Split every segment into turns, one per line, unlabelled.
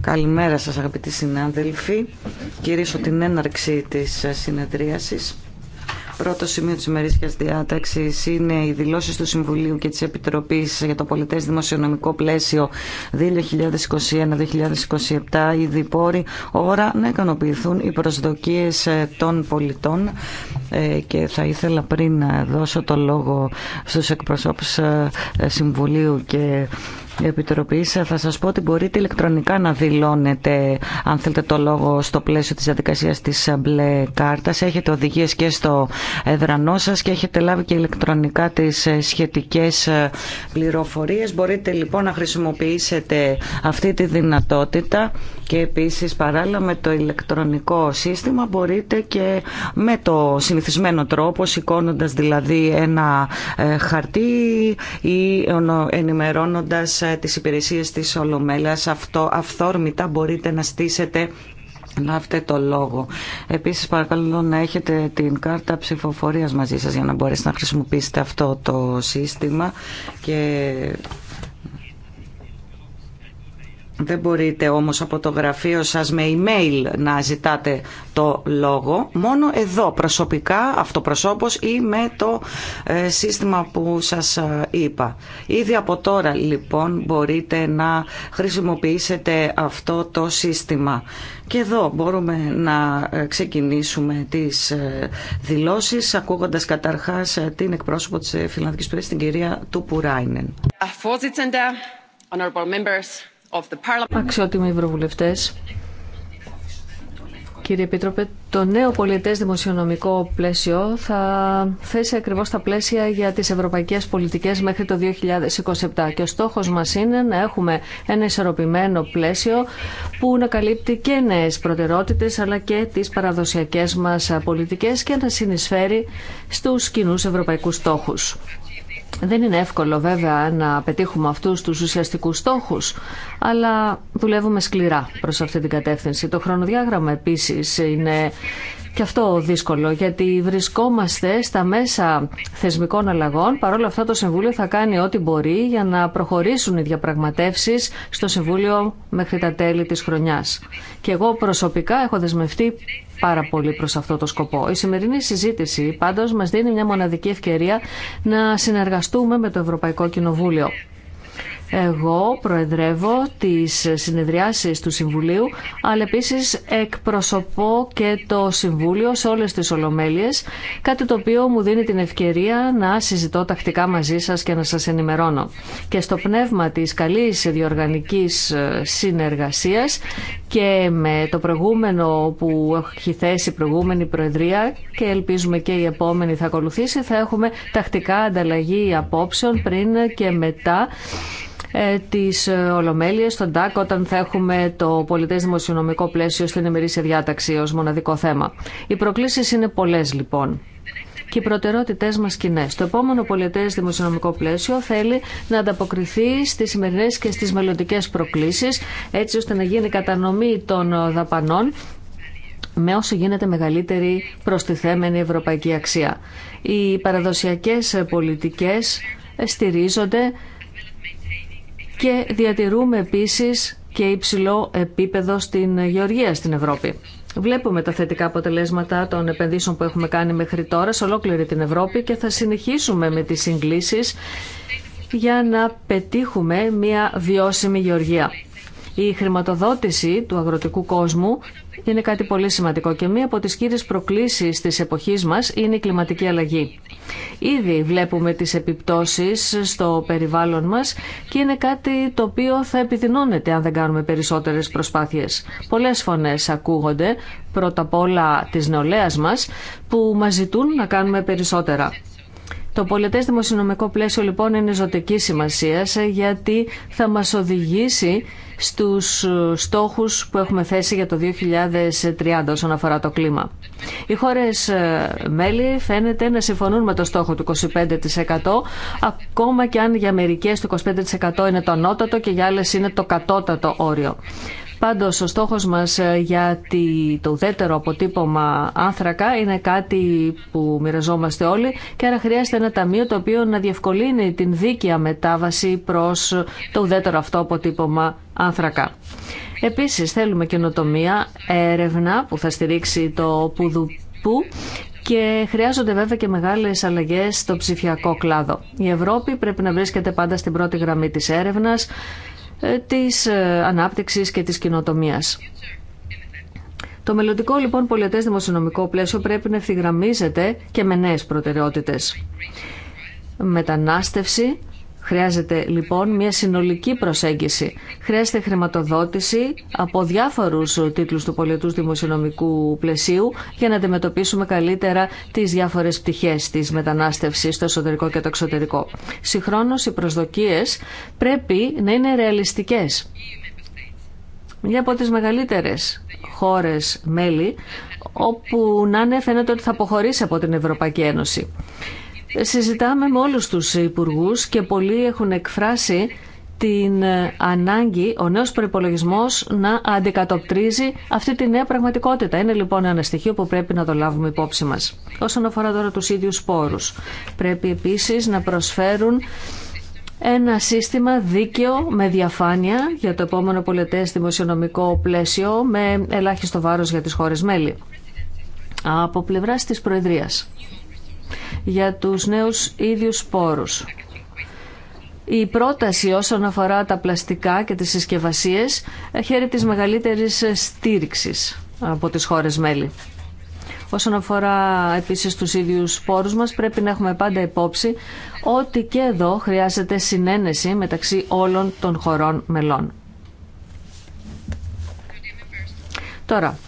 Καλημέρα σας αγαπητοί συνάδελφοι. Κυρίσω την έναρξη της ε, συνεδρίασης. Πρώτο σημείο της ημερήσιας διάταξης είναι οι δηλώσεις του Συμβουλίου και της Επιτροπής για το πολιτές δημοσιονομικό πλαίσιο 2021-2027. Ήδη πόρει ώρα να ικανοποιηθούν οι προσδοκίες ε, των πολιτών ε, και θα ήθελα πριν δώσω το λόγο στους εκπροσώπους Συμβουλίου και Επιτροπής θα σας πω ότι μπορείτε ηλεκτρονικά να δηλώνετε αν θέλετε το λόγο στο πλαίσιο της διαδικασίας της μπλε κάρτας. Έχετε οδηγίες και στο εδρανό σας και έχετε λάβει και ηλεκτρονικά τις σχετικές πληροφορίες. Μπορείτε λοιπόν να χρησιμοποιήσετε αυτή τη δυνατότητα και επίσης παράλληλα με το ηλεκτρονικό σύστημα μπορείτε και με το συνηθισμένο τρόπο σηκώνοντας δηλαδή ένα ε, χαρτί ή ενημερώνοντας ε, τις υπηρεσίες της Ολομέλας. Αυτό αυθόρμητα μπορείτε να στήσετε να το λόγο. Επίσης παρακαλώ να έχετε την κάρτα ψηφοφορίας μαζί σας για να μπορέσετε να χρησιμοποιήσετε αυτό το σύστημα και δεν μπορείτε όμως από το γραφείο σας με email να ζητάτε το λόγο, μόνο εδώ προσωπικά, αυτοπροσώπως ή με το ε, σύστημα που σας ε, είπα. Ήδη από τώρα λοιπόν μπορείτε να χρησιμοποιήσετε αυτό το σύστημα. Και εδώ μπορούμε να ε, ξεκινήσουμε τις δηλώσεις ακούγοντας καταρχάς την εκπρόσωπο της Φιλανδικής Πρέσης, την κυρία Τουπουράινεν.
Honorable Αξιότιμοι Ευρωβουλευτές, Κύριε Επίτροπε, το νέο πολιτέ δημοσιονομικό πλαίσιο θα θέσει ακριβώς τα πλαίσια για τις ευρωπαϊκές πολιτικές μέχρι το 2027 και ο στόχο μας είναι να έχουμε ένα ισορροπημένο πλαίσιο που να καλύπτει και νέε προτεραιότητες αλλά και τις παραδοσιακές μας πολιτικές και να συνεισφέρει στου κοινού ευρωπαϊκού στόχους. Δεν είναι εύκολο βέβαια να πετύχουμε αυτούς τους ουσιαστικούς στόχους, αλλά δουλεύουμε σκληρά προς αυτή την κατεύθυνση. Το χρονοδιάγραμμα επίσης είναι και αυτό δύσκολο, γιατί βρισκόμαστε στα μέσα θεσμικών αλλαγών. Παρ' όλα αυτά το Συμβούλιο θα κάνει ό,τι μπορεί για να προχωρήσουν οι διαπραγματεύσεις στο Συμβούλιο μέχρι τα τέλη της χρονιάς. Και εγώ προσωπικά έχω δεσμευτεί πάρα πολύ προς αυτό το σκοπό. Η σημερινή συζήτηση πάντως μας δίνει μια μοναδική ευκαιρία να συνεργαστούμε με το Ευρωπαϊκό Κοινοβούλιο. Εγώ προεδρεύω τις συνεδριάσεις του Συμβουλίου, αλλά επίσης εκπροσωπώ και το Συμβούλιο σε όλες τις Ολομέλειες, κάτι το οποίο μου δίνει την ευκαιρία να συζητώ τακτικά μαζί σας και να σας ενημερώνω. Και στο πνεύμα της καλής διοργανικής ε, συνεργασίας και με το προηγούμενο που έχει θέσει η προηγούμενη Προεδρία και ελπίζουμε και η επόμενη θα ακολουθήσει, θα έχουμε τακτικά ανταλλαγή απόψεων πριν και μετά ε, τις ε, Ολομέλειες, στον ΤΑΚ, όταν θα έχουμε το πολιτέ δημοσιονομικό πλαίσιο στην ημερήσια διάταξη ω μοναδικό θέμα. Οι προκλήσει είναι πολλέ, λοιπόν και οι προτεραιότητέ μα κοινέ. Το επόμενο πολιτέ δημοσιονομικό πλαίσιο θέλει να ανταποκριθεί στι σημερινέ και στι μελλοντικέ προκλήσει, έτσι ώστε να γίνει κατανομή των δαπανών με όσο γίνεται μεγαλύτερη προστιθέμενη ευρωπαϊκή αξία. Οι παραδοσιακές πολιτικές στηρίζονται και διατηρούμε επίσης και υψηλό επίπεδο στην γεωργία στην Ευρώπη. Βλέπουμε τα θετικά αποτελέσματα των επενδύσεων που έχουμε κάνει μέχρι τώρα σε ολόκληρη την Ευρώπη και θα συνεχίσουμε με τις συγκλήσεις για να πετύχουμε μια βιώσιμη γεωργία. Η χρηματοδότηση του αγροτικού κόσμου είναι κάτι πολύ σημαντικό και μία από τις κύριες προκλήσεις της εποχής μας είναι η κλιματική αλλαγή. Ήδη βλέπουμε τις επιπτώσεις στο περιβάλλον μας και είναι κάτι το οποίο θα επιδεινώνεται αν δεν κάνουμε περισσότερες προσπάθειες. Πολλές φωνές ακούγονται, πρώτα απ' όλα της νεολαίας μας, που μας ζητούν να κάνουμε περισσότερα. Το πολιτέ δημοσιονομικό πλαίσιο λοιπόν είναι ζωτική σημασία ε, γιατί θα μας οδηγήσει στους ε, στόχους που έχουμε θέσει για το 2030 όσον αφορά το κλίμα. Οι χώρε ε, μέλη φαίνεται να συμφωνούν με το στόχο του 25% ακόμα και αν για μερικέ το 25% είναι το ανώτατο και για άλλε είναι το κατώτατο όριο. Πάντως ο στόχος μας ε, για το ουδέτερο αποτύπωμα άνθρακα είναι κάτι που μοιραζόμαστε όλοι και άρα χρειάζεται ένα ταμείο το οποίο να διευκολύνει την δίκαια μετάβαση προς το ουδέτερο αυτό αποτύπωμα άνθρακα. Επίσης θέλουμε καινοτομία, έρευνα που θα στηρίξει το πουδουπού και χρειάζονται βέβαια και μεγάλες αλλαγές στο ψηφιακό κλάδο. Η Ευρώπη πρέπει να βρίσκεται πάντα στην πρώτη γραμμή της έρευνας, ε, της ε, ανάπτυξης και της κοινοτομίας. Το μελλοντικό λοιπόν πολιτέ δημοσιονομικό πλαίσιο πρέπει να ευθυγραμμίζεται και με νέες προτεραιότητες. Μετανάστευση, Χρειάζεται λοιπόν μια συνολική προσέγγιση. Χρειάζεται χρηματοδότηση από διάφορους τίτλους του πολιτού δημοσιονομικού πλαισίου για να αντιμετωπίσουμε καλύτερα τις διάφορες πτυχές της μετανάστευση στο εσωτερικό και το εξωτερικό. Συγχρόνω οι προσδοκίες πρέπει να είναι ρεαλιστικές. Μια από τις μεγαλύτερε χώρες μέλη όπου να είναι φαίνεται ότι θα αποχωρήσει από την Ευρωπαϊκή Ένωση. Συζητάμε με όλους τους υπουργούς και πολλοί έχουν εκφράσει την ε, ανάγκη ο νέος προπολογισμό να αντικατοπτρίζει αυτή τη νέα πραγματικότητα. Είναι λοιπόν ένα στοιχείο που πρέπει να το λάβουμε υπόψη μας. Όσον αφορά τώρα τους ίδιους πόρους, πρέπει επίσης να προσφέρουν ένα σύστημα δίκαιο με διαφάνεια για το επόμενο πολιτές δημοσιονομικό πλαίσιο με ελάχιστο βάρος για τις χώρες μέλη. Από πλευράς της Προεδρίας για τους νέους ίδιους πόρους. Η πρόταση όσον αφορά τα πλαστικά και τις συσκευασίες χαίρει της μεγαλύτερης στήριξης από τις χώρες μέλη. Όσον αφορά επίσης τους ίδιους πόρους μας πρέπει να έχουμε πάντα υπόψη ότι και εδώ χρειάζεται συνένεση μεταξύ όλων των χωρών μελών. Τώρα,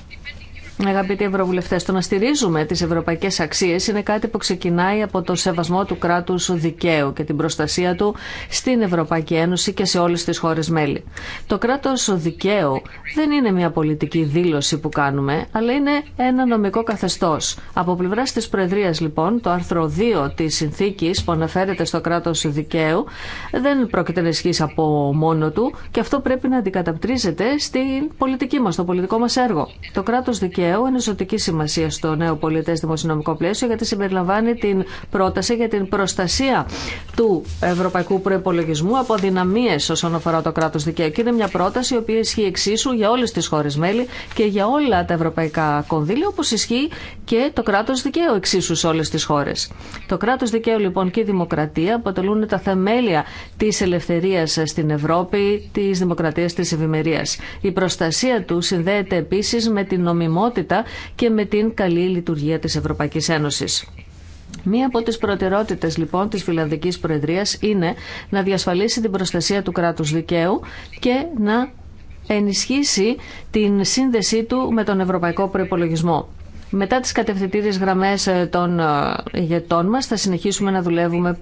Αγαπητοί Ευρωβουλευτέ, το να στηρίζουμε τι ευρωπαϊκέ αξίε είναι κάτι που ξεκινάει από το σεβασμό του κράτου δικαίου και την προστασία του στην Ευρωπαϊκή Ένωση και σε όλε τι χώρε μέλη. Το κράτο δικαίου δεν είναι μια πολιτική δήλωση που κάνουμε, αλλά είναι ένα νομικό καθεστώ. Από πλευρά τη Προεδρία, λοιπόν, το άρθρο 2 τη συνθήκη που αναφέρεται στο κράτο δικαίου δεν πρόκειται να ισχύσει από μόνο του και αυτό πρέπει να αντικαταπτρίζεται στην πολιτική μα, στο πολιτικό μα έργο. Το κράτο δικαίου ενιαίο, είναι ζωτική σημασία στο νέο πολιτέ δημοσιονομικό πλαίσιο, γιατί συμπεριλαμβάνει την πρόταση για την προστασία του ευρωπαϊκού προπολογισμού από δυναμίε όσον αφορά το κράτο δικαίου. Και είναι μια πρόταση η οποία ισχύει εξίσου για όλε τι χώρε μέλη και για όλα τα ευρωπαϊκά κονδύλια, όπω ισχύει και το κράτο δικαίου εξίσου σε όλε τι χώρε. Το κράτο δικαίου λοιπόν και η δημοκρατία αποτελούν τα θεμέλια τη ελευθερία στην Ευρώπη, τη δημοκρατία τη ευημερία. Η προστασία του συνδέεται επίση με την νομιμότητα και με την καλή λειτουργία της Ευρωπαϊκής Ένωσης. Μία από τις προτεραιότητες λοιπόν της Φιλανδικής Προεδρίας είναι να διασφαλίσει την προστασία του κράτους δικαίου και να ενισχύσει την σύνδεσή του με τον Ευρωπαϊκό Προϋπολογισμό. Μετά τις κατευθυντήριες γραμμές ε, των ε, ηγετών μας θα συνεχίσουμε να δουλεύουμε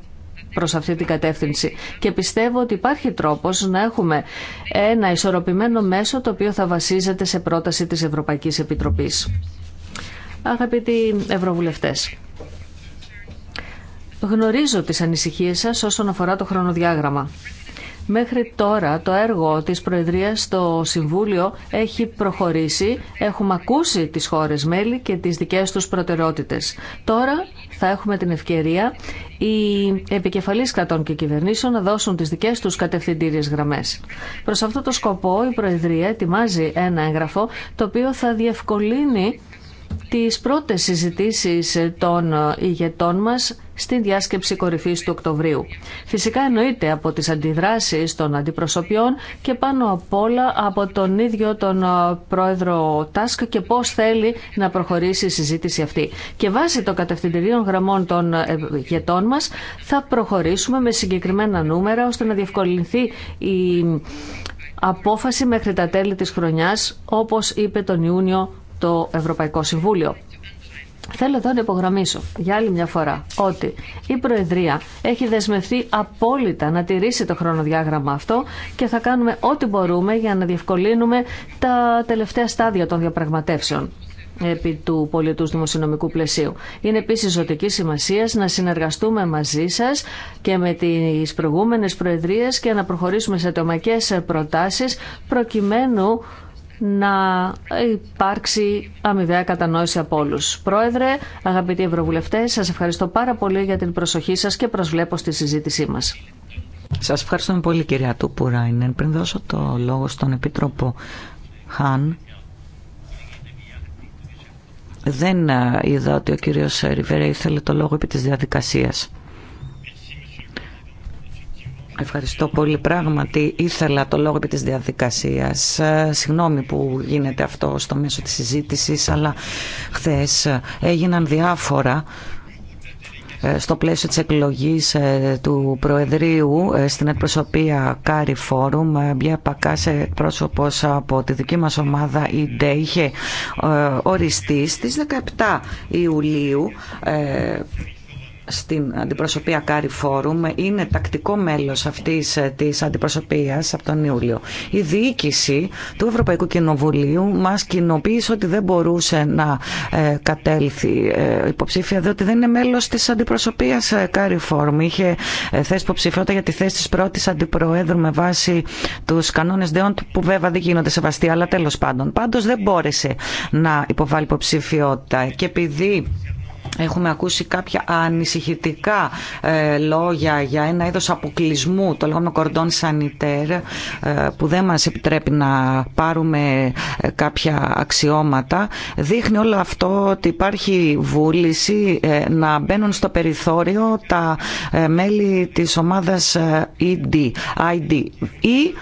προς αυτή την κατεύθυνση. Και πιστεύω ότι υπάρχει τρόπος να έχουμε ένα ισορροπημένο μέσο το οποίο θα βασίζεται σε πρόταση της Ευρωπαϊκής Επιτροπής. Αγαπητοί Ευρωβουλευτές, γνωρίζω τις ανησυχίες σας όσον αφορά το χρονοδιάγραμμα. Μέχρι τώρα το έργο της Προεδρίας στο Συμβούλιο έχει προχωρήσει. Έχουμε ακούσει τις χώρες μέλη και τις δικές τους προτεραιότητες. Τώρα θα έχουμε την ευκαιρία οι επικεφαλείς κρατών και κυβερνήσεων να δώσουν τις δικές τους κατευθυντήριες γραμμές. Προς αυτό το σκοπό η Προεδρία ετοιμάζει ένα έγγραφο το οποίο θα διευκολύνει τις πρώτες συζητήσεις των ηγετών μας στην διάσκεψη κορυφής του Οκτωβρίου. Φυσικά εννοείται από τις αντιδράσεις των αντιπροσωπιών και πάνω απ' όλα από τον ίδιο τον ε, πρόεδρο Τάσκ και πώς θέλει να προχωρήσει η συζήτηση αυτή. Και βάσει των κατευθυντηρίων γραμμών των ε, ηγετών μας θα προχωρήσουμε με συγκεκριμένα νούμερα ώστε να διευκολυνθεί η απόφαση μέχρι τα τέλη της χρονιάς όπως είπε τον Ιούνιο το Ευρωπαϊκό Συμβούλιο. Θέλω εδώ να υπογραμμίσω για άλλη μια φορά ότι η Προεδρία έχει δεσμευτεί απόλυτα να τηρήσει το χρονοδιάγραμμα αυτό και θα κάνουμε ό,τι μπορούμε για να διευκολύνουμε τα τελευταία στάδια των διαπραγματεύσεων επί του πολιτού δημοσιονομικού πλαισίου. Είναι επίσης ζωτική σημασία να συνεργαστούμε μαζί σας και με τις προηγούμενες προεδρίες και να προχωρήσουμε σε τομακές προτάσεις προκειμένου να υπάρξει αμοιβαία κατανόηση από όλου. Πρόεδρε, αγαπητοί Ευρωβουλευτέ, σα ευχαριστώ πάρα πολύ για την προσοχή σα και προσβλέπω στη συζήτησή μα.
Σα ευχαριστούμε πολύ, κυρία Τουπουράινεν. Πριν δώσω το λόγο στον Επίτροπο Χαν, δεν ε, είδα ότι ο κύριος Ριβέρα ήθελε το λόγο επί της διαδικασίας. Ευχαριστώ πολύ. Πράγματι ήθελα το λόγο επί της διαδικασίας. Ε, συγγνώμη που γίνεται αυτό στο μέσο της συζήτησης, αλλά χθες έγιναν διάφορα ε, στο πλαίσιο της εκλογής ε, του προεδρίου στην εκπροσωπεία Κάρι Φόρουμ μια σε πρόσωπος από τη δική μας ομάδα η ΝΤΕ είχε οριστεί στις 17 Ιουλίου στην αντιπροσωπεία Κάρι Φόρουμ είναι τακτικό μέλος αυτής ε, της αντιπροσωπείας από τον Ιούλιο. Η διοίκηση του Ευρωπαϊκού Κοινοβουλίου μας κοινοποίησε ότι δεν μπορούσε να ε, κατέλθει ε, υποψήφια διότι δεν είναι μέλος της αντιπροσωπείας Κάρι Φόρουμ. Είχε θέσει υποψηφιότητα για τη θέση της πρώτης αντιπροέδρου με βάση τους κανόνες δεών που βέβαια δεν γίνονται σεβαστοί αλλά τέλος πάντων. Πάντως δεν μπόρεσε να υποβάλει υποψηφιότητα και επειδή Έχουμε ακούσει κάποια ανησυχητικά ε, λόγια για ένα είδος αποκλεισμού, το λεγόμενο κορδόν σανιτέρ, ε, που δεν μας επιτρέπει να πάρουμε ε, κάποια αξιώματα. Δείχνει όλο αυτό ότι υπάρχει βούληση να μπαίνουν στο περιθώριο τα μέλη της ομάδας ID. E ID. Ή,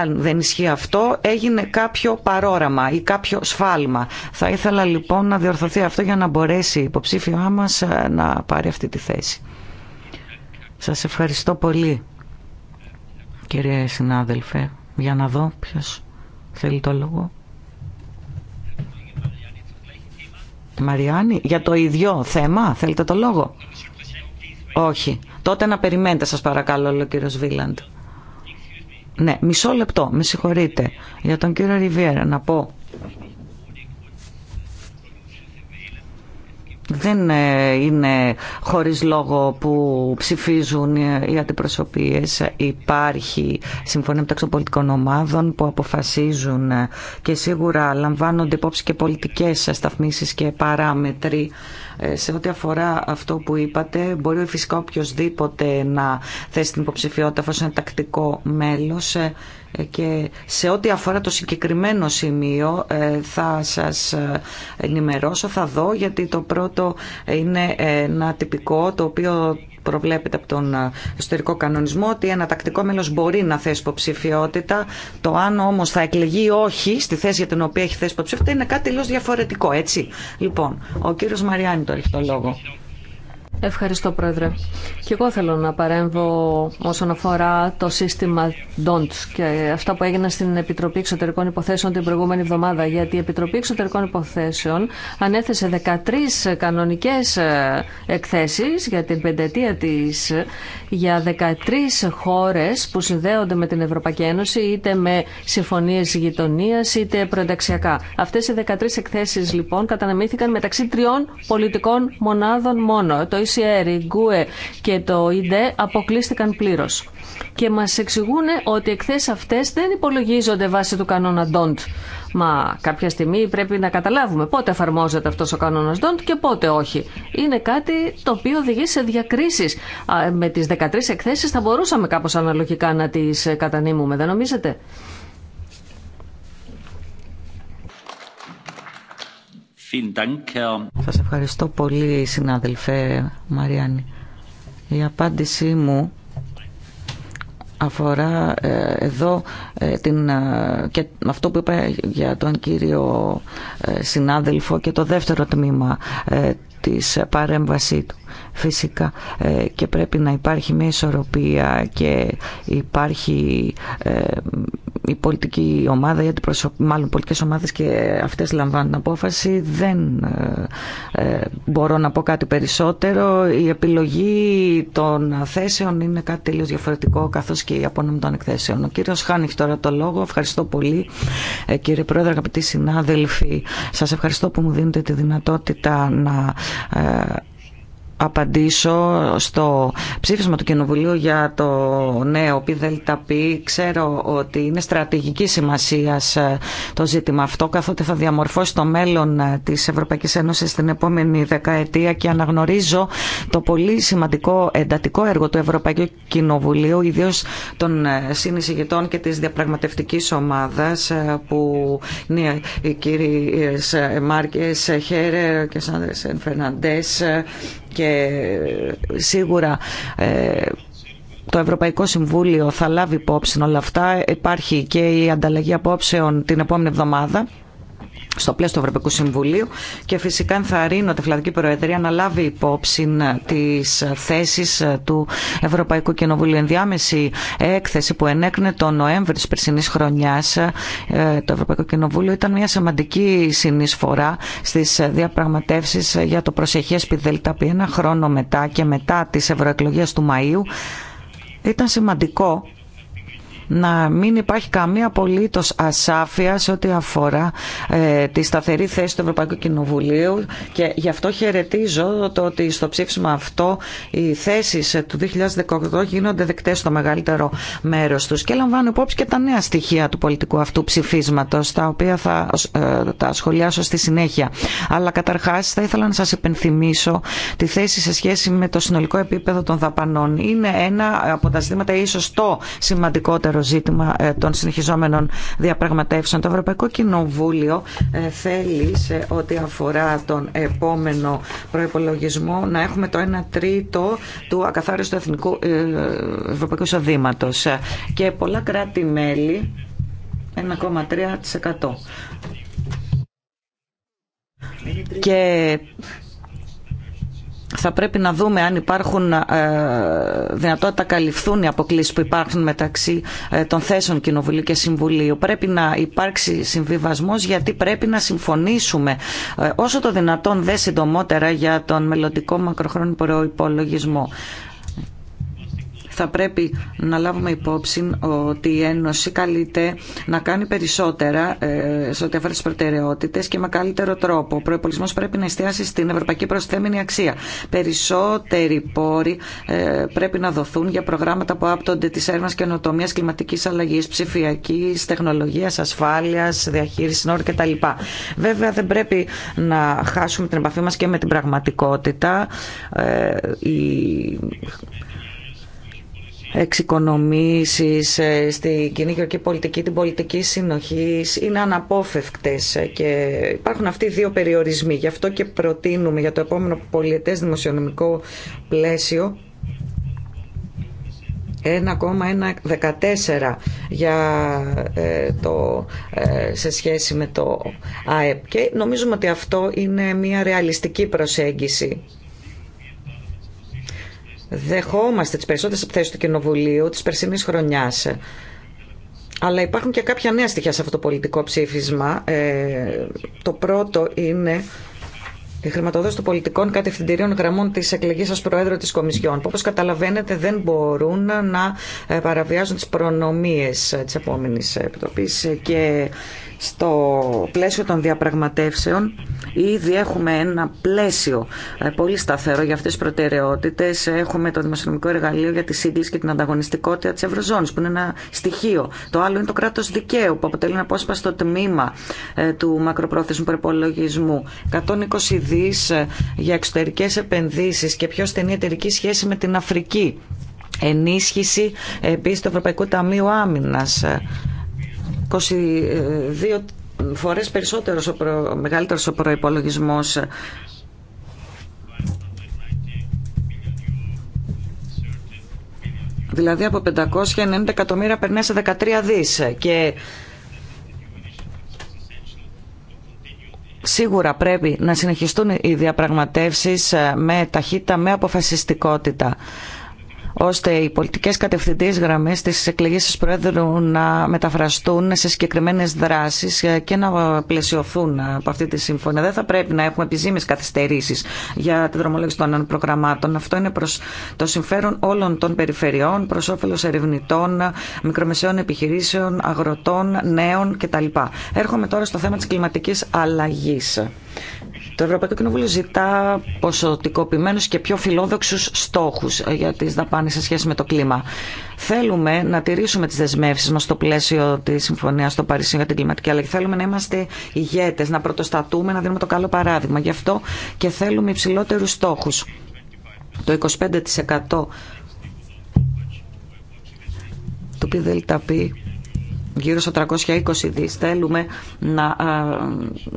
αν δεν ισχύει αυτό, έγινε κάποιο παρόραμα ή κάποιο σφάλμα. Θα ήθελα λοιπόν να διορθωθεί αυτό για να μπορέσει υποψήφιο άμα μας ε, να πάρει αυτή τη θέση. Σας ευχαριστώ πολύ, κύριε συνάδελφε. Για να δω ποιος θέλει το λόγο. Μαριάννη, για το ίδιο θέμα θέλετε το λόγο. Όχι. Τότε να περιμένετε σας παρακαλώ, ο κύριος Βίλαντ. Ναι, μισό λεπτό, με συγχωρείτε. Για τον κύριο Ριβιέρα να πω δεν ε, είναι χωρίς λόγο που ψηφίζουν οι αντιπροσωπείες. Υπάρχει συμφωνία μεταξύ των πολιτικών ομάδων που αποφασίζουν ε, και σίγουρα λαμβάνονται υπόψη και πολιτικές σταθμίσεις και παράμετροι ε, σε ό,τι αφορά αυτό που είπατε, μπορεί φυσικά οποιοδήποτε να θέσει την υποψηφιότητα αφού είναι τακτικό μέλος και σε ό,τι αφορά το συγκεκριμένο σημείο ε, θα σας ε, ενημερώσω, θα δω γιατί το πρώτο είναι ένα τυπικό το οποίο προβλέπεται από τον ε, εσωτερικό κανονισμό ότι ένα τακτικό μέλος μπορεί να θέσει υποψηφιότητα. Το αν όμως θα εκλεγεί ή όχι στη θέση για την οποία έχει θέσει υποψηφιότητα είναι κάτι τελείως διαφορετικό, έτσι. Λοιπόν, ο κύριος Μαριάννη το έχει το λόγο.
Ευχαριστώ, Πρόεδρε. Και εγώ θέλω να παρέμβω όσον αφορά το σύστημα DONT και αυτά που έγιναν στην Επιτροπή Εξωτερικών Υποθέσεων την προηγούμενη εβδομάδα. Γιατί η Επιτροπή Εξωτερικών Υποθέσεων ανέθεσε 13 κανονικέ ε, εκθέσει για την πεντετία τη για 13 χώρε που συνδέονται με την Ευρωπαϊκή Ένωση είτε με συμφωνίε γειτονία είτε προενταξιακά. Αυτέ οι 13 εκθέσει λοιπόν καταναμήθηκαν μεταξύ τριών πολιτικών μονάδων μόνο Σιέρι, Γκουε και το ΙΝΤΕ αποκλείστηκαν πλήρω. Και μα εξηγούν ότι οι εκθέσει αυτέ δεν υπολογίζονται βάσει του κανόνα DONT. Μα κάποια στιγμή πρέπει να καταλάβουμε πότε εφαρμόζεται αυτό ο κανόνα DONT και πότε όχι. Είναι κάτι το οποίο οδηγεί σε διακρίσει. Με τι 13 εκθέσει θα μπορούσαμε κάπω αναλογικά να τι κατανείμουμε, δεν νομίζετε.
Σας ευχαριστώ πολύ συνάδελφε Μαριάννη. Η απάντησή μου αφορά ε, εδώ ε, την, ε, και αυτό που είπα για τον κύριο συνάδελφο και το δεύτερο τμήμα της παρέμβασή του φυσικά ε, και πρέπει να υπάρχει μια ισορροπία και υπάρχει ε, η πολιτική ομάδα, η μάλλον πολιτικές ομάδες και αυτές λαμβάνουν απόφαση. Δεν ε, μπορώ να πω κάτι περισσότερο. Η επιλογή των θέσεων είναι κάτι τελείω διαφορετικό καθώς και η απόνομη των εκθέσεων. Ο κύριος Χάνιχ τώρα το λόγο. Ευχαριστώ πολύ κύριε Πρόεδρε, αγαπητοί συνάδελφοι. Σας ευχαριστώ που μου δίνετε τη δυνατότητα να απαντήσω στο ψήφισμα του Κοινοβουλίου για το νέο ΠΔΠ. Ξέρω ότι είναι στρατηγική σημασία ε, το ζήτημα αυτό, καθότι θα διαμορφώσει το μέλλον ε, τη Ευρωπαϊκή Ένωση την επόμενη δεκαετία και αναγνωρίζω το πολύ σημαντικό εντατικό έργο του Ευρωπαϊκού Κοινοβουλίου, ιδίω των ε, συνεισηγητών και τη διαπραγματευτική ομάδα που είναι οι κύριοι Μάρκε Χέρε και Σάντρε Φερναντέ και σίγουρα ε, το Ευρωπαϊκό Συμβούλιο θα λάβει υπόψη όλα αυτά. Υπάρχει και η ανταλλαγή απόψεων την επόμενη εβδομάδα στο πλαίσιο του Ευρωπαϊκού Συμβουλίου και φυσικά ενθαρρύνω τη Φιλανδική Προεδρία να λάβει υπόψη τι θέσει του Ευρωπαϊκού Κοινοβουλίου. Ενδιάμεση έκθεση που ενέκρινε τον Νοέμβριο τη περσινή χρονιά ε, το Ευρωπαϊκό Κοινοβούλιο ήταν μια σημαντική συνεισφορά στι διαπραγματεύσει για το προσεχέ πιδελταπή ένα χρόνο μετά και μετά τι ευρωεκλογέ του Μαΐου. Ήταν σημαντικό να μην υπάρχει καμία απολύτω ασάφεια σε ό,τι αφορά ε, τη σταθερή θέση του Ευρωπαϊκού Κοινοβουλίου και γι' αυτό χαιρετίζω το ότι στο ψήφισμα αυτό οι θέσει ε, του 2018 γίνονται δεκτέ στο μεγαλύτερο μέρο του και λαμβάνω υπόψη και τα νέα στοιχεία του πολιτικού αυτού ψηφίσματο, τα οποία θα ε, τα σχολιάσω στη συνέχεια. Αλλά καταρχά θα ήθελα να σα υπενθυμίσω τη θέση σε σχέση με το συνολικό επίπεδο των δαπανών. Είναι ένα από τα ζητήματα, ίσω το σημαντικότερο ζήτημα ε, των συνεχιζόμενων διαπραγματεύσεων. Το Ευρωπαϊκό Κοινοβούλιο ε, θέλει σε ό,τι αφορά τον επόμενο προπολογισμό να έχουμε το 1 τρίτο του ακαθάριστου εθνικού ε, ευρωπαϊκού εισοδήματο. Και πολλά κράτη-μέλη 1,3%. Και θα πρέπει να δούμε αν υπάρχουν ε, δυνατότητα καλυφθούν οι αποκλήσεις που υπάρχουν μεταξύ ε, των θέσεων Κοινοβουλίου και Συμβουλίου. Πρέπει να υπάρξει συμβιβασμός γιατί πρέπει να συμφωνήσουμε ε, όσο το δυνατόν δε συντομότερα για τον μελλοντικό μακροχρόνιο προϋπολογισμό θα πρέπει να λάβουμε υπόψη ότι η Ένωση καλείται να κάνει περισσότερα ε, σε ό,τι αφορά τι προτεραιότητε και με καλύτερο τρόπο. Ο προπολογισμό πρέπει να εστιάσει στην ευρωπαϊκή προσθέμενη αξία. Περισσότεροι πόροι ε, πρέπει να δοθούν για προγράμματα που άπτονται τη έρευνα καινοτομία, κλιματική αλλαγή, ψηφιακή, τεχνολογία, ασφάλεια, διαχείριση νόρου κτλ. Βέβαια δεν πρέπει να χάσουμε την επαφή μα και με την πραγματικότητα. Ε, η εξοικονομήσεις ε, στη κοινή γεωργική πολιτική, την πολιτική συνοχή είναι αναπόφευκτες και υπάρχουν αυτοί οι δύο περιορισμοί. Γι' αυτό και προτείνουμε για το επόμενο πολιετές δημοσιονομικό πλαίσιο 1,14 για ε, το ε, σε σχέση με το ΑΕΠ και νομίζουμε ότι αυτό είναι μια ρεαλιστική προσέγγιση Δεχόμαστε τις περισσότερες θέσεις του Κοινοβουλίου της περσινής χρονιάς. Αλλά υπάρχουν και κάποια νέα στοιχεία σε αυτό το πολιτικό ψήφισμα. Ε, το πρώτο είναι η χρηματοδότηση των πολιτικών κατευθυντηρίων γραμμών τη εκλεγής σα Προέδρου τη Κομισιόν, όπω καταλαβαίνετε δεν μπορούν να ε, παραβιάζουν τι προνομίε ε, τη επόμενη ε, επιτροπή και στο πλαίσιο των διαπραγματεύσεων ήδη έχουμε ένα πλαίσιο ε, πολύ σταθερό για αυτές τις προτεραιότητες. Έχουμε το δημοσιονομικό εργαλείο για τη σύγκληση και την ανταγωνιστικότητα της Ευρωζώνης που είναι ένα στοιχείο. Το άλλο είναι το κράτος δικαίου που αποτελεί ένα απόσπαστο τμήμα ε, του μακροπρόθεσμου προπολογισμού. 120 δις ε, για εξωτερικές επενδύσεις και πιο στενή εταιρική σχέση με την Αφρική. Ενίσχυση επίσης του Ευρωπαϊκού Ταμείου Άμυνας 22 φορές περισσότερος ο προ... μεγαλύτερος ο προϋπολογισμός δηλαδή από 590 εκατομμύρια περνάει σε 13 δις και σίγουρα πρέπει να συνεχιστούν οι διαπραγματεύσεις με ταχύτητα, με αποφασιστικότητα ώστε οι πολιτικές κατευθυντές γραμμές της εκλεγής της Πρόεδρου να μεταφραστούν σε συγκεκριμένες δράσεις και να πλαισιωθούν από αυτή τη συμφωνία. Δεν θα πρέπει να έχουμε επιζήμιες καθυστερήσεις για τη δρομολόγηση των προγραμμάτων. Αυτό είναι προς το συμφέρον όλων των περιφερειών, προς όφελος ερευνητών, μικρομεσαίων επιχειρήσεων, αγροτών, νέων κτλ. Έρχομαι τώρα στο θέμα της κλιματικής αλλαγής. Το Ευρωπαϊκό Κοινοβούλιο ζητά ποσοτικοποιημένους και πιο φιλόδοξους στόχους ε, για τις δαπάνες σε σχέση με το κλίμα. Θέλουμε να τηρήσουμε τις δεσμεύσεις μας στο πλαίσιο της Συμφωνίας στο Παρισί για την κλιματική αλλαγή. Θέλουμε να είμαστε ηγέτες, να πρωτοστατούμε, να δίνουμε το καλό παράδειγμα. Γι' αυτό και θέλουμε υψηλότερους στόχους. Το 25% του πιδελταπή γύρω στα 320 δις. Θέλουμε να ε,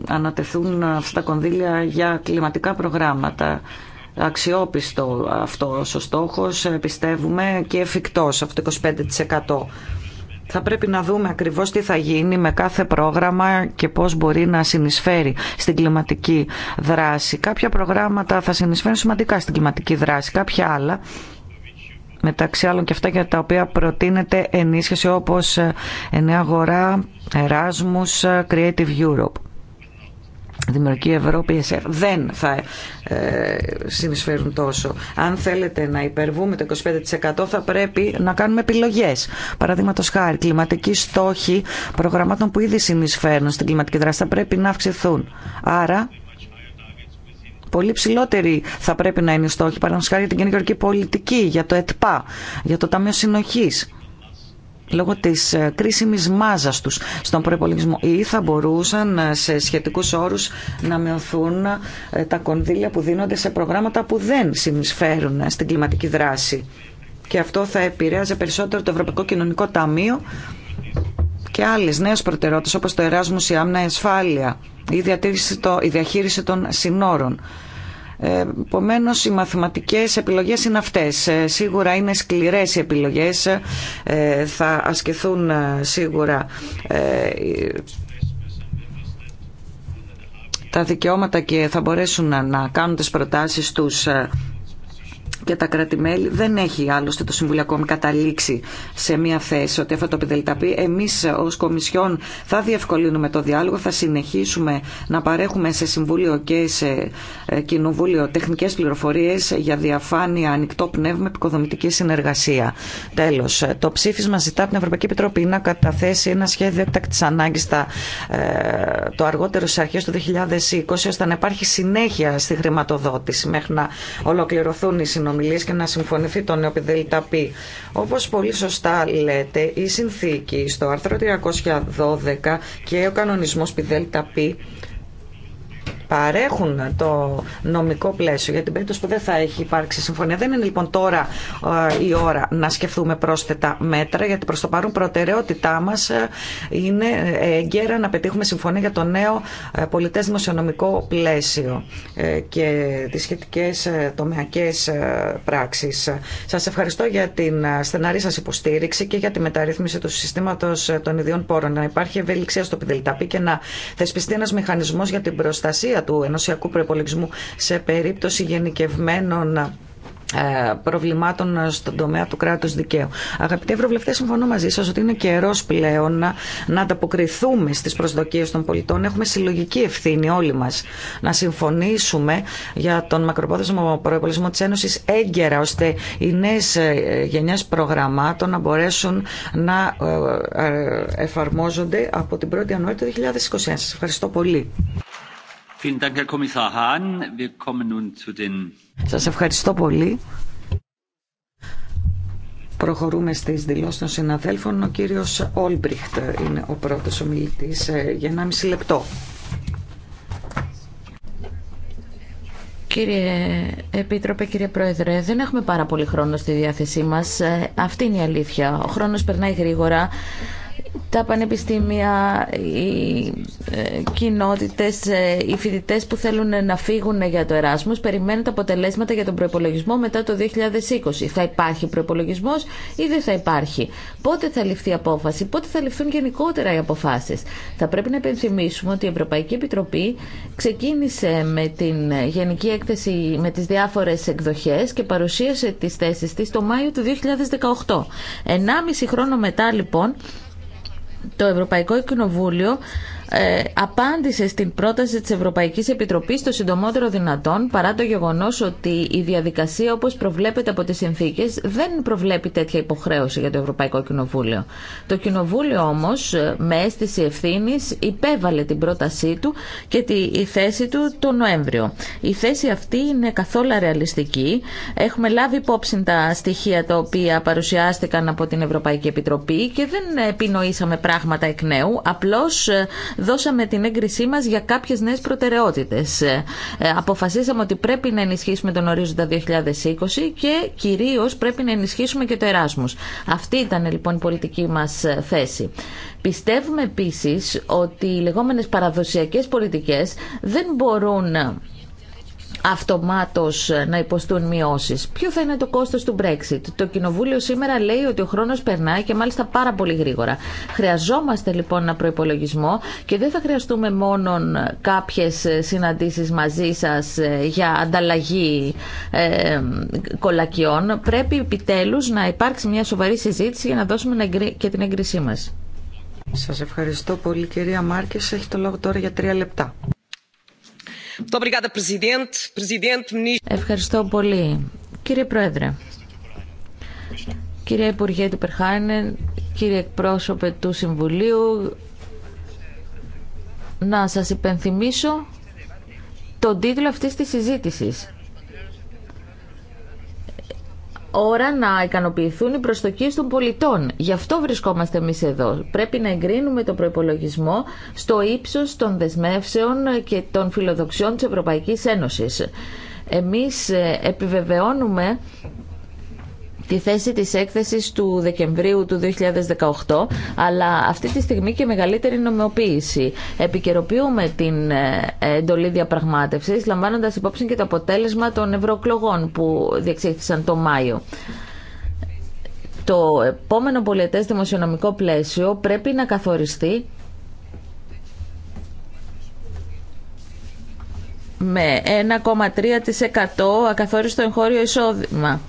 ανατεθούν αυτά τα κονδύλια για κλιματικά προγράμματα αξιόπιστο αυτό ο στόχος, ε, πιστεύουμε και εφικτός αυτό το 25%. Θα πρέπει να δούμε ακριβώς τι θα γίνει με κάθε πρόγραμμα και πώς μπορεί να συνεισφέρει στην κλιματική δράση. Κάποια προγράμματα θα συνεισφέρουν σημαντικά στην κλιματική δράση, κάποια άλλα μεταξύ άλλων και αυτά για τα οποία προτείνεται ενίσχυση όπως ε, Ενέα Αγορά, Erasmus, ε, Creative Europe. Δημιουργική Ευρώπη, ΕΣΕΦ, δεν θα ε, συνεισφέρουν τόσο. Αν θέλετε να υπερβούμε το 25% θα πρέπει να κάνουμε επιλογές. Παραδείγματος χάρη, κλιματικοί στόχοι προγραμμάτων που ήδη συνεισφέρουν στην κλιματική δράση θα πρέπει να αυξηθούν. Άρα Πολύ ψηλότεροι θα πρέπει να είναι οι στόχοι, παραδείγματο για την κοινωνική πολιτική, για το ΕΤΠΑ, για το Ταμείο Συνοχή λόγω της ε, κρίσιμη μάζα του στον προπολογισμό ή θα μπορούσαν ε, σε σχετικού όρου να μειωθούν ε, τα κονδύλια που δίνονται σε προγράμματα που δεν συνεισφέρουν στην κλιματική δράση. Και αυτό θα επηρέαζε περισσότερο το Ευρωπαϊκό Κοινωνικό Ταμείο και άλλες νέες προτεραιότητε όπω το Εράσμου, η Άμυνα, η Ασφάλεια η, διατήρηση το, διαχείριση των συνόρων. Ε, Επομένω, οι μαθηματικέ επιλογέ είναι αυτέ. Ε, σίγουρα είναι σκληρέ οι επιλογέ. Ε, θα ασκηθούν σίγουρα τα δικαιώματα και θα μπορέσουν να κάνουν τις προτάσεις τους και τα κράτη-μέλη. Δεν έχει άλλωστε το Συμβούλιο ακόμη καταλήξει σε μια θέση ότι αυτό το πει. Εμεί ω Κομισιόν θα διευκολύνουμε το διάλογο, θα συνεχίσουμε να παρέχουμε σε Συμβούλιο και σε ε, Κοινοβούλιο τεχνικέ πληροφορίε για διαφάνεια, ανοιχτό πνεύμα, επικοδομητική συνεργασία. Τέλο, το ψήφισμα ζητά την Ευρωπαϊκή Επιτροπή να καταθέσει ένα σχέδιο έκτακτη ανάγκη ε, το αργότερο στι αρχέ του 2020, ώστε να υπάρχει συνέχεια στη χρηματοδότηση μέχρι να ολοκληρωθούν οι συνομιλίε και να συμφωνηθεί το νέο πι. Όπως πολύ σωστά λέτε, η συνθήκη στο άρθρο 312 και ο κανονισμός πι παρέχουν το νομικό πλαίσιο για την περίπτωση που δεν θα έχει υπάρξει συμφωνία. Δεν είναι λοιπόν τώρα ε, η ώρα να σκεφτούμε πρόσθετα μέτρα, γιατί προ το παρόν προτεραιότητά μα ε, είναι εγκαίρα να πετύχουμε συμφωνία για το νέο ε, πολιτέ δημοσιονομικό πλαίσιο και τι σχετικέ τομεακέ πράξει. Σα ευχαριστώ για την στεναρή σα υποστήριξη και για τη μεταρρύθμιση του συστήματο των ιδιών πόρων. Να υπάρχει ευελιξία στο πιδελταπή και να θεσπιστεί ένα μηχανισμό για την προστασία του ενωσιακού προπολογισμού σε περίπτωση γενικευμένων ε, προβλημάτων στον τομέα του κράτου δικαίου. Αγαπητοί Ευρωβουλευτέ, συμφωνώ μαζί σα ότι είναι καιρό πλέον να, να ανταποκριθούμε στι προσδοκίε των πολιτών. Έχουμε συλλογική ευθύνη όλοι μας να συμφωνήσουμε για τον μακροπόθεσμο προπολογισμό της Ένωση έγκαιρα, ώστε οι νέε γενιέ προγραμμάτων να μπορέσουν να ε, ε, εφαρμόζονται από την 1η Ιανουαρίου του 2021. Σας ευχαριστώ πολύ. Σας ευχαριστώ πολύ. Προχωρούμε στις δηλώσεις των συναδέλφων. Ο κύριος Όλμπριχτ είναι ο πρώτος ομιλητής ε, για 1,5 λεπτό.
Κύριε Επίτροπε, κύριε Πρόεδρε, δεν έχουμε πάρα πολύ χρόνο στη διάθεσή μας. Ε, αυτή είναι η αλήθεια. Ο χρόνος περνάει γρήγορα τα πανεπιστήμια, οι ε, κοινότητες, ε, οι φοιτητές που θέλουν να φύγουν για το Εράσμος περιμένουν τα αποτελέσματα για τον προπολογισμό μετά το 2020. Θα υπάρχει προπολογισμό ή δεν θα υπάρχει. Πότε θα ληφθεί η απόφαση, πότε θα ληφθούν γενικότερα οι αποφάσεις. Θα πρέπει να επενθυμίσουμε ότι η Ευρωπαϊκή Επιτροπή ξεκίνησε με την γενική έκθεση με τις διάφορες εκδοχές και παρουσίασε τις θέσεις της το Μάιο του 2018. Ενάμιση χρόνο μετά λοιπόν το Ευρωπαϊκό Κοινοβούλιο ε, απάντησε στην πρόταση της Ευρωπαϊκής Επιτροπής το συντομότερο δυνατόν παρά το γεγονός ότι η διαδικασία όπως προβλέπεται από τις συνθήκες δεν προβλέπει τέτοια υποχρέωση για το Ευρωπαϊκό Κοινοβούλιο. Το Κοινοβούλιο όμως ε, με αίσθηση ευθύνη υπέβαλε την πρότασή του και τη θέση του το Νοέμβριο. Η θέση αυτή είναι καθόλου ρεαλιστική. Έχουμε λάβει υπόψη τα στοιχεία τα οποία παρουσιάστηκαν από την Ευρωπαϊκή Επιτροπή και δεν επινοήσαμε πράγματα εκ νέου. Απλώς ε, δώσαμε την έγκρισή μα για κάποιες νέες προτεραιότητες. Ε, ε, αποφασίσαμε ότι πρέπει να ενισχύσουμε τον ορίζοντα 2020 και κυρίω πρέπει να ενισχύσουμε και το Εράσμους. Αυτή ήταν λοιπόν η πολιτική μα ε, θέση. Πιστεύουμε επίση ότι οι λεγόμενε παραδοσιακέ πολιτικέ δεν μπορούν αυτομάτως να υποστούν μειώσεις. Ποιο θα είναι το κόστος του Brexit. Το Κοινοβούλιο σήμερα λέει ότι ο χρόνος περνάει και μάλιστα πάρα πολύ γρήγορα. Χρειαζόμαστε λοιπόν ένα προπολογισμό και δεν θα χρειαστούμε μόνο κάποιες συναντήσεις μαζί σας ε, για ανταλλαγή ε, κολακιών. Πρέπει επιτέλους να υπάρξει μια σοβαρή συζήτηση για να δώσουμε και την έγκρισή μας.
Σας ευχαριστώ πολύ κυρία Μάρκες. Έχει το λόγο τώρα για τρία λεπτά.
Ευχαριστώ πολύ. Κύριε Πρόεδρε, κύριε Υπουργέ του Περχάινεν, κύριε εκπρόσωπε του Συμβουλίου, να σας υπενθυμίσω τον τίτλο αυτής της συζήτησης ώρα να ικανοποιηθούν οι προστοκίες των πολιτών. Γι' αυτό βρισκόμαστε εμείς εδώ. Πρέπει να εγκρίνουμε τον προπολογισμό στο ύψο των δεσμεύσεων και των φιλοδοξιών της Ευρωπαϊκής Ένωσης. Εμείς ε, επιβεβαιώνουμε τη θέση της έκθεσης του Δεκεμβρίου του 2018, αλλά αυτή τη στιγμή και μεγαλύτερη νομιμοποίηση. Επικαιροποιούμε την ε, εντολή διαπραγμάτευσης, λαμβάνοντας υπόψη και το αποτέλεσμα των ευρωκλογών που διεξήχθησαν το Μάιο το επόμενο πολιετές δημοσιονομικό πλαίσιο πρέπει να καθοριστεί με 1,3% ακαθόριστο εγχώριο εισόδημα.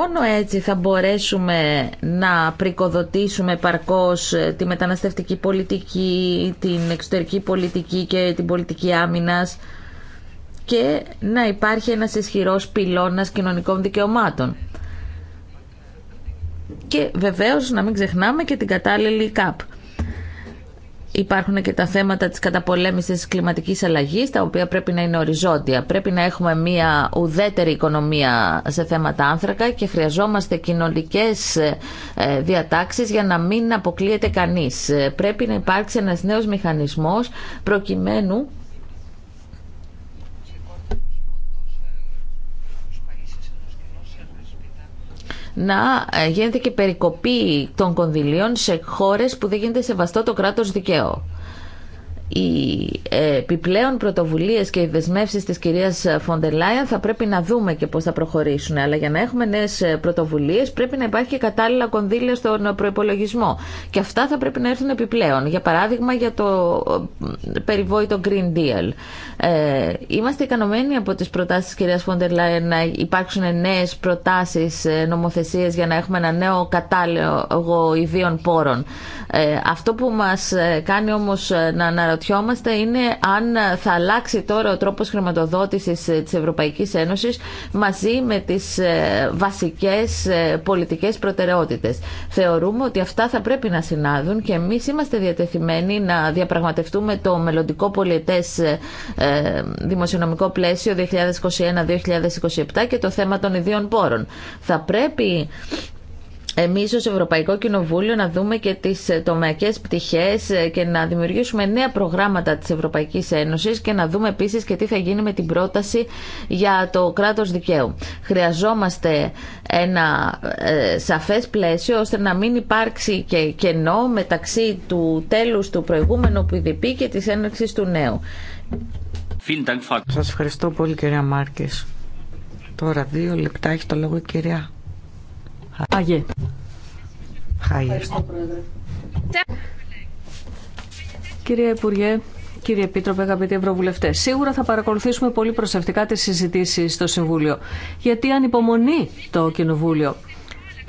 μόνο έτσι θα μπορέσουμε να πρικοδοτήσουμε παρκώς ε, τη μεταναστευτική πολιτική, την εξωτερική πολιτική και την πολιτική άμυνας και να υπάρχει ένας ισχυρός πυλώνας κοινωνικών δικαιωμάτων. Και βεβαίως να μην ξεχνάμε και την κατάλληλη ΚΑΠ. Υπάρχουν και τα θέματα της καταπολέμησης της κλιματικής αλλαγής, τα οποία πρέπει να είναι οριζόντια. Πρέπει να έχουμε μια ουδέτερη οικονομία σε θέματα άνθρακα και χρειαζόμαστε κοινωνικές ε, διατάξεις για να μην αποκλείεται κανείς. Ε, πρέπει να υπάρξει ένας νέος μηχανισμός προκειμένου να ε, γίνεται και περικοπή των κονδυλίων σε χώρες που δεν γίνεται σεβαστό το κράτος δικαίου οι ε, επιπλέον πρωτοβουλίες και οι δεσμεύσεις της κυρίας Φοντερ θα πρέπει να δούμε και πώς θα προχωρήσουν. Αλλά για να έχουμε νέες ε, πρωτοβουλίες πρέπει να υπάρχει και κατάλληλα κονδύλια στον προϋπολογισμό. Και αυτά θα πρέπει να έρθουν επιπλέον. Για παράδειγμα για το ε, περιβόητο Green Deal. Ε, είμαστε ικανομένοι από τις προτάσεις της κυρίας Φοντερ να υπάρξουν νέες προτάσεις νομοθεσίες για να έχουμε ένα νέο κατάλληλο ιδίων πόρων. αυτό που μας κάνει όμως να αναρωτήσουμε αναρωτιόμαστε είναι αν θα αλλάξει τώρα ο τρόπος χρηματοδότησης ε, της Ευρωπαϊκής Ένωσης μαζί με τις ε, βασικές ε, πολιτικές προτεραιότητες. Θεωρούμε ότι αυτά θα πρέπει να συνάδουν και εμείς είμαστε διατεθειμένοι να διαπραγματευτούμε το μελλοντικό πολιετές δημοσιονομικό πλαίσιο 2021-2027 και το θέμα των ιδίων πόρων. Θα πρέπει Εμεί ω Ευρωπαϊκό Κοινοβούλιο να δούμε και τις ε, τομεακές πτυχές ε, και να δημιουργήσουμε νέα προγράμματα της Ευρωπαϊκής Ένωση και να δούμε επίσης και τι θα γίνει με την πρόταση για το κράτος δικαίου. Χρειαζόμαστε ένα ε, σαφές πλαίσιο ώστε να μην υπάρξει και κενό μεταξύ του τέλους του προηγούμενου PDP και τη έναρξη του νέου.
Σα ευχαριστώ
πολύ κυρία Μάρκε. Τώρα
δύο λεπτά έχει το λόγο η κυρία Αγέ. Ευχαριστώ, Κύριε Υπουργέ, κύριε Επίτροπε, αγαπητοί Ευρωβουλευτέ, σίγουρα θα παρακολουθήσουμε πολύ προσεκτικά τι συζητήσει στο Συμβούλιο. Γιατί ανυπομονεί το Κοινοβούλιο.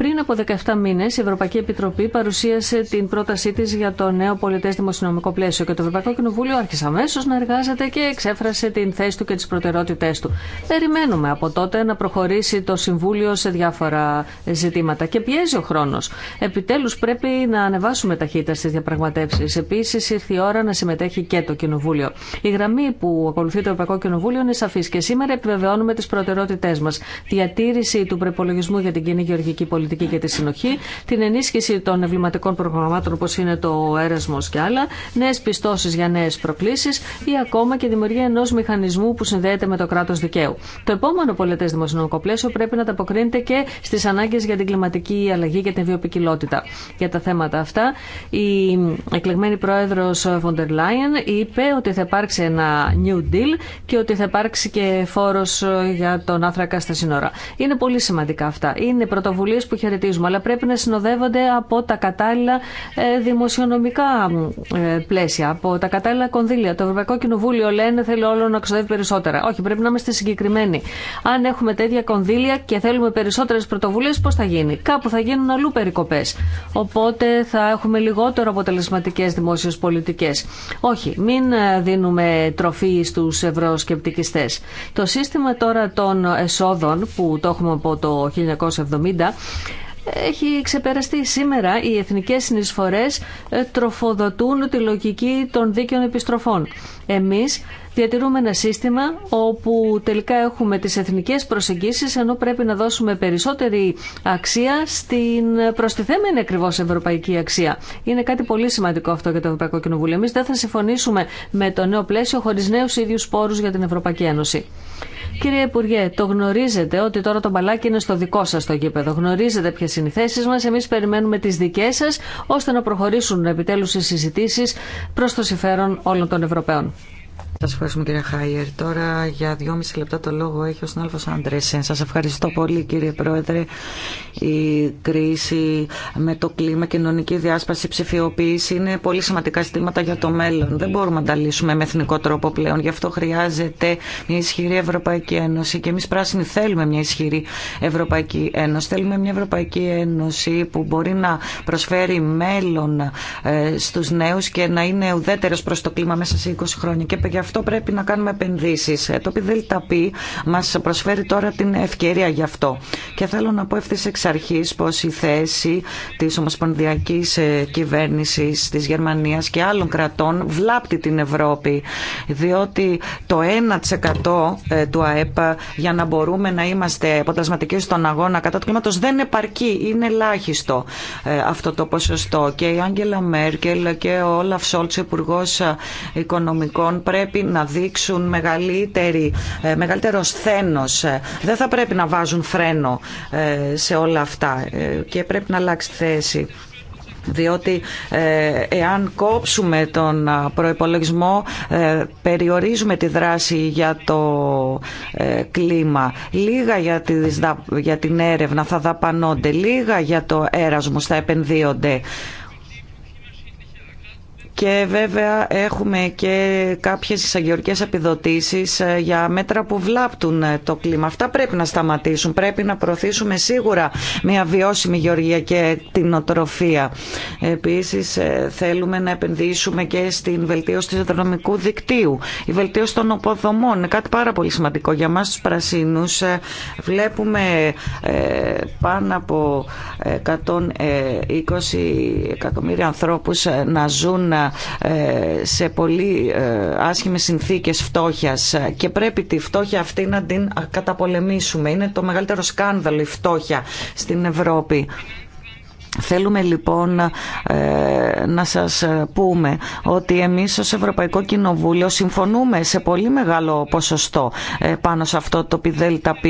Πριν από 17 μήνε, η Ευρωπαϊκή Επιτροπή παρουσίασε την πρότασή τη για το νέο πολιτέ δημοσιονομικό πλαίσιο και το Ευρωπαϊκό Κοινοβούλιο άρχισε αμέσω να εργάζεται και εξέφρασε την θέση του και τι προτεραιότητέ του. Περιμένουμε από τότε να προχωρήσει το Συμβούλιο σε διάφορα ζητήματα και πιέζει ο χρόνο. Επιτέλου πρέπει να ανεβάσουμε ταχύτητα στι διαπραγματεύσει. Επίση ήρθε η ώρα να συμμετέχει και το Κοινοβούλιο. Η γραμμή που ακολουθεί το Ευρωπαϊκό Κοινοβούλιο είναι σαφή και σήμερα επιβεβαιώνουμε τι προτεραιότητέ μα. Διατήρηση του προπολογισμού για την κοινή γεωργική πολιτική πολιτική για τη συνοχή, την ενίσχυση των εμβληματικών προγραμμάτων όπω είναι το έρασμο και άλλα, νέε πιστώσει για νέε προκλήσει ή ακόμα και δημιουργία ενό μηχανισμού που συνδέεται με το κράτο δικαίου. Το επόμενο πολιτέ δημοσιονομικό πλαίσιο πρέπει να ανταποκρίνεται και στι ανάγκε για την κλιματική αλλαγή και την βιοπικιλότητα. Για τα θέματα αυτά, η εκλεγμένη πρόεδρο Βοντερ Λάιεν είπε ότι θα υπάρξει ένα New Deal και ότι θα υπάρξει και φόρο για τον άνθρακα στα σύνορα. Είναι πολύ σημαντικά αυτά. Είναι πρωτοβουλίε. που χαιρετίζουμε, αλλά πρέπει να συνοδεύονται από τα κατάλληλα ε, δημοσιονομικά ε, πλαίσια, από τα κατάλληλα κονδύλια. Το Ευρωπαϊκό Κοινοβούλιο λένε θέλει όλο να ξοδεύει περισσότερα. Όχι, πρέπει να είμαστε συγκεκριμένοι. Αν έχουμε τέτοια κονδύλια και θέλουμε περισσότερε πρωτοβουλίε, πώ θα γίνει. Κάπου θα γίνουν αλλού περικοπέ. Οπότε θα έχουμε λιγότερο αποτελεσματικέ δημόσιε πολιτικέ. Όχι, μην ε, δίνουμε τροφή στου ευρωσκεπτικιστέ. Το σύστημα τώρα των εσόδων που το έχουμε από το 1970 έχει ξεπεραστεί. Σήμερα οι εθνικές συνεισφορές ε, τροφοδοτούν τη λογική των δίκαιων επιστροφών. Εμείς διατηρούμε ένα σύστημα όπου τελικά έχουμε τις εθνικές προσεγγίσεις ενώ πρέπει να δώσουμε περισσότερη αξία στην προστιθέμενη ακριβώ ευρωπαϊκή αξία. Είναι κάτι πολύ σημαντικό αυτό για το Ευρωπαϊκό Κοινοβούλιο. Εμείς δεν θα συμφωνήσουμε με το νέο πλαίσιο χωρίς νέους ίδιους πόρους για την Ευρωπαϊκή Ένωση. Κύριε Υπουργέ, το γνωρίζετε ότι τώρα το μπαλάκι είναι στο δικό σα το γήπεδο. Γνωρίζετε ποιε είναι οι θέσει μα. Εμεί περιμένουμε τι δικέ σα, ώστε να προχωρήσουν επιτέλου οι συζητήσει προ το συμφέρον όλων των Ευρωπαίων σα ευχαριστούμε κύριε Χάιερ. Τώρα για δυόμιση λεπτά το λόγο έχει ο συνάδελφο Αντρέσεν. Σα ευχαριστώ
πολύ κύριε Πρόεδρε. Η κρίση με το κλίμα, κοινωνική διάσπαση, ψηφιοποίηση είναι πολύ σημαντικά ζητήματα για το μέλλον. Δεν μπορούμε να τα λύσουμε με εθνικό τρόπο πλέον. Γι' αυτό χρειάζεται μια ισχυρή Ευρωπαϊκή Ένωση και εμεί πράσινοι θέλουμε μια ισχυρή Ευρωπαϊκή Ένωση. Θέλουμε μια Ευρωπαϊκή Ένωση που μπορεί να προσφέρει μέλλον ε, στου νέου και να είναι ουδέτερο προ το κλίμα μέσα σε 20 χρόνια. Και αυτό πρέπει να κάνουμε επενδύσει. Ε, το ΠΙΔΕΛΤΑΠΗ μα προσφέρει τώρα την ευκαιρία γι' αυτό. Και θέλω να πω ευθύ εξ αρχή πω η θέση τη Ομοσπονδιακή ε, Κυβέρνηση τη Γερμανία και άλλων κρατών βλάπτει την Ευρώπη. Διότι το 1% ε, του ΑΕΠ για να μπορούμε να είμαστε αποτελεσματικοί στον αγώνα κατά του κλίματο δεν επαρκεί. Είναι ελάχιστο αυτό το ποσοστό. Και η Άγγελα Μέρκελ και ο Όλαφ Σόλτ, Υπουργό Οικονομικών, πρέπει να δείξουν μεγαλύτερη, ε, μεγαλύτερο σθένος. Ε, δεν θα πρέπει να βάζουν φρένο ε, σε όλα αυτά και πρέπει να αλλάξει θέση διότι εάν κόψουμε τον προϋπολογισμό περιορίζουμε τη δράση για το κλίμα λίγα για την έρευνα θα δαπανώνται λίγα για το έρασμο θα επενδύονται και βέβαια έχουμε και κάποιες εισαγγελικές επιδοτήσεις ε, για μέτρα που βλάπτουν ε, το κλίμα. Αυτά πρέπει να σταματήσουν. Πρέπει να προωθήσουμε σίγουρα μια βιώσιμη γεωργία και την οτροφία. Επίσης ε, θέλουμε να επενδύσουμε και στην βελτίωση του συνδρομικού δικτύου. Η βελτίωση των οποδομών είναι κάτι πάρα πολύ σημαντικό για μας τους πρασίνους. Βλέπουμε πάνω από 120 εκατομμύρια ανθρώπους να ζουν ε, σε πολύ ε, άσχημες συνθήκες φτώχειας και πρέπει τη φτώχεια αυτή να την καταπολεμήσουμε. Είναι το μεγαλύτερο σκάνδαλο η φτώχεια στην Ευρώπη. Θέλουμε λοιπόν ε, να σας πούμε ότι εμείς ως Ευρωπαϊκό Κοινοβούλιο συμφωνούμε σε πολύ μεγάλο ποσοστό ε, πάνω σε αυτό το πι.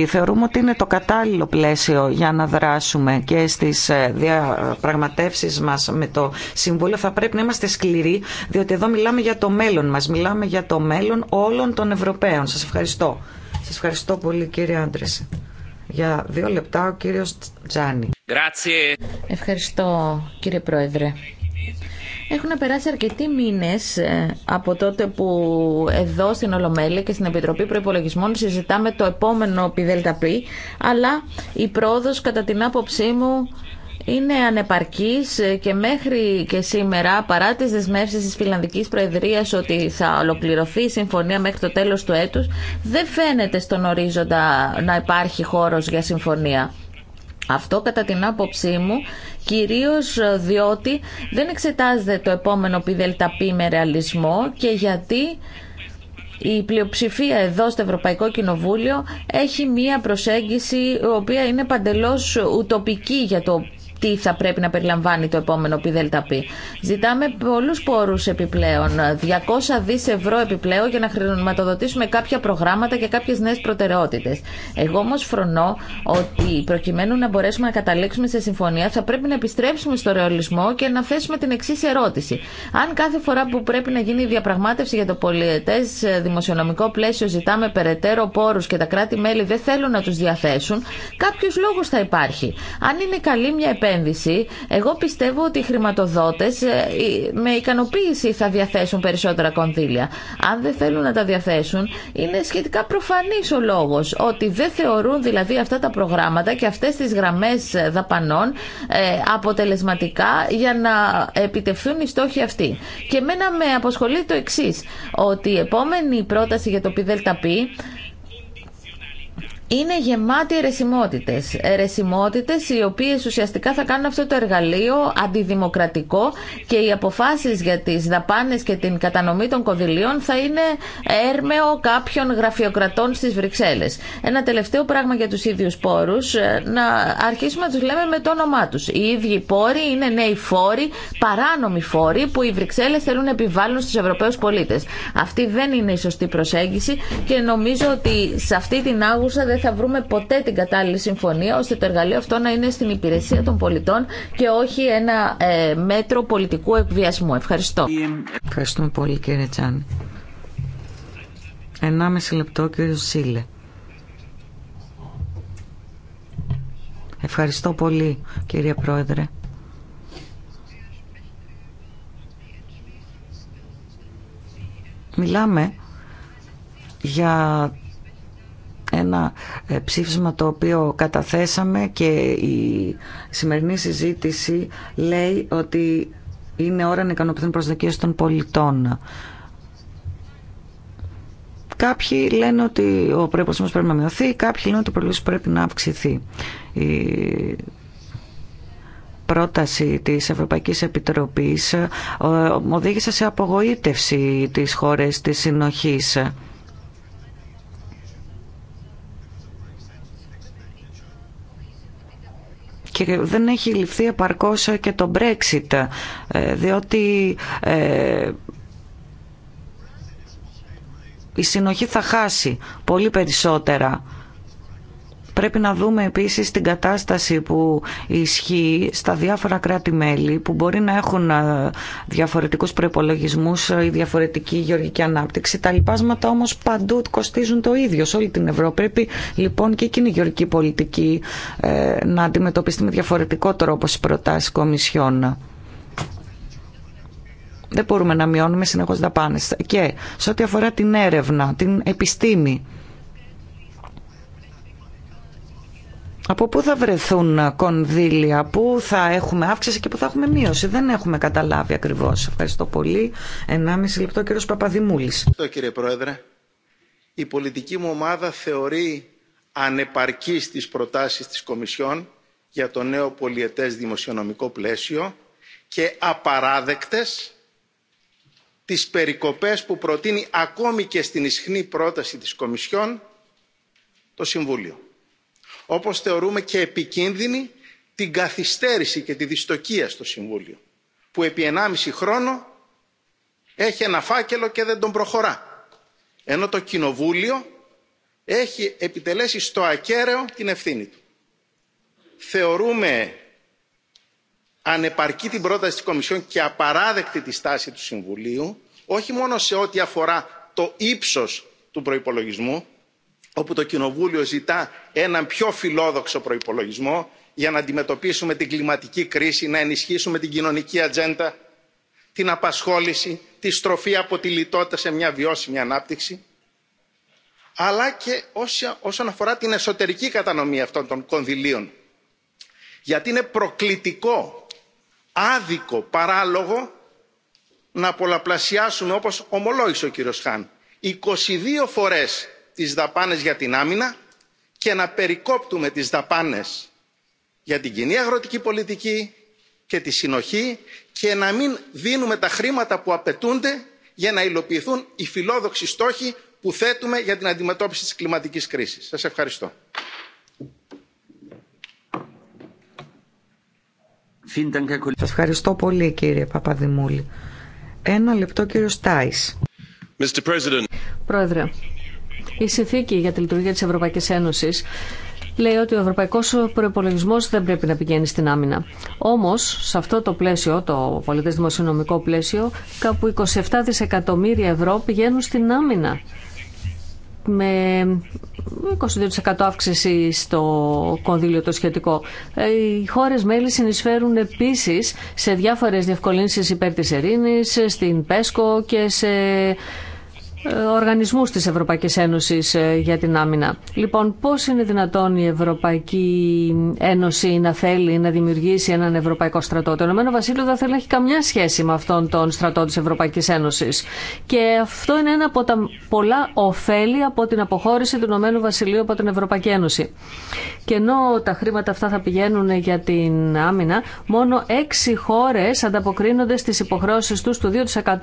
Θεωρούμε ότι είναι το κατάλληλο πλαίσιο για να δράσουμε και στις ε, διαπραγματεύσεις μας με το Συμβούλιο. Θα πρέπει να είμαστε σκληροί, διότι εδώ μιλάμε για το μέλλον μας. Μιλάμε για το μέλλον όλων των Ευρωπαίων. Σας ευχαριστώ. Σας ευχαριστώ πολύ κύριε Άντρεση.
Για δύο λεπτά ο κύριος Τζάνι. Ευχαριστώ κύριε Πρόεδρε. Έχουν περάσει αρκετοί μήνες ε, από τότε που εδώ στην Ολομέλεια και στην Επιτροπή Προϋπολογισμών συζητάμε το επόμενο πι, αλλά η πρόοδο κατά την άποψή μου είναι ανεπαρκής και μέχρι και σήμερα παρά τις δεσμεύσεις της Φιλανδικής Προεδρίας ότι θα ολοκληρωθεί η συμφωνία μέχρι το τέλος του έτους δεν φαίνεται στον ορίζοντα να υπάρχει χώρος για συμφωνία. Αυτό κατά την άποψή μου κυρίως διότι δεν εξετάζεται το επόμενο πι με ρεαλισμό και γιατί η πλειοψηφία εδώ στο Ευρωπαϊκό Κοινοβούλιο έχει μία προσέγγιση η οποία είναι παντελώς ουτοπική για το τι θα πρέπει να περιλαμβάνει το επόμενο ΠΔΠ. Ζητάμε πολλούς πόρους επιπλέον, 200 δις ευρώ επιπλέον για να χρηματοδοτήσουμε κάποια προγράμματα και κάποιες νέες προτεραιότητες. Εγώ όμω φρονώ ότι προκειμένου να μπορέσουμε να καταλήξουμε σε συμφωνία θα πρέπει να επιστρέψουμε στο ρεαλισμό και να θέσουμε την εξή ερώτηση. Αν κάθε φορά που πρέπει να γίνει η διαπραγμάτευση για το πολιετέ δημοσιονομικό πλαίσιο ζητάμε περαιτέρω πόρου και τα κράτη-μέλη δεν θέλουν να του διαθέσουν, κάποιο λόγο θα υπάρχει. Αν είναι καλή μια εγώ πιστεύω ότι οι χρηματοδότες ε, ε, με ικανοποίηση θα διαθέσουν περισσότερα κονδύλια. Αν δεν θέλουν να τα διαθέσουν, είναι σχετικά προφανή ο λόγος ότι δεν θεωρούν δηλαδή αυτά τα προγράμματα και αυτές τις γραμμές ε, δαπανών αποτελεσματικά για να επιτευχθούν οι στόχοι αυτοί. Και εμένα με αποσχολεί το εξή ότι η επόμενη πρόταση για το ΠΔΠ είναι γεμάτη ερεσιμότητες. Ερεσιμότητε, οι οποίε ουσιαστικά θα κάνουν αυτό το εργαλείο αντιδημοκρατικό και οι αποφάσει για τι δαπάνε και την κατανομή των κονδυλίων θα είναι έρμεο κάποιων γραφειοκρατών στι Βρυξέλλες. Ένα τελευταίο πράγμα για του ίδιου πόρου. Ε, να αρχίσουμε να του λέμε με το όνομά του. Οι ίδιοι πόροι είναι νέοι φόροι, παράνομοι φόροι που οι Βρυξέλλες θέλουν να επιβάλλουν στου ευρωπαίου πολίτε. Αυτή δεν είναι η σωστή προσέγγιση και νομίζω ότι σε αυτή την άγουσα θα βρούμε ποτέ την κατάλληλη συμφωνία ώστε το εργαλείο αυτό να είναι στην υπηρεσία των πολιτών και όχι ένα ε, μέτρο πολιτικού εκβιασμού. Ευχαριστώ. Ευχαριστούμε
πολύ κύριε Τσάν. 1,5 λεπτό κύριε Σίλε. Ευχαριστώ πολύ κύριε Πρόεδρε. Μιλάμε για ένα ε, ψήφισμα το οποίο καταθέσαμε και η σημερινή συζήτηση λέει ότι είναι ώρα να ικανοποιηθούν προσδοκίες των πολιτών. Κάποιοι λένε ότι ο προπολογισμό πρέπει να μειωθεί, κάποιοι λένε ότι ο πρέπει να αυξηθεί. Η πρόταση της Ευρωπαϊκής Επιτροπής ε, οδήγησε σε απογοήτευση της χώρες της συνοχής και δεν έχει ληφθεί επαρκώς και το Brexit, ε, διότι ε, η συνοχή θα χάσει πολύ περισσότερα Πρέπει να δούμε επίσης την κατάσταση που ισχύει στα διάφορα κράτη-μέλη που μπορεί να έχουν ε, διαφορετικούς προϋπολογισμούς ή ε, διαφορετική γεωργική ανάπτυξη. Τα λοιπάσματα όμως παντού κοστίζουν το ίδιο σε όλη την Ευρώπη. Πρέπει λοιπόν και εκείνη η γεωργική πολιτική ε, να αντιμετωπιστεί με διαφορετικό τρόπο στις προτάσεις κομισιών. Δεν μπορούμε να μειώνουμε συνεχώς δαπάνες. Και σε ό,τι αφορά την έρευνα, την επιστήμη, Από πού θα βρεθούν κονδύλια, πού θα έχουμε αύξηση και πού θα έχουμε μείωση. Δεν έχουμε καταλάβει ακριβώ. Ευχαριστώ πολύ. 1,5 λεπτό κύριο Παπαδημούλη. Ευχαριστώ
κύριε Πρόεδρε. Η πολιτική μου ομάδα θεωρεί ανεπαρκή τις προτάσει τη Κομισιόν για το νέο πολιετέ δημοσιονομικό πλαίσιο και απαράδεκτε τι περικοπέ που προτείνει ακόμη και στην ισχνή πρόταση τη Κομισιόν το Συμβούλιο όπως θεωρούμε και επικίνδυνη την καθυστέρηση και τη δυστοκία στο Συμβούλιο που επί 1,5 χρόνο έχει ένα φάκελο και δεν τον προχωρά. Ενώ το Κοινοβούλιο έχει επιτελέσει στο ακέραιο την ευθύνη του. Θεωρούμε ανεπαρκή την πρόταση της Κομισιόν και απαράδεκτη τη στάση του Συμβουλίου, όχι μόνο σε ό,τι αφορά το ύψος του προϋπολογισμού, όπου το κοινοβούλιο ζητά έναν πιο φιλόδοξο προϋπολογισμό για να αντιμετωπίσουμε την κλιματική κρίση να ενισχύσουμε την κοινωνική ατζέντα την απασχόληση τη στροφή από τη λιτότητα σε μια βιώσιμη ανάπτυξη αλλά και όσον αφορά την εσωτερική κατανομή αυτών των κονδυλίων γιατί είναι προκλητικό άδικο παράλογο να πολλαπλασιάσουμε όπως ομολόγησε ο κύριος χαν 22 φορές τις δαπάνες για την άμυνα και να περικόπτουμε τις δαπάνες για την κοινή αγροτική πολιτική και τη συνοχή και να μην δίνουμε τα χρήματα που απαιτούνται για να υλοποιηθούν οι φιλόδοξοι στόχοι που θέτουμε για την αντιμετώπιση της κλιματικής κρίσης. Σας ευχαριστώ.
Σας
ευχαριστώ πολύ
κύριε Παπαδημούλη. Ένα λεπτό κύριο Στάις. Η συνθήκη για τη λειτουργία της Ευρωπαϊκής Ένωσης λέει ότι ο ευρωπαϊκός προπολογισμό δεν πρέπει να πηγαίνει στην άμυνα. Όμως, σε αυτό το πλαίσιο, το πολιτές δημοσιονομικό πλαίσιο, κάπου 27 δισεκατομμύρια ευρώ πηγαίνουν στην άμυνα με 22% αύξηση στο κονδύλιο το σχετικό. Ε, οι χώρες μέλη συνεισφέρουν επίση σε διάφορε διευκολύνσει υπέρ τη ειρήνη, στην ΠΕΣΚΟ και σε ε, οργανισμούς της Ευρωπαϊκής Ένωσης ε, για την άμυνα. Λοιπόν, πώς είναι δυνατόν η Ευρωπαϊκή Ένωση να θέλει να δημιουργήσει έναν Ευρωπαϊκό στρατό. Το Ηνωμένο Βασίλειο δεν θέλει να έχει καμιά σχέση με αυτόν τον στρατό της Ευρωπαϊκής Ένωσης. Και αυτό είναι ένα από τα πολλά ωφέλη από την αποχώρηση του Ηνωμένου Βασιλείου από την Ευρωπαϊκή Ένωση. Και ενώ τα χρήματα αυτά θα πηγαίνουν για την άμυνα, μόνο έξι χώρες ανταποκρίνονται στις υποχρεώσεις τους του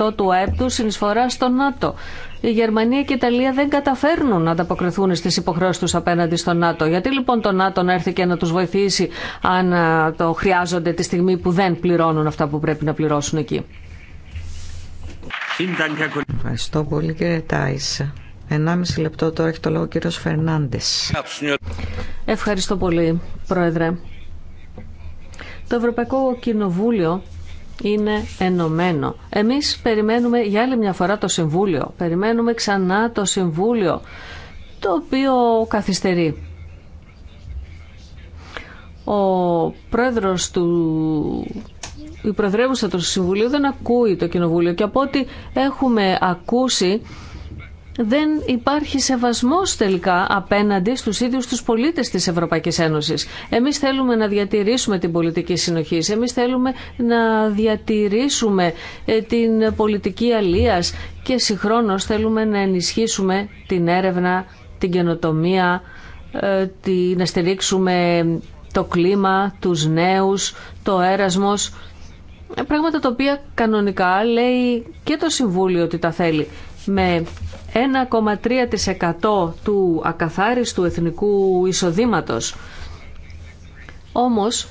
2% του ΑΕΠ του συνεισφορά στο ΝΑΤΟ η Γερμανία και η Ιταλία δεν καταφέρνουν να ανταποκριθούν στι υποχρεώσεις του απέναντι στο ΝΑΤΟ. Γιατί λοιπόν το ΝΑΤΟ να έρθει και να τους βοηθήσει αν το χρειάζονται τη στιγμή που δεν πληρώνουν αυτά που πρέπει να πληρώσουν εκεί.
Ευχαριστώ πολύ κύριε Τάις. 1,5 λεπτό τώρα έχει το λόγο ο κύριος Φερνάντες. Ευχαριστώ πολύ,
Πρόεδρε. Το Ευρωπαϊκό Κοινοβούλιο είναι ενωμένο. Εμείς περιμένουμε για άλλη μια φορά το Συμβούλιο. Περιμένουμε ξανά το Συμβούλιο, το οποίο καθυστερεί. Ο πρόεδρος του... Η Προεδρεύουσα του Συμβουλίου δεν ακούει το Κοινοβούλιο και από ό,τι έχουμε ακούσει δεν υπάρχει σεβασμός τελικά απέναντι στους ίδιους τους πολίτες της Ευρωπαϊκής Ένωσης. Εμείς θέλουμε να διατηρήσουμε την πολιτική συνοχή, εμείς θέλουμε να διατηρήσουμε ε, την πολιτική αλίας και συγχρόνως θέλουμε να ενισχύσουμε την έρευνα, την καινοτομία, ε, να στηρίξουμε το κλίμα, τους νέους, το έρασμος, ε, πράγματα τα οποία κανονικά λέει και το Συμβούλιο ότι τα θέλει. 1,3% του ακαθάριστου εθνικού εισοδήματος. Όμως,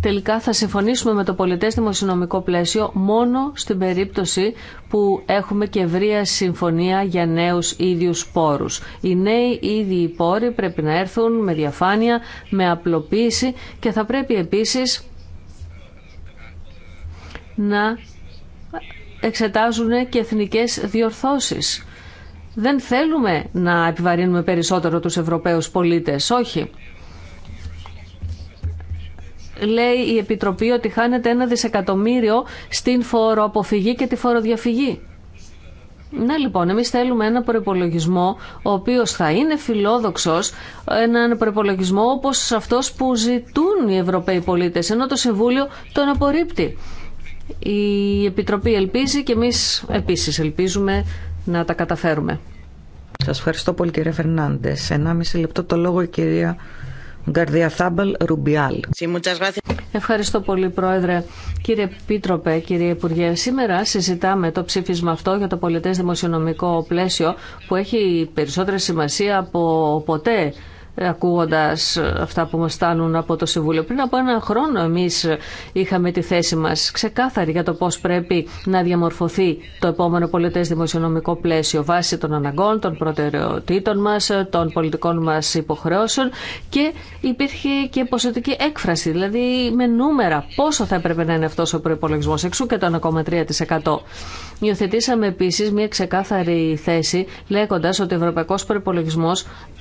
τελικά θα συμφωνήσουμε με το πολιτές δημοσιονομικό πλαίσιο μόνο στην περίπτωση που έχουμε και ευρεία συμφωνία για νέους ίδιους πόρους. Οι νέοι ίδιοι πόροι πρέπει να έρθουν με διαφάνεια, με απλοποίηση και θα πρέπει επίσης να εξετάζουν και εθνικές διορθώσεις. Δεν θέλουμε να επιβαρύνουμε περισσότερο τους Ευρωπαίους πολίτες, όχι. Λέει η Επιτροπή ότι χάνεται ένα δισεκατομμύριο στην φοροαποφυγή και τη φοροδιαφυγή. Ναι λοιπόν, εμείς θέλουμε ένα προπολογισμό ο οποίος θα είναι φιλόδοξος, έναν προπολογισμό όπως αυτός που ζητούν οι Ευρωπαίοι πολίτες, ενώ το Συμβούλιο τον απορρίπτει. Η Επιτροπή ελπίζει και εμείς επίσης ελπίζουμε να τα καταφέρουμε.
Σας ευχαριστώ πολύ κύριε Φερνάντες. 1,5 λεπτό το λόγο η κυρία
Γκαρδιά Θάμπαλ Ρουμπιάλ. Ευχαριστώ πολύ Πρόεδρε. Κύριε Πίτροπε, κύριε Υπουργέ, σήμερα συζητάμε το ψήφισμα αυτό για το πολιτές δημοσιονομικό πλαίσιο που έχει περισσότερη σημασία από ποτέ ακούγοντας αυτά που μας στάνουν από το Συμβούλιο. Πριν από ένα χρόνο εμείς είχαμε τη θέση μας ξεκάθαρη για το πώς πρέπει να διαμορφωθεί το επόμενο πολιτές δημοσιονομικό πλαίσιο βάσει των αναγκών, των προτεραιοτήτων μας, των πολιτικών μας υποχρεώσεων και υπήρχε και ποσοτική έκφραση, δηλαδή με νούμερα πόσο θα έπρεπε να είναι αυτός ο προπολογισμό εξού και το 1,3%. Υιοθετήσαμε επίση μια ξεκάθαρη θέση λέγοντα ότι ο ευρωπαϊκό προπολογισμό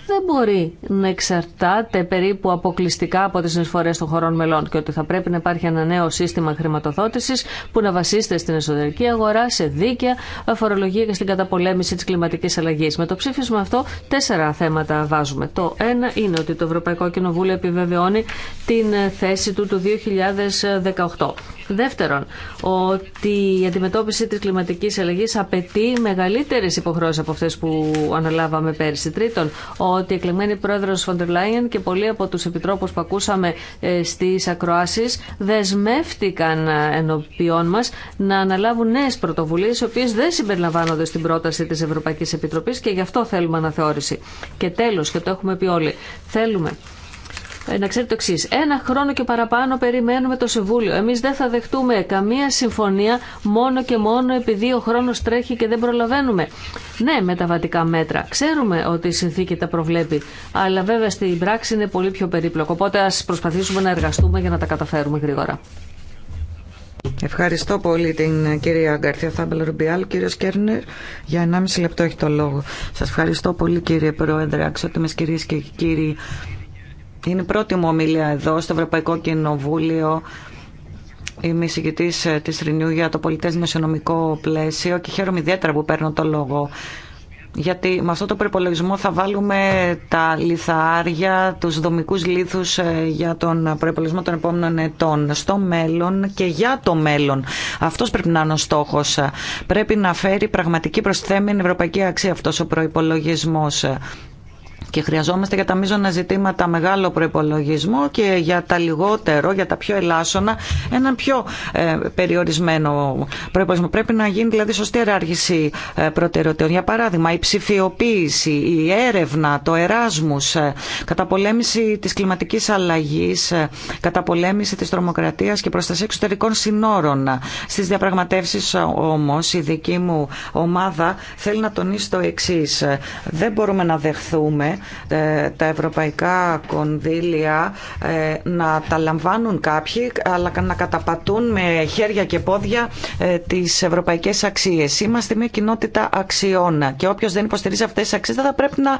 δεν μπορεί να εξαρτάται περίπου αποκλειστικά από τι εισφορέ των χωρών μελών και ότι θα πρέπει να υπάρχει ένα νέο σύστημα χρηματοδότηση που να βασίζεται στην εσωτερική αγορά, σε δίκαια, αφορολογία ε, και στην καταπολέμηση τη κλιματική αλλαγή. Με το ψήφισμα αυτό, τέσσερα θέματα βάζουμε. Το ένα είναι ότι το Ευρωπαϊκό Κοινοβούλιο επιβεβαιώνει την θέση του του 2018 Δεύτερον, ότι η αντιμετώπιση τη κλιματική αλλαγή απαιτεί μεγαλύτερε υποχρεώσει από αυτέ που αναλάβαμε πέρσι. Τρίτον, ότι η εκλεγμένη πρόεδρο Φοντερ Λάιεν και πολλοί από του επιτρόπους που ακούσαμε ε, στι ακρόασει δεσμεύτηκαν ε, ενωπιών μα να αναλάβουν νέε πρωτοβουλίε οι οποίε δεν συμπεριλαμβάνονται στην πρόταση τη Ευρωπαϊκή Επιτροπής και γι' αυτό θέλουμε αναθεώρηση. Και τέλο, και το έχουμε πει όλοι, θέλουμε ε, να ξέρετε το εξή. Ένα χρόνο και παραπάνω περιμένουμε το Συμβούλιο. Εμεί δεν θα δεχτούμε καμία συμφωνία μόνο και μόνο επειδή ο χρόνο τρέχει και δεν προλαβαίνουμε. Ναι, μεταβατικά μέτρα. Ξέρουμε ότι η συνθήκη τα προβλέπει. Αλλά βέβαια στην πράξη είναι πολύ πιο περίπλοκο. Οπότε α προσπαθήσουμε να εργαστούμε για να τα καταφέρουμε γρήγορα.
Ευχαριστώ πολύ την κυρία Γκαρθία Θάμπελ Ρουμπιάλ. κύριο Κέρνερ, για 1,5 λεπτό έχει το λόγο. Σα ευχαριστώ πολύ κύριε Πρόεδρε, Αξιότιμε κυρίε και κύριοι. Είναι η πρώτη μου ομιλία εδώ στο Ευρωπαϊκό Κοινοβούλιο. Είμαι εισηγητή ε, τη Ρηνιού για το πολιτέ μεσονομικό πλαίσιο και χαίρομαι ιδιαίτερα που παίρνω το λόγο. Γιατί με αυτό το προπολογισμό θα βάλουμε τα λιθαριά, τους δομικούς λίθους ε, για τον προπολογισμό των επόμενων ετών στο μέλλον και για το μέλλον. Αυτός πρέπει να είναι ο στόχος. Πρέπει να φέρει πραγματική προσθέμενη ευρωπαϊκή αξία αυτός ο προπολογισμό και χρειαζόμαστε για τα μείζωνα ζητήματα μεγάλο προπολογισμό και για τα λιγότερο, για τα πιο ελάσσονα, έναν πιο ε, περιορισμένο προπολογισμό. Πρέπει να γίνει δηλαδή σωστή εράργηση ε, προτεραιοτήτων. Για παράδειγμα, η ψηφιοποίηση, η έρευνα, το εράσμους ε, καταπολέμηση τη κλιματική αλλαγή, ε, καταπολέμηση τη τρομοκρατία και προστασία εξωτερικών συνόρων. Στι διαπραγματεύσει ε, όμω, η δική μου ομάδα θέλει να τονίσει το εξή. Ε, δεν μπορούμε να δεχθούμε ε, τα ευρωπαϊκά κονδύλια ε, να τα λαμβάνουν κάποιοι αλλά να καταπατούν με χέρια και πόδια ε, τις ευρωπαϊκές αξίες. Είμαστε μια κοινότητα αξιών και όποιος δεν υποστηρίζει αυτές τις αξίες θα πρέπει να,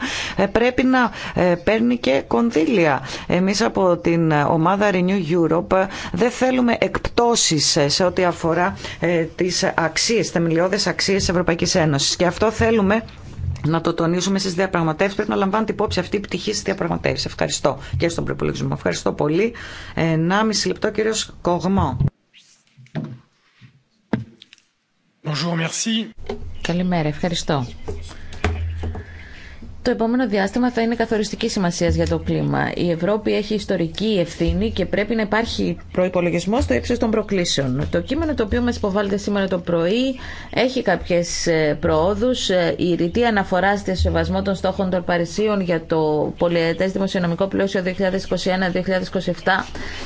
πρέπει να παίρνει και κονδύλια. Εμείς από την ομάδα Renew Europe δεν θέλουμε εκπτώσεις σε ό,τι αφορά τις αξίες, θεμελιώδες αξίες της Ευρωπαϊκής Ένωσης και αυτό θέλουμε να το τονίζουμε στι διαπραγματεύσει. Πρέπει να λαμβάνετε υπόψη αυτή η πτυχή στι διαπραγματεύσει. Ευχαριστώ και στον προπολογισμό. Ευχαριστώ πολύ. 1,5 λεπτό, κύριο Κογμό.
Bonjour, merci. Καλημέρα, ευχαριστώ το επόμενο διάστημα θα είναι καθοριστική σημασία για το κλίμα. Η Ευρώπη έχει ιστορική ευθύνη και πρέπει να υπάρχει προπολογισμό στο ύψο των προκλήσεων. Το κείμενο το οποίο μα υποβάλλεται σήμερα το πρωί έχει κάποιε προόδου. Ε, η ρητή αναφορά στη σεβασμό των στόχων των Παρισίων για το πολιετέ δημοσιονομικό πλαίσιο 2021-2027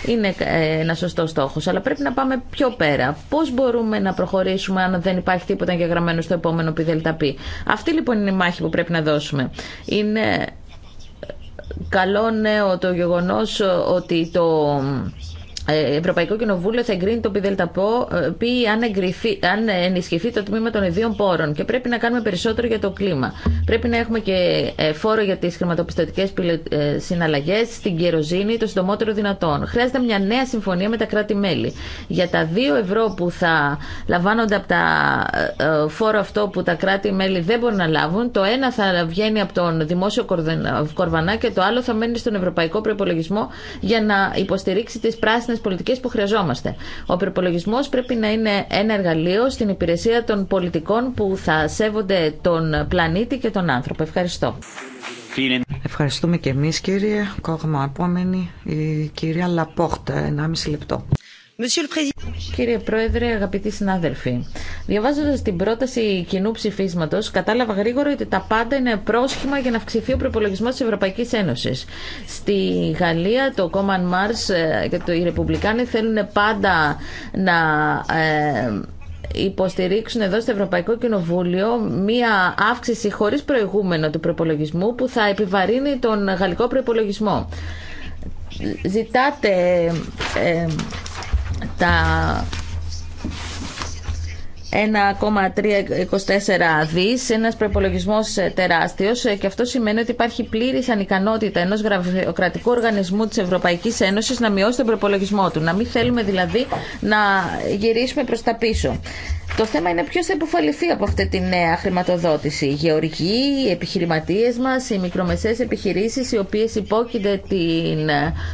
είναι ε, ένα σωστό στόχο. Αλλά πρέπει να πάμε πιο πέρα. Πώ μπορούμε να προχωρήσουμε αν δεν υπάρχει τίποτα εγγεγραμμένο στο επόμενο ΠΔΠ. Αυτή λοιπόν είναι η μάχη που πρέπει να δώσουμε. Είναι καλό νέο το γεγονός ότι το ε, ευρωπαϊκό Κοινοβούλιο θα εγκρίνει το ΠΙΔΕΛΤΑΠΟ ε, πει αν, εγκριθεί, αν ενισχυθεί το τμήμα των ιδίων πόρων και πρέπει να κάνουμε περισσότερο για το κλίμα. Πρέπει να έχουμε και ε, φόρο για τι χρηματοπιστωτικέ συναλλαγέ στην κεροζίνη το συντομότερο δυνατόν. Χρειάζεται μια νέα συμφωνία με τα κράτη-μέλη. Για τα δύο ευρώ που θα λαμβάνονται από τα φόρο αυτό που τα κράτη-μέλη δεν μπορούν να λάβουν, το ένα θα βγαίνει από τον δημόσιο κορβανά και το άλλο θα μένει στον ευρωπαϊκό προπολογισμό για να υποστηρίξει τι πράσινε τι πολιτικέ που χρειαζόμαστε. Ο προπολογισμό πρέπει να είναι ένα εργαλείο στην υπηρεσία των πολιτικών που θα σέβονται τον πλανήτη και τον άνθρωπο. Ευχαριστώ.
Ευχαριστούμε και εμείς κύριε Κόγμα.
Επόμενη η κυρία Λαπόχτα, 1,5 λεπτό. Κύριε Πρόεδρε, αγαπητοί συνάδελφοι, διαβάζοντα την πρόταση κοινού ψηφίσματο, κατάλαβα γρήγορα ότι τα πάντα είναι πρόσχημα για να αυξηθεί ο προπολογισμό τη Ευρωπαϊκή Ένωση. Στη Γαλλία, το Common Mars ε, και το, οι Ρεπουμπλικάνοι θέλουν πάντα να. Ε, υποστηρίξουν εδώ στο Ευρωπαϊκό Κοινοβούλιο μία αύξηση χωρί προηγούμενο του προπολογισμού που θα επιβαρύνει τον γαλλικό προπολογισμό. Ζητάτε ε, τα 1,324 δι. ένα προπολογισμό ε, τεράστιο. Ε, και αυτό σημαίνει ότι υπάρχει πλήρη ανικανότητα ενό γραφειοκρατικού οργανισμού τη Ευρωπαϊκή Ένωση να μειώσει τον προπολογισμό του, να μην θέλουμε δηλαδή να γυρίσουμε προ τα πίσω. Το θέμα είναι ποιο θα υποφαληθεί από αυτή τη νέα χρηματοδότηση. Οι γεωργοί, οι επιχειρηματίε μα, οι μικρομεσαίε επιχειρήσει, οι οποίε υπόκεινται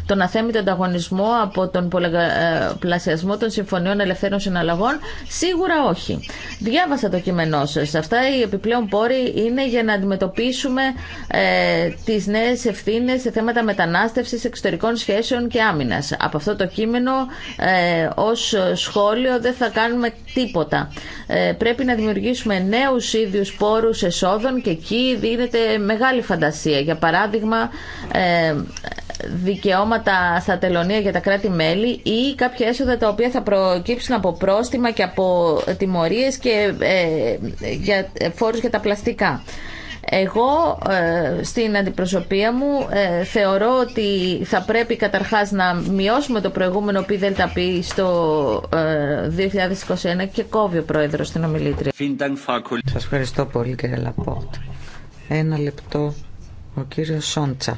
τον αθέμητο ανταγωνισμό από τον πολλαπλασιασμό των συμφωνιών ελευθέρων συναλλαγών, σίγουρα όχι. Διάβασα το κείμενό σα. Αυτά οι επιπλέον πόροι είναι για να αντιμετωπίσουμε ε, τις νέες ευθύνε σε θέματα μετανάστευση εξωτερικών σχέσεων και άμυνας. Από αυτό το κείμενο ε, ως σχόλιο δεν θα κάνουμε τίποτα. Ε, πρέπει να δημιουργήσουμε νέους ίδιους πόρους εσόδων και εκεί δίνεται μεγάλη φαντασία. Για παράδειγμα, ε, δικαιώματα στα τελωνία για τα κράτη-μέλη ή κάποια έσοδα τα οποία θα προκύψουν από πρόστιμα και από τιμωρία τιμωρίες και ε, για ε, φόρους για τα πλαστικά. Εγώ ε, στην αντιπροσωπεία μου θεωρώ ότι θα πρέπει καταρχάς να μειώσουμε το προηγούμενο πι στο ε, 2021 και κόβει ο Πρόεδρος στην ομιλήτρια.
Σας ευχαριστώ πολύ κύριε Λαπότ. Ένα λεπτό ο κύριος Σόντσα.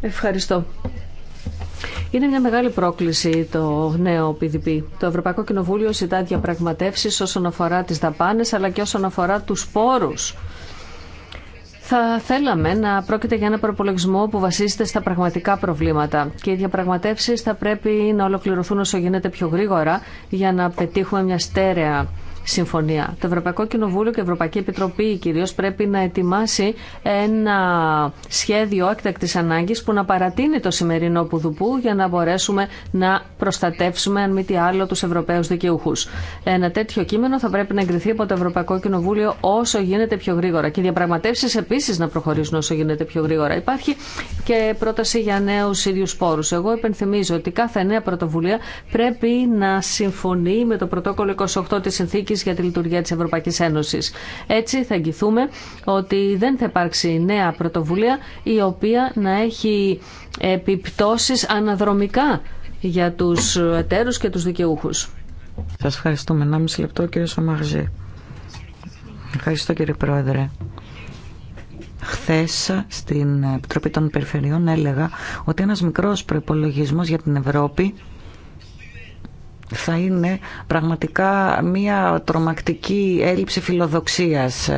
Ευχαριστώ. Είναι μια μεγάλη πρόκληση το νέο PDP. Το Ευρωπαϊκό Κοινοβούλιο ζητά διαπραγματεύσει όσον αφορά τι δαπάνε αλλά και όσον αφορά του πόρου. Θα θέλαμε να πρόκειται για ένα προπολογισμό που βασίζεται στα πραγματικά προβλήματα και οι διαπραγματεύσει θα πρέπει να ολοκληρωθούν όσο γίνεται πιο γρήγορα για να πετύχουμε μια στέρεα συμφωνία. Το Ευρωπαϊκό Κοινοβούλιο και η Ευρωπαϊκή Επιτροπή κυρίως πρέπει να ετοιμάσει ένα σχέδιο έκτακτης ανάγκης που να παρατείνει το σημερινό πουδουπού για να μπορέσουμε να προστατεύσουμε αν μη τι άλλο τους Ευρωπαίους δικαιούχους. Ένα τέτοιο κείμενο θα πρέπει να εγκριθεί από το Ευρωπαϊκό Κοινοβούλιο όσο γίνεται πιο γρήγορα και οι διαπραγματεύσεις επίσης να προχωρήσουν όσο γίνεται πιο γρήγορα. Υπάρχει και πρόταση για νέου ίδιου πόρους. Εγώ υπενθυμίζω ότι κάθε νέα πρωτοβουλία πρέπει να συμφωνεί με το πρωτόκολλο 28 της συνθήκης για τη λειτουργία της Ευρωπαϊκής Ένωσης. Έτσι θα εγγυθούμε ότι δεν θα υπάρξει νέα πρωτοβουλία η οποία να έχει επιπτώσεις αναδρομικά για τους εταίρους και τους δικαιούχους.
Σας ευχαριστούμε. Να μισή λεπτό κύριε Σομαγζή. Ευχαριστώ κύριε Πρόεδρε. Χθε στην Επιτροπή των Περιφερειών έλεγα ότι ένας μικρός προπολογισμό για την Ευρώπη θα είναι πραγματικά μια τρομακτική έλλειψη φιλοδοξίας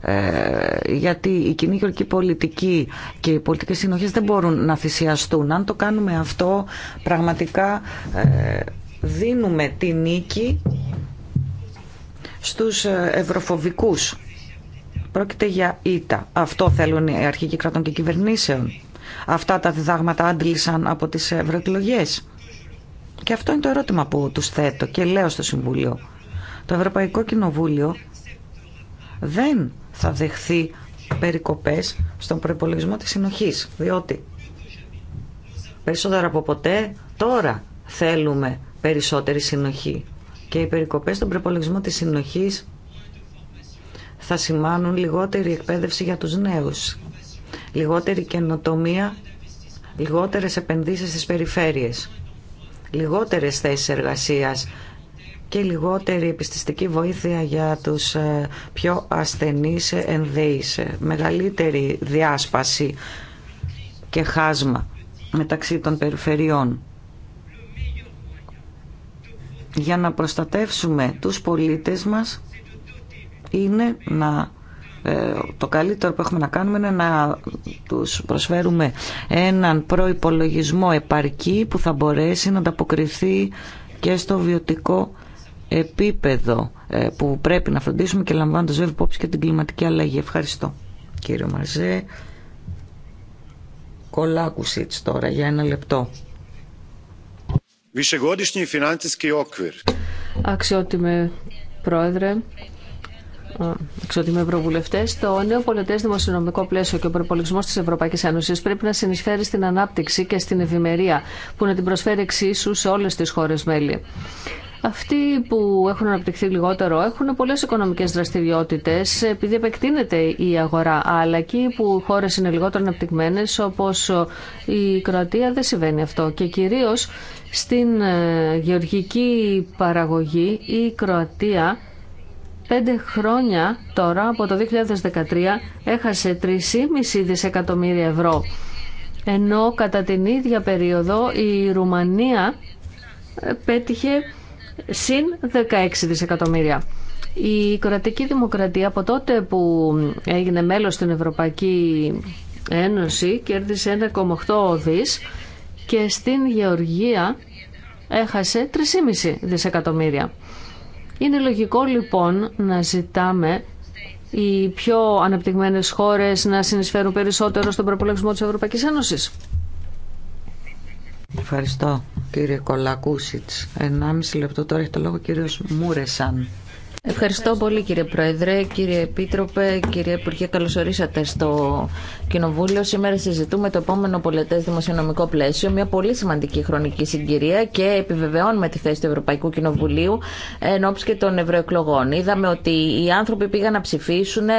ε, γιατί η κοινή γεωργική πολιτική και οι πολιτικές συνοχές δεν μπορούν να θυσιαστούν. Αν το κάνουμε αυτό, πραγματικά ε, δίνουμε τη νίκη στους ε, ευρωφοβικούς. Πρόκειται για ήττα. Αυτό θέλουν οι αρχικοί κρατών και κυβερνήσεων. Αυτά τα διδάγματα άντλησαν από τις ευρωεκλογές. Και αυτό είναι το ερώτημα που του θέτω και λέω στο Συμβούλιο. Το Ευρωπαϊκό Κοινοβούλιο δεν θα δεχθεί περικοπές στον προπολογισμό της συνοχής, διότι περισσότερο από ποτέ τώρα θέλουμε περισσότερη συνοχή και οι περικοπές στον προπολογισμό της συνοχής θα σημάνουν λιγότερη εκπαίδευση για τους νέους, λιγότερη καινοτομία, λιγότερες επενδύσεις στις περιφέρειες λιγότερες θέσεις εργασίας και λιγότερη επιστηστική βοήθεια για τους ε, πιο ασθενείς ε, ενδέης. Ε, μεγαλύτερη διάσπαση και χάσμα μεταξύ των περιφερειών. Για να προστατεύσουμε τους πολίτες μας είναι να ε, το καλύτερο που έχουμε να κάνουμε είναι να τους προσφέρουμε έναν προϋπολογισμό επαρκή που θα μπορέσει να ανταποκριθεί και στο βιωτικό επίπεδο ε, που πρέπει να φροντίσουμε και λαμβάνοντας βέβαια υπόψη και την κλιματική αλλαγή. Ευχαριστώ κύριο Μαζέ. Κολάκουσιτς τώρα για ένα λεπτό.
Αξιότιμε Πρόεδρε, εξωτιμοί ευρωβουλευτέ, το νέο πολιτέ δημοσιονομικό πλαίσιο και ο προπολογισμό τη Ευρωπαϊκή Ένωση πρέπει να συνεισφέρει στην ανάπτυξη και στην ευημερία που να την προσφέρει εξίσου σε όλε τι χώρε μέλη. Αυτοί που έχουν αναπτυχθεί λιγότερο έχουν πολλέ οικονομικέ δραστηριότητε επειδή επεκτείνεται η αγορά. Αλλά εκεί που χώρε είναι λιγότερο αναπτυγμένε, όπω η Κροατία, δεν συμβαίνει αυτό. Και κυρίω στην ε, γεωργική παραγωγή η Κροατία Πέντε χρόνια τώρα από το 2013 έχασε 3,5 δισεκατομμύρια ευρώ. Ενώ κατά την ίδια περίοδο η Ρουμανία ε, πέτυχε συν 16 δισεκατομμύρια. Η κρατική δημοκρατία από τότε που έγινε μέλος στην Ευρωπαϊκή Ένωση κέρδισε 1,8 δις και στην Γεωργία έχασε 3,5 δισεκατομμύρια. Είναι λογικό λοιπόν να ζητάμε οι πιο αναπτυγμένες χώρες να συνεισφέρουν περισσότερο στον προπολογισμό της Ευρωπαϊκής Ένωσης.
Ευχαριστώ κύριε Κολακούσιτς. 1,5 λεπτό τώρα έχει το λόγο κύριος Μούρεσαν.
Ευχαριστώ πολύ κύριε Πρόεδρε, κύριε Επίτροπε, κύριε Υπουργέ, καλώς ορίσατε στο Κοινοβούλιο. Σήμερα συζητούμε το επόμενο πολιτές δημοσιονομικό πλαίσιο, μια πολύ σημαντική χρονική συγκυρία και επιβεβαιώνουμε τη θέση του Ευρωπαϊκού Κοινοβουλίου εν και των ευρωεκλογών. Είδαμε ότι οι άνθρωποι πήγαν να ψηφίσουν ε,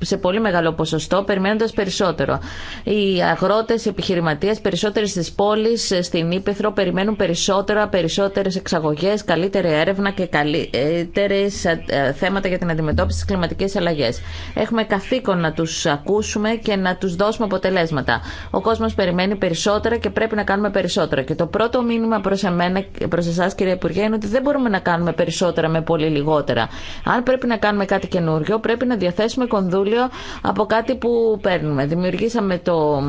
σε πολύ μεγάλο ποσοστό, περιμένοντα περισσότερο. Οι αγρότες, οι επιχειρηματίε, περισσότερες στι πόλει, στην Ήπεθρο, περιμένουν περισσότερα, περισσότερε εξαγωγέ, καλύτερη έρευνα και καλύτερε. Ε, θέματα για την αντιμετώπιση της κλιματικής αλλαγής. Έχουμε καθήκον να τους ακούσουμε και να τους δώσουμε αποτελέσματα. Ο κόσμος περιμένει περισσότερα και πρέπει να κάνουμε περισσότερα. Και το πρώτο μήνυμα προς, εμένα, προς εσάς κύριε Υπουργέ είναι ότι δεν μπορούμε να κάνουμε περισσότερα με πολύ λιγότερα. Αν πρέπει να κάνουμε κάτι καινούριο πρέπει να διαθέσουμε κονδούλιο από κάτι που παίρνουμε. Δημιουργήσαμε το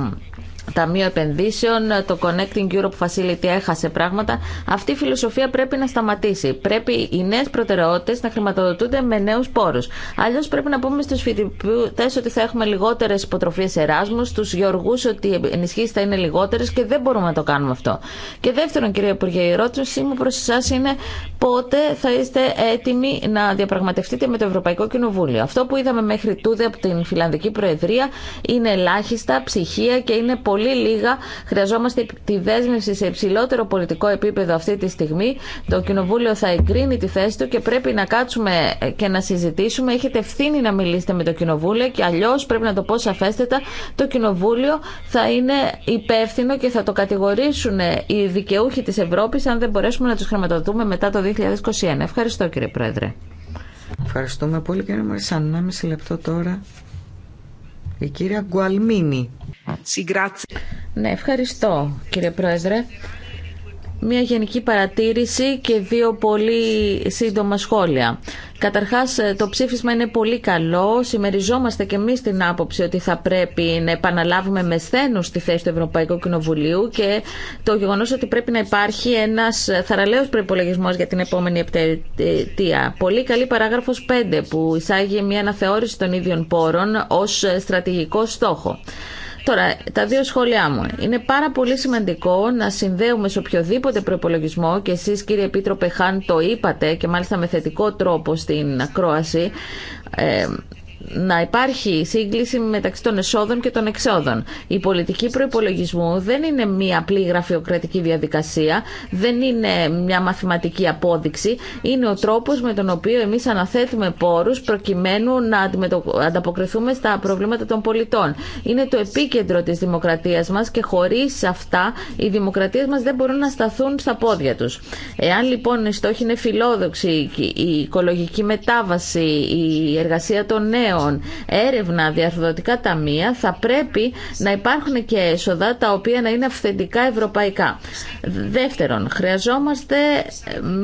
Ταμείο Επενδύσεων, το Connecting Europe Facility έχασε πράγματα. Αυτή η φιλοσοφία πρέπει να σταματήσει. Πρέπει οι νέε προτεραιότητε να χρηματοδοτούνται με νέου πόρου. Αλλιώ πρέπει να πούμε στου φοιτητέ ότι θα έχουμε λιγότερε υποτροφίε Εράσμου, στου γεωργού ότι οι ενισχύσει θα είναι λιγότερε και δεν μπορούμε να το κάνουμε αυτό. Και δεύτερον, κύριε Υπουργέ, η ερώτησή μου προ εσά είναι πότε θα είστε έτοιμοι να διαπραγματευτείτε με το Ευρωπαϊκό Κοινοβούλιο. Αυτό που είδαμε μέχρι τούδε από την Φιλανδική Προεδρία είναι ελάχιστα ψυχία και είναι πολύ λίγα. Χρειαζόμαστε τη δέσμευση σε υψηλότερο πολιτικό επίπεδο αυτή τη στιγμή. Το Κοινοβούλιο θα εγκρίνει τη θέση του και πρέπει να κάτσουμε και να συζητήσουμε. Έχετε ευθύνη να μιλήσετε με το Κοινοβούλιο και αλλιώ πρέπει να το πω σαφέστατα. Το Κοινοβούλιο θα είναι υπεύθυνο και θα το κατηγορήσουν οι δικαιούχοι τη Ευρώπη αν δεν μπορέσουμε να του χρηματοδοτούμε μετά το 2021. Ευχαριστώ κύριε Πρόεδρε.
Ευχαριστούμε πολύ κύριε Μαρισάν. Ένα λεπτό τώρα η κυρία
Γκουαλμίνη. Ναι, ευχαριστώ κύριε Πρόεδρε. Μια γενική παρατήρηση και δύο πολύ σύντομα σχόλια. Καταρχάς το ψήφισμα είναι πολύ καλό. Συμμεριζόμαστε και εμείς την άποψη ότι θα πρέπει να επαναλάβουμε με σθένους τη θέση του Ευρωπαϊκού Κοινοβουλίου και το γεγονός ότι πρέπει να υπάρχει ένας θαραλέος προπολογισμό για την επόμενη επταετία. Πολύ καλή παράγραφος 5 που εισάγει μια αναθεώρηση των ίδιων πόρων ως στρατηγικό στόχο. Τώρα, τα δύο σχόλιά μου. Είναι πάρα πολύ σημαντικό να συνδέουμε σε οποιοδήποτε προπολογισμό και εσεί, κύριε Επίτροπε Χάν, το είπατε και μάλιστα με θετικό τρόπο στην ακρόαση. Ε, να υπάρχει σύγκληση μεταξύ των εσόδων και των εξόδων. Η πολιτική προπολογισμού δεν είναι μία απλή γραφειοκρατική διαδικασία, δεν είναι μια μαθηματική απόδειξη, είναι ο τρόπος με τον οποίο εμείς αναθέτουμε πόρους προκειμένου να ανταποκριθούμε στα προβλήματα των πολιτών. Είναι το επίκεντρο της δημοκρατίας μας και χωρίς αυτά οι δημοκρατίες μας δεν μπορούν να σταθούν στα πόδια τους. Εάν λοιπόν η στόχη είναι φιλόδοξη η οικολογική μετάβαση, η εργασία των νέων, έρευνα, διαρθρωτικά ταμεία, θα πρέπει να υπάρχουν και έσοδα τα οποία να είναι αυθεντικά ευρωπαϊκά. Δεύτερον, χρειαζόμαστε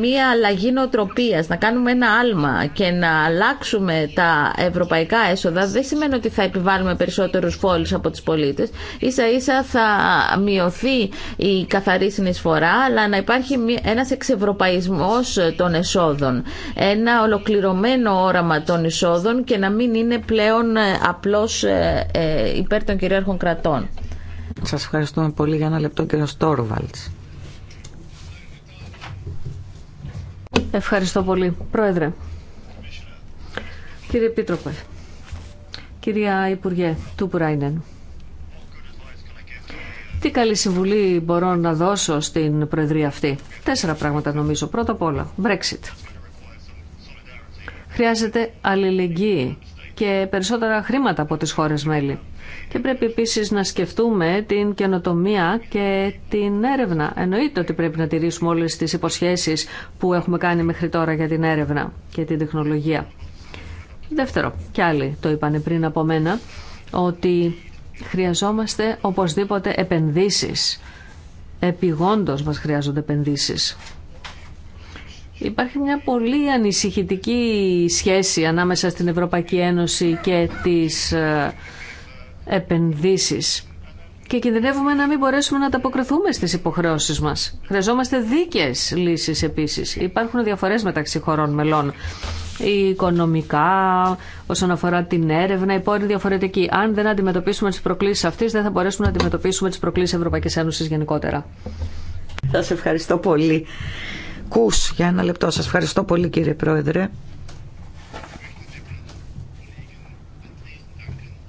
μία αλλαγή νοοτροπίας, να κάνουμε ένα άλμα και να αλλάξουμε τα ευρωπαϊκά έσοδα. Δεν σημαίνει ότι θα επιβάλλουμε περισσότερους φόρους από του πολίτες. Ίσα ίσα θα μειωθεί η καθαρή συνεισφορά, αλλά να υπάρχει ένας εξευρωπαϊσμός των εσόδων, ένα ολοκληρωμένο όραμα των εισόδων και να μην είναι είναι πλέον ε, απλώς ε, ε, υπέρ των κυρίαρχων κρατών.
Σας ευχαριστούμε πολύ για ένα λεπτό κύριο Στόρβαλτς.
Ευχαριστώ πολύ. Πρόεδρε,
κύριε Επίτροπε, κυρία Υπουργέ του Πουράινεν, τι καλή συμβουλή μπορώ να δώσω στην Προεδρία αυτή. Τέσσερα πράγματα νομίζω. Πρώτα απ' όλα, Brexit. Χρειάζεται αλληλεγγύη και περισσότερα χρήματα από τις χώρες μέλη. Και πρέπει επίσης να σκεφτούμε την καινοτομία και την έρευνα. Εννοείται ότι πρέπει να τηρήσουμε όλες τις υποσχέσεις που έχουμε κάνει μέχρι τώρα για την έρευνα και την τεχνολογία. Δεύτερο, κι άλλοι το είπαν πριν από μένα, ότι χρειαζόμαστε οπωσδήποτε επενδύσεις. Επιγόντως μας χρειάζονται επενδύσεις. Υπάρχει μια πολύ ανησυχητική σχέση ανάμεσα στην Ευρωπαϊκή Ένωση και τις ε, επενδύσεις και κινδυνεύουμε να μην μπορέσουμε να ανταποκριθούμε στις υποχρεώσεις μας. Χρειαζόμαστε δίκαιες λύσεις επίσης. Υπάρχουν διαφορές μεταξύ χωρών μελών. Οι οικονομικά, όσον αφορά την έρευνα, η πόρη διαφορετική. Αν δεν αντιμετωπίσουμε τις προκλήσεις αυτές, δεν θα μπορέσουμε να αντιμετωπίσουμε τις προκλήσεις Ευρωπαϊκής Ένωσης γενικότερα.
Σας ευχαριστώ πολύ ακούς για ένα λεπτό. Σας ευχαριστώ πολύ κύριε Πρόεδρε.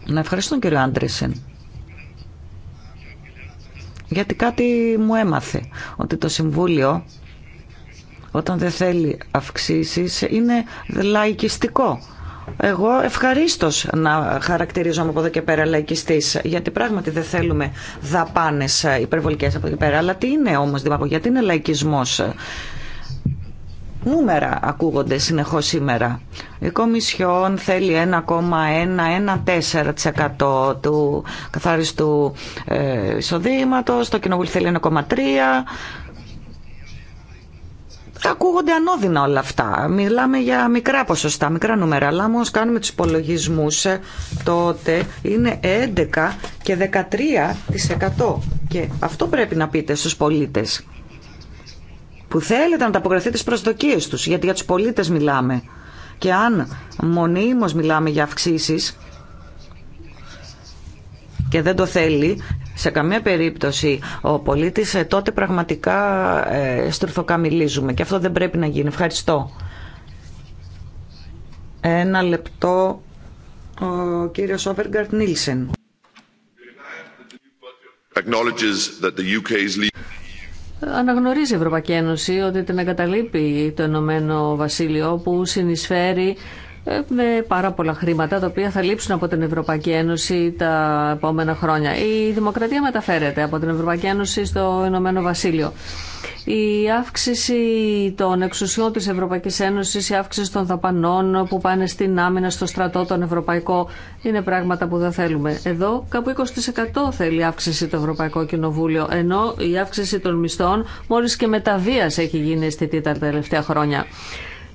Να ευχαριστώ κύριο Άντρεσεν. Γιατί κάτι μου έμαθε, ότι το Συμβούλιο όταν δεν θέλει αυξήσεις είναι λαϊκιστικό. Εγώ ευχαρίστω να χαρακτηρίζομαι από εδώ και πέρα λαϊκιστή, γιατί πράγματι δεν θέλουμε δαπάνε υπερβολικέ από εδώ και πέρα. Αλλά τι είναι όμω, Δημαπο, γιατί είναι λαϊκισμό. Νούμερα ακούγονται συνεχώς σήμερα. Η Κομισιόν θέλει 1,1-1,4% του καθάριστου ε, εισοδήματος, το Κοινοβούλιο θέλει 1,3% ακούγονται ανώδυνα όλα αυτά. Μιλάμε για μικρά ποσοστά, μικρά νούμερα. Αλλά όμω κάνουμε του υπολογισμού, ε, τότε είναι 11 και 13%. Και αυτό πρέπει να πείτε στου πολίτε που θέλετε να απογραφείτε τι προσδοκίες τους, γιατί για τους πολίτες μιλάμε. Και αν μονίμως μιλάμε για αυξήσει και δεν το θέλει, σε καμία περίπτωση ο πολίτης, ε, τότε πραγματικά ε, στουρθοκαμιλίζουμε. Και αυτό δεν πρέπει να γίνει. Ευχαριστώ. Ένα λεπτό, ο κύριος Όβεργκαρτ Νίλσεν.
Αναγνωρίζει η Ευρωπαϊκή Ένωση ότι την εγκαταλείπει το Ενωμένο Βασίλειο που συνεισφέρει με πάρα πολλά χρήματα τα οποία θα λείψουν από την Ευρωπαϊκή Ένωση τα επόμενα χρόνια. Η δημοκρατία μεταφέρεται από την Ευρωπαϊκή Ένωση στο Ηνωμένο Βασίλειο. Η αύξηση των εξουσιών της Ευρωπαϊκής Ένωσης, η αύξηση των δαπανών που πάνε στην άμυνα, στο στρατό, τον ευρωπαϊκό, είναι πράγματα που δεν θέλουμε. Εδώ κάπου 20% θέλει αύξηση το Ευρωπαϊκό Κοινοβούλιο, ενώ η αύξηση των μισθών μόλις και με έχει γίνει αισθητή τα τελευταία χρόνια.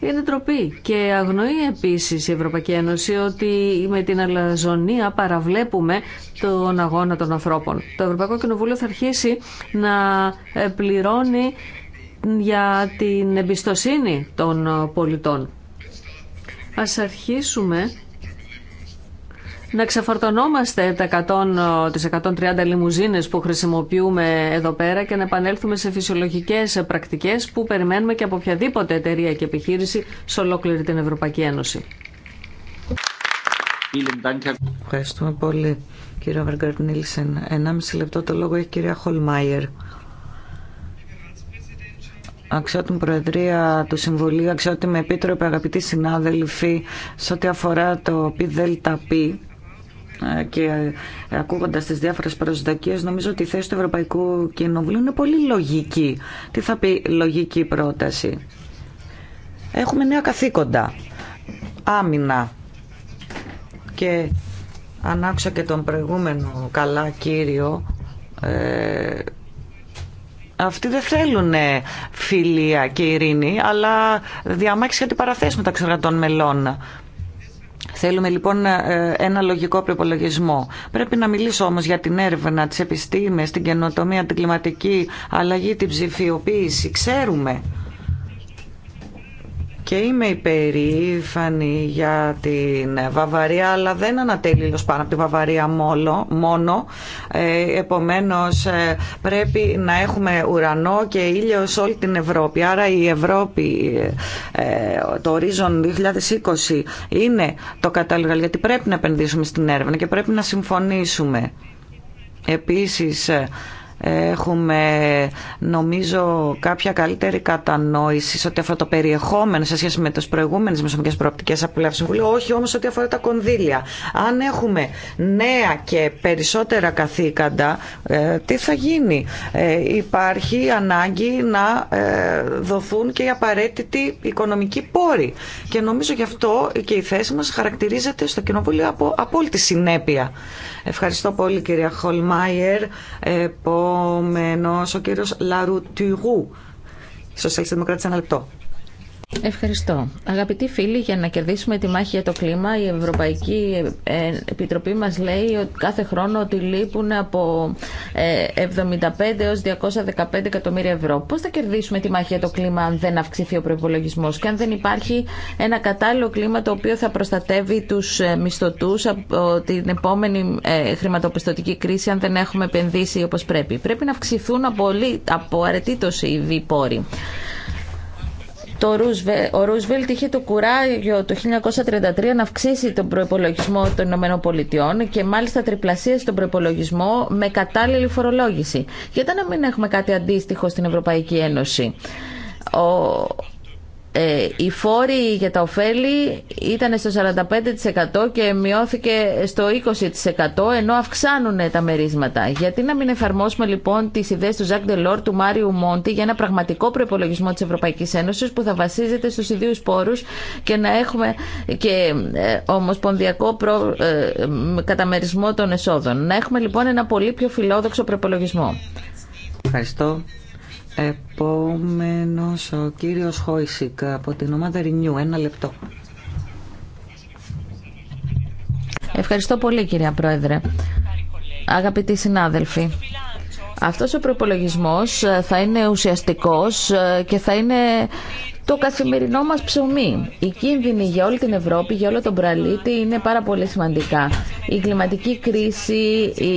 Είναι ντροπή και αγνοεί επίση η Ευρωπαϊκή Ένωση ότι με την αλαζονία παραβλέπουμε τον αγώνα των ανθρώπων. Το Ευρωπαϊκό Κοινοβούλιο θα αρχίσει να ε, πληρώνει για την εμπιστοσύνη των πολιτών. Ας αρχίσουμε να ξεφορτωνόμαστε τα 100, τις 130 λιμουζίνες που χρησιμοποιούμε εδώ πέρα και να επανέλθουμε σε φυσιολογικές πρακτικές που περιμένουμε και από οποιαδήποτε εταιρεία και επιχείρηση σε ολόκληρη την Ευρωπαϊκή Ένωση. Ευχαριστούμε πολύ.
Κύριε Βαργκάρτ Νίλσεν, 1,5 λεπτό το λόγο έχει η κυρία Χολμάιερ. Αξιότιμη Προεδρία του Συμβουλίου, αξιότιμη Επίτροπε, αγαπητοί συνάδελφοι, σε ό,τι αφορά το ΠΔΠ, και ακούγοντα τι διάφορε προσδοκίε, νομίζω ότι η θέση του Ευρωπαϊκού Κοινοβουλίου είναι πολύ λογική. Τι θα πει λογική πρόταση. Έχουμε νέα καθήκοντα, άμυνα και αν άκουσα και τον προηγούμενο καλά κύριο ε, αυτοί δεν θέλουν φιλία και ειρήνη αλλά διαμάχηση για την παραθέση μεταξύ των μελών Θέλουμε λοιπόν ε, ένα λογικό προπολογισμό. Πρέπει να μιλήσω όμως για την έρευνα, τις επιστήμες, την καινοτομία, την κλιματική αλλαγή, την ψηφιοποίηση. Ξέρουμε και είμαι υπερήφανη για την Βαβαρία, αλλά δεν ανατέλει πάνω από τη Βαβαρία μόνο. Ε, επομένως ε, πρέπει να έχουμε ουρανό και ήλιο σε όλη την Ευρώπη. Άρα η Ευρώπη, ε, το Horizon 2020 είναι το κατάλληλο γιατί πρέπει να επενδύσουμε στην έρευνα και πρέπει να συμφωνήσουμε. Επίσης έχουμε νομίζω κάποια καλύτερη κατανόηση σε ό,τι αφορά το περιεχόμενο σε σχέση με τις προηγούμενες μεσομικές προοπτικές από Συμβουλίου, όχι όμως ό,τι αφορά τα κονδύλια. Αν έχουμε νέα και περισσότερα καθήκαντα, ε, τι θα γίνει. Ε, υπάρχει ανάγκη να ε, δοθούν και οι απαραίτητοι οικονομικοί πόροι. Και νομίζω γι' αυτό και η θέση μας χαρακτηρίζεται στο Κοινοβούλιο από απόλυτη συνέπεια. Ευχαριστώ πολύ κυρία Χολμάιερ. Επόμενος, ο κύριος Λαρουτιγού, στο Δημοκράτης, ένα λεπτό.
Ευχαριστώ. Αγαπητοί φίλοι, για να κερδίσουμε τη μάχη για το κλίμα, η Ευρωπαϊκή ε, Επιτροπή μας λέει ότι κάθε χρόνο ότι λείπουν από 75 ε, έως 215 εκατομμύρια ευρώ. Πώς θα κερδίσουμε τη μάχη για το κλίμα αν δεν αυξηθεί ο προπολογισμό και αν δεν υπάρχει ένα κατάλληλο κλίμα το οποίο θα προστατεύει τους ε, μισθωτούς από την επόμενη χρηματοπιστωτική κρίση αν δεν έχουμε επενδύσει όπως πρέπει. Πρέπει να αυξηθούν από, από αρετήτως οι διπόροι. Το ο Ρούσβελτ είχε το κουράγιο το 1933 να αυξήσει τον προπολογισμό των ΗΠΑ και μάλιστα τριπλασίασε τον προπολογισμό με κατάλληλη φορολόγηση. Γιατί να μην έχουμε κάτι αντίστοιχο στην Ευρωπαϊκή Ένωση. Ο ε, οι φόροι για τα ωφέλη ήταν στο 45% και μειώθηκε στο 20% ενώ αυξάνουν τα μερίσματα. Γιατί να μην εφαρμόσουμε λοιπόν τις ιδέες του Ζακ Ντελόρ, του Μάριου Μόντι για ένα πραγματικό προπολογισμό της Ευρωπαϊκής Ένωσης που θα βασίζεται στους ιδίους πόρους και να έχουμε και ε, ομοσπονδιακό ε, καταμερισμό των εσόδων. Να έχουμε λοιπόν ένα πολύ πιο φιλόδοξο προπολογισμό. Ευχαριστώ.
Επόμενος ο κύριος Χόισικ από την ομάδα Renew. Ένα λεπτό.
Ευχαριστώ πολύ κυρία Πρόεδρε. Αγαπητοί συνάδελφοι, αυτός ο προπολογισμός θα είναι ουσιαστικός και θα είναι το καθημερινό μας ψωμί. Οι κίνδυνοι για όλη την Ευρώπη, για όλο τον πραλίτη είναι πάρα πολύ σημαντικά. Η κλιματική κρίση, η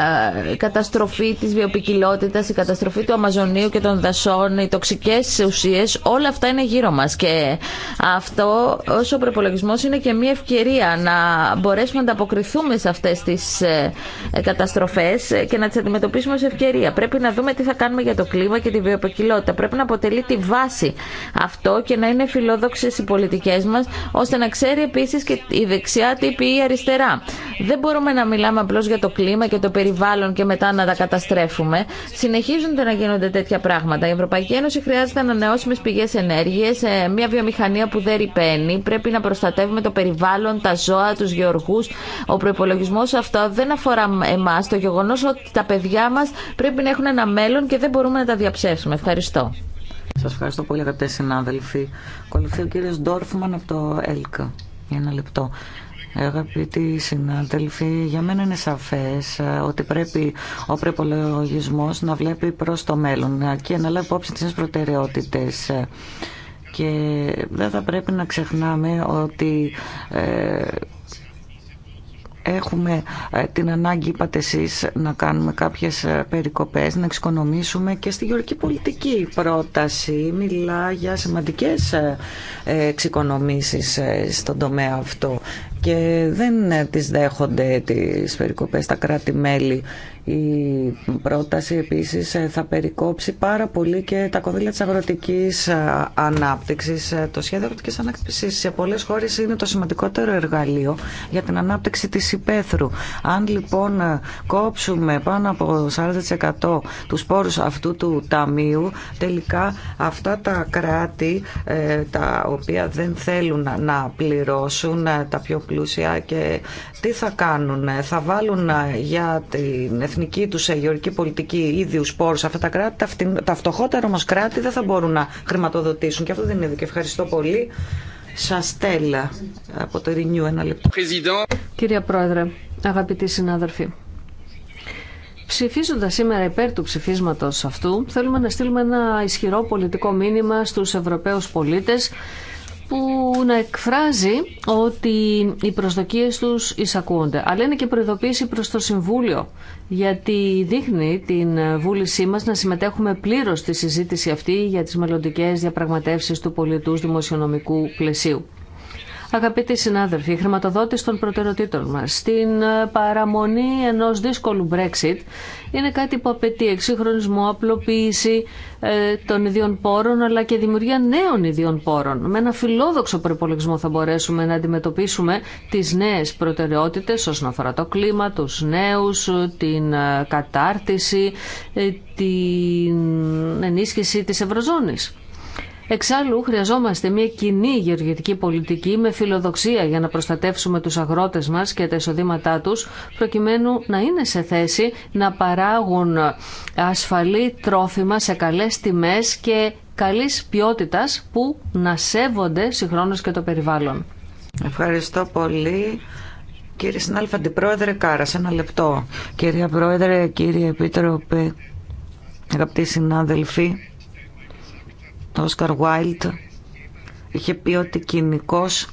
α, καταστροφή της βιοπικιλότητας, η καταστροφή του Αμαζονίου και των δασών, οι τοξικές ουσίες, όλα αυτά είναι γύρω μας και αυτό όσο ο προπολογισμό είναι και μια ευκαιρία να μπορέσουμε να ανταποκριθούμε σε αυτές τις ε, ε, καταστροφές και να τις αντιμετωπίσουμε ως ευκαιρία. Πρέπει να δούμε τι θα κάνουμε για το κλίμα και τη βιοπικιλότητα. Πρέπει να αποτελεί τη βάση αυτό και να είναι φιλόδοξε οι πολιτικέ μα, ώστε να ξέρει επίση και η δεξιά τι πει η αριστερά. Δεν μπορούμε να μιλάμε απλώ για το κλίμα και το περιβάλλον και μετά να τα καταστρέφουμε. Συνεχίζονται να γίνονται τέτοια πράγματα. Η Ευρωπαϊκή Ένωση χρειάζεται ανανεώσιμε πηγέ ενέργεια, ε, μια βιομηχανία που δεν ρηπαίνει. Πρέπει να προστατεύουμε το περιβάλλον, τα ζώα, του γεωργού. Ο προπολογισμό αυτό δεν αφορά εμά. Το γεγονό ότι τα παιδιά μα πρέπει να έχουν ένα μέλλον και δεν μπορούμε να τα διαψεύσουμε. Ευχαριστώ.
Σας ευχαριστώ πολύ αγαπητέ συνάδελφοι. Ακολουθεί ο κύριος Ντόρφμαν από το ΕΛΚΑ. Για ένα λεπτό. Αγαπητοί συνάδελφοι, για μένα είναι σαφές ε, ότι πρέπει ο προπολογισμό να βλέπει προς το μέλλον και να λάβει υπόψη τις προτεραιότητες και δεν θα πρέπει να ξεχνάμε ότι ε, έχουμε ε, την ανάγκη, είπατε εσείς, να κάνουμε κάποιες ε, περικοπές, να εξοικονομήσουμε και στη γεωργική πολιτική πρόταση. Μιλά για σημαντικές ε, εξοικονομήσεις στον τομέα αυτό και δεν τις δέχονται τις περικοπές τα κράτη-μέλη. Η πρόταση επίσης θα περικόψει πάρα πολύ και τα κονδύλια της αγροτικής ανάπτυξης. Το σχέδιο αγροτικής ανάπτυξης σε πολλές χώρες είναι το σημαντικότερο εργαλείο για την ανάπτυξη της υπαίθρου. Αν λοιπόν κόψουμε πάνω από 40% τους πόρους αυτού του ταμείου, τελικά αυτά τα κράτη ε, τα οποία δεν θέλουν να πληρώσουν ε, τα πιο και τι θα κάνουν, θα βάλουν ε, για την εθνική του ε, γεωργική πολιτική ίδιους πόρους αυτά τα κράτη, τα φτωχότερα όμω κράτη δεν θα μπορούν να χρηματοδοτήσουν και αυτό δεν είναι δίκαιο. Ευχαριστώ πολύ. Σαστέλα
από το Ρινιού, ένα λεπτό. Κύριε Πρόεδρε, αγαπητοί συνάδελφοι, Ψηφίζοντας σήμερα υπέρ του ψηφίσματος αυτού, θέλουμε να στείλουμε ένα ισχυρό πολιτικό μήνυμα στους Ευρωπαίους πολίτες που να εκφράζει ότι οι προσδοκίες τους εισακούνται. Αλλά είναι και προειδοποίηση προς το Συμβούλιο, γιατί δείχνει την βούλησή μας να συμμετέχουμε πλήρως στη συζήτηση αυτή για τις μελλοντικέ διαπραγματεύσεις του πολιτούς δημοσιονομικού πλαισίου. Αγαπητοί συνάδελφοι, η χρηματοδότηση των προτεραιοτήτων μας στην ε, παραμονή ενός δύσκολου Brexit είναι κάτι που απαιτεί εξυγχρονισμό, απλοποίηση ε, των ιδιών πόρων αλλά και δημιουργία νέων ιδιών πόρων. Με ένα φιλόδοξο προπολογισμό θα μπορέσουμε να αντιμετωπίσουμε τις νέες προτεραιότητε όσον αφορά το κλίμα, του νέου, την ε, κατάρτιση, την ενίσχυση τη Ευρωζώνης. Εξάλλου χρειαζόμαστε μια κοινή γεωργητική πολιτική με φιλοδοξία για να προστατεύσουμε τους αγρότες μας και τα εισοδήματά τους προκειμένου να είναι σε θέση να παράγουν ασφαλή τρόφιμα σε καλές τιμέ και καλής ποιότητας που να σέβονται συγχρόνως και το περιβάλλον.
Ευχαριστώ πολύ. Κύριε Συνάλφα, Αντιπρόεδρε κάρα ένα λεπτό. Κύριε Πρόεδρε, κύριε Επίτροπε, αγαπητοί συνάδελφοι, ο Όσκαρ Βάιλτ είχε πει ότι κοινικός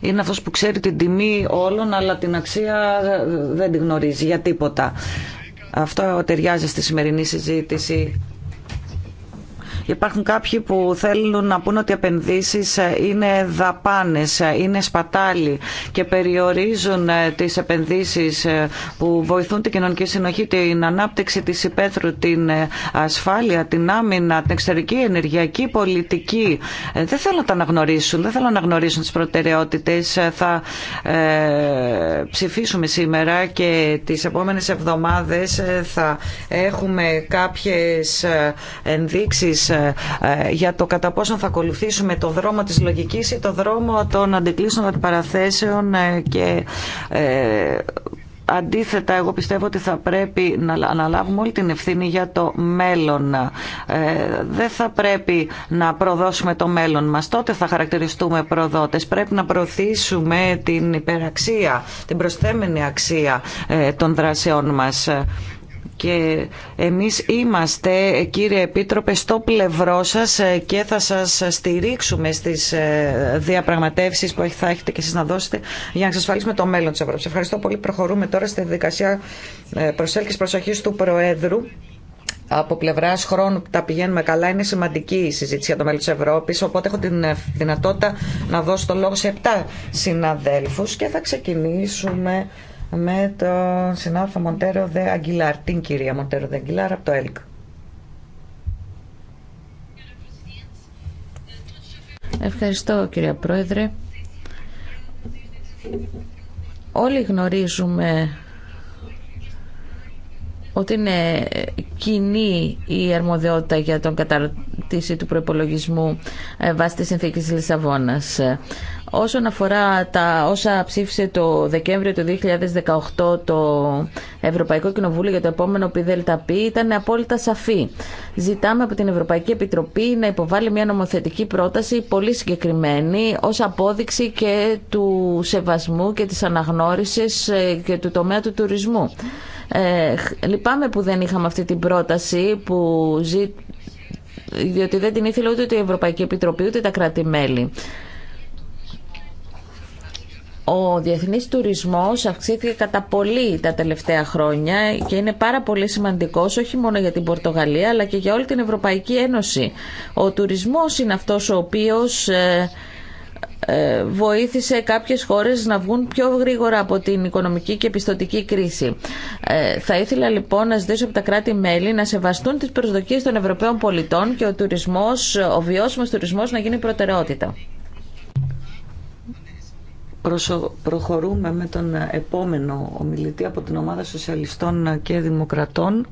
είναι αυτός που ξέρει την τιμή όλων αλλά την αξία δεν τη γνωρίζει για τίποτα. Αυτό ταιριάζει στη σημερινή συζήτηση Υπάρχουν κάποιοι που θέλουν να πούν ότι οι επενδύσεις ε, είναι δαπάνες, ε, είναι σπατάλοι και περιορίζουν ε, τις επενδύσεις που βοηθούν την κοινωνική συνοχή, την ανάπτυξη της υπαίθρου, την ασφάλεια, την άμυνα, την εξωτερική ενεργειακή πολιτική. Δεν θέλω να τα αναγνωρίσουν, δεν θέλουν να αναγνωρίσουν τις προτεραιότητες. Θα ψηφίσουμε σήμερα και τις επόμενες εβδομάδες θα έχουμε κάποιες ενδείξεις ε, ε, για το κατά πόσο θα ακολουθήσουμε το δρόμο της λογικής ή το δρόμο των αντικλήσεων παραθέσεων ε, και Αντίθετα, εγώ πιστεύω ότι θα πρέπει να αναλάβουμε όλη την ευθύνη για το μέλλον. δεν θα πρέπει να προδώσουμε το μέλλον μας. Τότε θα χαρακτηριστούμε προδότες. Πρέπει να προωθήσουμε την υπεραξία, την προσθέμενη αξία των δράσεών μας και εμείς είμαστε κύριε Επίτροπε στο πλευρό σας και θα σας στηρίξουμε στις ε, διαπραγματεύσεις που θα έχετε και εσείς να δώσετε για να εξασφαλίσουμε το μέλλον της Ευρώπης. Ευχαριστώ πολύ. Προχωρούμε τώρα στη δικασία ε, προσέλκυσης προσοχής του Προέδρου από πλευρά χρόνου που τα πηγαίνουμε καλά, είναι σημαντική η συζήτηση για το μέλλον τη Ευρώπη. Οπότε έχω την ε, δυνατότητα να δώσω το λόγο σε 7 συναδέλφου και θα ξεκινήσουμε με τον συνάδελφο Μοντέρο Δε Αγγιλάρ, την κυρία Μοντέρο Δε Αγγιλάρ από το ΕΛΚ.
Ευχαριστώ κυρία Πρόεδρε. Όλοι γνωρίζουμε ότι είναι κοινή η αρμοδιότητα για τον καταρτήση του προπολογισμού ε, βάσει τη συνθήκη Λισαβόνας. Όσον αφορά τα όσα ψήφισε το Δεκέμβριο του 2018 το Ευρωπαϊκό Κοινοβούλιο για το επόμενο ΠΙΔΕΛΤΑΠΗ ήταν απόλυτα σαφή. Ζητάμε από την Ευρωπαϊκή Επιτροπή να υποβάλει μια νομοθετική πρόταση πολύ συγκεκριμένη ως απόδειξη και του σεβασμού και της αναγνώρισης ε, και του τομέα του τουρισμού. Ε, λυπάμαι που δεν είχαμε αυτή την πρόταση που διότι δεν την ήθελε ούτε η Ευρωπαϊκή Επιτροπή ούτε τα κράτη-μέλη. Ο διεθνής τουρισμός αυξήθηκε κατά πολύ τα τελευταία χρόνια και είναι πάρα πολύ σημαντικός όχι μόνο για την Πορτογαλία αλλά και για όλη την Ευρωπαϊκή Ένωση. Ο τουρισμός είναι αυτός ο οποίος ε, ε, βοήθησε κάποιες χώρες να βγουν πιο γρήγορα από την οικονομική και επιστοτική κρίση. Ε, θα ήθελα λοιπόν να ζητήσω από τα κράτη-μέλη να σεβαστούν τις προσδοκίες των Ευρωπαίων πολιτών και ο τουρισμός, ο βιώσιμος τουρισμός να γίνει προτεραιότητα.
Προχωρούμε με τον επόμενο ομιλητή από την ομάδα Σοσιαλιστών και Δημοκρατών.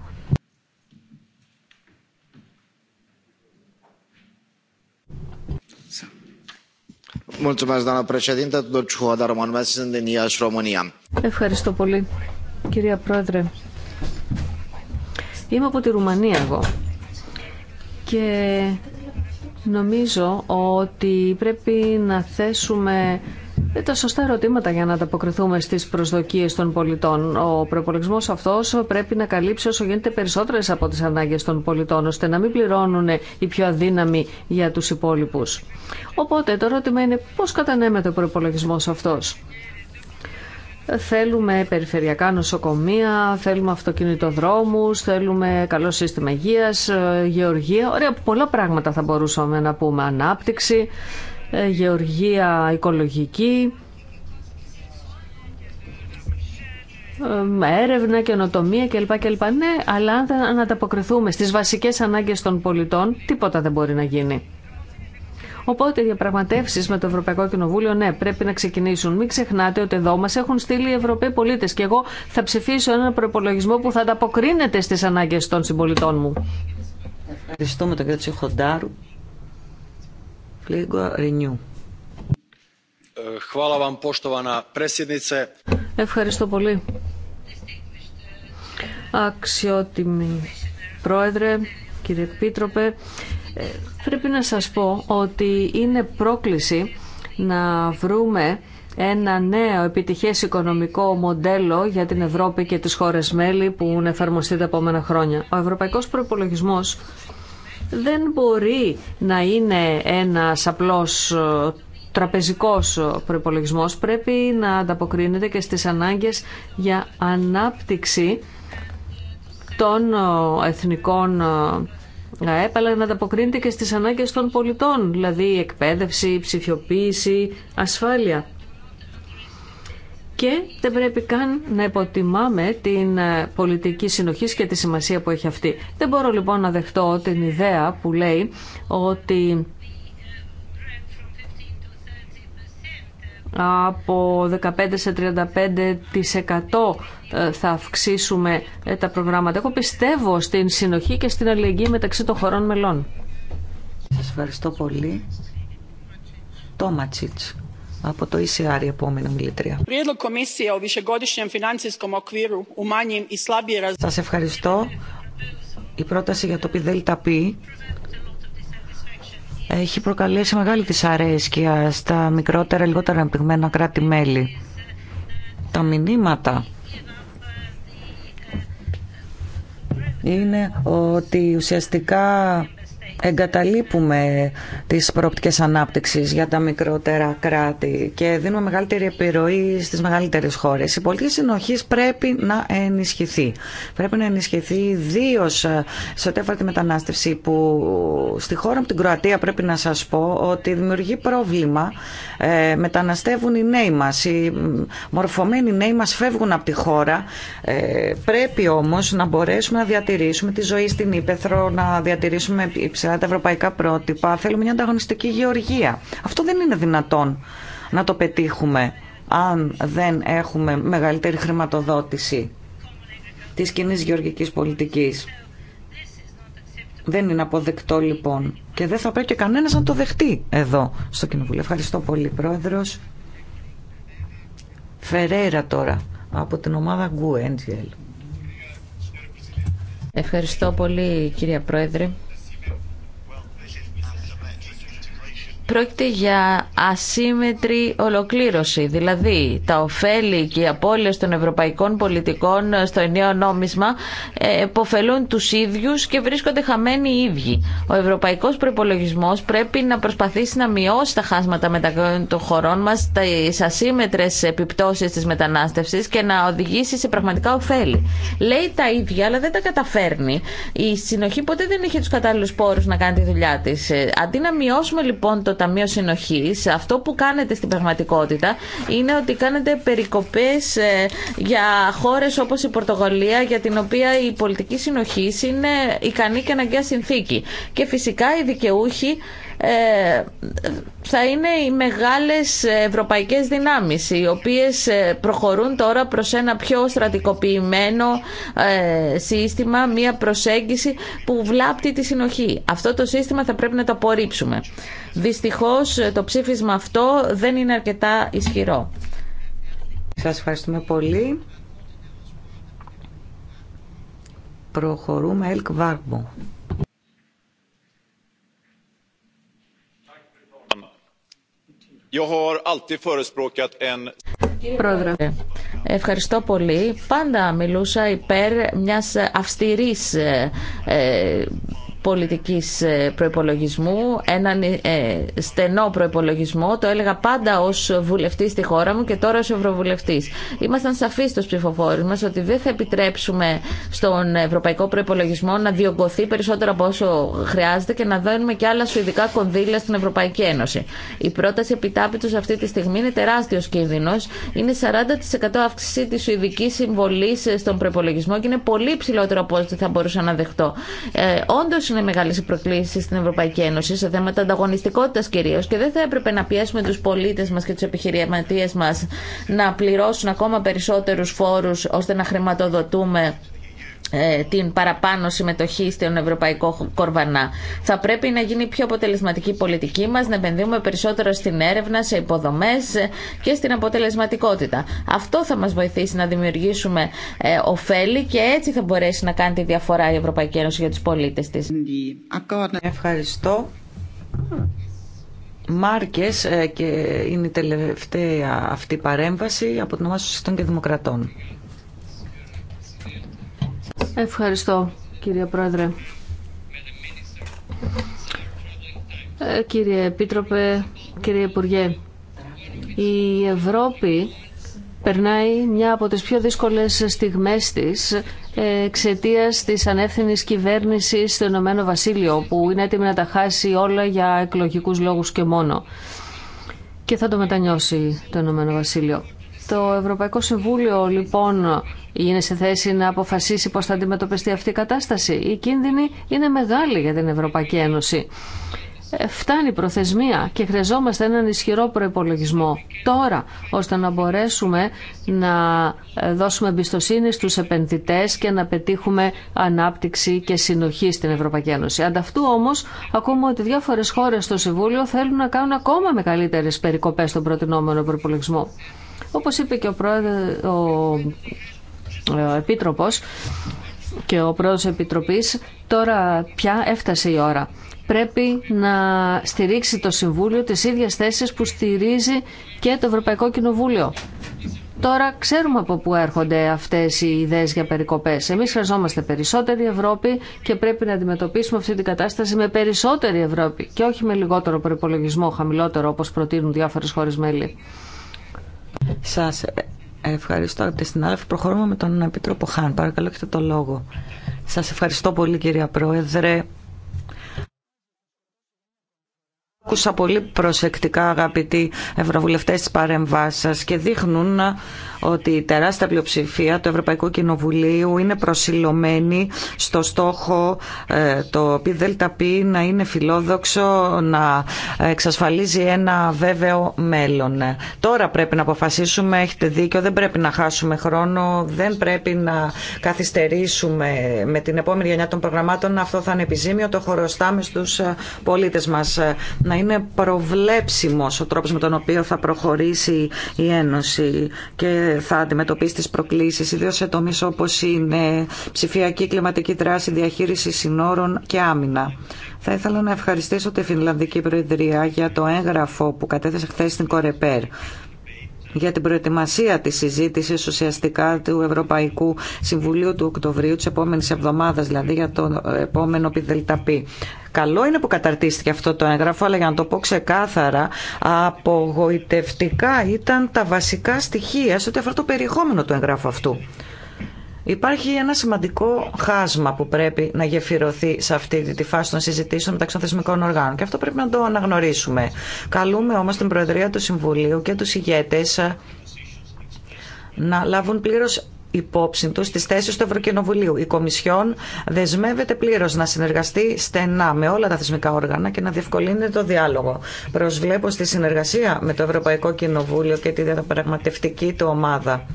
Ευχαριστώ πολύ, κυρία Πρόεδρε. Είμαι από τη Ρουμανία εγώ και νομίζω ότι πρέπει να θέσουμε ε, τα σωστά ερωτήματα για να ανταποκριθούμε στι προσδοκίε των πολιτών. Ο προπολογισμό αυτό πρέπει να καλύψει όσο γίνεται περισσότερε από τι ανάγκε των πολιτών, ώστε να μην πληρώνουν οι πιο αδύναμοι για του υπόλοιπου. Οπότε το ερώτημα είναι πώ κατανέμεται ο προπολογισμό αυτό. Θέλουμε περιφερειακά νοσοκομεία, θέλουμε αυτοκινητοδρόμους, θέλουμε καλό σύστημα υγείας, ε, γεωργία. Ωραία, πολλά πράγματα θα μπορούσαμε να πούμε. Ανάπτυξη, ε, γεωργία οικολογική, ε, έρευνα, καινοτομία κλπ. και Ναι, αλλά αν δεν ανταποκριθούμε στις βασικές ανάγκες των πολιτών, τίποτα δεν μπορεί να γίνει. Οπότε οι διαπραγματεύσει με το Ευρωπαϊκό Κοινοβούλιο, ναι, πρέπει να ξεκινήσουν. Μην ξεχνάτε ότι εδώ μα έχουν στείλει οι Ευρωπαίοι πολίτε και εγώ θα ψηφίσω ένα προπολογισμό που θα ανταποκρίνεται στι ανάγκε των συμπολιτών μου. Ευχαριστούμε τον κ. Τσιχοντάρου. Ευχαριστώ πολύ. Αξιότιμη Πρόεδρε, κύριε Επίτροπε, ε, πρέπει να σας πω ότι είναι πρόκληση να βρούμε ένα νέο επιτυχές οικονομικό μοντέλο για την Ευρώπη και τις χώρες μέλη που είναι εφαρμοστεί τα επόμενα χρόνια. Ο ευρωπαϊκός προϋπολογισμός δεν μπορεί να είναι ένας απλός ε, τραπεζικός ε, προϋπολογισμός. Πρέπει να ανταποκρίνεται και στις ανάγκες για ανάπτυξη των ε, εθνικών ΑΕΠ, αλλά να ανταποκρίνεται και στις ανάγκες των πολιτών, δηλαδή εκπαίδευση, ψηφιοποίηση, ασφάλεια και δεν πρέπει καν να υποτιμάμε την ε, πολιτική συνοχή και τη σημασία που έχει αυτή. Δεν μπορώ λοιπόν να δεχτώ την ιδέα που λέει ότι από 15 σε 35% ε, θα αυξήσουμε ε, τα προγράμματα. Εγώ πιστεύω στην συνοχή και στην αλληλεγγύη μεταξύ των χωρών μελών.
Σας ευχαριστώ πολύ. Τόματσιτς. Από το ECR η επόμενη μιλήτρια. Σα ευχαριστώ. Η πρόταση για το πι έχει προκαλέσει μεγάλη δυσαρέσκεια στα μικρότερα, λιγότερα αναπτυγμένα κράτη-μέλη. Τα μηνύματα είναι ότι ουσιαστικά εγκαταλείπουμε τις προοπτικές ανάπτυξης για τα μικρότερα κράτη και δίνουμε μεγαλύτερη επιρροή στις μεγαλύτερες χώρες. Η πολιτική συνοχή πρέπει να ενισχυθεί. Πρέπει να ενισχυθεί ιδίω σε ό,τι αφορά τη μετανάστευση που στη χώρα από την Κροατία πρέπει να σας πω ότι δημιουργεί πρόβλημα. Ε, μεταναστεύουν οι νέοι μας, οι μορφωμένοι νέοι μας φεύγουν από τη χώρα. Ε, πρέπει όμως να μπορέσουμε να διατηρήσουμε τη ζωή στην Ήπεθρο, να διατηρήσουμε υψηλά τα ευρωπαϊκά πρότυπα. Θέλουμε μια ανταγωνιστική γεωργία. Αυτό δεν είναι δυνατόν να το πετύχουμε αν δεν έχουμε μεγαλύτερη χρηματοδότηση της κοινή γεωργικής πολιτικής. Δεν είναι αποδεκτό λοιπόν και δεν θα πρέπει και κανένας να το δεχτεί εδώ στο Κοινοβούλιο. Ευχαριστώ πολύ Πρόεδρος. Φερέρα τώρα από την
ομάδα Γκου Ευχαριστώ πολύ κυρία Πρόεδρε. Πρόκειται για ασύμετρη ολοκλήρωση, δηλαδή τα ωφέλη και οι απώλειες των ευρωπαϊκών πολιτικών στο ενιαίο νόμισμα υποφελούν ε, τους ίδιους και βρίσκονται χαμένοι οι ίδιοι. Ο ευρωπαϊκός Προπολογισμό πρέπει να προσπαθήσει να μειώσει τα χάσματα μεταξύ των χωρών μας, τις ασύμετρες επιπτώσεις της μετανάστευσης και να οδηγήσει σε πραγματικά ωφέλη. Λέει τα ίδια, αλλά δεν τα καταφέρνει. Η συνοχή ποτέ δεν είχε τους κατάλληλους πόρους να κάνει τη δουλειά της. Ε, αντί να μειώσουμε λοιπόν το Ταμείο συνοχή. αυτό που κάνετε στην πραγματικότητα είναι ότι κάνετε περικοπές ε, για χώρες όπως η Πορτογαλία, για την οποία η πολιτική συνοχή είναι ικανή και αναγκαία συνθήκη. Και φυσικά οι δικαιούχοι ε, θα είναι οι μεγάλες ευρωπαϊκές δυνάμεις οι οποίες ε, προχωρούν τώρα προς ένα πιο στρατικοποιημένο ε, σύστημα, μία προσέγγιση που βλάπτει τη συνοχή. Αυτό το σύστημα θα πρέπει να το απορρίψουμε. Δυστυχώς το ψήφισμα αυτό δεν είναι αρκετά ισχυρό. Σας ευχαριστούμε πολύ.
Προχωρούμε, Ελκ Βάρμπο.
Πρόεδρε, ευχαριστώ πολύ. Πάντα μιλούσα υπέρ μιας αυστηρής ε, ε, πολιτικής ε, προϋπολογισμού, έναν ε, ε, στενό προϋπολογισμό. Το έλεγα πάντα ως βουλευτής στη χώρα μου και τώρα ως ευρωβουλευτής. Ήμασταν σαφείς στους ψηφοφόρους μας ότι δεν θα επιτρέψουμε στον ευρωπαϊκό προϋπολογισμό να διωγγωθεί περισσότερο από όσο χρειάζεται και να δίνουμε και άλλα σουηδικά κονδύλια στην Ευρωπαϊκή Ένωση. Η πρόταση επιτάπητος αυτή τη στιγμή είναι τεράστιος κίνδυνος. Είναι 40% αύξηση της σουηδικής συμβολής στον προπολογισμό και είναι πολύ ψηλότερο από ό,τι θα μπορούσα να δεχτώ. Ε, όντως είναι μεγάλε προκλήσει στην Ευρωπαϊκή Ένωση σε θέματα ανταγωνιστικότητα κυρίω και δεν θα έπρεπε να πιέσουμε του πολίτε μα και του επιχειρηματίε μα να πληρώσουν ακόμα περισσότερου φόρου ώστε να χρηματοδοτούμε ε, την παραπάνω συμμετοχή στον ευρωπαϊκό κορβανά. Θα πρέπει να γίνει πιο αποτελεσματική η πολιτική μας, να επενδύουμε περισσότερο στην έρευνα, σε υποδομές ε, και στην αποτελεσματικότητα. Αυτό θα μας βοηθήσει να δημιουργήσουμε ε, ωφέλη και έτσι θα μπορέσει να κάνει τη διαφορά η Ευρωπαϊκή Ένωση για τους πολίτε τη. Ευχαριστώ. Μάρκες ε,
και είναι η τελευταία αυτή παρέμβαση από την ομάδα Σωστών και Δημοκρατών.
Ευχαριστώ, κύριε Πρόεδρε. Ε, κύριε Επίτροπε, κύριε Υπουργέ, η Ευρώπη περνάει μια από τις πιο δύσκολες στιγμές της εξαιτία της ανεύθυνης κυβέρνηση στο Ηνωμένο Βασίλειο, που είναι έτοιμη να τα χάσει όλα για εκλογικού λόγους και μόνο. Και θα το μετανιώσει το Ηνωμένο Βασίλειο. Το Ευρωπαϊκό Συμβούλιο λοιπόν είναι σε θέση να αποφασίσει πώς θα αντιμετωπιστεί αυτή η κατάσταση. Η κίνδυνη είναι μεγάλη για την Ευρωπαϊκή Ένωση. Ε, φτάνει προθεσμία και χρειαζόμαστε έναν ισχυρό προϋπολογισμό τώρα, ώστε να μπορέσουμε να ε, δώσουμε εμπιστοσύνη στους επενδυτές και να πετύχουμε ανάπτυξη και συνοχή στην Ευρωπαϊκή Ένωση. Ανταυτού όμως ακούμε ότι διάφορες χώρες στο Συμβούλιο θέλουν να κάνουν ακόμα μεγαλύτερες περικοπές στον προτινόμενο προπολογισμό. Όπως είπε και ο, πρόεδρο, ο, ο Επίτροπος και ο πρόεδρος Επιτροπής, τώρα πια έφτασε η ώρα. Πρέπει να στηρίξει το Συμβούλιο τις ίδιες θέσεις που στηρίζει και το Ευρωπαϊκό Κοινοβούλιο. Τώρα ξέρουμε από πού έρχονται αυτές οι ιδέες για περικοπές. Εμεί χρειαζόμαστε περισσότερη Ευρώπη και πρέπει να αντιμετωπίσουμε αυτή την κατάσταση με περισσότερη Ευρώπη και όχι με λιγότερο προπολογισμό, χαμηλότερο όπω προτείνουν διάφορε χώρε μέλη. Σας ευχαριστώ τη συνάδελφοι. Προχωρούμε
με τον Επίτροπο Χάν. Παρακαλώ έχετε το λόγο. Σας ευχαριστώ πολύ κυρία Πρόεδρε. Ακούσα πολύ προσεκτικά αγαπητοί ευρωβουλευτές τις παρεμβάσεις και δείχνουν ότι η τεράστια πλειοψηφία του Ευρωπαϊκού Κοινοβουλίου είναι προσιλωμένη στο στόχο ε, το ΠΔΠ να είναι φιλόδοξο, να εξασφαλίζει ένα βέβαιο μέλλον. Τώρα πρέπει να αποφασίσουμε, έχετε δίκιο, δεν πρέπει να χάσουμε χρόνο, δεν πρέπει να καθυστερήσουμε με την επόμενη γενιά των προγραμμάτων. Αυτό θα είναι επιζήμιο, το χωροστάμε στους ε, πολίτες μας. Ε, να είναι προβλέψιμος ο τρόπος με τον οποίο θα προχωρήσει η Ένωση θα αντιμετωπίσει τις προκλήσεις, ιδίως σε τομείς όπως είναι ψηφιακή κλιματική δράση, διαχείριση συνόρων και άμυνα. Θα ήθελα να ευχαριστήσω τη Φινλανδική Προεδρία για το έγγραφο που κατέθεσε χθε στην Κορεπέρ για την προετοιμασία της συζήτησης ουσιαστικά του Ευρωπαϊκού Συμβουλίου του Οκτωβρίου, της επόμενης εβδομάδας δηλαδή, για το επόμενο πιδελταπή. Καλό είναι που καταρτίστηκε αυτό το έγγραφο, αλλά για να το πω ξεκάθαρα, απογοητευτικά ήταν τα βασικά στοιχεία σε ό,τι το περιεχόμενο του έγγραφου αυτού. Υπάρχει ένα σημαντικό χάσμα που πρέπει να γεφυρωθεί σε αυτή τη φάση των συζητήσεων μεταξύ των θεσμικών οργάνων και αυτό πρέπει να το αναγνωρίσουμε. Καλούμε όμως την Προεδρία του Συμβουλίου και τους ηγέτες να λάβουν πλήρως υπόψη του στι θέσει του Ευρωκοινοβουλίου. Η Κομισιόν δεσμεύεται πλήρω να συνεργαστεί στενά με όλα τα θεσμικά όργανα και να διευκολύνει το διάλογο. Προσβλέπω στη συνεργασία με το Ευρωπαϊκό Κοινοβούλιο και τη διαπραγματευτική του ομάδα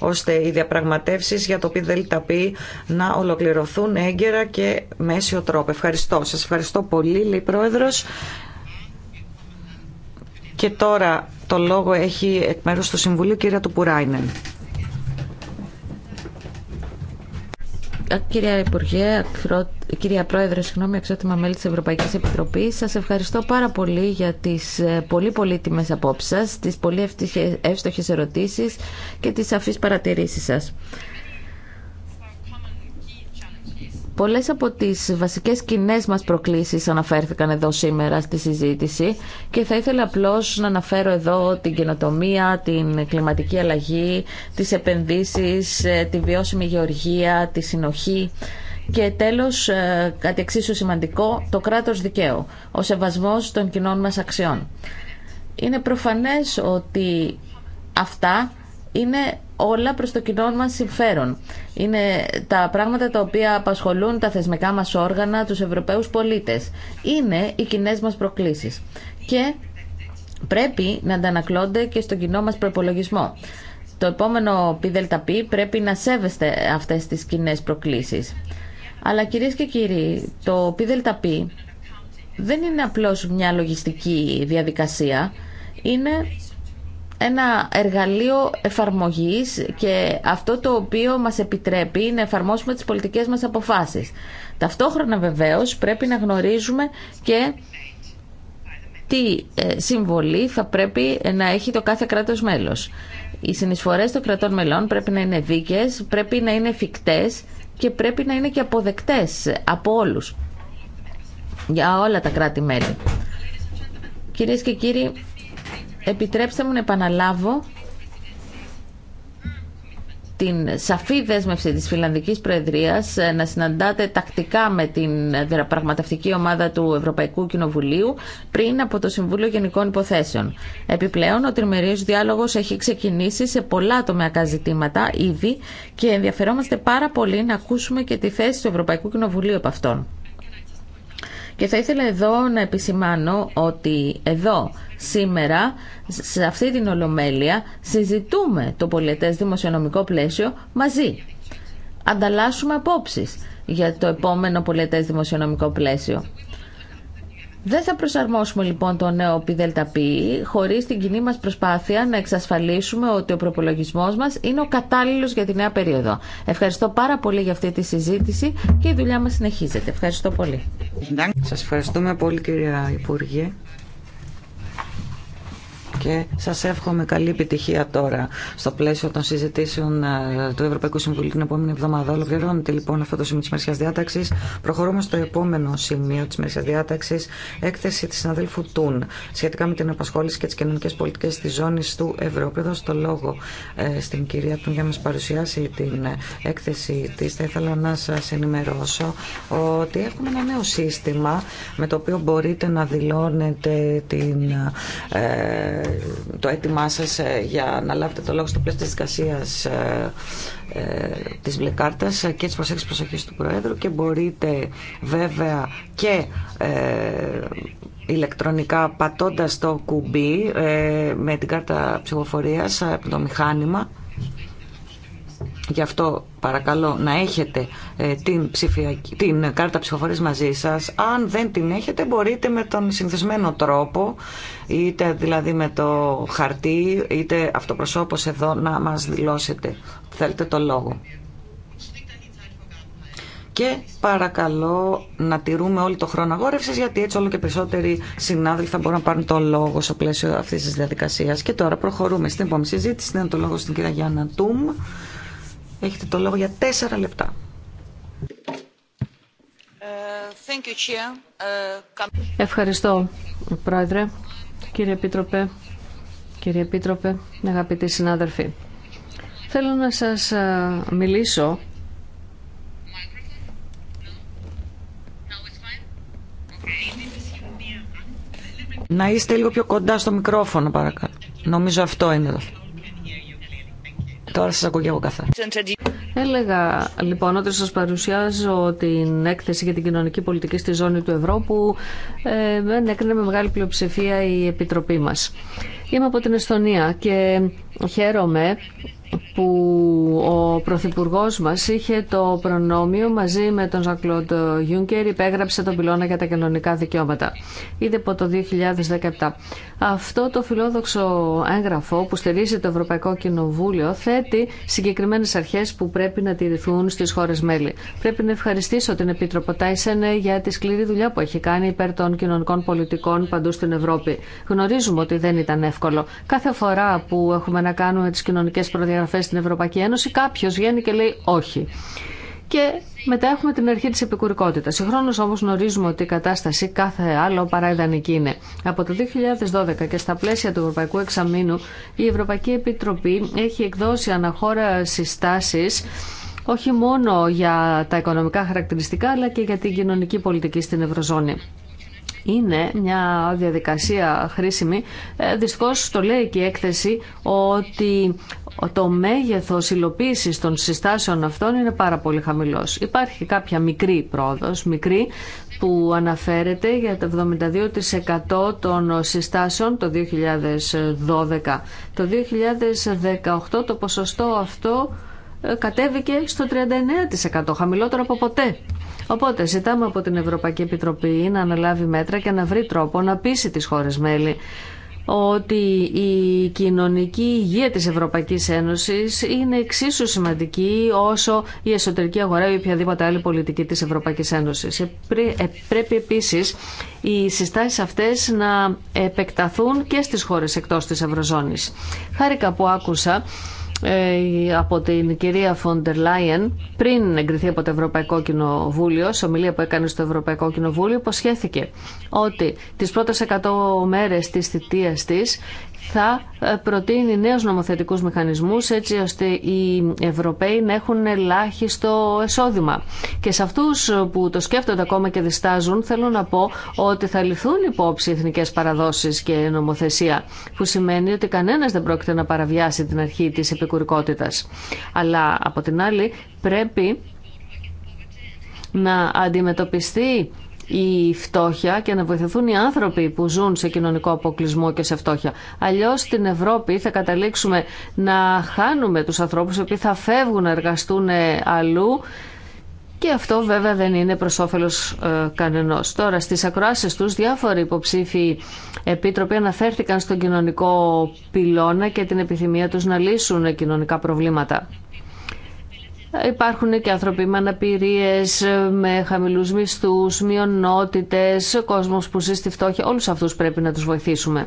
ώστε οι διαπραγματεύσεις για το ΠΔΠ να ολοκληρωθούν έγκαιρα και μέσιο τρόπο. Ευχαριστώ. Σας ευχαριστώ πολύ, λέει Πρόεδρος. Και τώρα το λόγο έχει εκ μέρους του Συμβουλίου κυρία Τουπουράινεν.
Κυρία Υπουργέ, κυρία Πρόεδρε, συγγνώμη, εξότιμα μέλη της Ευρωπαϊκής Επιτροπής, σας ευχαριστώ πάρα πολύ για τις ε, πολύ πολύτιμες απόψεις σας, τις πολύ εύστοχες ερωτήσεις και τις σαφείς παρατηρήσεις σας. Πολλές από τις βασικές κοινέ μας προκλήσεις αναφέρθηκαν εδώ σήμερα στη συζήτηση και θα ήθελα απλώς να αναφέρω εδώ την καινοτομία, την κλιματική αλλαγή, τις επενδύσεις, ε, τη βιώσιμη γεωργία, τη συνοχή. Και τέλος, ε, κάτι εξίσου σημαντικό, το κράτος δικαίου, ο σεβασμός των κοινών μας αξιών. Είναι προφανές ότι αυτά είναι όλα προς το κοινό μας συμφέρον. Είναι τα πράγματα τα οποία απασχολούν τα θεσμικά μας όργανα, τους Ευρωπαίους πολίτες. Είναι οι κοινέ μας προκλήσεις. Και πρέπει να αντανακλώνται και στον κοινό μας προπολογισμό. Το επόμενο ΠΔΠ πρέπει να σέβεστε αυτές τις κοινέ προκλήσεις. Αλλά κυρίες και κύριοι, το ΠΔΠ δεν είναι απλώς μια λογιστική διαδικασία. Είναι ένα εργαλείο εφαρμογής και αυτό το οποίο μας επιτρέπει να εφαρμόσουμε τις πολιτικές μας αποφάσεις. Ταυτόχρονα βεβαίως πρέπει να γνωρίζουμε και τι ε, συμβολή θα πρέπει να έχει το κάθε κράτος μέλος. Οι συνεισφορές των κρατών μελών πρέπει να είναι δίκες, πρέπει να είναι εφικτές και πρέπει να είναι και αποδεκτές από όλους, για όλα τα κράτη-μέλη. Κυρίες και κύριοι, επιτρέψτε μου να επαναλάβω την σαφή δέσμευση της Φιλανδικής Προεδρίας ε, να συναντάτε τακτικά με την πραγματευτική ομάδα του Ευρωπαϊκού Κοινοβουλίου πριν από το Συμβούλιο Γενικών Υποθέσεων. Επιπλέον, ο τριμερίος διάλογος έχει ξεκινήσει σε πολλά τομεακά ζητήματα ήδη και ενδιαφερόμαστε πάρα πολύ να ακούσουμε και τη θέση του Ευρωπαϊκού Κοινοβουλίου από αυτόν. Και θα ήθελα εδώ να επισημάνω ότι εδώ σήμερα σε αυτή την Ολομέλεια συζητούμε το πολιτεύσιο δημοσιονομικό πλαίσιο μαζί. Ανταλλάσσουμε απόψεις για το επόμενο πολιτεύσιο δημοσιονομικό πλαίσιο. Δεν θα προσαρμόσουμε λοιπόν το νέο πι χωρίς την κοινή μας προσπάθεια να εξασφαλίσουμε ότι ο προπολογισμός μας είναι ο κατάλληλος για τη νέα περίοδο. Ευχαριστώ πάρα πολύ για αυτή τη συζήτηση και η δουλειά μας συνεχίζεται. Ευχαριστώ πολύ.
Σα ευχαριστούμε πολύ κυρία Υπουργέ και σας εύχομαι καλή επιτυχία τώρα στο πλαίσιο των συζητήσεων ε, του Ευρωπαϊκού Συμβουλίου την επόμενη εβδομάδα. Ολοκληρώνεται λοιπόν αυτό το σημείο της Μερσιάς Διάταξης. Προχωρούμε στο επόμενο σημείο της Μερσιάς Διάταξης, έκθεση της συναδέλφου Τούν σχετικά με την απασχόληση και τις κοινωνικές πολιτικές της ζώνης του Ευρώ. Εδώ στο λόγο ε, στην κυρία Τούν για να μας παρουσιάσει την έκθεση της. Θα ήθελα να σας ενημερώσω ότι έχουμε ένα νέο σύστημα με το οποίο μπορείτε να δηλώνετε την ε, το έτοιμά σας ε, για να λάβετε το λόγο στο πλαίσιο της δικασίας ε, ε, της μπλε κάρτας και της προσέξης προσοχής του Προέδρου και μπορείτε βέβαια και ηλεκτρονικά πατώντας το κουμπί με την κάρτα ψηφοφορίας από το μηχάνημα Γι' αυτό παρακαλώ να έχετε την, ψηφιακή, την κάρτα ψηφοφορίας μαζί σας. Αν δεν την έχετε μπορείτε με τον συνηθισμένο τρόπο είτε δηλαδή με το χαρτί, είτε αυτοπροσώπως εδώ να μας δηλώσετε. Θέλετε το λόγο. Και παρακαλώ να τηρούμε όλη το χρόνο αγόρευσης, γιατί έτσι όλο και περισσότεροι συνάδελφοι θα μπορούν να πάρουν το λόγο στο πλαίσιο αυτής της διαδικασίας. Και τώρα προχωρούμε στην επόμενη συζήτηση. Δίνω το λόγο στην κυρία Γιάννα Τούμ.
Έχετε το λόγο για τέσσερα λεπτά.
Ε,
ε, Ευχαριστώ, Πρόεδρε κύριε Επίτροπε, κύριε Επίτροπε, αγαπητοί συνάδελφοι. Θέλω να σας μιλήσω
Να είστε λίγο πιο κοντά στο μικρόφωνο παρακαλώ. Νομίζω αυτό είναι. Τώρα σα ακούω και εγώ καθαρά.
Έλεγα λοιπόν ότι σα παρουσιάζω την έκθεση για την κοινωνική πολιτική στη ζώνη του Ευρώπου, που ε, έκρινε με μεγάλη πλειοψηφία η Επιτροπή μας. Είμαι από την Εστονία και χαίρομαι που ο Πρωθυπουργό μα είχε το προνόμιο μαζί με τον Ζακλόντ Γιούγκερ υπέγραψε τον πυλώνα για τα κοινωνικά δικαιώματα. Ήδη από το 2017. Αυτό το φιλόδοξο έγγραφο που στηρίζει το Ευρωπαϊκό Κοινοβούλιο θέτει συγκεκριμένε αρχέ που πρέπει να τηρηθούν στι χώρε μέλη. Πρέπει να ευχαριστήσω την Επίτροπο Τάισεν για τη σκληρή δουλειά που έχει κάνει υπέρ των κοινωνικών πολιτικών παντού στην Ευρώπη. Γνωρίζουμε ότι δεν ήταν εύκολο. Κάθε φορά που έχουμε να κάνουμε τι κοινωνικέ προδιαγραφέ, στην Ευρωπαϊκή Ένωση, κάποιος βγαίνει και λέει όχι. Και μετά έχουμε την αρχή της επικουρικότητας. Συγχρόνως όμως γνωρίζουμε ότι η κατάσταση κάθε άλλο παρά ιδανική είναι. Από το 2012 και στα πλαίσια του Ευρωπαϊκού Εξαμήνου η Ευρωπαϊκή Επιτροπή έχει εκδώσει αναχώρα συστάσεις όχι μόνο για τα οικονομικά χαρακτηριστικά αλλά και για την κοινωνική πολιτική στην Ευρωζώνη είναι μια διαδικασία χρήσιμη. Ε, Δυστυχώ το λέει και η έκθεση ότι το μέγεθος υλοποίηση των συστάσεων αυτών είναι πάρα πολύ χαμηλός. Υπάρχει κάποια μικρή πρόοδο μικρή, που αναφέρεται για το 72% των συστάσεων το 2012. Το 2018 το ποσοστό αυτό ε, κατέβηκε στο 39% χαμηλότερο από ποτέ. Οπότε ζητάμε από την Ευρωπαϊκή Επιτροπή να αναλάβει μέτρα και να βρει τρόπο να πείσει τις χώρες μέλη ότι η κοινωνική υγεία της Ευρωπαϊκής Ένωσης είναι εξίσου σημαντική όσο η εσωτερική αγορά ή οποιαδήποτε άλλη πολιτική της Ευρωπαϊκής Ένωσης. Ε, ε, πρέπει επίσης οι συστάσεις αυτές να επεκταθούν και στις χώρες εκτός της Ευρωζώνης. Χάρηκα που άκουσα ε, από την κυρία Φοντερ Λάιεν πριν εγκριθεί από το Ευρωπαϊκό Κοινοβούλιο, σε ομιλία που έκανε στο Ευρωπαϊκό Κοινοβούλιο, υποσχέθηκε ότι τις πρώτες 100 μέρες της θητείας της θα ε, προτείνει νέους νομοθετικούς μηχανισμούς έτσι ώστε οι Ευρωπαίοι να έχουν ελάχιστο εσόδημα. Και σε αυτούς που το σκέφτονται ακόμα και διστάζουν θέλω να πω ότι θα ληφθούν υπόψη εθνικές παραδόσεις και νομοθεσία που σημαίνει ότι κανένας δεν πρόκειται να παραβιάσει την αρχή της επικουρικότητας. Αλλά από την άλλη πρέπει να αντιμετωπιστεί η φτώχεια και να βοηθηθούν οι άνθρωποι που ζουν σε κοινωνικό αποκλεισμό και σε φτώχεια. Αλλιώ στην Ευρώπη θα καταλήξουμε να χάνουμε του ανθρώπου οι οποίοι θα φεύγουν να εργαστούν ε, αλλού και αυτό βέβαια δεν είναι προ όφελο ε, κανενό. Τώρα, στι ακροάσει του, διάφοροι υποψήφοι επίτροποι αναφέρθηκαν στον κοινωνικό πυλώνα και την επιθυμία του να λύσουν κοινωνικά προβλήματα. Υπάρχουν και άνθρωποι με αναπηρίες, με χαμηλούς μισθούς, μειονότητες, κόσμος που ζει στη φτώχεια. Όλους αυτούς πρέπει να τους βοηθήσουμε.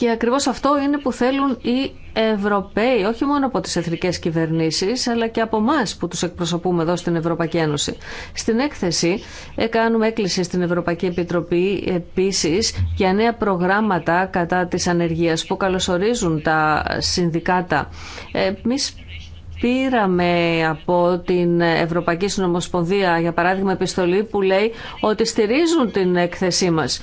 Και ακριβώς αυτό είναι που θέλουν οι Ευρωπαίοι, όχι μόνο από τις εθνικές κυβερνήσεις, αλλά και από εμά που τους εκπροσωπούμε εδώ στην Ευρωπαϊκή Ένωση. Στην έκθεση κάνουμε έκκληση στην Ευρωπαϊκή Επιτροπή επίσης για νέα προγράμματα κατά της ανεργίας που καλωσορίζουν τα συνδικάτα. Εμείς πήραμε από την Ευρωπαϊκή Συνομοσπονδία, για παράδειγμα, επιστολή που λέει ότι στηρίζουν την έκθεσή μας.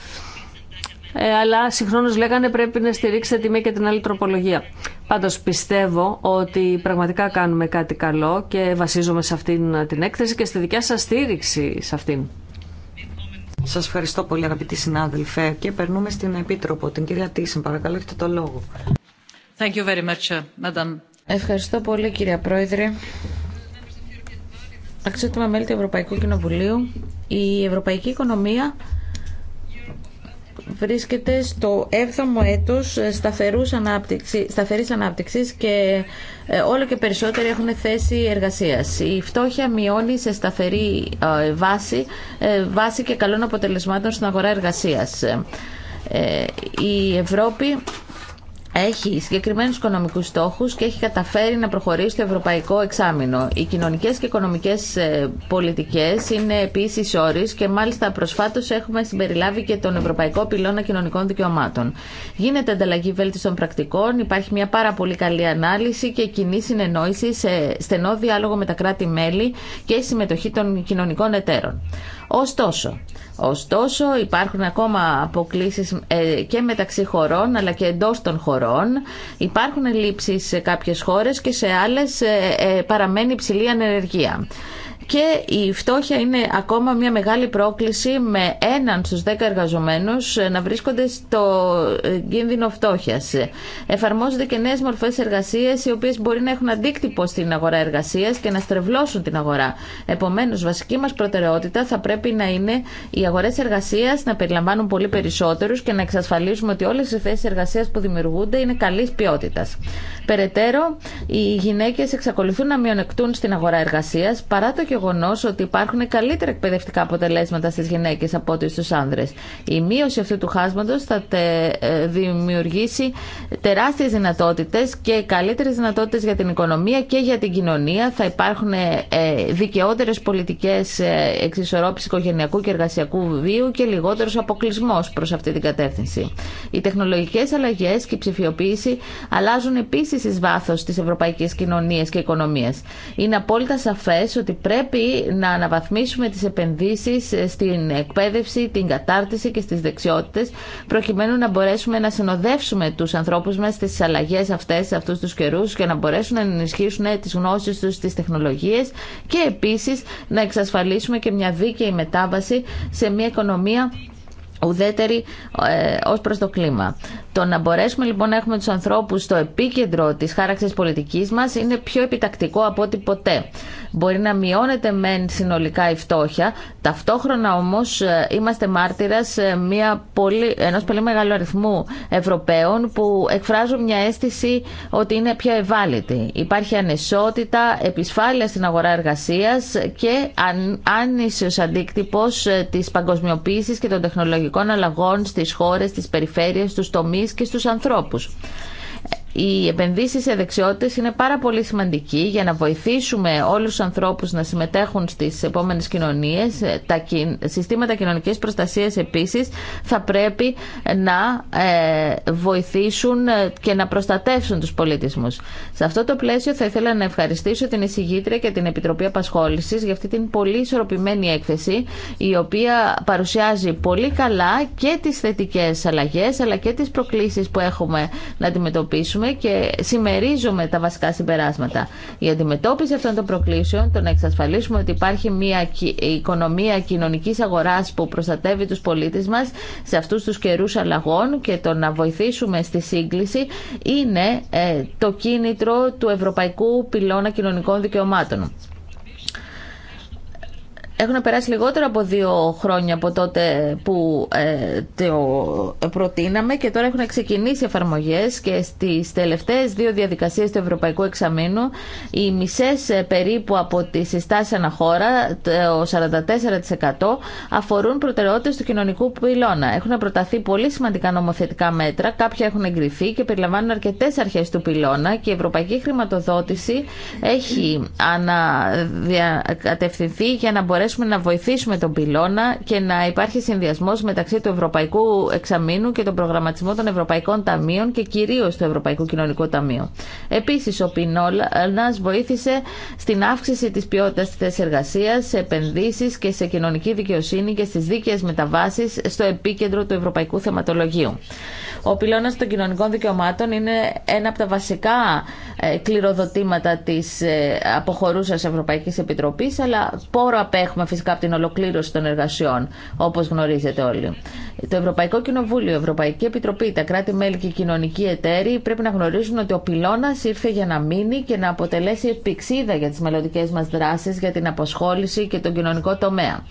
Ε, αλλά συγχρόνως λέγανε πρέπει να στηρίξετε τη μία και την άλλη τροπολογία. Πάντως πιστεύω ότι πραγματικά κάνουμε κάτι καλό και βασίζομαι σε αυτήν την έκθεση και στη δικιά σας στήριξη σε αυτήν. Σας ευχαριστώ πολύ αγαπητοί συνάδελφε και περνούμε στην Επίτροπο,
την κυρία Τίσιν. Παρακαλώ, έχετε το λόγο.
Thank you very much, uh, Madam. Ευχαριστώ πολύ κυρία Πρόεδρε. Αξιότιμα μέλη του Ευρωπαϊκού Κοινοβουλίου, η ευρωπαϊκή οικονομία βρίσκεται στο 7ο έτος σταθερούς ανάπτυξη, σταθερής ανάπτυξης και ε, όλο και περισσότεροι έχουν θέση εργασίας. Η φτώχεια μειώνει σε σταθερή ε, βάση, ε, βάση και καλών αποτελεσμάτων στην αγορά εργασίας. Η Ευρώπη έχει συγκεκριμένου οικονομικού στόχου και έχει καταφέρει να προχωρήσει το ευρωπαϊκό εξάμεινο. Οι κοινωνικέ και οικονομικέ ε, πολιτικέ είναι επίση όρει και μάλιστα προσφάτω έχουμε συμπεριλάβει και τον Ευρωπαϊκό Πυλώνα Κοινωνικών Δικαιωμάτων. Γίνεται ανταλλαγή βέλτιστων πρακτικών, υπάρχει μια πάρα πολύ καλή ανάλυση και κοινή συνεννόηση σε στενό διάλογο με τα κράτη-μέλη και συμμετοχή των κοινωνικών εταίρων. Ωστόσο, ωστόσο υπάρχουν ακόμα αποκλήσει ε, και μεταξύ χωρών αλλά και εντό των χωρών Υπάρχουν ελλείψεις σε κάποιες χώρες και σε άλλες ε, ε, παραμένει υψηλή ανεργία. Και η φτώχεια είναι ακόμα μια μεγάλη πρόκληση με έναν στους δέκα εργαζομένους να βρίσκονται στο ε, κίνδυνο φτώχειας. Εφαρμόζονται και νέες μορφές εργασίες οι οποίες μπορεί να έχουν αντίκτυπο στην αγορά εργασίας και να στρεβλώσουν την αγορά. Επομένως, βασική μας προτεραιότητα θα πρέπει να είναι οι αγορές εργασίας να περιλαμβάνουν πολύ περισσότερους και να εξασφαλίσουμε ότι όλες οι θέσεις εργασίας που δημιουργούνται είναι καλής ποιότητας. Περαιτέρω, οι γυναίκες εξακολουθούν να μειονεκτούν στην αγορά εργασίας παρά το γεγονό ότι υπάρχουν καλύτερα εκπαιδευτικά αποτελέσματα στι γυναίκε από ό,τι στου άνδρε. Η μείωση αυτού του χάσματο θα ε, δημιουργήσει τεράστιε δυνατότητε και καλύτερε δυνατότητε για την οικονομία και για την κοινωνία. Θα υπάρχουν ε, ε δικαιότερε πολιτικέ ε, εξισορρόπηση οικογενειακού και εργασιακού βίου και λιγότερο αποκλεισμό προ αυτή την κατεύθυνση. Οι τεχνολογικέ αλλαγέ και η ψηφιοποίηση αλλάζουν επίση ει βάθο τη ευρωπαϊκή κοινωνία και οικονομία. Είναι απόλυτα σαφέ ότι πρέπει πρέπει να αναβαθμίσουμε τις επενδύσεις στην εκπαίδευση, την κατάρτιση και στις δεξιότητες προκειμένου να μπορέσουμε να συνοδεύσουμε τους ανθρώπους μας στις αλλαγές αυτές, σε αυτούς τους καιρούς και να μπορέσουν να ενισχύσουν τις γνώσεις τους, τις τεχνολογίες και επίσης να εξασφαλίσουμε και μια δίκαιη μετάβαση σε μια οικονομία ουδέτερη ε, ως προς το κλίμα. Το να μπορέσουμε λοιπόν να έχουμε τους ανθρώπους στο επίκεντρο της χάραξης πολιτικής μας είναι πιο επιτακτικό από ό,τι ποτέ. Μπορεί να μειώνεται μεν συνολικά η φτώχεια, ταυτόχρονα όμως ε, είμαστε μάρτυρας ε, μια πολύ, ενός πολύ μεγάλου αριθμού Ευρωπαίων που εκφράζουν μια αίσθηση ότι είναι πιο ευάλωτοι. Υπάρχει ανισότητα, επισφάλεια στην αγορά εργασίας και αν, άνισος αντίκτυπος ε, της παγκοσμιοποίησης και των τεχνολογικών αλλαγών στις χώρες, στις περιφέρειες, στους τομεί και στους ανθρώπους οι επενδύσεις σε δεξιότητες είναι πάρα πολύ σημαντικοί για να βοηθήσουμε όλους τους ανθρώπους να συμμετέχουν στις επόμενες κοινωνίες. Ε, τα συστήματα κοινωνικής προστασίας επίσης θα πρέπει να ε, βοηθήσουν ε, και να προστατεύσουν τους πολιτισμούς. Σε αυτό το πλαίσιο θα ήθελα να ευχαριστήσω την εισηγήτρια και την Επιτροπή Απασχόλησης για αυτή την πολύ ισορροπημένη έκθεση η οποία παρουσιάζει πολύ καλά και τις θετικές αλλαγές αλλά και τις προκλήσεις που έχουμε να αντιμετωπίσουμε και συμμερίζουμε τα βασικά συμπεράσματα. Η αντιμετώπιση αυτών των προκλήσεων, το να εξασφαλίσουμε ότι υπάρχει μια οικονομία κοινωνική αγορά που προστατεύει του πολίτε μα σε αυτού του καιρού αλλαγών και το να βοηθήσουμε στη σύγκληση, είναι ε, το κίνητρο του Ευρωπαϊκού Πυλώνα Κοινωνικών Δικαιωμάτων. Έχουν περάσει λιγότερο από δύο χρόνια από τότε που ε, το προτείναμε και τώρα έχουν ξεκινήσει εφαρμογές και στις τελευταίες δύο διαδικασίες του Ευρωπαϊκού Εξαμήνου οι μισές ε, περίπου από τις συστάσεις αναχώρα, το 44% αφορούν προτεραιότητες του κοινωνικού πυλώνα. Έχουν προταθεί πολύ σημαντικά νομοθετικά μέτρα, κάποια έχουν εγκριθεί και περιλαμβάνουν αρκετές αρχές του πυλώνα και η ευρωπαϊκή χρηματοδότηση έχει για να μπορέσει μπορέσουμε να βοηθήσουμε τον πυλώνα και να υπάρχει συνδυασμό μεταξύ του Ευρωπαϊκού Εξαμήνου και τον προγραμματισμό των Ευρωπαϊκών Ταμείων και κυρίω του Ευρωπαϊκού Κοινωνικού Ταμείου. Επίση, ο πυλώνα βοήθησε στην αύξηση τη ποιότητα τη εργασία, σε επενδύσει και σε κοινωνική δικαιοσύνη και στι δίκαιε μεταβάσει στο επίκεντρο του Ευρωπαϊκού Θεματολογίου. Ο πυλώνα των κοινωνικών δικαιωμάτων είναι ένα από τα βασικά ε, κληροδοτήματα τη ε, αποχωρούσα Ευρωπαϊκή Επιτροπή, αλλά πόρο απέχουμε έχουμε φυσικά από την ολοκλήρωση των εργασιών, όπω γνωρίζετε όλοι. Το Ευρωπαϊκό Κοινοβούλιο, η Ευρωπαϊκή Επιτροπή, τα κράτη-μέλη και οι κοινωνικοί εταίροι πρέπει να γνωρίζουν ότι ο πυλώνα ήρθε για να μείνει και να αποτελέσει επηξίδα για τι μελλοντικέ μα δράσει για την αποσχόληση και τον κοινωνικό τομέα.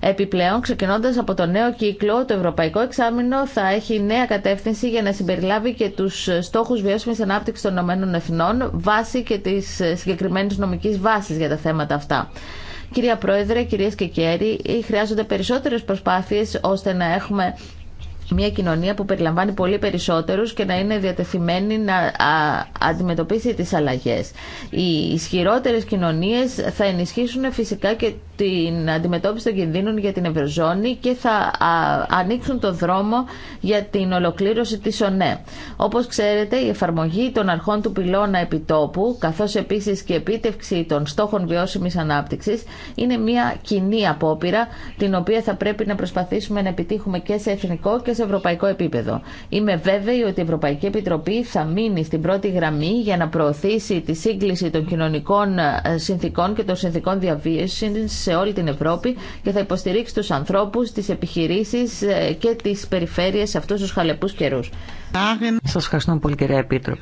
Επιπλέον, ξεκινώντα από το νέο κύκλο, το Ευρωπαϊκό Εξάμεινο θα έχει νέα κατεύθυνση για να συμπεριλάβει και του στόχου βιώσιμη ανάπτυξη των ΗΠΑ βάσει και τη συγκεκριμένη νομική βάση για τα θέματα αυτά. Κυρία Πρόεδρε, κυρίες και κύριοι, χρειάζονται περισσότερες προσπάθειες ώστε να έχουμε μια κοινωνία που περιλαμβάνει πολύ περισσότερους και να είναι διατεθειμένη να αντιμετωπίσει τις αλλαγές. Οι ισχυρότερες κοινωνίες θα ενισχύσουν φυσικά και την αντιμετώπιση των κινδύνων για την Ευρωζώνη και θα ανοίξουν το δρόμο για την ολοκλήρωση της ΟΝΕ. Όπως ξέρετε, η εφαρμογή των αρχών του πυλώνα επιτόπου, καθώς επίσης και επίτευξη των στόχων βιώσιμης ανάπτυξης, είναι μια κοινή απόπειρα, την οποία θα πρέπει να προσπαθήσουμε να επιτύχουμε και σε εθνικό και σε ευρωπαϊκό επίπεδο. Είμαι βέβαιη ότι η Ευρωπαϊκή Επιτροπή θα μείνει στην πρώτη γραμμή για να προωθήσει τη σύγκληση των κοινωνικών ε, συνθήκων και των συνθήκων διαβίωσης σε όλη την Ευρώπη και θα υποστηρίξει τους ανθρώπους, τις επιχειρήσεις ε, και τις περιφέρειες σε αυτούς τους χαλεπούς καιρούς.
Σας ευχαριστώ πολύ κυρία Επίτροπη.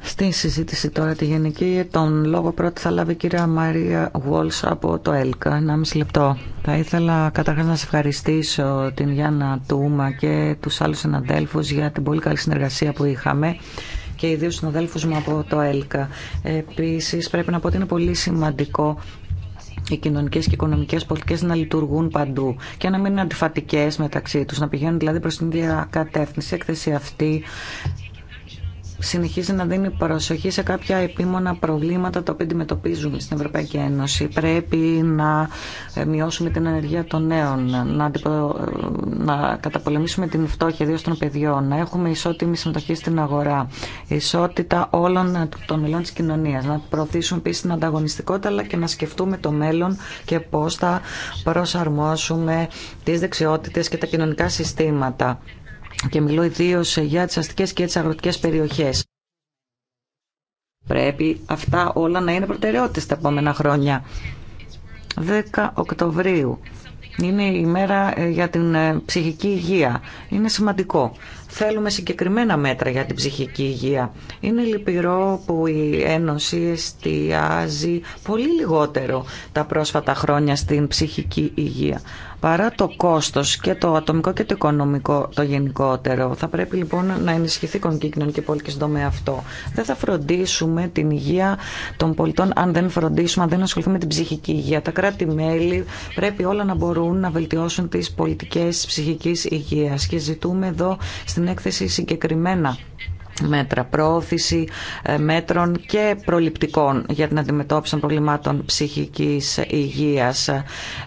Στην συζήτηση τώρα τη γενική, τον λόγο πρώτη θα λάβει η κυρία Μαρία Γουόλς από το ΕΛΚΑ. Ένα μισή λεπτό. Θα ήθελα καταρχάς να σε ευχαριστήσω την Γιάννα Τούμα και τους άλλους συναδέλφους για την πολύ καλή συνεργασία που είχαμε και ιδίω συναδέλφου μου από το ΕΛΚΑ. Επίση, πρέπει να πω ότι είναι πολύ σημαντικό οι κοινωνικέ και οικονομικέ πολιτικέ να λειτουργούν παντού και να μην είναι αντιφατικέ μεταξύ του, να πηγαίνουν δηλαδή προ την ίδια κατεύθυνση. Η έκθεση αυτή συνεχίζει να δίνει προσοχή σε κάποια επίμονα προβλήματα τα οποία αντιμετωπίζουμε στην Ευρωπαϊκή Ένωση. Πρέπει να ε, μειώσουμε την ανεργία των νέων, να, ε, να καταπολεμήσουμε την φτώχεια ιδίω των παιδιών, να έχουμε ισότιμη συμμετοχή στην αγορά, ισότητα όλων των μελών τη κοινωνία, να προωθήσουμε επίση την ανταγωνιστικότητα αλλά και να σκεφτούμε το μέλλον και πώ θα προσαρμόσουμε τι δεξιότητε και τα κοινωνικά συστήματα και μιλώ ιδίω για τι αστικέ και τι αγροτικέ περιοχές. Πρέπει αυτά όλα να είναι προτεραιότητε τα επόμενα χρόνια. 10 Οκτωβρίου είναι η μέρα ε, για την ε, ψυχική υγεία. Είναι σημαντικό. Θέλουμε συγκεκριμένα μέτρα για την ψυχική υγεία. Είναι λυπηρό που η Ένωση εστιάζει πολύ λιγότερο τα πρόσφατα χρόνια στην ψυχική υγεία. Παρά το κόστος και το ατομικό και το οικονομικό το γενικότερο, θα πρέπει λοιπόν να ενισχυθεί κονκίνων και πολύ και στον τομέα αυτό. Δεν θα φροντίσουμε την υγεία των πολιτών αν δεν φροντίσουμε, αν δεν ασχοληθούμε με την ψυχική υγεία. Τα κράτη-μέλη πρέπει όλα να μπορούν να βελτιώσουν τις πολιτικές ψυχικής υγείας και ζητούμε εδώ στην έκθεση συγκεκριμένα μέτρα πρόωθηση, ε, μέτρων και προληπτικών για την αντιμετώπιση των προβλημάτων ψυχικής υγείας.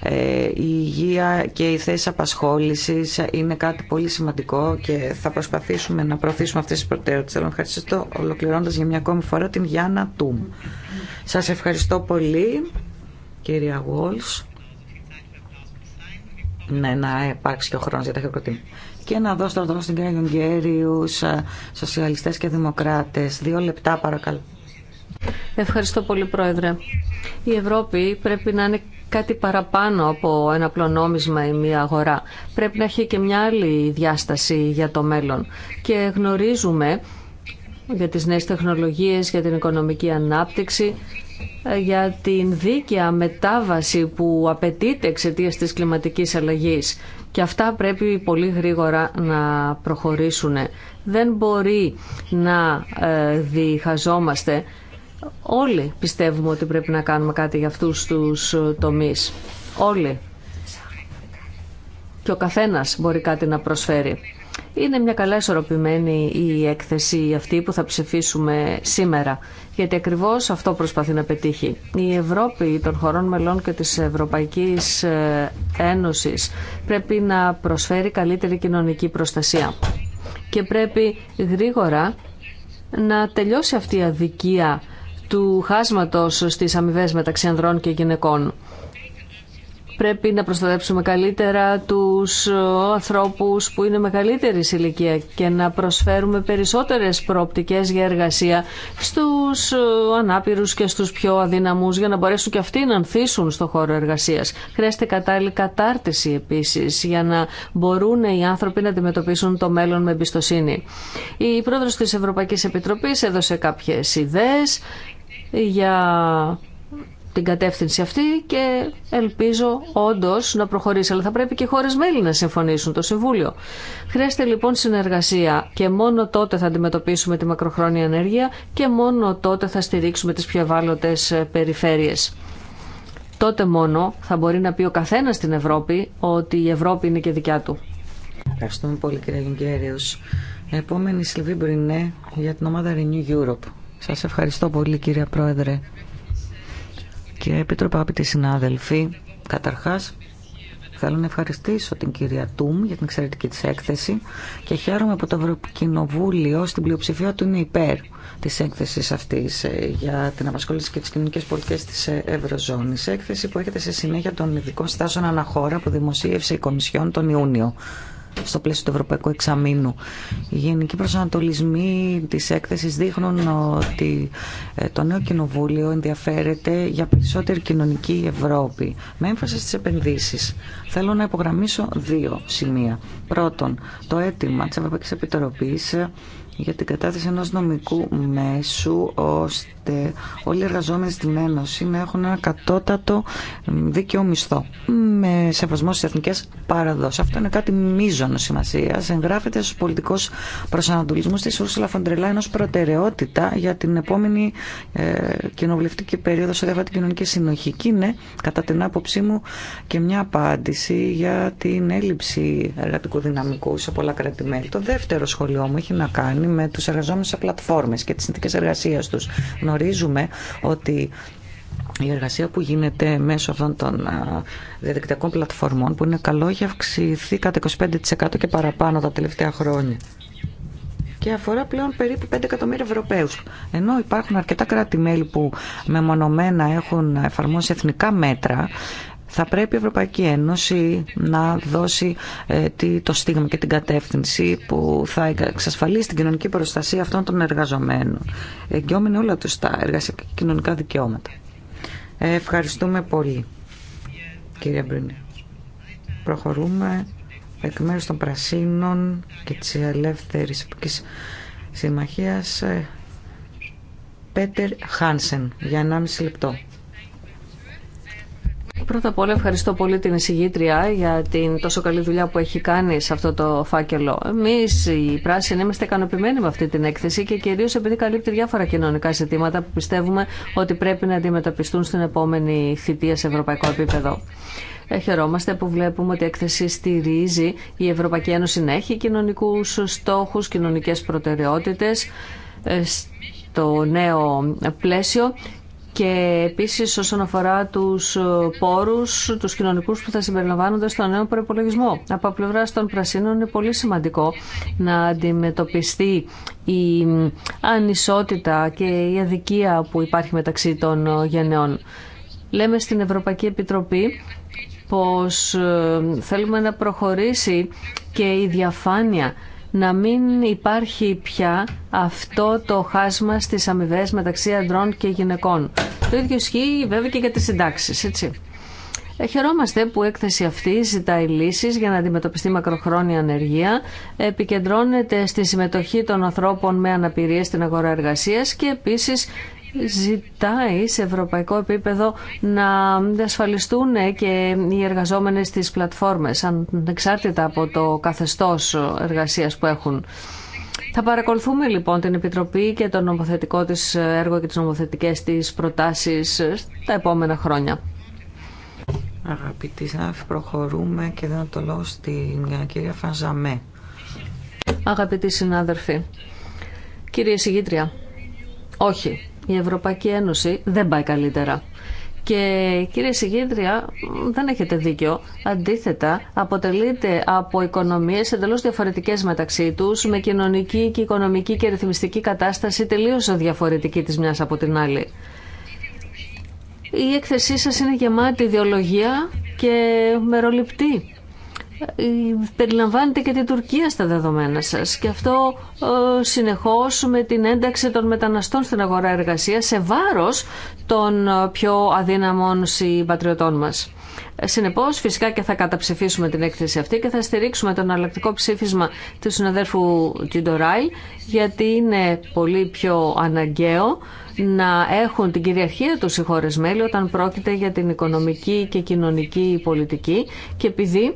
Ε, η υγεία και η θέση απασχόλησης είναι κάτι πολύ σημαντικό και θα προσπαθήσουμε να προωθήσουμε αυτές τις προτεραιότητες. Θέλω να ευχαριστώ για μια ακόμη φορά την Γιάννα Τούμ. Σας ευχαριστώ πολύ κυρία Γουόλς. Ναι, να υπάρξει και ο χρόνος για τα χειροκροτήματα. Και να δώσω τώρα στην κυρία Γιονγκέριους, σοσιαλιστές και δημοκράτες. Δύο λεπτά παρακαλώ.
Ευχαριστώ πολύ Πρόεδρε. Η Ευρώπη πρέπει να είναι κάτι παραπάνω από ένα πλονόμισμα ή μία αγορά. Πρέπει να έχει και μια άλλη διάσταση για το μέλλον. Και γνωρίζουμε για τις νέες τεχνολογίες, για την οικονομική ανάπτυξη για την δίκαια μετάβαση που απαιτείται εξαιτία της κλιματικής αλλαγής. Και αυτά πρέπει πολύ γρήγορα να προχωρήσουν. Δεν μπορεί να ε, διχαζόμαστε. Όλοι πιστεύουμε ότι πρέπει να κάνουμε κάτι για αυτούς τους ε, τομείς. Όλοι. Και ο καθένας μπορεί κάτι να προσφέρει. Είναι μια καλά ισορροπημένη η έκθεση αυτή που θα ψηφίσουμε σήμερα. Γιατί ακριβώς αυτό προσπαθεί να πετύχει. Η Ευρώπη των χωρών μελών και της Ευρωπαϊκής ε, Ένωσης πρέπει να προσφέρει καλύτερη κοινωνική προστασία. Και πρέπει γρήγορα να τελειώσει αυτή η αδικία του χάσματος στις αμοιβέ μεταξύ ανδρών και γυναικών. Πρέπει να προστατεύσουμε καλύτερα τους ε, ανθρώπους που είναι μεγαλύτερη ηλικία και να προσφέρουμε περισσότερες προοπτικές για εργασία στους ε, ανάπηρους και στους πιο αδύναμους για να μπορέσουν και αυτοί να ανθίσουν στο χώρο εργασίας. Χρειάζεται κατάλληλη κατάρτιση επίσης για να μπορούν οι άνθρωποι να αντιμετωπίσουν το μέλλον με εμπιστοσύνη. Η πρόεδρος της Ευρωπαϊκής Επιτροπής έδωσε κάποιες ιδέες για την κατεύθυνση αυτή και ελπίζω όντω να προχωρήσει. Αλλά θα πρέπει και οι χώρε μέλη να συμφωνήσουν, το Συμβούλιο. Χρειάζεται λοιπόν συνεργασία και μόνο τότε θα αντιμετωπίσουμε τη μακροχρόνια ενέργεια και μόνο τότε θα στηρίξουμε τι πιο ευάλωτε περιφέρειε. Τότε μόνο θα μπορεί να πει ο καθένα στην Ευρώπη ότι η Ευρώπη είναι και δικιά του.
Ευχαριστούμε πολύ κύριε Λιγκέριος. Επόμενη Σιλβί Μπρινέ για την ομάδα Renew Europe. Σας ευχαριστώ πολύ κύριε Πρόεδρε. Κύριε Επίτροπε, αγαπητοί συνάδελφοι, καταρχάς Θέλω να ευχαριστήσω την κυρία Τούμ για την εξαιρετική της έκθεση και χαίρομαι που το Ευρωκοινοβούλιο στην πλειοψηφία του είναι υπέρ της έκθεσης αυτής ε, για την απασχόληση και τις κοινωνικές πολιτικές της ε, Ευρωζώνης. Έκθεση που έχετε σε συνέχεια των ειδικών στάσεων αναχώρα που δημοσίευσε η Κομισιόν τον Ιούνιο στο πλαίσιο του Ευρωπαϊκού Εξαμήνου. Οι γενικοί προσανατολισμοί τη έκθεση δείχνουν ότι ε, το νέο κοινοβούλιο ενδιαφέρεται για περισσότερη κοινωνική Ευρώπη, με έμφαση στις επενδύσεις. Θέλω να υπογραμμίσω δύο σημεία. Πρώτον, το αίτημα τη Ευρωπαϊκή Επιτροπή ε, για την κατάθεση ενός νομικού μέσου ώστε όλοι οι εργαζόμενοι στην Ένωση να έχουν ένα κατώτατο δίκαιο μισθό με σεβασμό στι εθνικέ παραδόσει. Αυτό είναι κάτι μείζωνο σημασία. Εγγράφεται στου πολιτικού προσανατολισμού τη Ούρσουλα Φοντρελά ενό προτεραιότητα για την επόμενη ε, κοινοβουλευτική περίοδο σε διαβάτη κοινωνική συνοχή. Και είναι, κατά την άποψή μου, και μια απάντηση για την έλλειψη εργατικού δυναμικού σε πολλά κράτη-μέλη. Το δεύτερο σχολείο μου έχει να κάνει με του εργαζόμενου σε πλατφόρμε και τι συνθήκε εργασία του γνωρίζουμε ότι η εργασία που γίνεται μέσω αυτών των διαδικτυακών πλατφορμών που είναι καλό έχει αυξηθεί κατά 25% και παραπάνω τα τελευταία χρόνια και αφορά πλέον περίπου 5 εκατομμύρια Ευρωπαίους. Ενώ υπάρχουν αρκετά κράτη-μέλη που μεμονωμένα έχουν εφαρμόσει εθνικά μέτρα θα πρέπει η Ευρωπαϊκή Ένωση να δώσει ε, το στίγμα και την κατεύθυνση που θα εξασφαλίσει την κοινωνική προστασία αυτών των εργαζομένων. Εγγυόμενοι όλα τους τα εργασιακά και κοινωνικά δικαιώματα. Ε, ευχαριστούμε πολύ, κύριε Μπρίνη. Προχωρούμε εκ μέρους των Πρασίνων και της Ελεύθερης Επικής Συμμαχίας ε, Πέτερ Χάνσεν για 1,5 λεπτό.
Πρώτα απ' όλα ευχαριστώ πολύ την εισηγήτρια για την τόσο καλή δουλειά που έχει κάνει σε αυτό το φάκελο. Εμεί οι πράσινοι είμαστε ικανοποιημένοι με αυτή την έκθεση και κυρίω επειδή καλύπτει διάφορα κοινωνικά ζητήματα που πιστεύουμε ότι πρέπει να αντιμετωπιστούν στην επόμενη θητεία σε ευρωπαϊκό επίπεδο. Ε, χαιρόμαστε που βλέπουμε ότι η έκθεση στηρίζει η Ευρωπαϊκή Ένωση να έχει κοινωνικού στόχου, κοινωνικέ προτεραιότητε ε, στο νέο πλαίσιο και επίσης όσον αφορά τους ε, πόρους, τους κοινωνικούς που θα συμπεριλαμβάνονται στο νέο προπολογισμό. Από πλευρά των πρασίνων είναι πολύ σημαντικό να αντιμετωπιστεί η ανισότητα και η αδικία που υπάρχει μεταξύ των ε, γενεών. Λέμε στην Ευρωπαϊκή Επιτροπή πως ε, θέλουμε να προχωρήσει και η διαφάνεια να μην υπάρχει πια αυτό το χάσμα στις αμοιβέ μεταξύ αντρών και γυναικών. Το ίδιο ισχύει βέβαια και για τις συντάξεις, έτσι. Ε, χαιρόμαστε που η έκθεση αυτή ζητάει λύσεις για να αντιμετωπιστεί μακροχρόνια ανεργία, επικεντρώνεται στη συμμετοχή των ανθρώπων με αναπηρία στην αγορά εργασίας και επίσης ζητάει σε ευρωπαϊκό επίπεδο να διασφαλιστούν και οι εργαζόμενες στις πλατφόρμες, ανεξάρτητα από το καθεστώς εργασίας που έχουν. Θα παρακολουθούμε λοιπόν την Επιτροπή και το νομοθετικό της έργο και τις νομοθετικές της προτάσεις τα επόμενα χρόνια. Αγαπητοί
συνάδελφοι, προχωρούμε και δεν το λόγο στην κυρία Φαζαμέ.
Αγαπητοί συνάδελφοι, κύριε Συγήτρια, όχι, η Ευρωπαϊκή Ένωση δεν πάει καλύτερα. Και κύριε Συγκίντρια, δεν έχετε δίκιο. Αντίθετα, αποτελείται από οικονομίε εντελώ διαφορετικέ μεταξύ του, με κοινωνική και οικονομική και ρυθμιστική κατάσταση τελείω διαφορετική τη μια από την άλλη. Η έκθεσή σα είναι γεμάτη ιδεολογία και μεροληπτή. Ε, περιλαμβάνεται και την Τουρκία στα δεδομένα σας και αυτό ε, συνεχώς με την ένταξη των μεταναστών στην αγορά εργασίας σε βάρος των ε, πιο αδύναμων συμπατριωτών μας. Συνεπώ, φυσικά και θα καταψηφίσουμε την έκθεση αυτή και θα στηρίξουμε τον αλλακτικό ψήφισμα του συναδέλφου Τζιντοράιλ, γιατί είναι πολύ πιο αναγκαίο να έχουν την κυριαρχία του οι χώρε μέλη όταν πρόκειται για την οικονομική και κοινωνική πολιτική και επειδή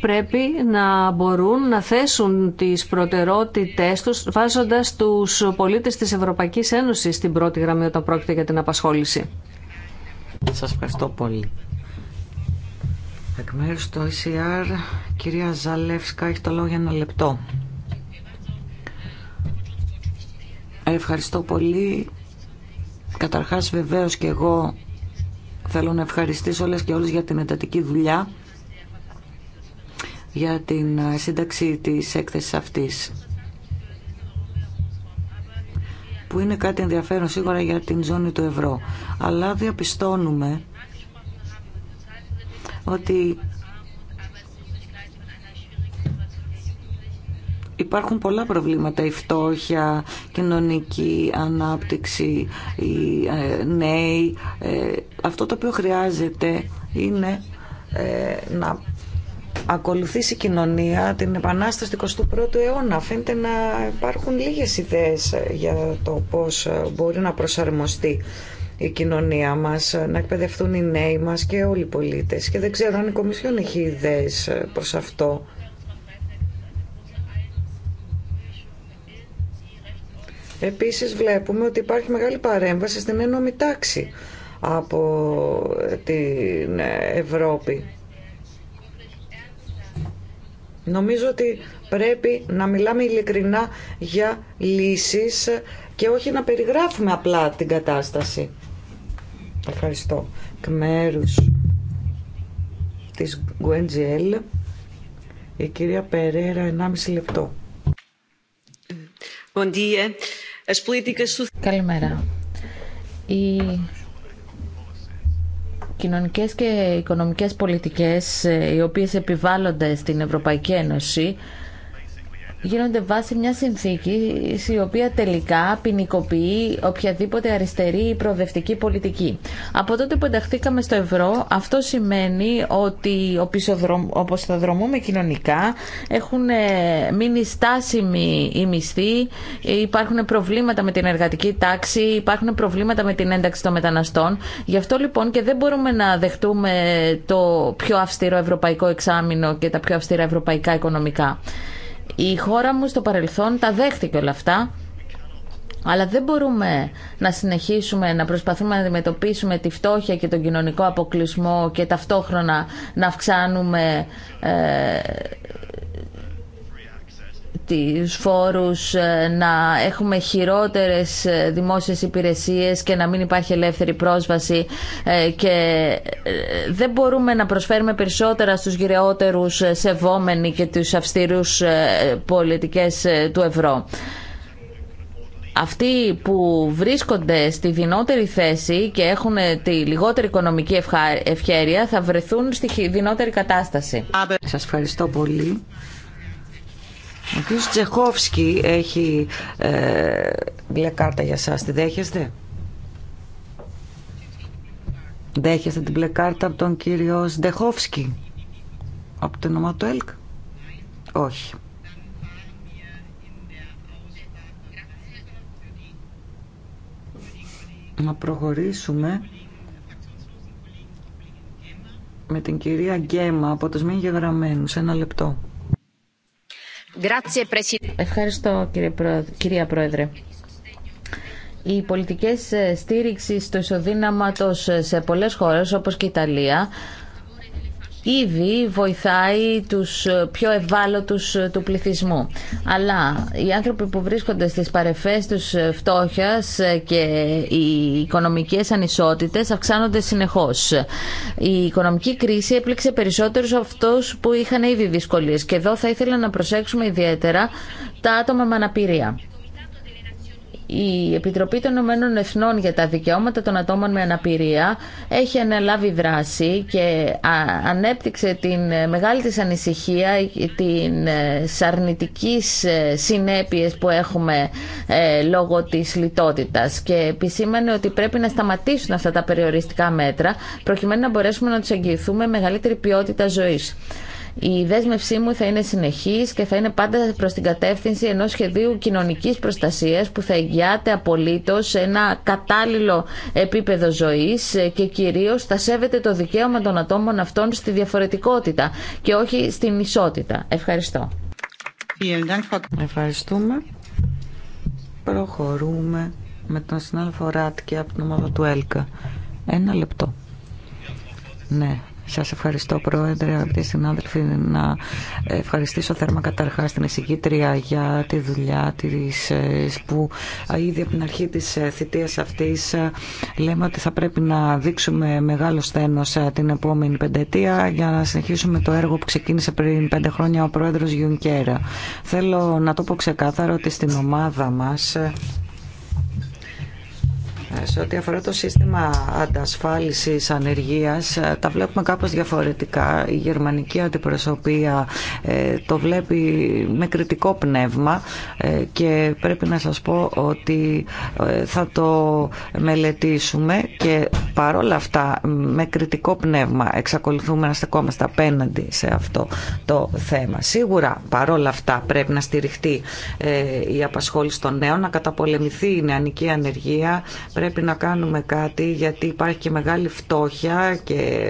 πρέπει να μπορούν να θέσουν τις προτερότητε τους βάζοντας τους πολίτες της Ευρωπαϊκής Ένωσης στην πρώτη γραμμή όταν πρόκειται για την απασχόληση.
Σας ευχαριστώ πολύ. Εκ μέρους του ECR, κυρία Ζαλεύσκα, έχει το λόγο για ένα λεπτό. Ευχαριστώ πολύ. Καταρχάς βεβαίως και εγώ θέλω να ευχαριστήσω όλες και όλους για την εντατική δουλειά για την ε, σύνταξη της έκθεσης αυτής που είναι κάτι ενδιαφέρον σίγουρα για την ζώνη του ευρώ. Αλλά διαπιστώνουμε ότι υπάρχουν πολλά προβλήματα. Η φτώχεια, κοινωνική ανάπτυξη, οι ε, νέοι. Ε, αυτό το οποίο χρειάζεται είναι να ακολουθήσει η κοινωνία την επανάσταση του 21ου αιώνα. Φαίνεται να υπάρχουν λίγες ιδέες ε, για το πώς ε, μπορεί να προσαρμοστεί η κοινωνία μας, ε, να εκπαιδευτούν οι νέοι μας και όλοι οι πολίτες. Και δεν ξέρω αν η Κομισιόν έχει ιδέες προς αυτό. Επίσης βλέπουμε ότι υπάρχει μεγάλη παρέμβαση στην ένωμη τάξη από την Ευρώπη Νομίζω ότι πρέπει να μιλάμε ειλικρινά για λύσεις και όχι να περιγράφουμε απλά την κατάσταση. Ευχαριστώ. Εκ μέρους της Γκουέντζιέλ, η κυρία Περέρα, 1,5 λεπτό.
Καλημέρα. Η κοινωνικές και οικονομικές πολιτικές ε, οι οποίες επιβάλλονται στην Ευρωπαϊκή Ένωση γίνονται βάσει μια συνθήκη η οποία τελικά ποινικοποιεί οποιαδήποτε αριστερή ή προοδευτική πολιτική. Από τότε που ενταχθήκαμε στο ευρώ, αυτό σημαίνει ότι όπω θα δρομούμε κοινωνικά, έχουν ε, μείνει στάσιμοι οι μισθοί, υπάρχουν προβλήματα με την εργατική τάξη, υπάρχουν προβλήματα με την ένταξη των μεταναστών. Γι' αυτό λοιπόν και δεν μπορούμε να δεχτούμε το πιο αυστηρό ευρωπαϊκό εξάμεινο και τα πιο αυστηρά ευρωπαϊκά οικονομικά. Η χώρα μου στο παρελθόν τα δέχτηκε όλα αυτά. Αλλά δεν μπορούμε να συνεχίσουμε να προσπαθούμε να αντιμετωπίσουμε τη φτώχεια και τον κοινωνικό αποκλεισμό και ταυτόχρονα να αυξάνουμε ε, τις φόρους, ε, να έχουμε χειρότερες ε, δημόσιες υπηρεσίες και να μην υπάρχει ελεύθερη πρόσβαση ε, και δεν μπορούμε να προσφέρουμε περισσότερα στους γυρεότερους σεβόμενοι και τους αυστηρούς πολιτικές του ευρώ αυτοί που βρίσκονται στη δεινότερη θέση και έχουν τη λιγότερη οικονομική ευχέρεια θα βρεθούν στη δεινότερη κατάσταση.
Σας ευχαριστώ πολύ. Ο κ. Τσεχόφσκι έχει ε, μπλε κάρτα για σας. Τη δέχεστε? Δέχεστε την μπλε κάρτα από τον κύριο Σντεχόφσκι. Από το όνομα του ΕΛΚ. Όχι. Να προχωρήσουμε με την κυρία Γκέμα από τους μη γεγραμμένους. Ένα λεπτό.
Ευχαριστώ κύριε Πρόεδρε, κυρία Πρόεδρε. Οι πολιτικές στήριξη του ισοδύναματος σε πολλές χώρες όπως και η Ιταλία ήδη βοηθάει τους ε, πιο ευάλωτους ε, του πληθυσμού. Αλλά οι άνθρωποι που βρίσκονται στις παρεφές τους ε, φτώχειας και οι οικονομικές ανισότητες αυξάνονται συνεχώς. Η οικονομική κρίση έπληξε περισσότερους αυτούς που είχαν ήδη δυσκολίες και εδώ θα ήθελα να προσέξουμε ιδιαίτερα τα άτομα με αναπηρία η Επιτροπή των Ηνωμένων Εθνών για τα Δικαιώματα των Ατόμων με Αναπηρία έχει αναλάβει δράση και ανέπτυξε την ε, μεγάλη της ανησυχία την ε, σαρνιτικής ε, συνέπειες που έχουμε λόγω της λιτότητας και επισήμανε ότι πρέπει να σταματήσουν αυτά τα περιοριστικά μέτρα προκειμένου να μπορέσουμε να τους εγγυηθούμε μεγαλύτερη ποιότητα ζωής. Η δέσμευσή μου θα είναι συνεχής και θα είναι πάντα προς την κατεύθυνση ενός σχεδίου κοινωνικής προστασίας που θα εγγυάται απολύτως ένα κατάλληλο επίπεδο ζωής και κυρίως θα σέβεται το δικαίωμα των ατόμων αυτών στη διαφορετικότητα και όχι στην ισότητα. Ευχαριστώ.
Ευχαριστούμε. Προχωρούμε με τον συνάδελφο Ράτκη από την ομάδα του ΕΛΚΑ. Ένα λεπτό. Ναι, σας ευχαριστώ Πρόεδρε, αγαπητοί συνάδελφοι, να ευχαριστήσω θέρμα καταρχάς την εισηγήτρια για τη δουλειά της ε, που ήδη από την αρχή της ε, θητείας αυτής ε, λέμε ότι θα πρέπει να δείξουμε μεγάλο στένος την επόμενη πενταετία για να συνεχίσουμε το έργο που ξεκίνησε πριν πέντε χρόνια ο Πρόεδρος Γιουνκέρα. Θέλω να το πω ξεκάθαρο ότι στην ομάδα μας σε ό,τι αφορά το σύστημα αντασφάλισης ανεργίας, ε, τα βλέπουμε κάπως διαφορετικά. Η γερμανική αντιπροσωπεία ε, το βλέπει με κριτικό πνεύμα ε, και πρέπει να σας πω ότι θα το μελετήσουμε και παρόλα αυτά με κριτικό πνεύμα εξακολουθούμε να στεκόμαστε απέναντι σε αυτό το θέμα. Σίγουρα παρόλα αυτά πρέπει να στηριχτεί η απασχόληση των νέων, να καταπολεμηθεί η νεανική ανεργία, πρέπει να κάνουμε κάτι γιατί υπάρχει και μεγάλη φτώχεια και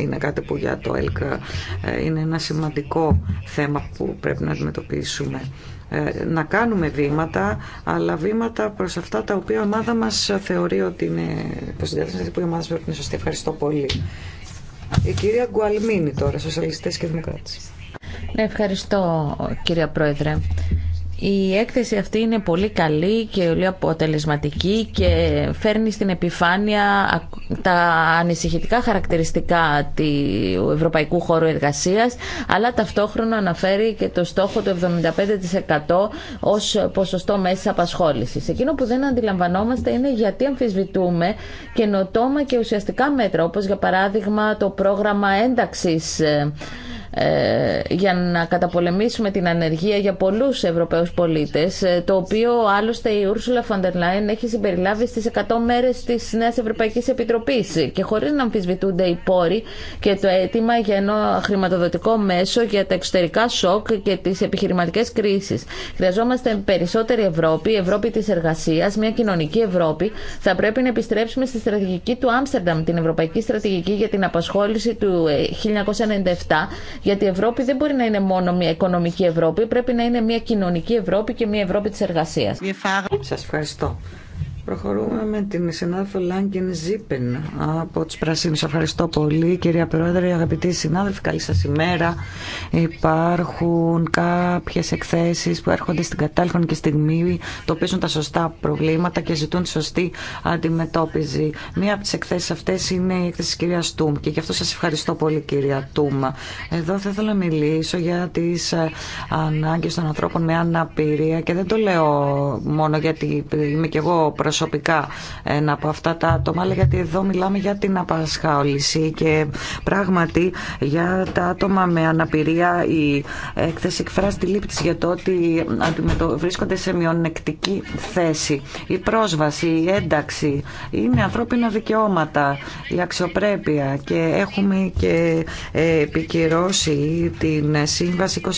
είναι κάτι που για το ΕΛΚΑ ε, είναι ένα σημαντικό θέμα που πρέπει να αντιμετωπίσουμε ε, να κάνουμε βήματα, αλλά βήματα προς αυτά τα οποία η ομάδα μας θεωρεί ότι είναι προς την που η ομάδα μας θεωρεί να είναι σωστή. Ευχαριστώ πολύ. Η κυρία
Γκουαλμίνη τώρα, σοσιαλιστές και δημοκράτες. ευχαριστώ κυρία Πρόεδρε. Η έκθεση αυτή είναι πολύ καλή και πολύ αποτελεσματική και φέρνει στην επιφάνεια τα ανησυχητικά χαρακτηριστικά του Ευρωπαϊκού Χώρου Εργασίας αλλά ταυτόχρονα αναφέρει και το στόχο του 75% ως ποσοστό μέσης απασχόλησης. Εκείνο που δεν αντιλαμβανόμαστε είναι γιατί αμφισβητούμε καινοτόμα και ουσιαστικά μέτρα όπως για παράδειγμα το πρόγραμμα ένταξης ε, ε, για να καταπολεμήσουμε την ανεργία για πολλούς Ευρωπαίους πολίτες, ε, το οποίο άλλωστε η Ούρσουλα Φαντερλάιν έχει συμπεριλάβει στις 100 μέρες της Νέας Ευρωπαϊκής Επιτροπής και χωρίς να αμφισβητούνται οι πόροι και το αίτημα για ένα χρηματοδοτικό μέσο για τα εξωτερικά σοκ και τις επιχειρηματικές κρίσεις. Χρειαζόμαστε περισσότερη Ευρώπη, Ευρώπη της εργασίας, μια κοινωνική Ευρώπη. Θα πρέπει να επιστρέψουμε στη στρατηγική του Άμστερνταμ, την Ευρωπαϊκή Στρατηγική για την Απασχόληση του 1997 ε, γιατί η Ευρώπη δεν μπορεί να είναι μόνο μια οικονομική Ευρώπη, πρέπει να είναι μια κοινωνική Ευρώπη και μια Ευρώπη τη εργασία.
Σα ευχαριστώ. Προχωρούμε με την συνάδελφο Λάγκεν Ζήπεν από τους Πρασίνους. Ευχαριστώ πολύ κυρία Πρόεδρε, αγαπητοί συνάδελφοι, καλή σας ημέρα. Υπάρχουν κάποιες εκθέσεις που έρχονται στην κατάλληλη στιγμή, τοπίζουν τα σωστά προβλήματα και ζητούν τη σωστή αντιμετώπιση. Μία από τις εκθέσεις αυτές είναι η εκθέση της κυρίας Τούμ και γι' αυτό σας ευχαριστώ πολύ κυρία Τούμ. Εδώ θα ήθελα να μιλήσω για τις ε, ανάγκες των ανθρώπων με αναπηρία και δεν το λέω μόνο γιατί είμαι και εγώ προσωπικά ένα από αυτά τα άτομα, αλλά γιατί εδώ μιλάμε για την απασχόληση και πράγματι για τα άτομα με αναπηρία η έκθεση εκφράζει τη λύπη για το ότι βρίσκονται σε μειονεκτική θέση. Η πρόσβαση, η ένταξη είναι ανθρώπινα δικαιώματα, η αξιοπρέπεια και έχουμε και ε, επικυρώσει την Σύμβαση 2010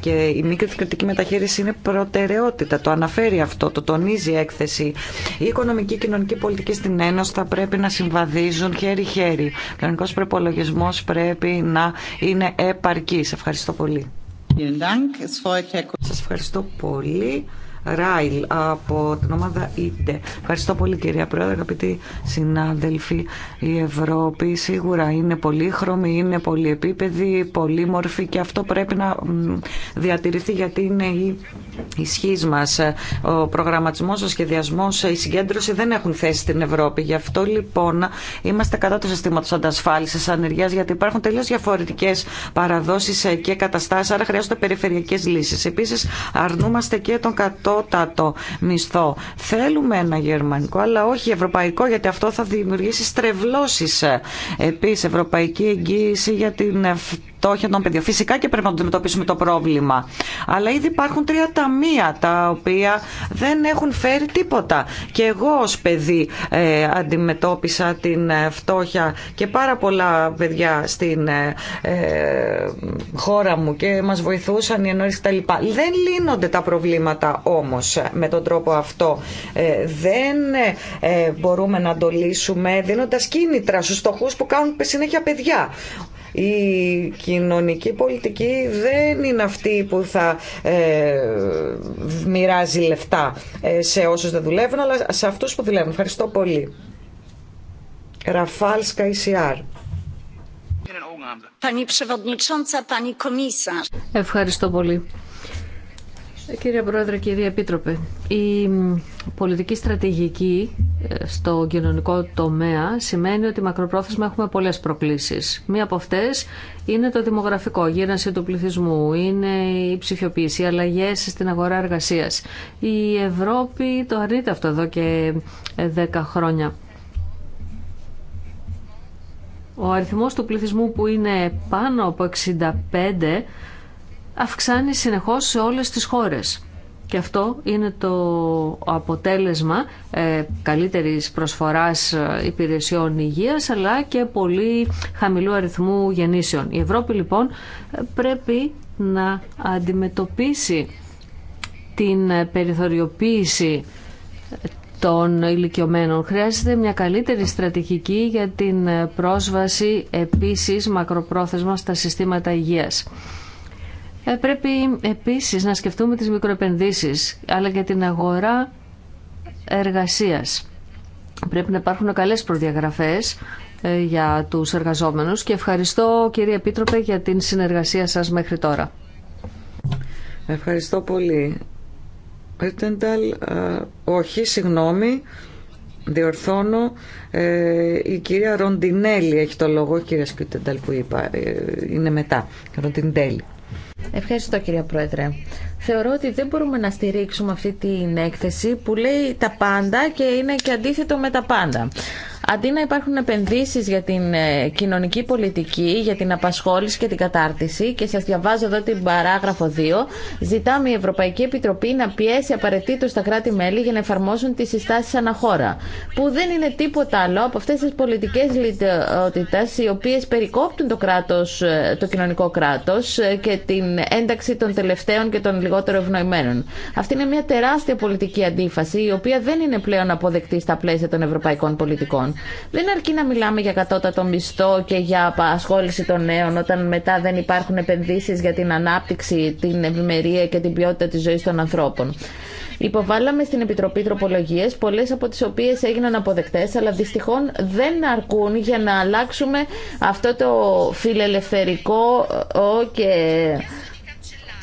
και η μη κριτική μεταχείριση είναι προτεραιότητα. Το αναφέρει αυτό, το τονίζει η έκθεση η οικονομική και κοινωνική πολιτική στην Ένωση θα πρέπει να συμβαδίζουν χέρι-χέρι. Ο κοινωνικό προπολογισμό πρέπει να είναι επαρκή. Ευχαριστώ πολύ. Σας ευχαριστώ πολύ. Ράιλ από την ομάδα ΙΝΤΕ. Ευχαριστώ πολύ κυρία Πρόεδρε, αγαπητοί συνάδελφοι. Η Ευρώπη σίγουρα είναι πολύχρωμη, είναι πολυεπίπεδη, πολύμορφη και αυτό πρέπει να διατηρηθεί γιατί είναι η ισχύ μα. Ο προγραμματισμό, ο σχεδιασμό, η συγκέντρωση δεν έχουν θέση στην Ευρώπη. Γι' αυτό λοιπόν είμαστε κατά του συστήματο αντασφάλιση ανεργία γιατί υπάρχουν τελείω διαφορετικέ παραδόσει και καταστάσει, άρα χρειάζονται περιφερειακέ λύσει. Επίση αρνούμαστε και τον κατώ μισθό. Θέλουμε ένα γερμανικό, αλλά όχι ευρωπαϊκό, γιατί αυτό θα δημιουργήσει στρεβλώσεις. Επίσης, ευρωπαϊκή εγγύηση για την των παιδιών. Φυσικά και πρέπει να αντιμετωπίσουμε το πρόβλημα. Αλλά ήδη υπάρχουν τρία ταμεία τα οποία δεν έχουν φέρει τίποτα. Και εγώ ως παιδί ε, αντιμετώπισα την ε, φτώχεια και πάρα πολλά παιδιά στην ε, χώρα μου και μας βοηθούσαν οι ενόριστοι τα λοιπά. Δεν λύνονται τα προβλήματα όμως με τον τρόπο αυτό. δεν μπορούμε να το λύσουμε δίνοντας κίνητρα στους στοχούς που κάνουν συνέχεια παιδιά η κοινωνική πολιτική δεν είναι αυτή που θα ε, μοιράζει λεφτά ε, σε όσους δεν δουλεύουν, αλλά σε αυτούς που δουλεύουν. Ευχαριστώ πολύ. Ραφάλ Σκαϊσιάρ.
Ευχαριστώ πολύ. Κύριε Πρόεδρε, κύριε Επίτροπε, η πολιτική στρατηγική ε, στο κοινωνικό τομέα σημαίνει ότι μακροπρόθεσμα έχουμε πολλές προκλήσεις. Μία από αυτές είναι το δημογραφικό, γύρανση του πληθυσμού, είναι η ψηφιοποίηση, οι αλλαγές στην αγορά εργασίας. Η Ευρώπη το αρνείται αυτό εδώ και 10 ε, χρόνια. Ο αριθμός του πληθυσμού που είναι πάνω από 65 αυξάνει συνεχώς σε όλες τις χώρες. Και αυτό είναι το αποτέλεσμα ε, καλύτερης προσφοράς ε, υπηρεσιών υγείας αλλά και πολύ χαμηλού αριθμού γεννήσεων. Η Ευρώπη λοιπόν ε, πρέπει να αντιμετωπίσει την ε, περιθωριοποίηση των ηλικιωμένων. Χρειάζεται μια καλύτερη στρατηγική για την πρόσβαση επίσης μακροπρόθεσμα στα συστήματα υγείας. Ε, πρέπει επίσης να σκεφτούμε τις μικροεπενδύσεις, αλλά και την αγορά εργασίας. Πρέπει να υπάρχουν καλές προδιαγραφές ε, για τους εργαζόμενους και ευχαριστώ κύριε Επίτροπε για την συνεργασία σας μέχρι τώρα.
Ευχαριστώ πολύ. Έτενταλ, ε, όχι, συγγνώμη, διορθώνω. η κυρία Ροντινέλη έχει το λόγο, κυρία Σπίτενταλ που είπα, είναι μετά. Ροντινέλη.
Ευχαριστώ κύριε Πρόεδρε. Θεωρώ ότι δεν μπορούμε να στηρίξουμε αυτή την έκθεση που λέει τα πάντα και είναι και αντίθετο με τα πάντα. Αντί να υπάρχουν επενδύσεις για την ε, κοινωνική πολιτική, για την απασχόληση και την κατάρτιση και σας διαβάζω εδώ την παράγραφο 2, ζητάμε η Ευρωπαϊκή Επιτροπή να πιέσει απαραίτητο στα κράτη-μέλη για να εφαρμόσουν τις συστάσεις αναχώρα, που δεν είναι τίποτα άλλο από αυτές τις πολιτικές λιτότητες οι οποίες περικόπτουν το, κράτος, ε, το κοινωνικό κράτος ε, και την ένταξη των τελευταίων και των λιγότερο ευνοημένων. Αυτή είναι μια τεράστια πολιτική αντίφαση η οποία δεν είναι πλέον αποδεκτή στα πλαίσια των ευρωπαϊκών πολιτικών. Δεν αρκεί να μιλάμε για κατώτατο μισθό και για απασχόληση των νέων όταν μετά δεν υπάρχουν επενδύσει για την ανάπτυξη, την ευημερία και την ποιότητα της ζωής των ανθρώπων. Υποβάλαμε στην Επιτροπή Τροπολογίε, πολλέ από τι οποίε έγιναν αποδεκτέ, αλλά δυστυχώ δεν αρκούν για να αλλάξουμε αυτό το φιλελευθερικό και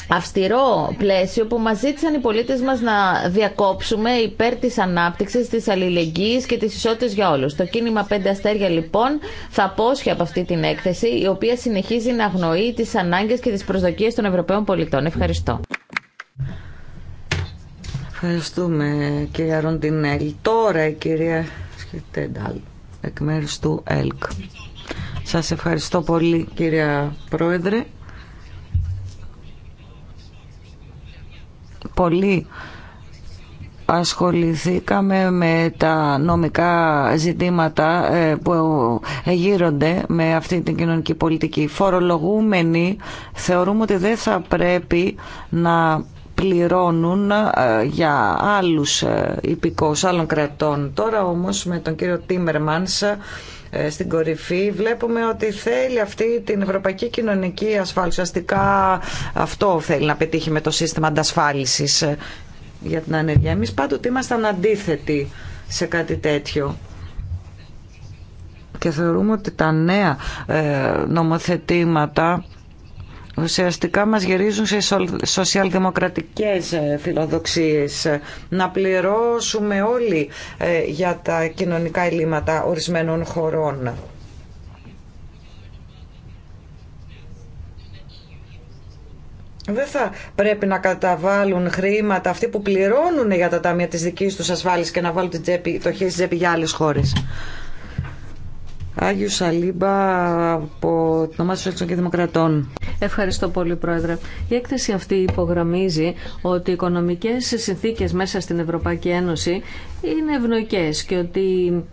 αυστηρό πλαίσιο που μας ζήτησαν οι πολίτες μας να διακόψουμε υπέρ της ανάπτυξης, της αλληλεγγύης και της ισότητας για όλους. Το κίνημα Πέντε Αστέρια λοιπόν θα πόσχει από αυτή την έκθεση η οποία συνεχίζει να αγνοεί τις ανάγκες και τις προσδοκίες των Ευρωπαίων πολιτών. Ευχαριστώ.
Ευχαριστούμε κυρία Ροντινέλη. Τώρα η κυρία Σχετένταλ εκ μέρου του ΕΛΚ. Σας ευχαριστώ πολύ κυρία Πρόεδρε. πολύ ασχοληθήκαμε με τα νομικά ζητήματα ε, που γύρονται με αυτή την κοινωνική πολιτική. Φορολογούμενοι θεωρούμε ότι δεν θα πρέπει να πληρώνουν ε, για άλλους ε, υπηκόους άλλων κρατών. Τώρα όμως με τον κύριο Τίμερμανς ε, στην κορυφή. Βλέπουμε ότι θέλει αυτή την ευρωπαϊκή κοινωνική ασφάλιση. Ουσιαστικά αυτό θέλει να πετύχει με το σύστημα αντασφάλισης ε, για την ανεργία. Εμείς πάντοτε ήμασταν αντίθετοι σε κάτι τέτοιο και θεωρούμε ότι τα νέα ε, νομοθετήματα ουσιαστικά μας γυρίζουν σε σοσιαλδημοκρατικές ε, φιλοδοξίες. Να πληρώσουμε όλοι ε, για τα κοινωνικά ελλείμματα ορισμένων χωρών. Δεν θα πρέπει να καταβάλουν χρήματα αυτοί που πληρώνουν για τα ταμεία της δικής τους ασφάλισης και να βάλουν το χέρι στη τσέπη για άλλες
χώρες. Άγιου Σαλίμπα από την Ομάδα Σοσιαλιστών και Δημοκρατών. Ευχαριστώ πολύ, Πρόεδρε. Η έκθεση αυτή υπογραμμίζει ότι οι οικονομικέ συνθήκε μέσα στην Ευρωπαϊκή Ένωση είναι ευνοϊκέ και ότι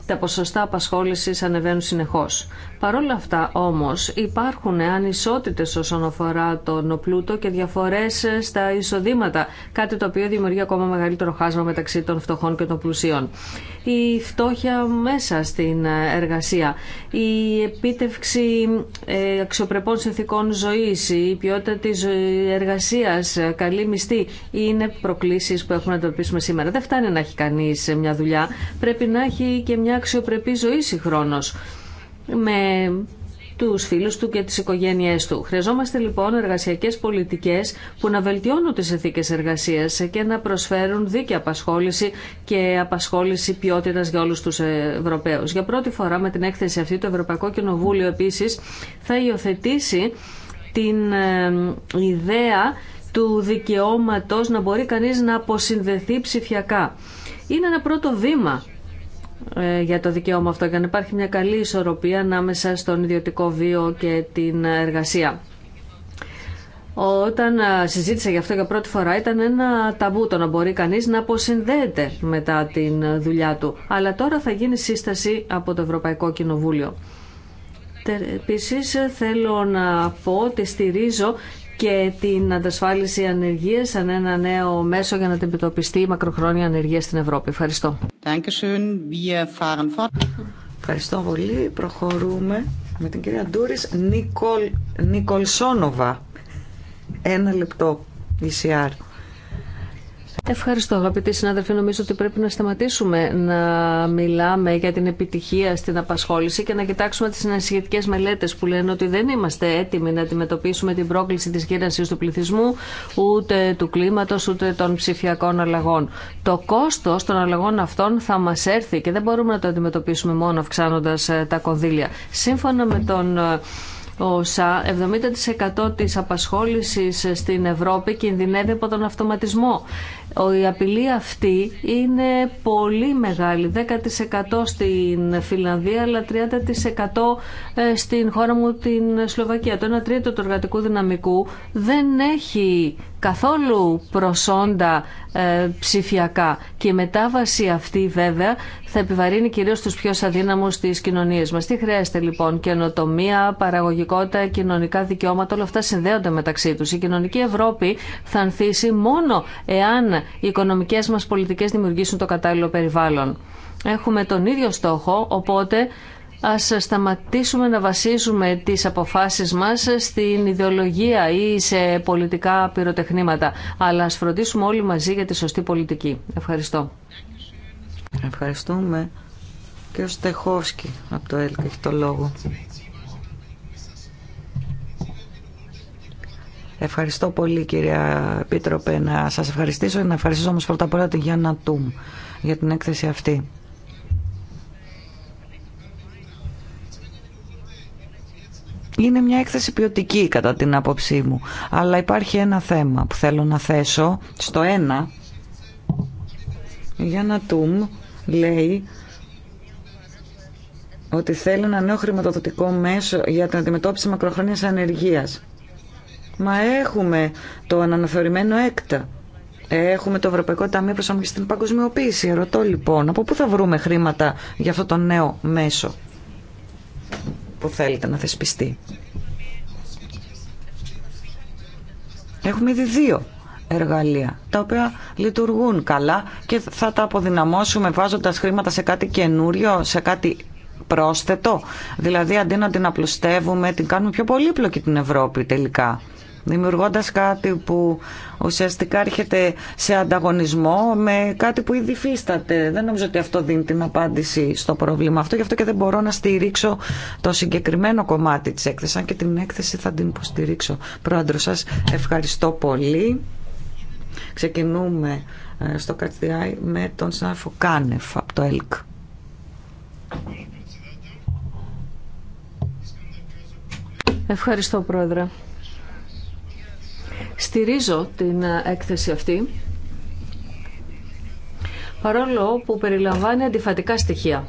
τα ποσοστά απασχόλησης ανεβαίνουν συνεχώς. Παρ' όλα αυτά όμως υπάρχουν ανισότητες όσον αφορά τον πλούτο και διαφορές στα εισοδήματα, κάτι το οποίο δημιουργεί ακόμα μεγαλύτερο χάσμα μεταξύ των φτωχών και των πλουσίων. Η φτώχεια μέσα στην εργασία, η επίτευξη ε, αξιοπρεπών συνθήκων ζωή, η ποιότητα τη εργασία, καλή μισθή, είναι προκλήσει που έχουμε να αντιμετωπίσουμε σήμερα. Δεν φτάνει να έχει κανεί μια δουλειά πρέπει να έχει και μια αξιοπρεπή ζωή συγχρόνω με τους φίλους του και τις οικογένειές του. Χρειαζόμαστε λοιπόν εργασιακές πολιτικές που να βελτιώνουν τις ηθίκες εργασίας και να προσφέρουν δίκαια απασχόληση και απασχόληση ποιότητας για όλους τους Ευρωπαίους. Για πρώτη φορά με την έκθεση αυτή το Ευρωπαϊκό Κοινοβούλιο επίσης θα υιοθετήσει την ε, ιδέα του δικαιώματος να μπορεί κανείς να αποσυνδεθεί ψηφιακά είναι ένα πρώτο βήμα ε, για το δικαίωμα αυτό, για να υπάρχει μια καλή ισορροπία ανάμεσα στον ιδιωτικό βίο και την εργασία. Όταν ε, συζήτησα γι' αυτό για πρώτη φορά ήταν ένα ταμπού το να μπορεί κανείς να αποσυνδέεται μετά την δουλειά του. Αλλά τώρα θα γίνει σύσταση από το Ευρωπαϊκό Κοινοβούλιο. Επίση θέλω να πω ότι στηρίζω και την αντασφάλιση ανεργία σαν ένα νέο μέσο για να αντιμετωπιστεί η μακροχρόνια ανεργία στην Ευρώπη. Ευχαριστώ. Ευχαριστώ πολύ. Προχωρούμε με την κυρία Ντούρη
Νικολ, Νικολσόνοβα. Ένα λεπτό. ECR.
Ευχαριστώ αγαπητοί συνάδελφοι. Νομίζω ότι πρέπει να σταματήσουμε να μιλάμε για την επιτυχία στην απασχόληση και να κοιτάξουμε τις συνασχετικές μελέτες που λένε ότι δεν είμαστε έτοιμοι να αντιμετωπίσουμε την πρόκληση της γύρανσης του πληθυσμού, ούτε του κλίματος, ούτε των ψηφιακών αλλαγών. Το κόστος των αλλαγών αυτών θα μας έρθει και δεν μπορούμε να το αντιμετωπίσουμε μόνο αυξάνοντα ε, τα κονδύλια. Σύμφωνα με τον ε, όσα 70% της απασχόλησης ε, στην Ευρώπη κινδυνεύει από τον αυτοματισμό. Η απειλή αυτή είναι πολύ μεγάλη, 10% στην Φιλανδία αλλά 30% ε, στην χώρα μου την Σλοβακία. Το 1 τρίτο του εργατικού δυναμικού δεν έχει καθόλου προσόντα ε, ψηφιακά και η μετάβαση αυτή βέβαια θα επιβαρύνει κυρίως τους πιο αδύναμους στις κοινωνίες μας. Τι χρειάζεται λοιπόν, καινοτομία, παραγωγικότητα, κοινωνικά δικαιώματα, όλα αυτά συνδέονται μεταξύ τους. Η κοινωνική Ευρώπη θα ανθίσει μόνο εάν οι οικονομικέ μας πολιτικέ δημιουργήσουν το κατάλληλο περιβάλλον. Έχουμε τον ίδιο στόχο, οπότε ας σταματήσουμε να βασίζουμε τις αποφάσεις μας στην ιδεολογία ή σε πολιτικά πυροτεχνήματα, αλλά ας φροντίσουμε όλοι μαζί για τη σωστή πολιτική. Ευχαριστώ.
Ευχαριστούμε. Και ο Στεχόσκι από το ΕΛΚ έχει το λόγο. Ευχαριστώ πολύ κυρία Επίτροπε να σας ευχαριστήσω να ευχαριστήσω όμως πρώτα απ' όλα τη Γιάννα Τούμ για την έκθεση αυτή. Είναι μια έκθεση ποιοτική κατά την άποψή μου, αλλά υπάρχει ένα θέμα που θέλω να θέσω. Στο ένα, η Γιάννα Τούμ λέει ότι θέλει ένα νέο χρηματοδοτικό μέσο για την αντιμετώπιση μακροχρόνιας ανεργίας. Μα έχουμε το αναθεωρημένο έκτα. Έχουμε το Ευρωπαϊκό Ταμείο Προσαρμογή στην Παγκοσμιοποίηση. Ρωτώ λοιπόν, από πού θα βρούμε χρήματα για αυτό το νέο μέσο που θέλετε να θεσπιστεί. Έχουμε ήδη δύο εργαλεία, τα οποία λειτουργούν καλά και θα τα αποδυναμώσουμε βάζοντας χρήματα σε κάτι καινούριο, σε κάτι πρόσθετο. Δηλαδή αντί να την απλουστεύουμε, την κάνουμε πιο πολύπλοκη την Ευρώπη τελικά δημιουργώντας κάτι που ουσιαστικά έρχεται σε ανταγωνισμό με κάτι που ήδη φύσταται. Δεν νομίζω ότι αυτό δίνει την απάντηση στο πρόβλημα αυτό, γι' αυτό και δεν μπορώ να στηρίξω το συγκεκριμένο κομμάτι της έκθεσης, αν και την έκθεση θα την υποστηρίξω. Πρόεδρο σας, ευχαριστώ πολύ. Ξεκινούμε ε, στο Κατσδιάι με τον συνάδελφο Κάνεφ από το ΕΛΚ.
Ευχαριστώ, Πρόεδρε. Στηρίζω την ε, έκθεση αυτή παρόλο που περιλαμβάνει αντιφατικά στοιχεία.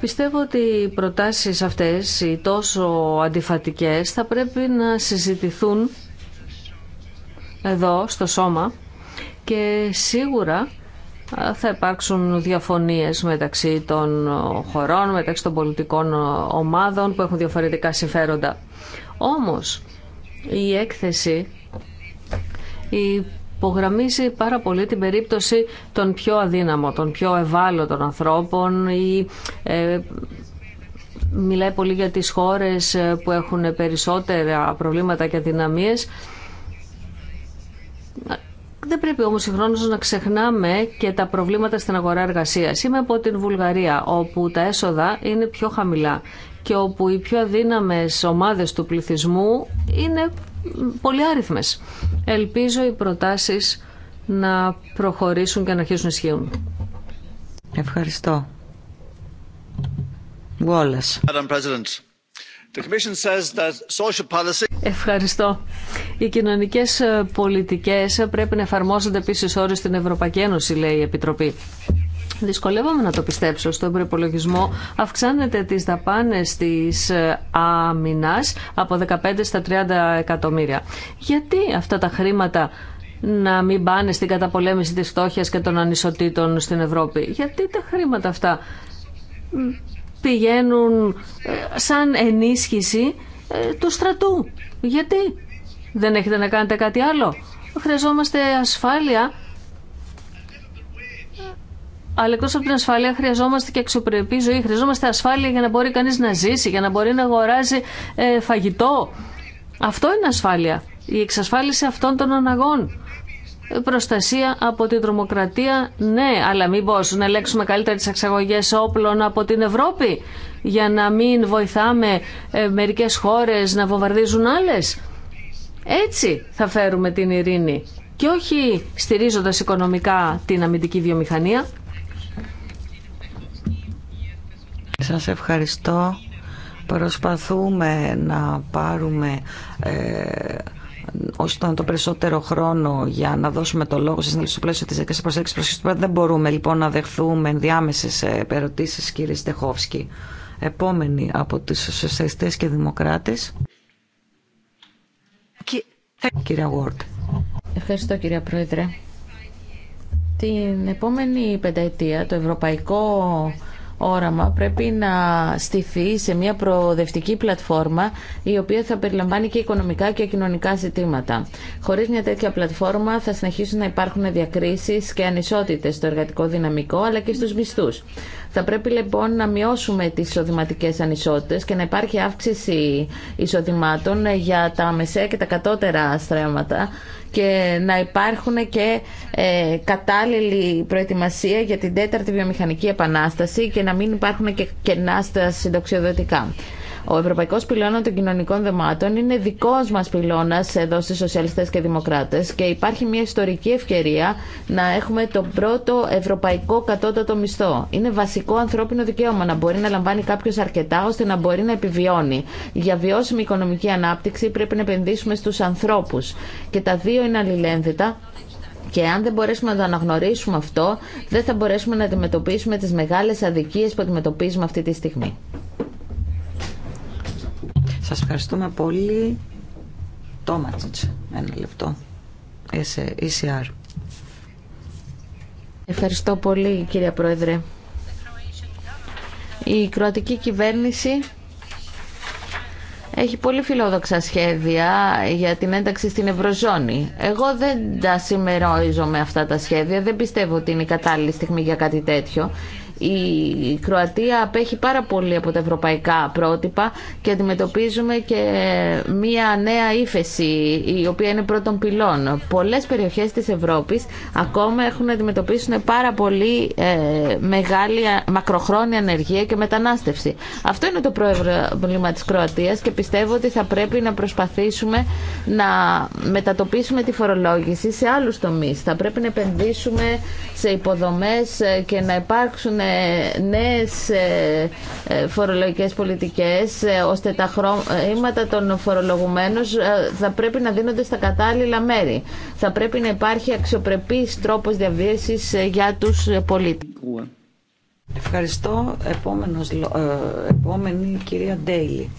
Πιστεύω ότι οι προτάσεις αυτές, οι τόσο αντιφατικές, θα πρέπει να συζητηθούν εδώ στο σώμα και σίγουρα ε, θα υπάρξουν διαφωνίες μεταξύ των ε, χωρών, μεταξύ των πολιτικών ομάδων που έχουν διαφορετικά συμφέροντα. Όμως, η έκθεση υπογραμμίζει πάρα πολύ την περίπτωση των πιο αδύναμων, των πιο ευάλωτων ανθρώπων ή ε, μιλάει πολύ για τις χώρες ε, που έχουν περισσότερα προβλήματα και αδυναμίες. Δεν πρέπει όμως συγχρόνως να ξεχνάμε και τα προβλήματα στην αγορά εργασίας. Είμαι από την Βουλγαρία, όπου τα έσοδα είναι πιο χαμηλά και όπου οι πιο αδύναμες ομάδες του πληθυσμού είναι πολύ άριθμες. Ελπίζω οι προτάσεις να προχωρήσουν και να αρχίσουν να ισχύουν. Ευχαριστώ. Ευχαριστώ. Οι κοινωνικέ ε, πολιτικέ πρέπει να εφαρμόζονται επίση όρου στην Ευρωπαϊκή Ένωση, λέει η Επιτροπή. Δυσκολεύομαι να το πιστέψω. Στον προπολογισμό αυξάνεται τις δαπάνες της ε, άμυνας από 15 στα 30 εκατομμύρια. Γιατί αυτά τα χρήματα να μην πάνε στην καταπολέμηση της φτώχειας και των ανισοτήτων στην Ευρώπη. Γιατί τα χρήματα αυτά πηγαίνουν ε, σαν ενίσχυση ε, του στρατού. Γιατί δεν έχετε να κάνετε κάτι άλλο. Χρειαζόμαστε ασφάλεια αλλά εκτό από την ασφάλεια, χρειαζόμαστε και αξιοπρεπή ζωή. Χρειαζόμαστε ασφάλεια για να μπορεί κανεί να ζήσει, για να μπορεί να αγοράζει ε, φαγητό. Αυτό είναι ασφάλεια. Η εξασφάλιση αυτών των αναγών. Προστασία από την τρομοκρατία, ναι, αλλά μήπω να ελέγξουμε καλύτερα τι εξαγωγέ όπλων από την Ευρώπη, για να μην βοηθάμε ε, μερικέ χώρε να βομβαρδίζουν άλλε. Έτσι θα φέρουμε την ειρήνη και όχι στηρίζοντας οικονομικά την αμυντική βιομηχανία.
Σας ευχαριστώ. Προσπαθούμε να πάρουμε ε, όσο το περισσότερο χρόνο για να δώσουμε το λόγο στη στο πλαίσιο τη δεκαετία προσέγγιση Δεν μπορούμε λοιπόν να δεχθούμε ενδιάμεσε ε, ερωτήσεις κύριε Στεχόφσκι. Επόμενη από τις σοσιαλιστέ και Δημοκράτες κυρία Γουόρτ.
Ευχαριστώ κύριε Πρόεδρε. Την επόμενη πενταετία το Ευρωπαϊκό όραμα πρέπει να στηθεί σε μια προοδευτική πλατφόρμα η οποία θα περιλαμβάνει και οικονομικά και κοινωνικά ζητήματα. Χωρίς μια τέτοια πλατφόρμα θα συνεχίσουν να υπάρχουν διακρίσεις και ανισότητες στο εργατικό δυναμικό αλλά και στους μισθούς. Θα πρέπει λοιπόν να μειώσουμε τις εισοδηματικέ ανισότητες και να υπάρχει αύξηση εισοδημάτων για τα μεσαία και τα κατώτερα στρέμματα και να υπάρχουν και ε, κατάλληλη προετοιμασία για την τέταρτη βιομηχανική επανάσταση και να μην υπάρχουν και κενά στα συντοξιοδοτικά. Ο Ευρωπαϊκό Πυλώνα των Κοινωνικών Δεμάτων είναι δικό μα πυλώνα εδώ στι Σοσιαλιστέ και Δημοκράτε και υπάρχει μια ιστορική ευκαιρία να έχουμε το πρώτο ευρωπαϊκό κατώτατο μισθό. Είναι βασικό ανθρώπινο δικαίωμα να μπορεί να λαμβάνει κάποιο αρκετά ώστε να μπορεί να επιβιώνει. Για βιώσιμη οικονομική ανάπτυξη πρέπει να επενδύσουμε στου ανθρώπου. Και τα δύο είναι αλληλένδετα και αν δεν μπορέσουμε να το αναγνωρίσουμε αυτό, δεν θα μπορέσουμε να αντιμετωπίσουμε τις μεγάλες αδικίες που αντιμετωπίζουμε αυτή τη στιγμή.
Σας ευχαριστούμε πολύ. Τόματσιτς, ένα λεπτό. Ε, ECR.
Ευχαριστώ πολύ κύριε Πρόεδρε. Η κροατική κυβέρνηση έχει πολύ φιλόδοξα σχέδια για την ένταξη στην Ευρωζώνη. Εγώ δεν τα σημερώζω με αυτά τα σχέδια, δεν πιστεύω ότι είναι η κατάλληλη στιγμή για κάτι τέτοιο. Η Κροατία απέχει πάρα πολύ από τα ευρωπαϊκά πρότυπα και αντιμετωπίζουμε και μία νέα ύφεση η οποία είναι πρώτων πυλών. Πολλές περιοχές της Ευρώπης ακόμα έχουν να αντιμετωπίσουν πάρα πολύ ε, μεγάλη μακροχρόνια ανεργία και μετανάστευση. Αυτό είναι το πρόβλημα της Κροατίας και πιστεύω ότι θα πρέπει να προσπαθήσουμε να μετατοπίσουμε τη φορολόγηση σε άλλους τομείς. Θα πρέπει να επενδύσουμε σε υποδομές ε, και να υπάρξουν ε, νέες ε, ε, φορολογικές πολιτικές ε, ώστε τα χρήματα των φορολογουμένων θα πρέπει να δίνονται στα κατάλληλα μέρη. Θα πρέπει να υπάρχει αξιοπρεπής τρόπος διαβίωσης για τους πολίτες. Ευχαριστώ. Επόμενος, επόμενη κυρία Ντέιλι.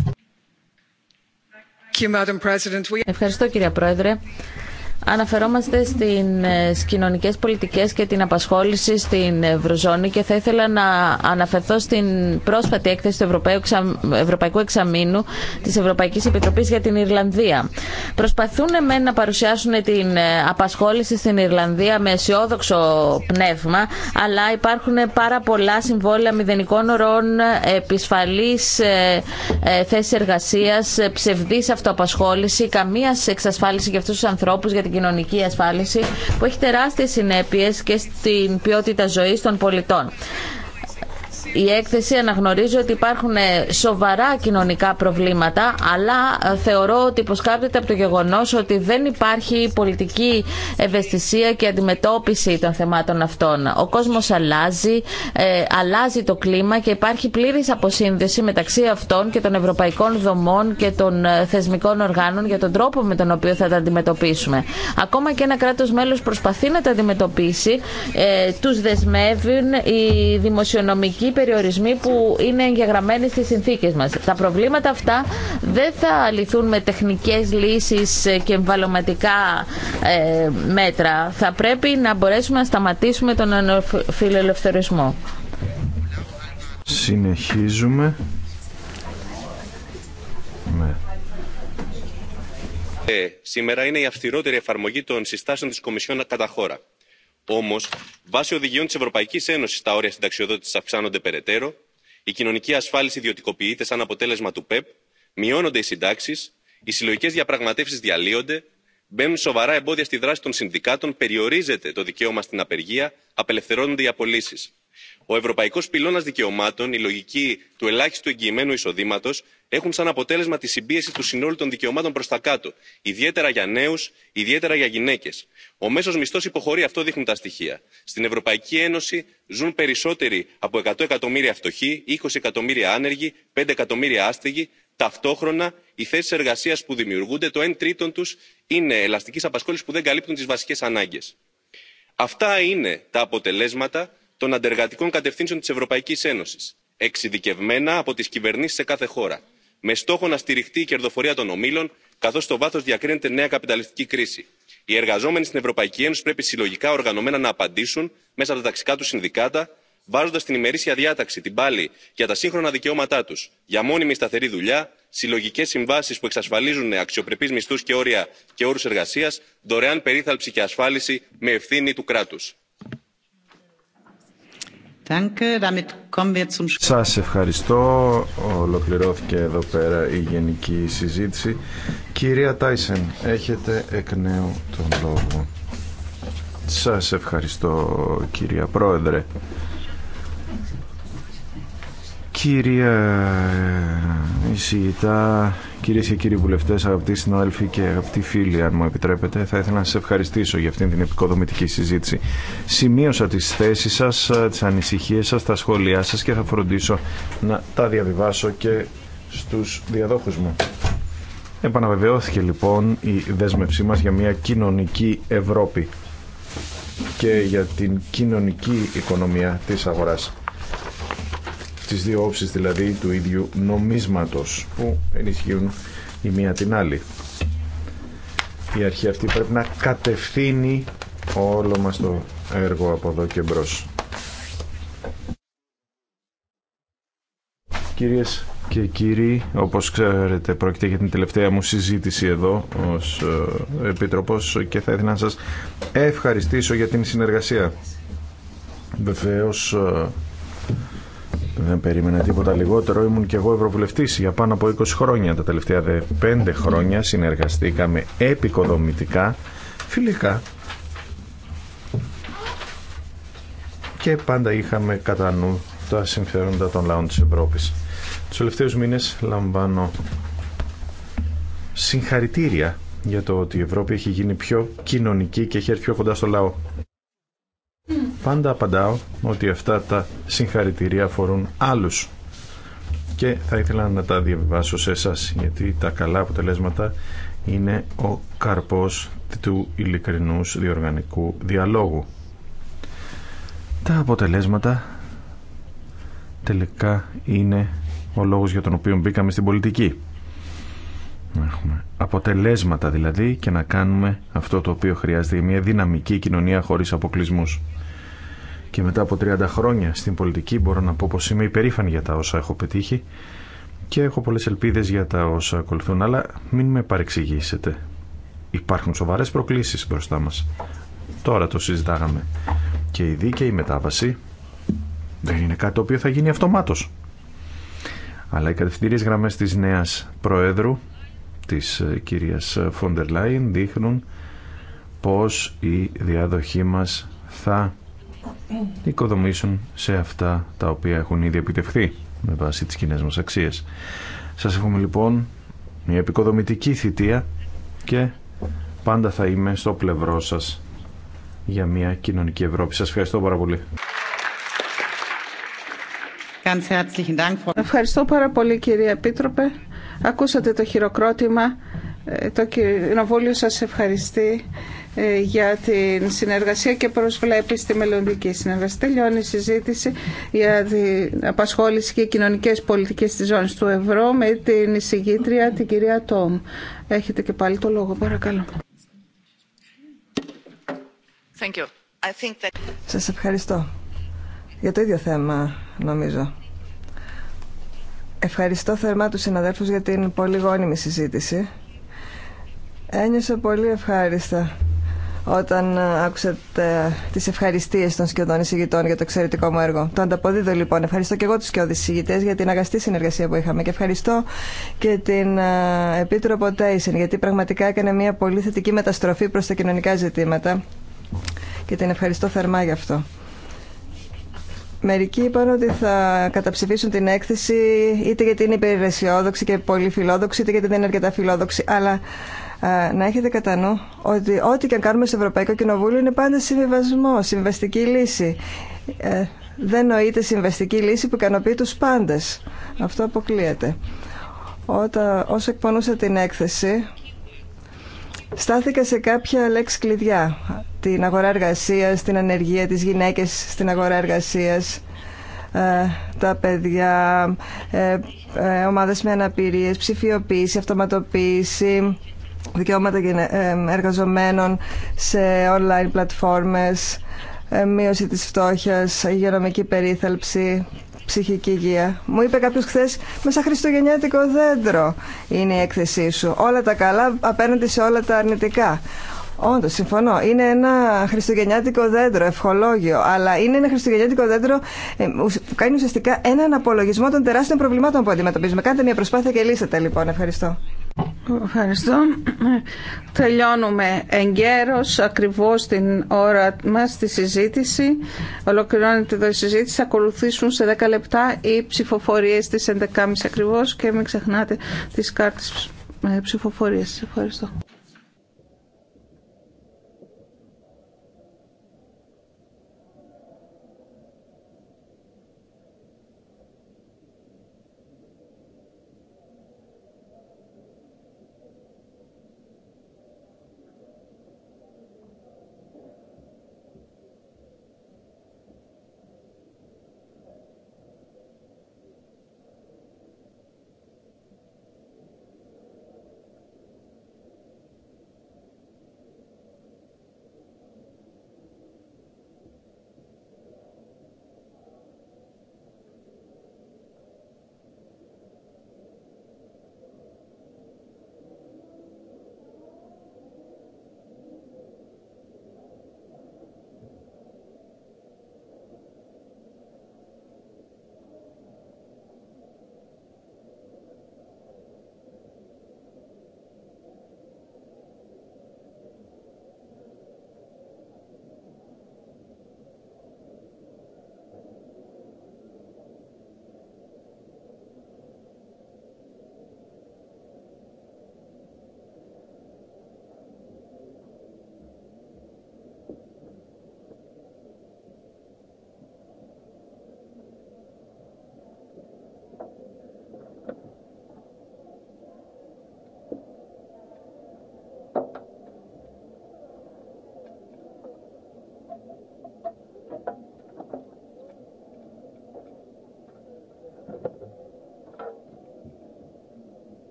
Ευχαριστώ κυρία Πρόεδρε. Αναφερόμαστε ε, στις κοινωνικές πολιτικές και την απασχόληση στην Ευρωζώνη και θα ήθελα να αναφερθώ στην πρόσφατη έκθεση του Ευρωπαϊκού Εξαμήνου της Ευρωπαϊκής Επιτροπής για την Ιρλανδία. Προσπαθούν με να παρουσιάσουν την ε, απασχόληση στην Ιρλανδία με αισιόδοξο πνεύμα, αλλά υπάρχουν πάρα πολλά συμβόλαια μηδενικών ορών, επισφαλής ε, θέση εργασίας, ψευδής αυτοαπασχόληση, καμία εξασφάλιση για αυτού του ανθρώπους, κοινωνική ασφάλιση που έχει τεράστιες συνέπειες και στην ποιότητα ζωής των πολιτών η έκθεση αναγνωρίζει ότι υπάρχουν ε, σοβαρά κοινωνικά προβλήματα, αλλά ε, θεωρώ ότι υποσκάπτεται από το γεγονό ότι δεν υπάρχει πολιτική ευαισθησία και αντιμετώπιση των θεμάτων αυτών. Ο κόσμο αλλάζει, ε, αλλάζει το κλίμα και υπάρχει πλήρη αποσύνδεση μεταξύ αυτών και των ευρωπαϊκών δομών και των θεσμικών οργάνων για τον τρόπο με τον οποίο θα τα αντιμετωπίσουμε. Ακόμα και ένα κράτο μέλο προσπαθεί να τα αντιμετωπίσει, ε, του δεσμεύουν οι δημοσιονομικοί περιορισμοί που είναι εγγεγραμμένοι στις συνθήκες μας. Τα προβλήματα αυτά δεν θα λυθούν με τεχνικές λύσεις και εμβαλωματικά ε, μέτρα. Θα πρέπει να μπορέσουμε να σταματήσουμε τον φιλελευθερισμό.
Συνεχίζουμε.
Ε. σήμερα είναι η αυστηρότερη εφαρμογή των συστάσεων της Κομισιόν κατά χώρα όμω βάσει οδηγιών τη ευρωπαϊκή ένωση τα όρια συνταξιοδότηση αυξάνονται περαιτέρω η κοινωνική ασφάλιση ιδιωτικοποιείται σαν αποτέλεσμα του ΠΕΠ, μειώνονται οι συντάξει, οι συλλογικέ διαπραγματεύσει διαλύονται, μπαίνουν σοβαρά εμπόδια στη δράση των συνδικάτων, περιορίζεται το δικαίωμα στην απεργία, απελευθερώνονται οι απολύσει ο Ευρωπαϊκό πυλώνα δικαιωμάτων η λογική του ελάχιστου εγγυημένου εισοδήματο, έχουν σαν αποτέλεσμα τη συμπίεση του συνόλου των δικαιωμάτων προ τα κάτω ιδιαίτερα για νέου, ιδιαίτερα για γυναίκε. ο μέσο μισθό υποχωρεί αυτό δείχνουν τα στοιχεία. στην ευρωπαϊκή ένωση ζουν περισσότεροι από 100 εκατομμύρια φτωχοί 20 εκατομμύρια άνεργοι 5 εκατομμύρια άστεγοι ταυτόχρονα οι θέσει εργασία που δημιουργούνται το ένα τρίτο του είναι ελαστική απασχόληση που δεν καλύπτουν τι βασικέ ανάγκε. αυτά είναι τα αποτελέσματα των αντεργατικών κατευθύνσεων της ευρωπαϊκής ένωσης εξειδικευμένα από τις κυβερνήσεις σε κάθε χώρα με στόχο να στηριχτεί η κερδοφορία των ομίλων καθώς στο βάθος διακρίνεται νέα καπιταλιστική κρίση. οι εργαζόμενοι στην ευρωπαϊκή ένωση πρέπει συλλογικά οργανωμένα να απαντήσουν μέσα από τα ταξικά του συνδικάτα βάζοντα την ημερήσια διάταξη την πάλη για τα σύγχρονα δικαιώματά του για μόνιμη σταθερή δουλειά συλλογικέ συμβάσει που εξασφαλίζουν αξιοπρεπεί μισθού και όρια και όρου εργασία δωρεάν περίθαλψη και ασφάλιση με ευθύνη του κράτου.
Σας ευχαριστώ. Ολοκληρώθηκε εδώ πέρα η γενική συζήτηση. Κυρία Τάισεν, έχετε εκ νέου τον λόγο. Σας ευχαριστώ κυρία Πρόεδρε. Κυρία ε, Ισηγητά, Κυρίε και κύριοι βουλευτέ, αγαπητοί συνάδελφοι και αγαπητοί φίλοι, αν μου επιτρέπετε, θα ήθελα να σα ευχαριστήσω για αυτήν την επικοδομητική συζήτηση. Σημείωσα τι θέσει σα, τι ανησυχίε σα, τα σχόλιά σα και θα φροντίσω να τα διαβιβάσω και στου διαδόχου μου. Επαναβεβαιώθηκε λοιπόν η δέσμευσή μα για μια κοινωνική Ευρώπη και για την κοινωνική οικονομία της αγοράς τις δύο όψεις δηλαδή του ίδιου νομίσματος που ενισχύουν η μία την άλλη. Η αρχή αυτή πρέπει να κατευθύνει όλο μας το έργο από εδώ και μπρος. Κυρίες και κύριοι, όπως ξέρετε πρόκειται για την τελευταία μου συζήτηση εδώ ως ε, Επίτροπος και θα ήθελα να σας ευχαριστήσω για την συνεργασία. Βεβαίως ε, δεν περίμενα τίποτα λιγότερο. Ήμουν και εγώ ευρωβουλευτή για πάνω από 20 χρόνια. Τα τελευταία 5 χρόνια συνεργαστήκαμε επικοδομητικά, φιλικά και πάντα είχαμε κατά νου τα συμφέροντα των λαών της Ευρώπης. Τους τελευταίους μήνες λαμβάνω συγχαρητήρια για το ότι η Ευρώπη έχει γίνει πιο κοινωνική και έχει έρθει πιο κοντά στο λαό. Πάντα απαντάω ότι αυτά τα συγχαρητήρια αφορούν άλλους και θα ήθελα να τα διαβιβάσω σε εσά γιατί τα καλά αποτελέσματα είναι ο καρπός του ειλικρινούς διοργανικού διαλόγου. Τα αποτελέσματα τελικά είναι ο λόγος για τον οποίο μπήκαμε στην πολιτική. έχουμε αποτελέσματα δηλαδή και να κάνουμε αυτό το οποίο χρειάζεται μια δυναμική κοινωνία χωρίς αποκλεισμούς και μετά από 30 χρόνια στην πολιτική μπορώ να πω πως είμαι υπερήφανη για τα όσα έχω πετύχει και έχω πολλές ελπίδες για τα όσα ακολουθούν, αλλά μην με παρεξηγήσετε. Υπάρχουν σοβαρές προκλήσεις μπροστά μας. Τώρα το συζητάγαμε. Και η δίκαιη μετάβαση δεν είναι κάτι το οποίο θα γίνει αυτομάτως. Αλλά οι κατευθυντήριες γραμμές της νέας Προέδρου, της ε, κυρίας Φόντερ Λάιν, δείχνουν πως η διαδοχή μας θα οικοδομήσουν σε αυτά τα οποία έχουν ήδη επιτευχθεί με βάση τις κοινέ μας αξίες. Σας εύχομαι λοιπόν μια επικοδομητική θητεία και πάντα θα είμαι στο πλευρό σας για μια κοινωνική Ευρώπη. Σας ευχαριστώ πάρα πολύ.
Ευχαριστώ πάρα πολύ κύριε Επίτροπε. Ακούσατε το χειροκρότημα. Ε, το κοινοβούλιο σας ευχαριστεί. Ε, για την συνεργασία και προσβλέπει στη μελλοντική συνεργασία. Τελειώνει η συζήτηση για την απασχόληση και κοινωνικές πολιτικές της ζώνης του ευρώ με την εισηγήτρια την κυρία Τόμ.
Έχετε και πάλι το λόγο, παρακαλώ. Thank Σας ευχαριστώ. Για το ίδιο θέμα, νομίζω. Ευχαριστώ θερμά τους συναδέλφους για την πολύ γόνιμη συζήτηση. Ένιωσα πολύ ευχάριστα όταν άκουσα τις ευχαριστίες των σκιωδών εισηγητών για το εξαιρετικό μου έργο. Το ανταποδίδω λοιπόν. Ευχαριστώ και εγώ τους σκιώδεις εισηγητές για την αγαστή συνεργασία που είχαμε και ευχαριστώ και την Επίτροπο Τέισεν γιατί πραγματικά έκανε μια πολύ θετική μεταστροφή προς τα κοινωνικά ζητήματα και την ευχαριστώ θερμά γι' αυτό. Μερικοί είπαν ότι θα καταψηφίσουν την έκθεση είτε γιατί είναι υπερηρεσιόδοξη και πολύ φιλόδοξη, είτε γιατί δεν είναι αρκετά φιλόδοξη. Αλλά ε, να έχετε κατά νου ότι ό,τι και αν κάνουμε στο Ευρωπαϊκό Κοινοβούλιο είναι πάντα συμβιβασμό, συμβαστική λύση. Ε, δεν νοείται συμβαστική λύση που ικανοποιεί τους πάντες. Αυτό αποκλείεται. Όταν, όσο εκπονούσα την έκθεση, στάθηκα σε κάποια λέξη κλειδιά. Την αγορά εργασίας, την ανεργία, τι γυναίκε στην αγορά εργασίας, ε, τα παιδιά, ε, ομάδες με αναπηρίες, ψηφιοποίηση, αυτοματοποίηση, δικαιώματα ε, ε, εργαζομένων σε online πλατφόρμες, ε, μείωση της φτώχειας, υγειονομική περίθαλψη, ψυχική υγεία. Μου είπε κάποιος χθε μέσα χριστουγεννιάτικο δέντρο είναι η έκθεσή σου. Όλα τα καλά απέναντι σε όλα τα αρνητικά. Όντω, συμφωνώ. Είναι ένα χριστουγεννιάτικο δέντρο, ευχολόγιο. Αλλά είναι ένα χριστουγεννιάτικο δέντρο που κάνει ουσιαστικά έναν απολογισμό των τεράστιων προβλημάτων που αντιμετωπίζουμε. Κάντε μια προσπάθεια και λύσετε, λοιπόν. Ευχαριστώ.
Ευχαριστώ. Τελειώνουμε εγκαίρως ακριβώς την ώρα μας τη συζήτηση. Ολοκληρώνεται εδώ η συζήτηση. Θα ακολουθήσουν σε 10 λεπτά οι ψηφοφορίες στις 11.30 ακριβώς και μην ξεχνάτε τις κάρτες ψηφοφορίες. Ευχαριστώ.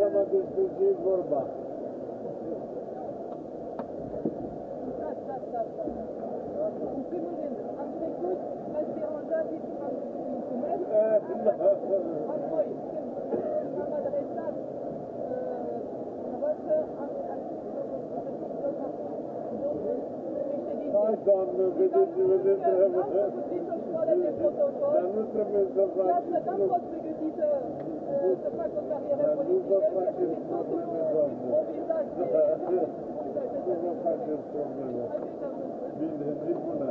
să despre vorba. În am adresat dumneavoastră, am Hai, doamnă, vedeți, vedeți, Am făcut de protocol. persoanele. Bine, zi bună.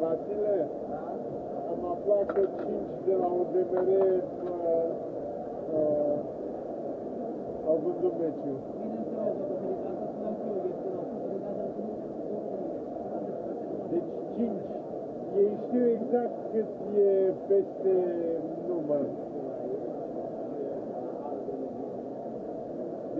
Vasile, am aflat că 5 de la UDMR uh, uh, au vândut meciul. Deci 5. Ei știu exact cât e peste număr.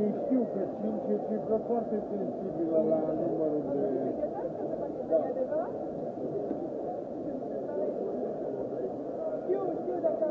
ei știu că știm ce cifră foarte sensibilă la numărul de... Da. Știu, știu, dacă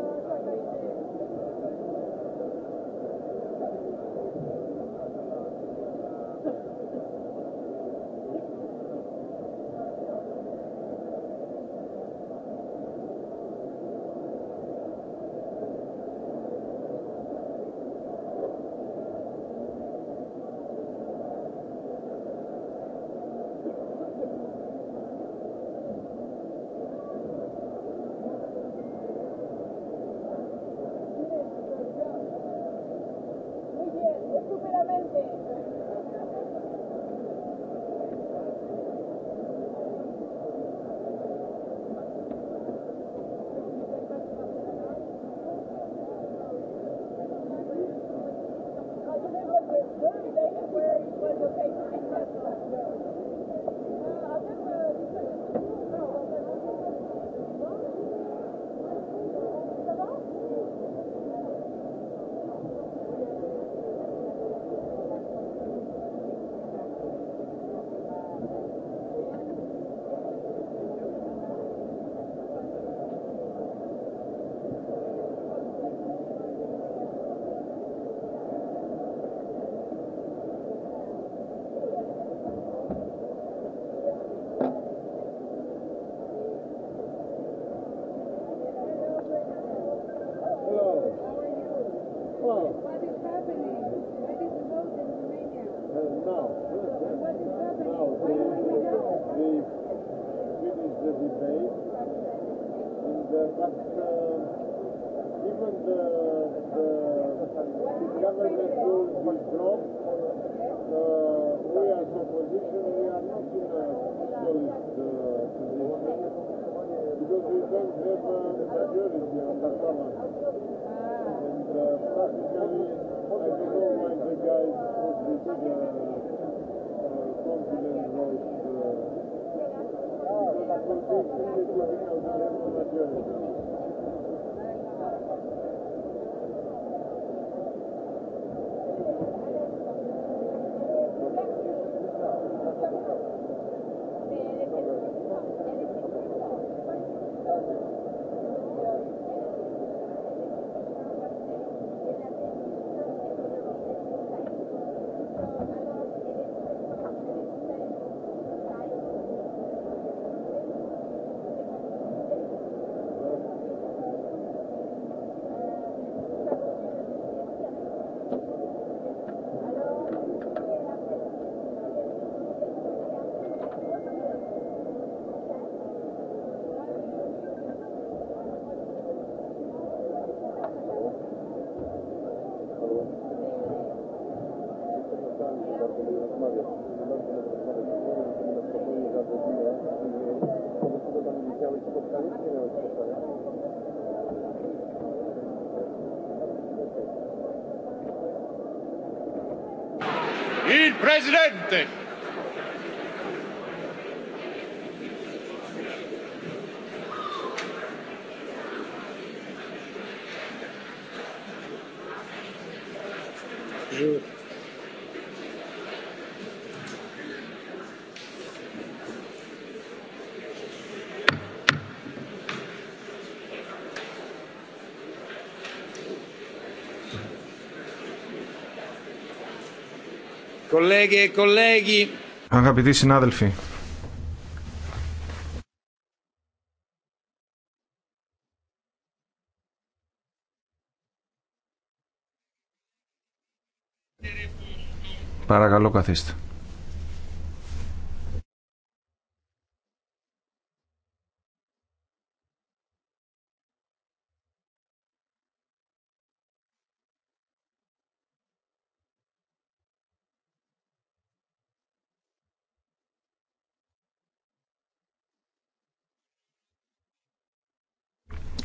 Il presidente Αγαπητοί συνάδελφοι, παρακαλώ καθίστε.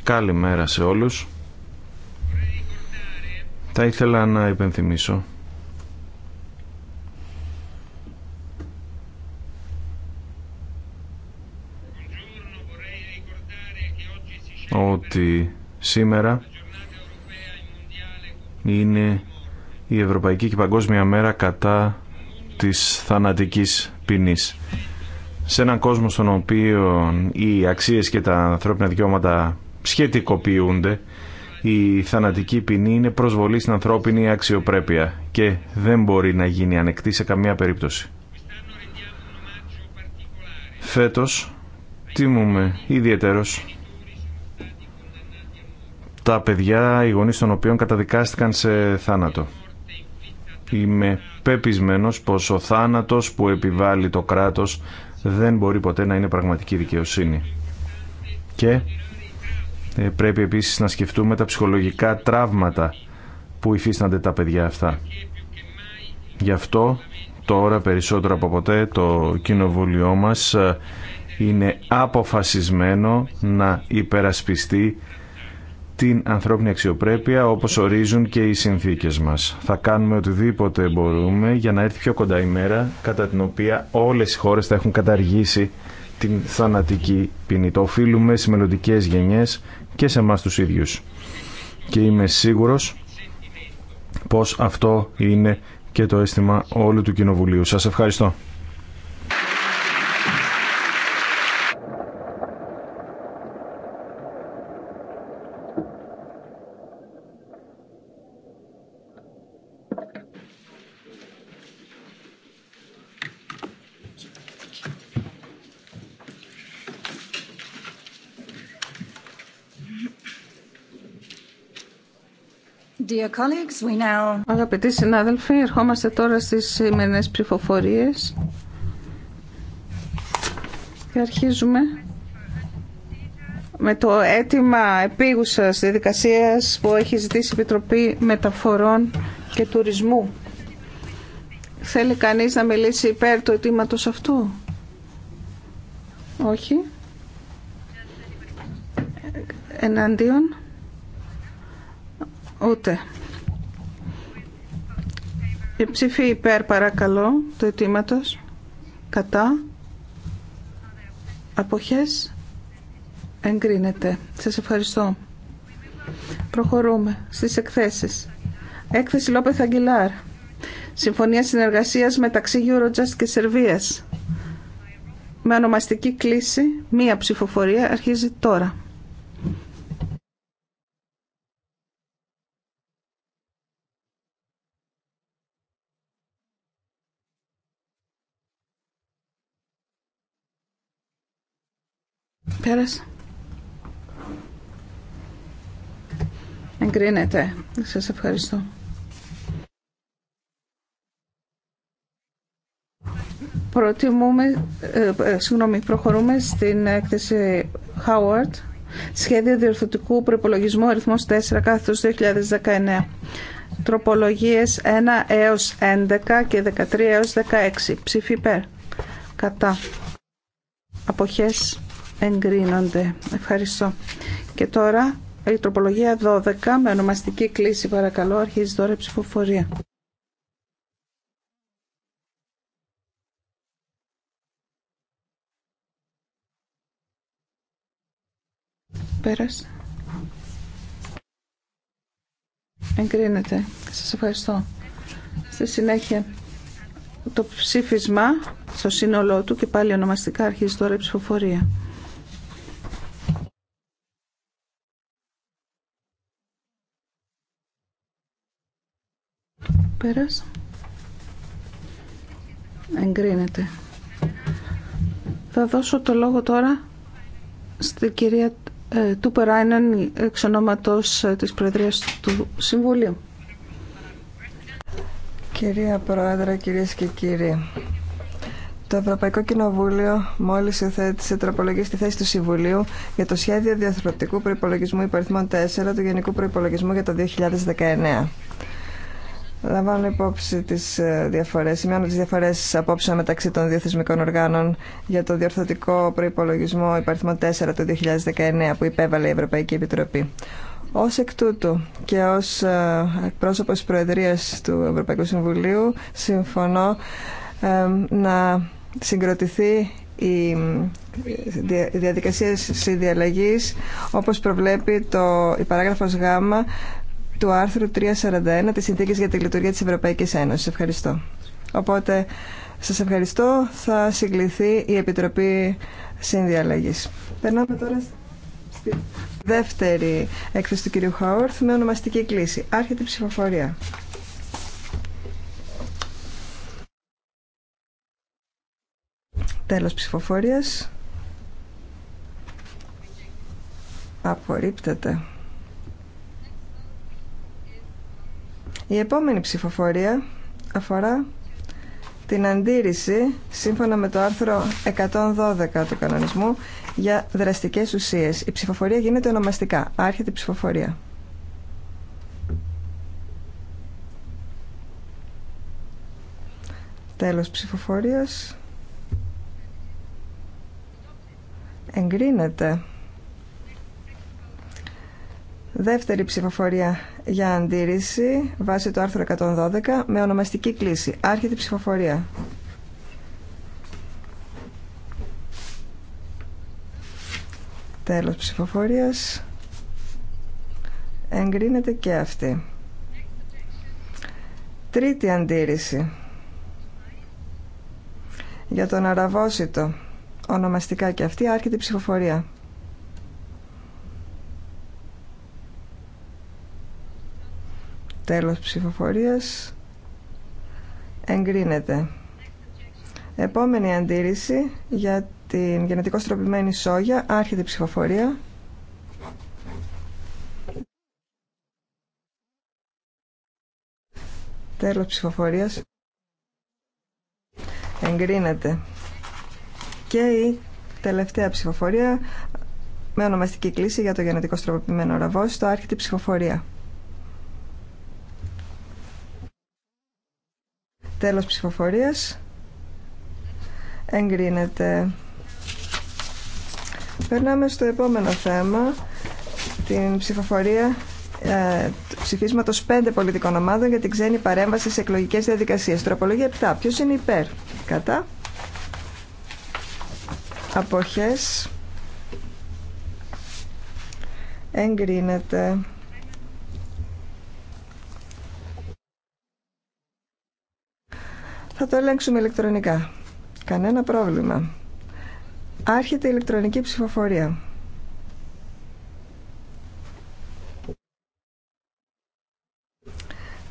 Καλημέρα σε όλους. Θα ήθελα να υπενθυμίσω ότι σήμερα είναι η Ευρωπαϊκή και Παγκόσμια Μέρα κατά της θανατικής ποινής. Σε έναν κόσμο στον οποίο οι αξίες και τα ανθρώπινα δικαιώματα σχετικοποιούνται. Η θανατική ποινή είναι προσβολή στην ανθρώπινη αξιοπρέπεια και δεν μπορεί να γίνει ανεκτή σε καμία περίπτωση. Φέτος τιμούμε ιδιαίτερος τα παιδιά, οι γονείς των οποίων καταδικάστηκαν σε θάνατο. Είμαι πεπισμένος πως ο θάνατος που επιβάλλει το κράτος δεν μπορεί ποτέ να είναι πραγματική δικαιοσύνη. Και ε, πρέπει επίσης να σκεφτούμε τα ψυχολογικά τραύματα που υφίστανται τα παιδιά αυτά. Γι' αυτό τώρα περισσότερο από ποτέ το κοινοβούλιο μας ε, είναι αποφασισμένο να υπερασπιστεί την ανθρώπινη αξιοπρέπεια όπως ορίζουν και οι συνθήκες μας. Θα κάνουμε οτιδήποτε μπορούμε για να έρθει πιο κοντά η μέρα κατά την οποία όλες οι χώρες θα έχουν καταργήσει την θανατική ποινή. Το οφείλουμε στι μελλοντικέ γενιές και σε εμάς τους ίδιους. Και είμαι σίγουρος πως αυτό είναι και το αίσθημα όλου του Κοινοβουλίου. Σας ευχαριστώ.
Αγαπητοί συνάδελφοι, ερχόμαστε τώρα στις σημερινές ψηφοφορίες και αρχίζουμε με το αίτημα επίγουσας διαδικασίας που έχει ζητήσει η Επιτροπή Μεταφορών και Τουρισμού. Θέλει κανείς να μιλήσει υπέρ του αιτήματος αυτού. Όχι. Εναντίον ούτε. Η ψήφη υπέρ παρακαλώ του αιτήματο. Κατά. Αποχές. Εγκρίνεται. Σας ευχαριστώ. Προχωρούμε στις εκθέσεις. Έκθεση Λόπεθ Αγγιλάρ. Συμφωνία συνεργασίας μεταξύ Eurojust και Σερβίας. Με ονομαστική κλίση, μία ψηφοφορία αρχίζει τώρα. Πέρασε. Εγκρίνεται. Σας ευχαριστώ. Προτιμούμε, ε, ε, συγγνώμη, προχωρούμε στην έκθεση Howard, σχέδιο διορθωτικού προπολογισμού αριθμός 4 κάθετος 2019. Τροπολογίες 1 έως 11 και 13 έως 16. Ψήφι υπέρ. Κατά. Αποχές εγκρίνονται. Ευχαριστώ. Και τώρα η τροπολογία 12 με ονομαστική κλίση παρακαλώ αρχίζει τώρα η ψηφοφορία. Πέρασε. Εγκρίνεται. Σας ευχαριστώ. Στη συνέχεια το ψήφισμα στο σύνολό του και πάλι ονομαστικά αρχίζει τώρα η ψηφοφορία. Πέρας. Εγκρίνεται. Θα δώσω το λόγο τώρα στην κυρία ε, του Περάινεν, εξ
ονόματος ε, της Προεδρίας του Συμβουλίου. Κυρία Πρόεδρε, κυρίες και κύριοι, το Ευρωπαϊκό Κοινοβούλιο μόλι υιοθέτησε τροπολογία στη θέση του Συμβουλίου για το σχέδιο διαθροπτικού προπολογισμού υπαριθμών 4 του Γενικού Προπολογισμού για το 2019. Λαμβάνω υπόψη τι ε, διαφορέ, σημειώνω τι διαφορέ απόψε μεταξύ των δύο θεσμικών οργάνων για το διορθωτικό προπολογισμό υπαριθμό 4 του 2019 που υπέβαλε η Ευρωπαϊκή Επιτροπή. Ω εκ τούτου και ω ε, εκπρόσωπο τη Προεδρία του Ευρωπαϊκού Συμβουλίου, συμφωνώ ε, να συγκροτηθεί η διαδικασία συνδιαλλαγή όπως προβλέπει το, η παράγραφος Γ του άρθρου 341 της Συνθήκης για τη Λειτουργία της Ευρωπαϊκής Ένωσης. Ευχαριστώ. Οπότε, σας ευχαριστώ. Θα συγκληθεί η Επιτροπή Συνδιαλλαγής. Περνάμε τώρα στη δεύτερη έκθεση του κυρίου Χαόρθ με ονομαστική κλίση. Άρχεται η ψηφοφορία. Τέλος ψηφοφορίας. Απορρίπτεται. Η επόμενη ψηφοφορία αφορά την αντίρρηση σύμφωνα με το άρθρο 112 του κανονισμού για δραστικές ουσίες. Η ψηφοφορία γίνεται ονομαστικά. Άρχεται η ψηφοφορία. Τέλος ψηφοφορίας. Εγκρίνεται. Δεύτερη ψηφοφορία για αντίρρηση βάσει του άρθρου 112 με ονομαστική κλίση. Άρχεται η ψηφοφορία. Τέλος ψηφοφορίας. Εγκρίνεται και αυτή. Τρίτη αντίρρηση. Για τον αραβόσιτο. Ονομαστικά και αυτή άρχεται η ψηφοφορία. Τέλος ψηφοφορίας. Εγκρίνεται. Επόμενη αντίρρηση για την γενετικώ τροπημένη σόγια. Άρχεται η ψηφοφορία. Τέλος ψηφοφορίας. Εγκρίνεται. Και η τελευταία ψηφοφορία με ονομαστική κλίση για το γενετικό τροποποιημένο ραβό στο η ψηφοφορία. Τέλος ψηφοφορίας. Εγκρίνεται. Περνάμε στο επόμενο θέμα, την ψηφοφορία ε, ψηφίσματος πέντε πολιτικών ομάδων για την ξένη παρέμβαση σε εκλογικές διαδικασίες. Τροπολογία 7. Ποιος είναι υπέρ. Κατά. Αποχές. Εγκρίνεται. Θα το ελέγξουμε ηλεκτρονικά. Κανένα πρόβλημα. Άρχεται η ηλεκτρονική ψηφοφορία.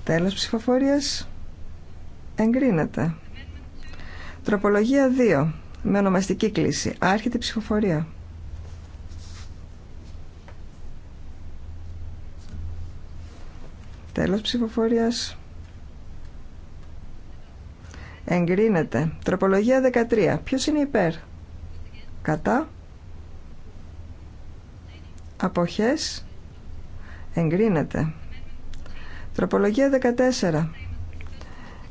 Τέλος ψηφοφορίας. Εγκρίνεται. Τροπολογία 2. Με ονομαστική κλίση. Άρχεται η ψηφοφορία. Τέλος ψηφοφορίας. Εγκρίνεται. Τροπολογία 13. Ποιος είναι υπέρ. Κατά. Αποχές. Εγκρίνεται. Τροπολογία 14.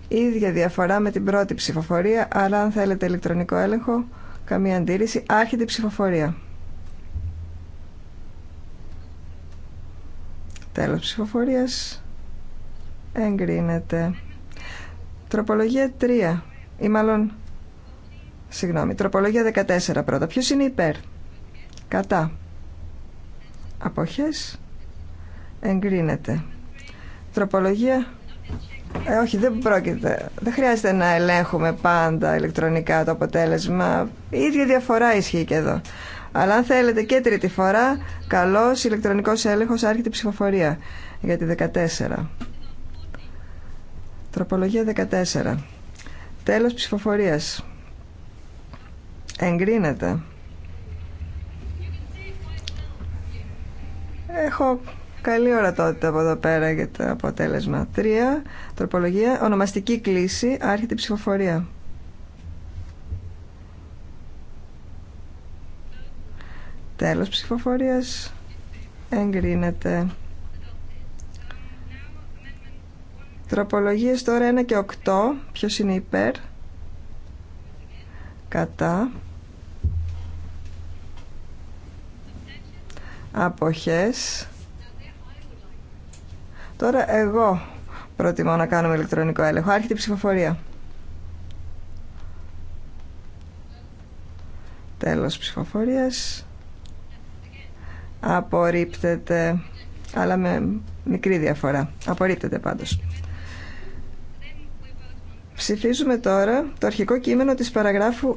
Ίδια διαφορά με την πρώτη ψηφοφορία, αλλά αν θέλετε ηλεκτρονικό έλεγχο, καμία αντίρρηση, άρχεται η ψηφοφορία. Τέλος ψηφοφορίας. Εγκρίνεται. Τροπολογία 3 ή μάλλον συγγνώμη, τροπολογία 14 πρώτα. Ποιος είναι υπέρ. Κατά. Αποχές. Εγκρίνεται. Τροπολογία... Ε, όχι, δεν πρόκειται. Δεν χρειάζεται να ελέγχουμε πάντα ηλεκτρονικά το αποτέλεσμα. Η ίδια διαφορά ισχύει και εδώ. Αλλά αν θέλετε και τρίτη φορά, καλός ηλεκτρονικός έλεγχος άρχεται ψηφοφορία για τη 14. Τροπολογία 14. Τέλος ψηφοφορίας. Εγκρίνεται. Έχω καλή ορατότητα από εδώ πέρα για το αποτέλεσμα. 3. Τροπολογία. Ονομαστική κλίση. Άρχεται η ψηφοφορία. Τέλος ψηφοφορίας. Εγκρίνεται. Τροπολογίες τώρα 1 και 8. Ποιος είναι υπέρ. Κατά. Αποχές. Τώρα εγώ προτιμώ να κάνουμε ηλεκτρονικό έλεγχο. Άρχεται η ψηφοφορία. Τέλος ψηφοφορίας. Απορρίπτεται, αλλά με μικρή διαφορά. Απορρίπτεται πάντως. Ψηφίζουμε τώρα το αρχικό κείμενο της παραγράφου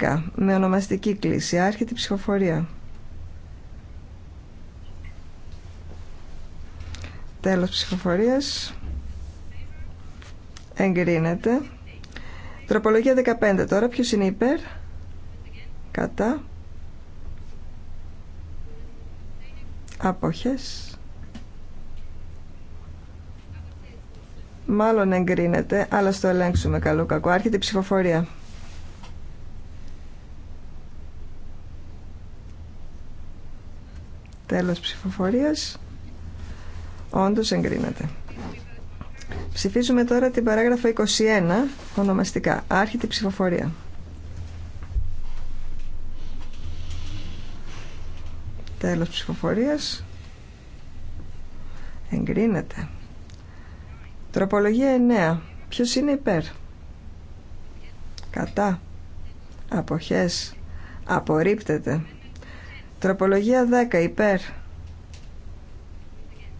10 με ονομαστική κλίση. Άρχεται η ψηφοφορία. Τέλος ψηφοφορίας. Εγκρίνεται. Τροπολογία 15 τώρα. Ποιος είναι υπέρ. Κατά. Αποχές. Μάλλον εγκρίνεται, αλλά στο ελέγξουμε καλό κακό. Άρχεται η ψηφοφορία. Τέλος ψηφοφορίας. Όντως εγκρίνεται. Ψηφίζουμε τώρα την παράγραφο 21, ονομαστικά. Άρχεται η ψηφοφορία. Τέλος ψηφοφορίας. Εγκρίνεται. Τροπολογία 9. Ποιος είναι υπέρ. Κατά. Αποχές. Απορρίπτεται. Τροπολογία 10. Υπέρ.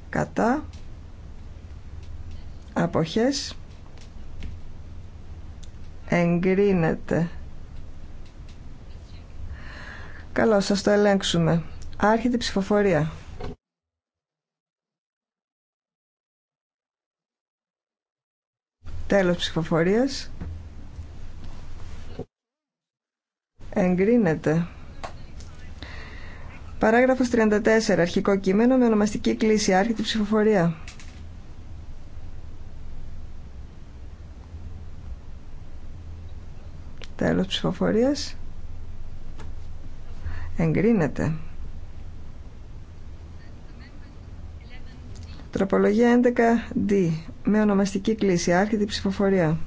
Κατά. Αποχές. Εγκρίνεται. Καλό, σας το ελέγξουμε. Άρχεται η ψηφοφορία. Τέλος ψηφοφορίας. Εγκρίνεται. Παράγραφος 34. Αρχικό κείμενο με ονομαστική κλίση. Άρχεται ψηφοφορία. Τέλος ψηφοφορίας. Εγκρίνεται. Τροπολογία 11D με ονομαστική κλίση. Άρχεται ψηφοφορία.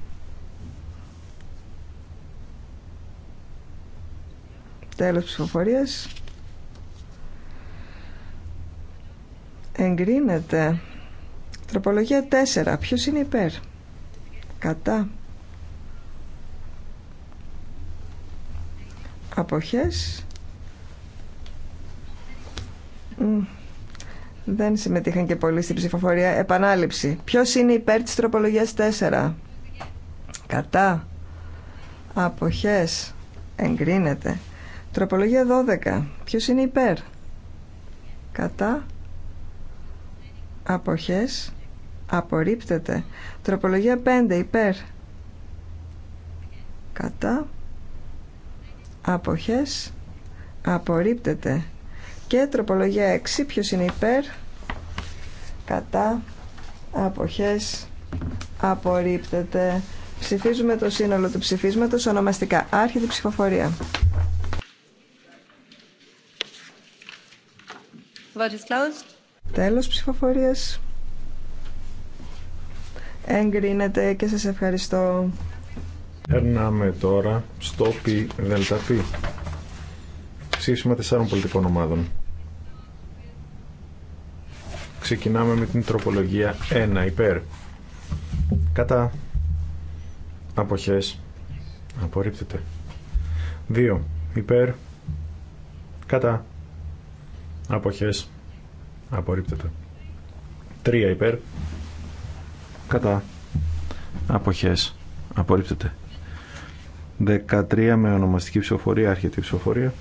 Τέλος ψηφοφορίας. Εγκρίνεται. Τροπολογία 4. Ποιος είναι υπέρ. Κατά. Αποχές. Δεν συμμετείχαν και πολλοί στην ψηφοφορία. Επανάληψη. Ποιο είναι υπέρ τη τροπολογία 4. Κατά. Αποχές. Εγκρίνεται. Τροπολογία 12. Ποιο είναι υπέρ. Κατά. Αποχές. Απορρίπτεται. Τροπολογία 5. Υπέρ. Κατά. Αποχές. Απορρίπτεται. Και τροπολογία 6. ποιο είναι υπέρ κατά αποχές απορρίπτεται ψηφίζουμε το σύνολο του ψηφίσματος ονομαστικά άρχεται η ψηφοφορία τέλος ψηφοφορίας εγκρίνεται και σας ευχαριστώ
Περνάμε τώρα στο πι δελτα πι. Ψήφισμα τεσσάρων πολιτικών ομάδων. Ξεκινάμε με την τροπολογία 1 υπέρ. Κατά αποχές απορρίπτεται. 2 υπέρ. Κατά αποχές απορρίπτεται. 3 υπέρ. Κατά αποχές απορρίπτεται. 13 με ονομαστική ψηφοφορία, αρχιετή ψηφοφορία.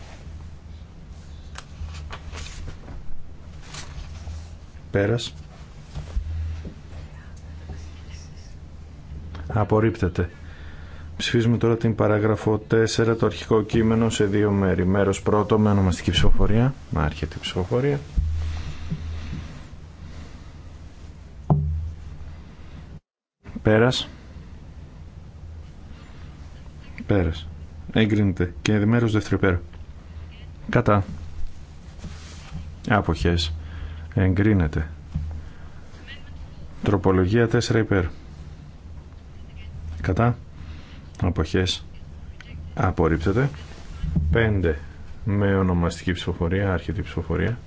Πέρας. Απορρίπτεται. Ψηφίζουμε τώρα την παράγραφο 4, το αρχικό κείμενο σε δύο μέρη. Μέρος πρώτο με ονομαστική ψηφοφορία. Με αρχιετή ψηφοφορία. Πέρας. Πέρας. Έγκρινεται. Και μέρος δεύτερο πέρα. Κατά. Αποχές εγκρίνεται τροπολογία 4 υπέρ κατά αποχές απορρίπτεται 5 με ονομαστική ψηφοφορία άρχιτη ψηφοφορία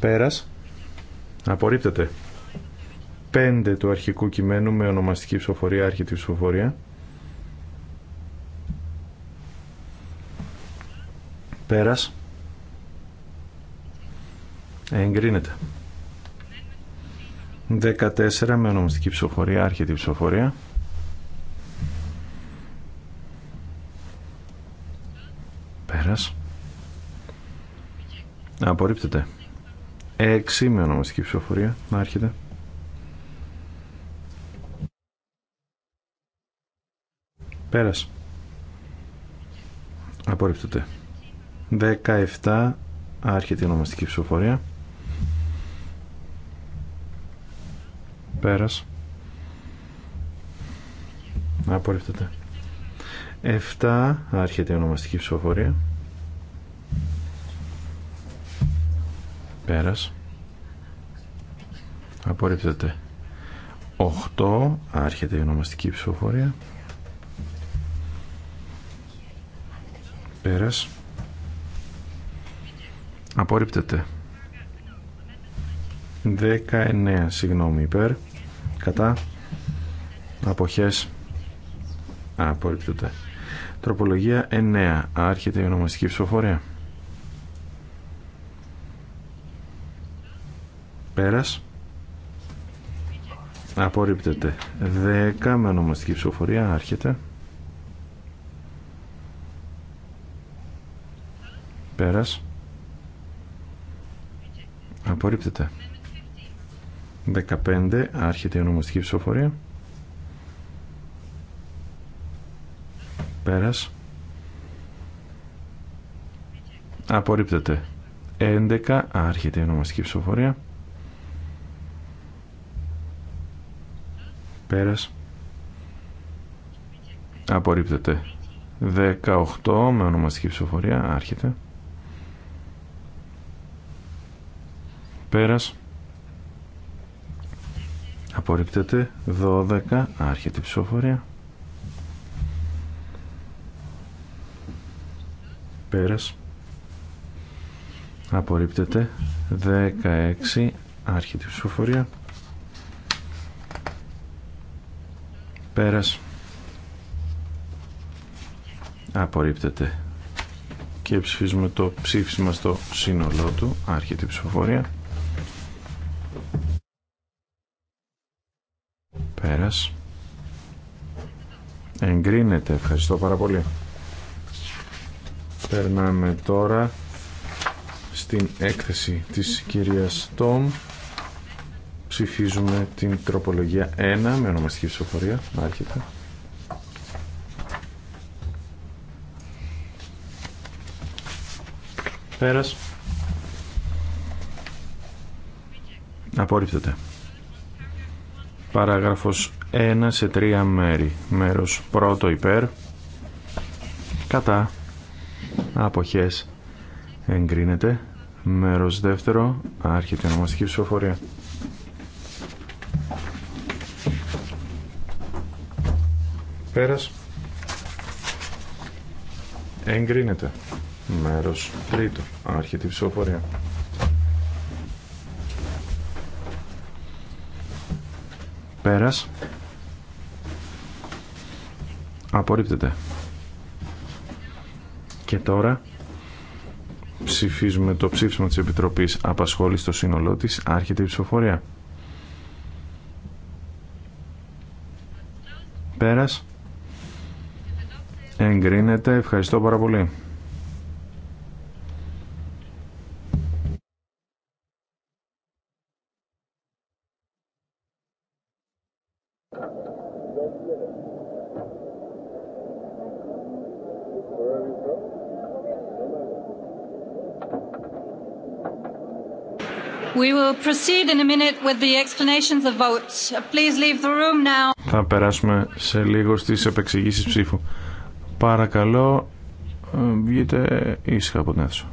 πέρας απορρίπτεται 5 του αρχικού κειμένου με ονομαστική ψηφοφορία άρχιτη ψηφοφορία Πέρας. Ε, εγκρίνεται. 14 με ονομαστική ψηφοφορία, άρχεται η ψηφοφορία. Πέρας. Απορρίπτεται. 6 με ονομαστική ψηφοφορία, άρχεται. Πέρας. Απορρίπτεται. 17 άρχεται η ονομαστική ψηφοφορία πέρας απορριφτεται 7 άρχεται η ονομαστική ψηφοφορία πέρας απορρίπτεται 8 άρχεται η ονομαστική ψηφοφορία πέρας Απορρίπτεται. 19, συγγνώμη, υπέρ. Κατά. Αποχές. Απορρίπτεται. Τροπολογία 9. Άρχεται η ονομαστική ψηφοφορία. Πέρας. Απορρίπτεται. 10 με ονομαστική ψηφοφορία. Άρχεται. Πέρας. Απορρίπτεται. 15. Άρχεται η ονομαστική ψηφοφορία. Πέρας. Απορρίπτεται. 11. Άρχεται η ονομαστική ψηφοφορία. Πέρας. Απορρίπτεται. 18. Με ονομαστική ψηφοφορία. Άρχεται. πέρας απορρίπτεται 12 άρχεται η ψηφοφορία πέρας απορρίπτεται 16 άρχεται η ψηφοφορία πέρας απορρίπτεται και ψηφίζουμε το ψήφισμα στο σύνολό του άρχεται η ψηφοφορία Πέρας. Εγκρίνεται. Ευχαριστώ πάρα πολύ. Περνάμε τώρα στην έκθεση της κυρίας Τόμ. Ψηφίζουμε την τροπολογία 1 με ονομαστική ψηφοφορία. Άρχεται. Πέρας. Απορρίπτεται. Παράγραφος 1 σε 3 μέρη. Μέρος πρώτο υπέρ. Κατά. Αποχές. Εγκρίνεται. Μέρος δεύτερο. Άρχεται η ονομαστική ψηφοφορία. Πέρας. Εγκρίνεται. Μέρος τρίτο. Άρχεται η ψηφοφορία. Πέρας. Απορρίπτεται. Και τώρα ψηφίζουμε το ψήφισμα της Επιτροπής Απασχόλησης στο σύνολό της. Άρχεται η ψηφοφορία. Πέρας. Εγκρίνεται. Ευχαριστώ πάρα πολύ. Θα περάσουμε σε λίγο στις επεξηγήσεις ψήφου. Παρακαλώ, ε, βγείτε ήσυχα από την αίθουσα.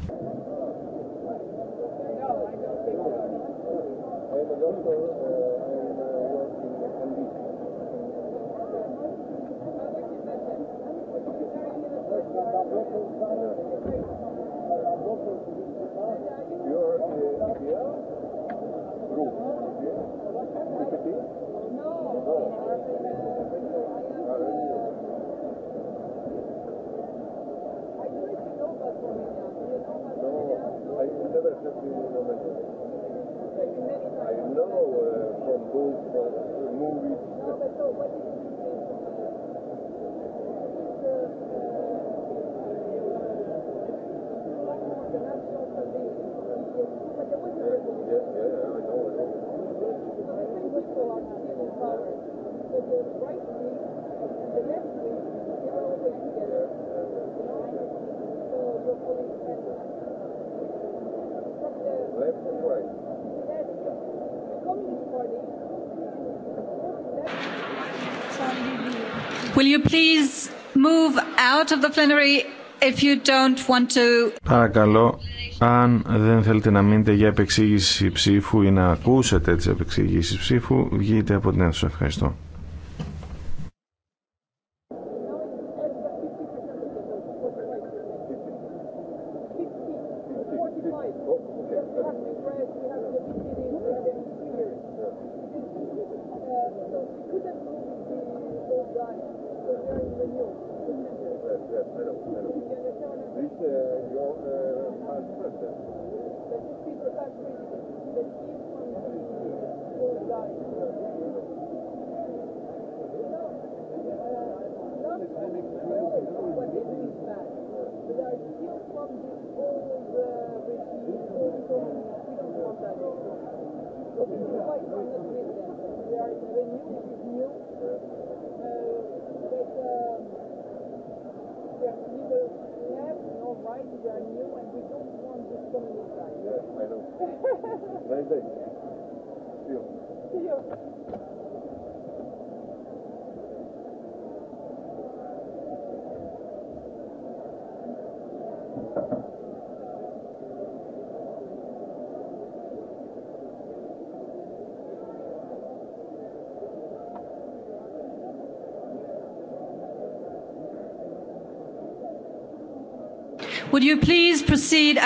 Παρακαλώ, αν δεν θέλετε να μείνετε για επεξήγηση ψήφου ή να ακούσετε τις επεξήγησεις ψήφου, βγείτε από την αίθουσα. Ευχαριστώ.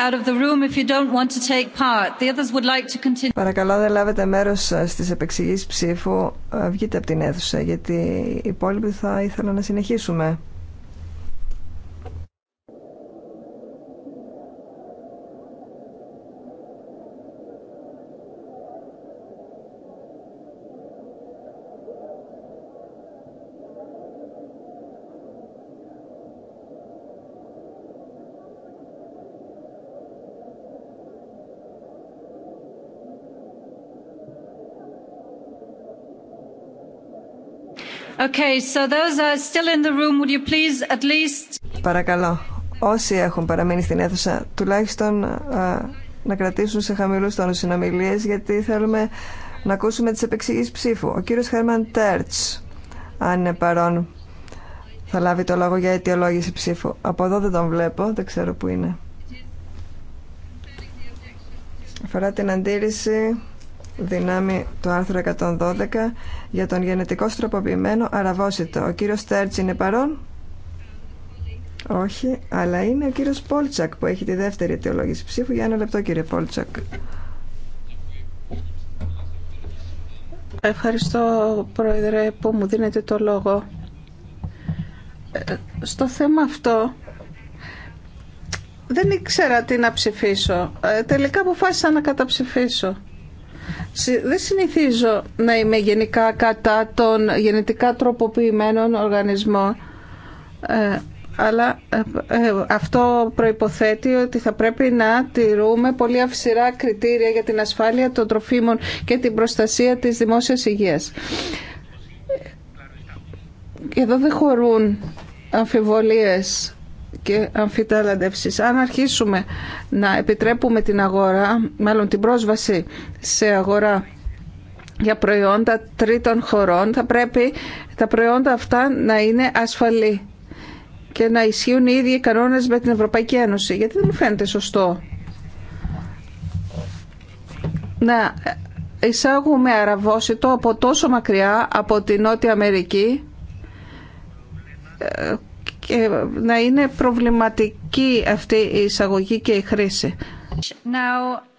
out of the room if you don't want to take part. The others would like to continue. Παρακαλώ δεν λάβετε μέρος ε, στις επεξηγήσεις ψήφου. Ε, βγείτε από την αίθουσα γιατί οι υπόλοιποι θα ήθελαν να συνεχίσουμε. Παρακαλώ, όσοι έχουν παραμείνει στην αίθουσα, τουλάχιστον να κρατήσουν σε χαμηλού τόνους συνομιλίε γιατί θέλουμε να ακούσουμε τις επεξηγήσεις ψήφου. Ο κύριος Χέρμαν Τέρτ, αν είναι παρόν, θα λάβει το λόγο για αιτιολόγηση ψήφου. Από εδώ δεν τον βλέπω, δεν ξέρω που είναι. Αφορά την αντίρρηση δυνάμει του άρθρου 112 για τον γενετικό στροποποιημένο αραβόσιτο. Ο κύριος Στέρτς είναι παρόν. Όχι, αλλά είναι ο κύριος Πόλτσακ που έχει τη δεύτερη αιτιολόγηση ψήφου. Για ένα λεπτό κύριε Πόλτσακ.
Ευχαριστώ Πρόεδρε που μου δίνετε το λόγο. Ε, στο θέμα αυτό δεν ήξερα τι να ψηφίσω. Ε, τελικά αποφάσισα να καταψηφίσω. Δεν συνηθίζω να είμαι γενικά κατά των γενετικά τροποποιημένων οργανισμών, ε, αλλά ε, ε, αυτό προϋποθέτει ότι θα πρέπει να τηρούμε πολύ αυστηρά κριτήρια για την ασφάλεια των τροφίμων και την προστασία της δημόσιας υγείας. εδώ δεν χωρούν αμφιβολίες και αμφιτέλαντευσης. Αν αρχίσουμε να επιτρέπουμε την αγορά, μάλλον την πρόσβαση σε αγορά για προϊόντα τρίτων χωρών, θα πρέπει τα προϊόντα αυτά να είναι ασφαλή και να ισχύουν οι ίδιοι κανόνες με την Ευρωπαϊκή Ένωση. Γιατί δεν μου φαίνεται σωστό να εισάγουμε αραβόσιτο από τόσο μακριά από την Νότια Αμερική ε, και να είναι προβληματική αυτή η εισαγωγή και η χρήση.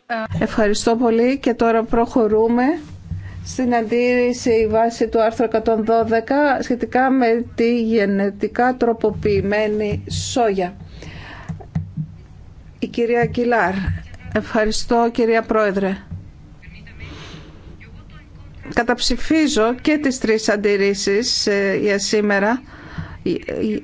Uh, Ευχαριστώ πολύ και τώρα προχωρούμε στην αντίρρηση βάση του άρθρου 112 σχετικά με τη γενετικά τροποποιημένη σόγια. Η κυρία Κιλάρ. Ευχαριστώ κυρία Πρόεδρε. Καταψηφίζω και τις τρεις αντιρρήσεις ε, για σήμερα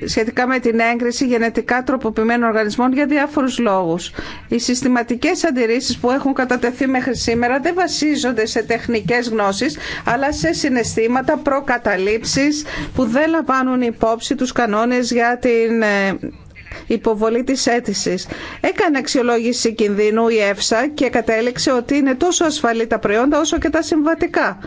σχετικά με την έγκριση γενετικά τροποποιημένων οργανισμών για διάφορους λόγους. Οι συστηματικές αντιρρήσεις που έχουν κατατεθεί μέχρι σήμερα δεν βασίζονται σε τεχνικές γνώσεις, αλλά σε συναισθήματα, προκαταλήψεις που δεν λαμβάνουν υπόψη τους κανόνες για την ε, υποβολή της αίτηση. Έκανε αξιολόγηση κινδύνου η ΕΦΣΑ και κατέληξε ότι είναι τόσο ασφαλή τα προϊόντα όσο και τα συμβατικά.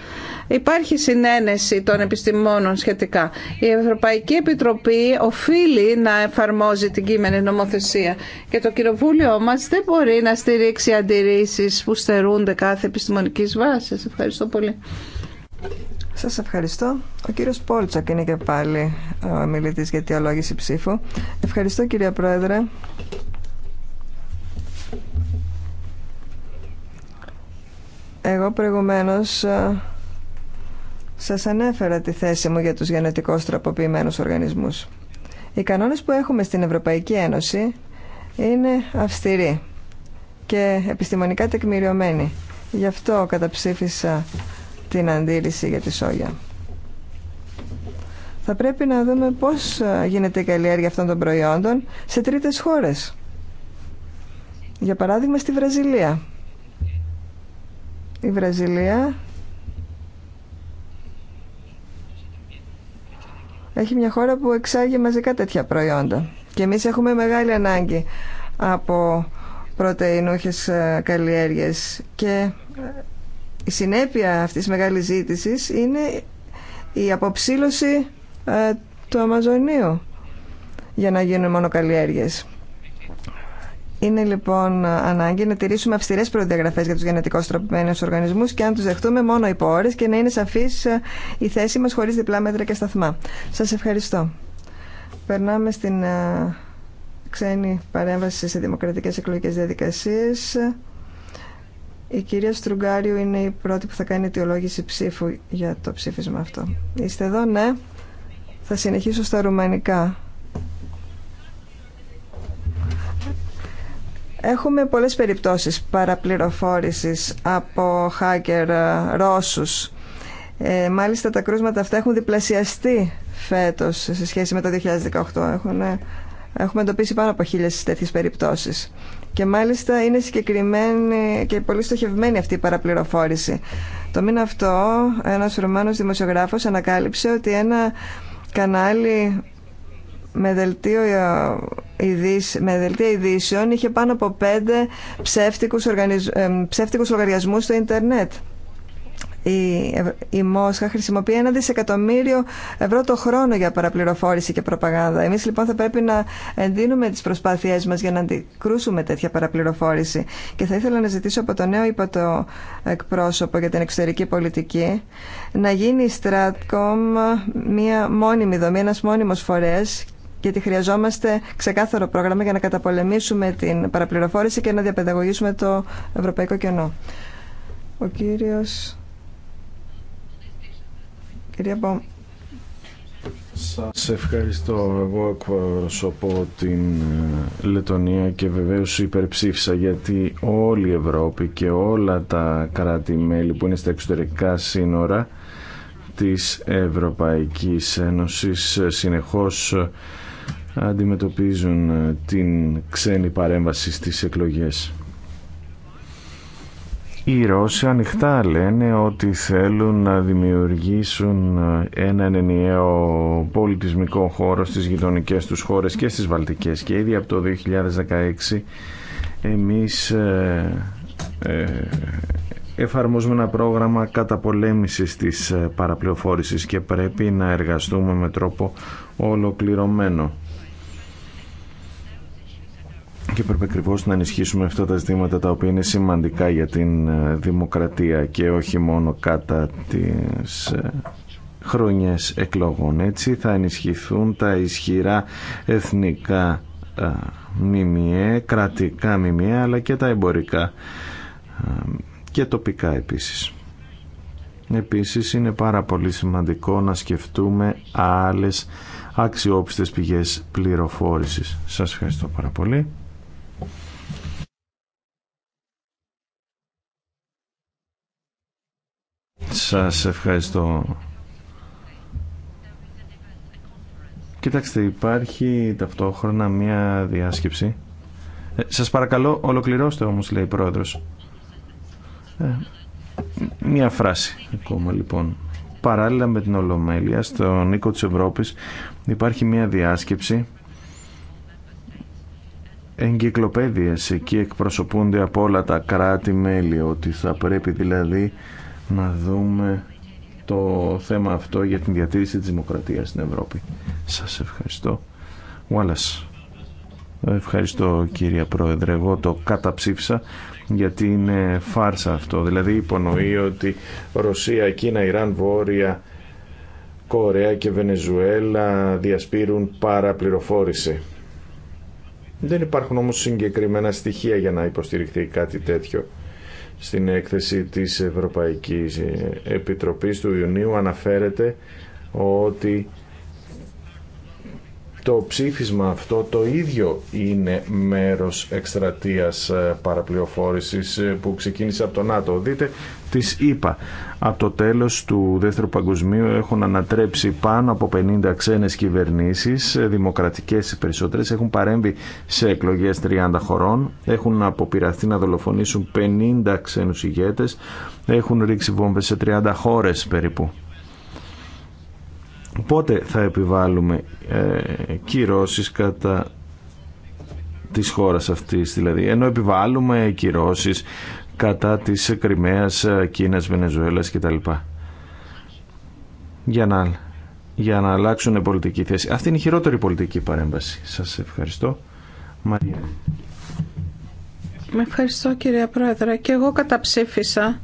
Υπάρχει συνένεση των επιστημόνων σχετικά. Η Ευρωπαϊκή Επιτροπή οφείλει να εφαρμόζει την κείμενη νομοθεσία και το κοινοβούλιο μας δεν μπορεί να στηρίξει αντιρρήσεις που στερούνται κάθε επιστημονικής
βάσης. Ευχαριστώ πολύ. Σας ευχαριστώ. Ο κύριος Πόλτσακ είναι και πάλι ε, ο μιλητής για τη ολογήση ψήφου. Ευχαριστώ κυρία Πρόεδρε. Εγώ προηγουμένως ε, σας ανέφερα τη θέση μου για τους γενετικώς τροποποιημένους οργανισμούς. Οι κανόνες που έχουμε στην Ευρωπαϊκή Ένωση είναι αυστηροί και επιστημονικά τεκμηριωμένοι. Γι' αυτό καταψήφισα την αντίληση για τη σόγια. Θα πρέπει να δούμε πώς ε, γίνεται η καλλιέργεια αυτών των προϊόντων σε τρίτες χώρες. Για παράδειγμα στη Βραζιλία. Η Βραζιλία έχει μια χώρα που εξάγει μαζικά τέτοια προϊόντα. Και εμείς έχουμε μεγάλη ανάγκη από πρωτεϊνούχες ε, καλλιέργειες και ε, η συνέπεια αυτής της μεγάλης ζήτησης είναι η αποψήλωση ε, του Αμαζονίου για να γίνουν μόνο καλλιέργειες. Είναι λοιπόν ανάγκη να τηρήσουμε αυστηρέ προδιαγραφέ για τους γενετικώ τροπημένου οργανισμούς και αν τους δεχτούμε μόνο υπό ώρες και να είναι σαφής ε, η θέση μας χωρίς διπλά μέτρα και σταθμά. Σας ευχαριστώ. Περνάμε στην ε, ξένη παρέμβαση σε δημοκρατικές εκλογικέ διαδικασίε. Η κυρία Στρουγκάριου είναι η πρώτη που θα κάνει αιτιολόγηση ψήφου για το ψήφισμα αυτό. Είστε εδώ, ναι. Θα συνεχίσω στα ρουμανικά. Έχουμε πολλές περιπτώσεις παραπληροφόρησης από hacker ε, Ρώσους. Ε, μάλιστα τα κρούσματα αυτά έχουν διπλασιαστεί φέτος σε σχέση με το 2018. Έχουν, έχουμε εντοπίσει πάνω από χίλιες τέτοιες περιπτώσεις. Και μάλιστα είναι συγκεκριμένη και πολύ στοχευμένη αυτή η παραπληροφόρηση. Το μήνα αυτό ένας Ρουμάνος δημοσιογράφος ανακάλυψε ότι ένα κανάλι με δελτίο ε, με ειδήσεων είχε πάνω από πέντε ψεύτικους, οργανισ... Ε, ψεύτικους λογαριασμούς στο ίντερνετ η, Μόσχα χρησιμοποιεί ένα δισεκατομμύριο ευρώ το χρόνο για παραπληροφόρηση και προπαγάνδα. Εμεί λοιπόν θα πρέπει να εντείνουμε τι προσπάθειε μα για να αντικρούσουμε τέτοια παραπληροφόρηση. Και θα ήθελα να ζητήσω από το νέο υπατό εκπρόσωπο για την εξωτερική πολιτική να γίνει η Stratcom μια μόνιμη δομή, ένα μόνιμος φορέα γιατί χρειαζόμαστε ξεκάθαρο πρόγραμμα για να καταπολεμήσουμε την παραπληροφόρηση και να διαπαιδαγωγήσουμε το ευρωπαϊκό κενό. Ο κύριος Κυρία Μπομ. Σας
ευχαριστώ. Εγώ εκπροσωπώ την ε, Λετωνία και βεβαίως υπερψήφισα γιατί όλη η Ευρώπη και όλα τα κράτη-μέλη που είναι στα εξωτερικά σύνορα της Ευρωπαϊκής Ένωσης ε, συνεχώς ε, αντιμετωπίζουν την ξένη παρέμβαση στις εκλογές. Οι Ρώσοι ανοιχτά λένε ότι θέλουν να δημιουργήσουν έναν ενιαίο πολιτισμικό χώρο στις γειτονικές τους χώρες και στις Βαλτικές και ήδη από το 2016 εμείς ε, ε, εφαρμόζουμε ένα πρόγραμμα καταπολέμησης της παραπληροφόρησης και πρέπει να εργαστούμε με τρόπο ολοκληρωμένο. Και πρέπει ακριβώ να ενισχύσουμε αυτά τα ζητήματα τα οποία είναι σημαντικά για την ε, δημοκρατία και όχι μόνο κατά τις ε, χρόνιες εκλογών. Έτσι θα ενισχυθούν τα ισχυρά εθνικά ε, μημιέ κρατικά μημιέ αλλά και τα εμπορικά και τοπικά επίσης. Επίσης είναι πάρα πολύ σημαντικό να σκεφτούμε άλλες αξιόπιστες πηγές πληροφόρησης. Σας ευχαριστώ πάρα πολύ. Σας ευχαριστώ. Κοιτάξτε, υπάρχει ταυτόχρονα μία διάσκεψη. Ε, σας παρακαλώ, ολοκληρώστε όμως, λέει η Πρόεδρος. Ε, μία φράση ακόμα, λοιπόν. Παράλληλα με την Ολομέλεια, στον οίκο της Ευρώπης υπάρχει μία διάσκεψη εγκυκλοπαίδειες εκεί εκπροσωπούνται από όλα τα κράτη-μέλη ότι θα πρέπει δηλαδή να δούμε το θέμα αυτό για την διατήρηση της δημοκρατίας στην Ευρώπη. Σας ευχαριστώ. Wallace. Ευχαριστώ κύριε Πρόεδρε. Εγώ το καταψήφισα γιατί είναι φάρσα αυτό. Δηλαδή υπονοεί ότι Ρωσία, Κίνα, Ιράν, Βόρεια, Κορέα και Βενεζουέλα διασπείρουν παραπληροφόρηση. Δεν υπάρχουν όμως συγκεκριμένα στοιχεία για να υποστηριχθεί κάτι τέτοιο στην έκθεση της Ευρωπαϊκής Επιτροπής του Ιουνίου αναφέρεται ότι το ψήφισμα αυτό το ίδιο είναι μέρος εκστρατείας ε, παραπληροφόρησης ε, που ξεκίνησε από το ΝΑΤΟ. Δείτε τις είπα. Από το τέλος του Δεύτερου Παγκοσμίου έχουν ανατρέψει πάνω από 50 ξένες κυβερνήσεις, ε, δημοκρατικές οι περισσότερες, έχουν παρέμβει σε εκλογές 30 χωρών, έχουν αποπειραθεί να δολοφονήσουν 50 ξένους ηγέτες, έχουν ρίξει βόμβες σε 30 χώρες περίπου. Πότε θα επιβάλλουμε ε, κυρώσεις κατά της χώρας αυτής δηλαδή, ενώ επιβάλλουμε κυρώσεις κατά της Κρυμαίας, ε, Κίνας, Βενεζουέλας κτλ. Για να, για να αλλάξουν πολιτική θέση. Αυτή είναι η χειρότερη πολιτική παρέμβαση. Σας ευχαριστώ. Μαρία.
Με ευχαριστώ κύριε Πρόεδρε. Και εγώ καταψήφισα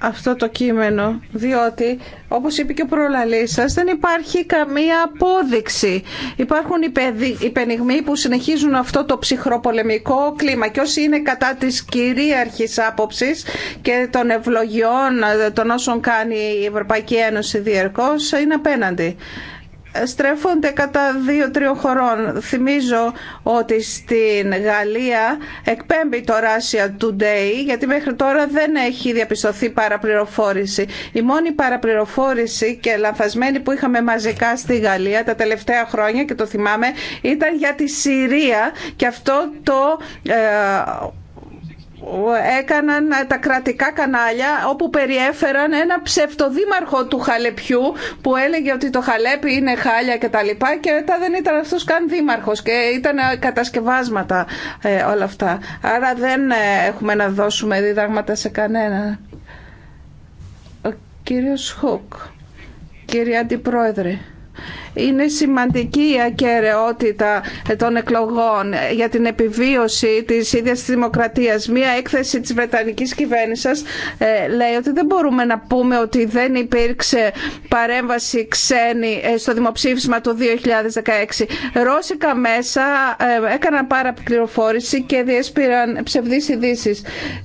αυτό το κείμενο, διότι όπως είπε και ο προλαλής σας δεν υπάρχει καμία απόδειξη. Υπάρχουν υπενιγμοί που συνεχίζουν αυτό το ψυχροπολεμικό κλίμα και όσοι είναι κατά της κυρίαρχης άποψης και των ευλογιών ε, των όσων κάνει η Ευρωπαϊκή Ένωση διαρκώς είναι απέναντι στρέφονται κατά δύο-τρία χωρών. Θυμίζω ότι στην Γαλλία εκπέμπει το Russia Today, γιατί μέχρι τώρα δεν έχει διαπιστωθεί παραπληροφόρηση. Η μόνη παραπληροφόρηση και λανθασμένη που είχαμε μαζικά στη Γαλλία τα τελευταία χρόνια, και το θυμάμαι, ήταν για τη Συρία και αυτό το... Ε, έκαναν τα κρατικά κανάλια όπου περιέφεραν ένα ψευτοδήμαρχο του Χαλεπιού που έλεγε ότι το Χαλέπι είναι χάλια και τα λοιπά και μετά δεν ήταν αυτός καν δήμαρχος και ήταν κατασκευάσματα ε, όλα αυτά. Άρα δεν ε, έχουμε να δώσουμε διδάγματα σε κανένα. Ο κύριος Χουκ, κύριε Αντιπρόεδρε. Είναι σημαντική η ακαιρεότητα των εκλογών για την επιβίωση της ίδιας της δημοκρατίας. Μία έκθεση της Βρετανικής κυβέρνησης ε, λέει ότι δεν μπορούμε να πούμε ότι δεν υπήρξε παρέμβαση ξένη ε, στο δημοψήφισμα του 2016. Ρώσικα μέσα ε, έκαναν πληροφόρηση και διέσπηραν ψευδείς ειδήσει.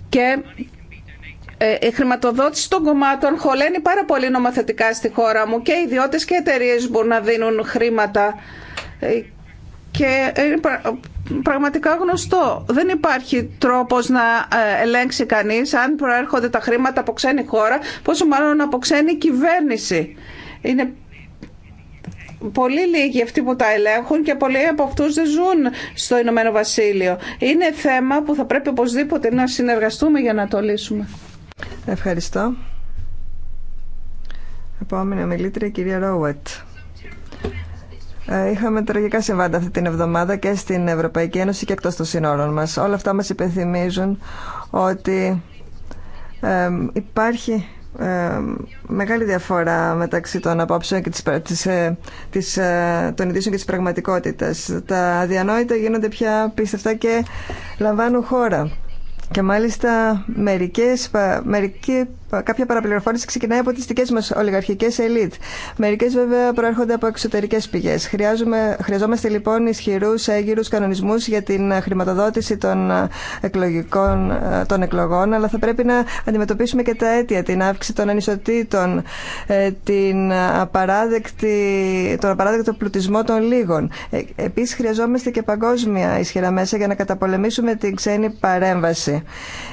Και ε, η χρηματοδότηση των κομμάτων χωλαίνει πάρα πολύ νομοθετικά στη χώρα μου και ιδιώτες και εταιρείε μπορούν να δίνουν χρήματα ε, και είναι πραγματικά γνωστό. Δεν υπάρχει τρόπος να ε, ελέγξει κανείς αν προέρχονται τα χρήματα από ξένη χώρα, πόσο μάλλον από ξένη κυβέρνηση. Είναι πολύ λίγοι αυτοί που τα ελέγχουν και πολλοί από αυτούς δεν ζουν στο Ηνωμένο Βασίλειο. Είναι θέμα που θα πρέπει οπωσδήποτε να συνεργαστούμε για να το λύσουμε. Ευχαριστώ.
Επόμενη ομιλήτρια, η κυρία Ρόουετ. Ε, είχαμε τραγικά συμβάντα αυτή την εβδομάδα και στην Ευρωπαϊκή Ένωση και εκτός των συνόρων μας. Όλα αυτά μας υπενθυμίζουν ότι υπάρχει μεγάλη διαφορά μεταξύ των απόψεων και της, της, ε, της, ε, των ειδήσεων και της πραγματικότητας. Τα αδιανόητα γίνονται πια πίστευτα και λαμβάνουν χώρα. Και μάλιστα μερικές, κάποια παραπληροφόρηση ξεκινάει από τις δικές μας ολιγαρχικές ελίτ. Μερικές βέβαια προέρχονται από εξωτερικές πηγές. χρειαζόμαστε λοιπόν ισχυρούς έγκυρους κανονισμούς για την χρηματοδότηση των, ε, εκλογικών, ε, των εκλογών, αλλά θα πρέπει να αντιμετωπίσουμε και τα αίτια, την αύξηση των ανισοτήτων, ε, την απαράδεκτη, τον απαράδεκτο πλουτισμό των λίγων. Επίσης χρειαζόμαστε και παγκόσμια ισχυρά μέσα για να καταπολεμήσουμε την ξένη παρέμβαση.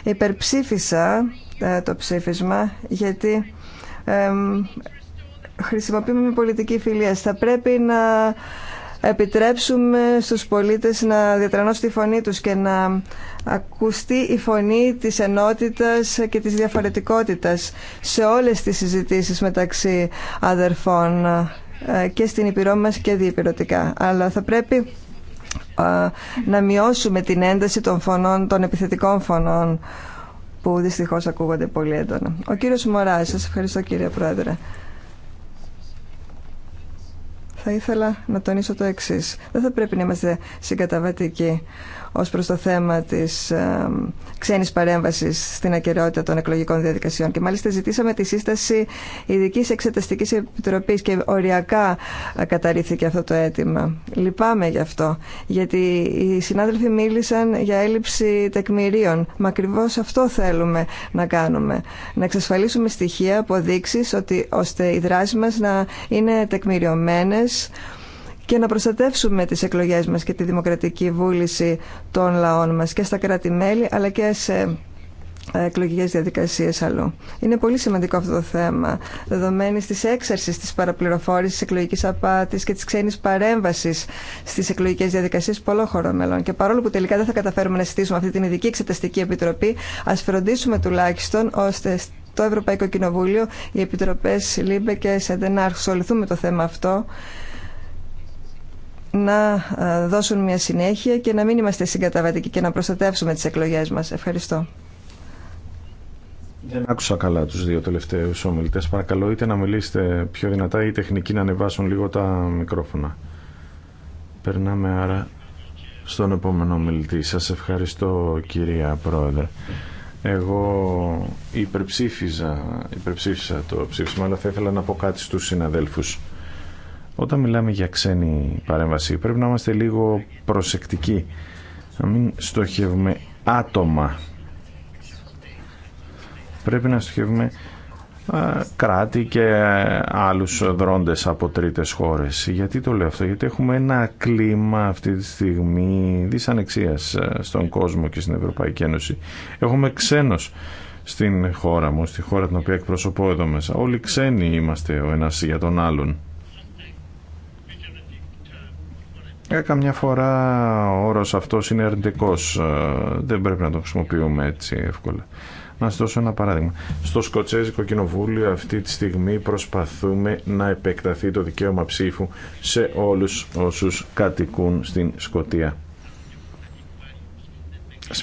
Υπερψήφισα ε, το ψήφισμα γιατί χρησιμοποιούμε μια πολιτική φιλία. Θα πρέπει να επιτρέψουμε στους πολίτες να διατρανώσουν τη φωνή τους και να ακουστεί η φωνή της ενότητας και της διαφορετικότητας σε όλες τις συζητήσεις μεταξύ αδερφών ε, και στην Υπηρώ μας και διεπιρωτικά. Αλλά θα πρέπει να μειώσουμε την ένταση των φωνών, των επιθετικών φωνών που δυστυχώς ακούγονται πολύ έντονα. Ο κύριος Μωράς, σας ευχαριστώ κύριε Πρόεδρε. Θα ήθελα να τονίσω το εξής. Δεν θα πρέπει να είμαστε συγκαταβατικοί ως προς το θέμα της ε, ξένης παρέμβασης στην ακαιρεότητα των εκλογικών διαδικασιών. Και μάλιστα ζητήσαμε τη σύσταση ειδική Εξεταστικής Επιτροπής και οριακά ε, καταρρίφθηκε αυτό το αίτημα. Λυπάμαι γι' αυτό, γιατί οι συνάδελφοι μίλησαν για έλλειψη τεκμηρίων. Μα ακριβώ αυτό θέλουμε να κάνουμε. Να εξασφαλίσουμε στοιχεία, αποδείξεις, ότι, ώστε οι δράσεις μας να είναι τεκμηριωμένες, και να προστατεύσουμε τις εκλογές μας και τη δημοκρατική βούληση των λαών μας και στα κράτη-μέλη αλλά και σε ε, εκλογικέ διαδικασίε αλλού. Είναι πολύ σημαντικό αυτό το θέμα, δεδομένη τη έξαρση τη παραπληροφόρηση, τη εκλογική απάτη και τη ξένη παρέμβαση στι εκλογικέ διαδικασίε πολλών χωρών μελών. Και παρόλο που τελικά δεν θα καταφέρουμε να στήσουμε αυτή την ειδική εξεταστική επιτροπή, α φροντίσουμε τουλάχιστον ώστε στο Ευρωπαϊκό Κοινοβούλιο οι επιτροπέ ΛΥΜΠΕ και να το θέμα αυτό να ε, δώσουν μια συνέχεια και να μην είμαστε συγκαταβατικοί και να προστατεύσουμε τις εκλογές μας. Ευχαριστώ.
Δεν άκουσα καλά τους δύο τελευταίους ομιλητές. Παρακαλώ είτε να μιλήσετε πιο δυνατά ή τεχνική να ανεβάσουν λίγο τα μικρόφωνα. Περνάμε άρα στον επόμενο ομιλητή. Σας ευχαριστώ κυρία Πρόεδρε. Εγώ υπερψήφιζα, υπερψήφισα το ψήφισμα, αλλά θα ήθελα να πω κάτι στους συναδέλφους. Όταν μιλάμε για ξένη παρέμβαση πρέπει να είμαστε λίγο προσεκτικοί. Να μην στοχεύουμε άτομα. Πρέπει να στοχεύουμε κράτη και άλλους δρόντες από τρίτες χώρες. Γιατί το λέω αυτό, γιατί έχουμε ένα κλίμα αυτή τη στιγμή δυσανεξίας στον κόσμο και στην Ευρωπαϊκή Ένωση. Έχουμε ξένος στην χώρα μου, στη χώρα την οποία εκπροσωπώ εδώ μέσα. Όλοι ξένοι είμαστε ο ένας για τον άλλον. Ε, καμιά φορά ο όρος αυτός είναι αρνητικός. Ε, δεν πρέπει να τον χρησιμοποιούμε έτσι εύκολα. Να σας δώσω ένα παράδειγμα. Στο Σκοτσέζικο Κοινοβούλιο αυτή τη στιγμή προσπαθούμε να επεκταθεί το δικαίωμα ψήφου σε όλους όσους κατοικούν στην Σκοτία.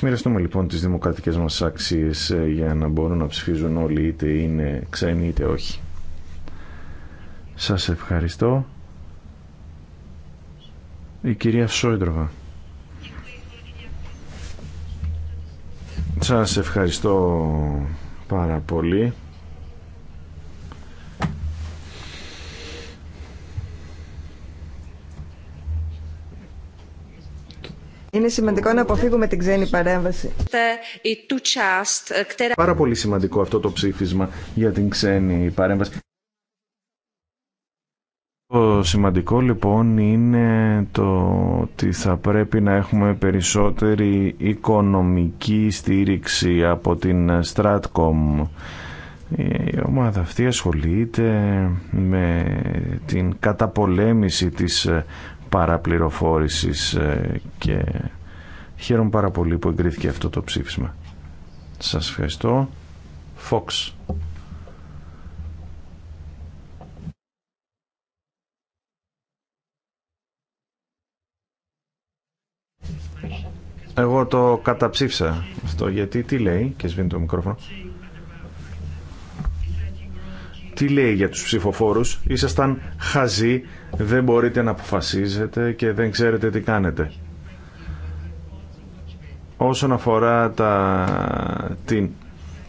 μοιραστούμε λοιπόν τις δημοκρατικές μας αξίες ε, για να μπορούν να ψηφίζουν όλοι είτε είναι ξένοι είτε όχι. Σας ευχαριστώ. Η κυρία Σόιντροβα. Σας ευχαριστώ πάρα πολύ.
Είναι σημαντικό να αποφύγουμε την ξένη παρέμβαση.
Πάρα πολύ σημαντικό αυτό το ψήφισμα για την ξένη παρέμβαση. Το σημαντικό λοιπόν είναι το ότι θα πρέπει να έχουμε περισσότερη οικονομική στήριξη από την Stratcom. Η ομάδα αυτή ασχολείται με την καταπολέμηση της παραπληροφόρησης και χαίρομαι πάρα πολύ που εγκρίθηκε αυτό το ψήφισμα. Σας ευχαριστώ. Fox. Εγώ το καταψήφισα αυτό γιατί τι λέει και σβήνει το μικρόφωνο. Τι λέει για τους ψηφοφόρους, ήσασταν χαζοί, δεν μπορείτε να αποφασίζετε και δεν ξέρετε τι κάνετε. Όσον αφορά τα... την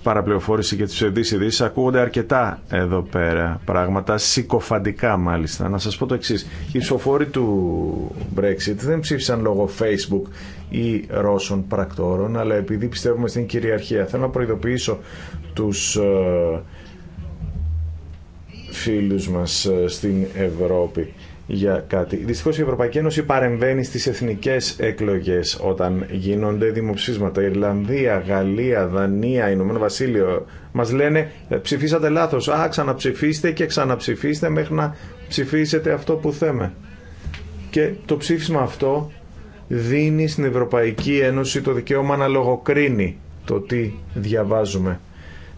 παραπληροφόρηση και τις ψευδείς ειδήσει ακούγονται αρκετά εδώ πέρα πράγματα, συκοφαντικά μάλιστα. Να σας πω το εξής, οι ψηφοφόροι του Brexit δεν ψήφισαν λόγω Facebook ή Ρώσων πρακτόρων, αλλά επειδή πιστεύουμε στην κυριαρχία. Θέλω να προειδοποιήσω τους ε, φίλους μας ε, στην Ευρώπη για κάτι. Δυστυχώ η Ευρωπαϊκή Ένωση παρεμβαίνει στι εθνικέ εκλογέ όταν γίνονται δημοψίσματα. Ιρλανδία, Γαλλία, Δανία, Ηνωμένο Βασίλειο μα λένε «Ε, ψηφίσατε λάθο. Α, ξαναψηφίστε και ξαναψηφίστε μέχρι να ψηφίσετε αυτό που θέμε. Και το ψήφισμα αυτό δίνει στην Ευρωπαϊκή Ένωση το δικαίωμα να λογοκρίνει το τι διαβάζουμε.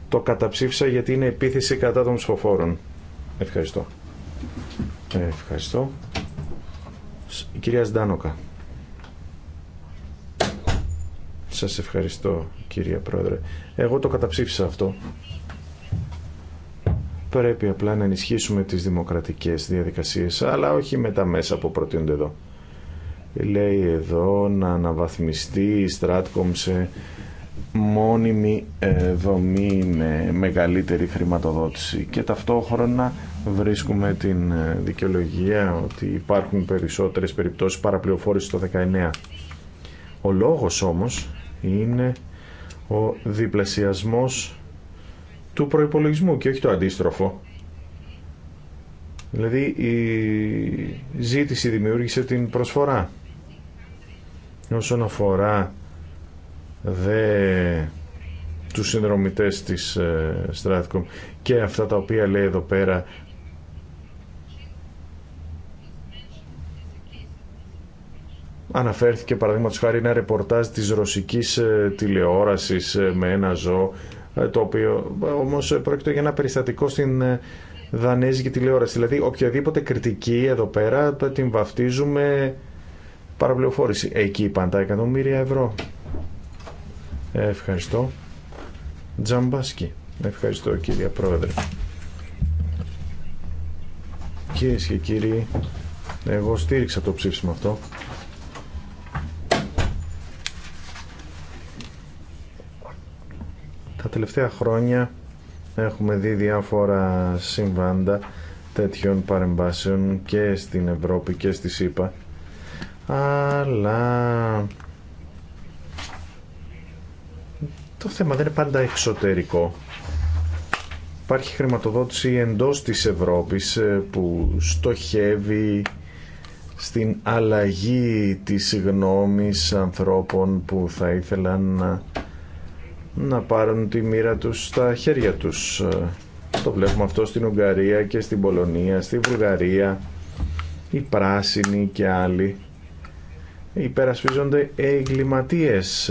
Το καταψήφισα γιατί είναι επίθεση κατά των ψηφοφόρων. Ευχαριστώ. Ε, ευχαριστώ. Η κυρία Σντάνοκα. Σας ευχαριστώ κυρία Πρόεδρε. Εγώ το καταψήφισα αυτό. Πρέπει απλά να ενισχύσουμε τις δημοκρατικές διαδικασίες, αλλά όχι με τα μέσα που προτείνονται εδώ. Λέει εδώ να αναβαθμιστεί η Stratcom σε μόνιμη ε, δομή με μεγαλύτερη χρηματοδότηση και ταυτόχρονα βρίσκουμε την ε, δικαιολογία ότι υπάρχουν περισσότερες περιπτώσεις παραπληροφόρησης το 19. Ο λόγος όμως είναι ο διπλασιασμός του προϋπολογισμού και όχι το αντίστροφο. Δηλαδή η ζήτηση δημιούργησε την προσφορά. Όσον αφορά δε τους συνδρομητές της ε, Stratcom και αυτά τα οποία λέει εδώ πέρα Αναφέρθηκε παραδείγματο χάρη ένα ρεπορτάζ της ρωσικής ε, τηλεόρασης ε, με ένα ζώο ε, το οποίο όμως πρόκειται για ένα περιστατικό στην δανέζικη τηλεόραση. Δηλαδή οποιαδήποτε κριτική εδώ πέρα την βαφτίζουμε παραπληροφόρηση. Εκεί πάντα εκατομμύρια ευρώ. Ευχαριστώ. Τζαμπάσκι. Ευχαριστώ κύριε Πρόεδρε. Κυρίε και κύριοι, εγώ στήριξα το ψήφισμα αυτό Τα τελευταία χρόνια έχουμε δει διάφορα συμβάντα τέτοιων παρεμβάσεων και στην Ευρώπη και στη ΣΥΠΑ αλλά το θέμα δεν είναι πάντα εξωτερικό υπάρχει χρηματοδότηση εντός της Ευρώπης ε, που στοχεύει στην αλλαγή της γνώμης ανθρώπων που θα ήθελαν να να πάρουν τη μοίρα τους στα χέρια τους. Το βλέπουμε αυτό στην Ουγγαρία και στην Πολωνία, στη Βουλγαρία, οι πράσινοι και άλλοι. Υπερασπίζονται εγκληματίες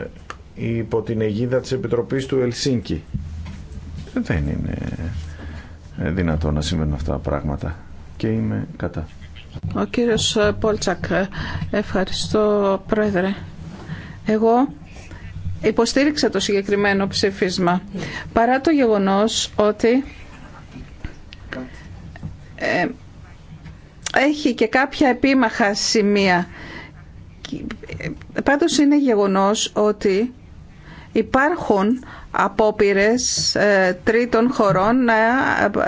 ε, υπό την αιγίδα της Επιτροπής του Ελσίνκη. Δεν είναι δυνατό να συμβαίνουν αυτά τα πράγματα και είμαι κατά.
Ο κύριος Πόλτσακ, ευχαριστώ πρόεδρε. Εγώ υποστήριξα το συγκεκριμένο ψήφισμα παρά το γεγονός ότι ε, έχει και κάποια επίμαχα σημεία. Πάντως είναι γεγονός ότι υπάρχουν απόπειρες ε, τρίτων χωρών να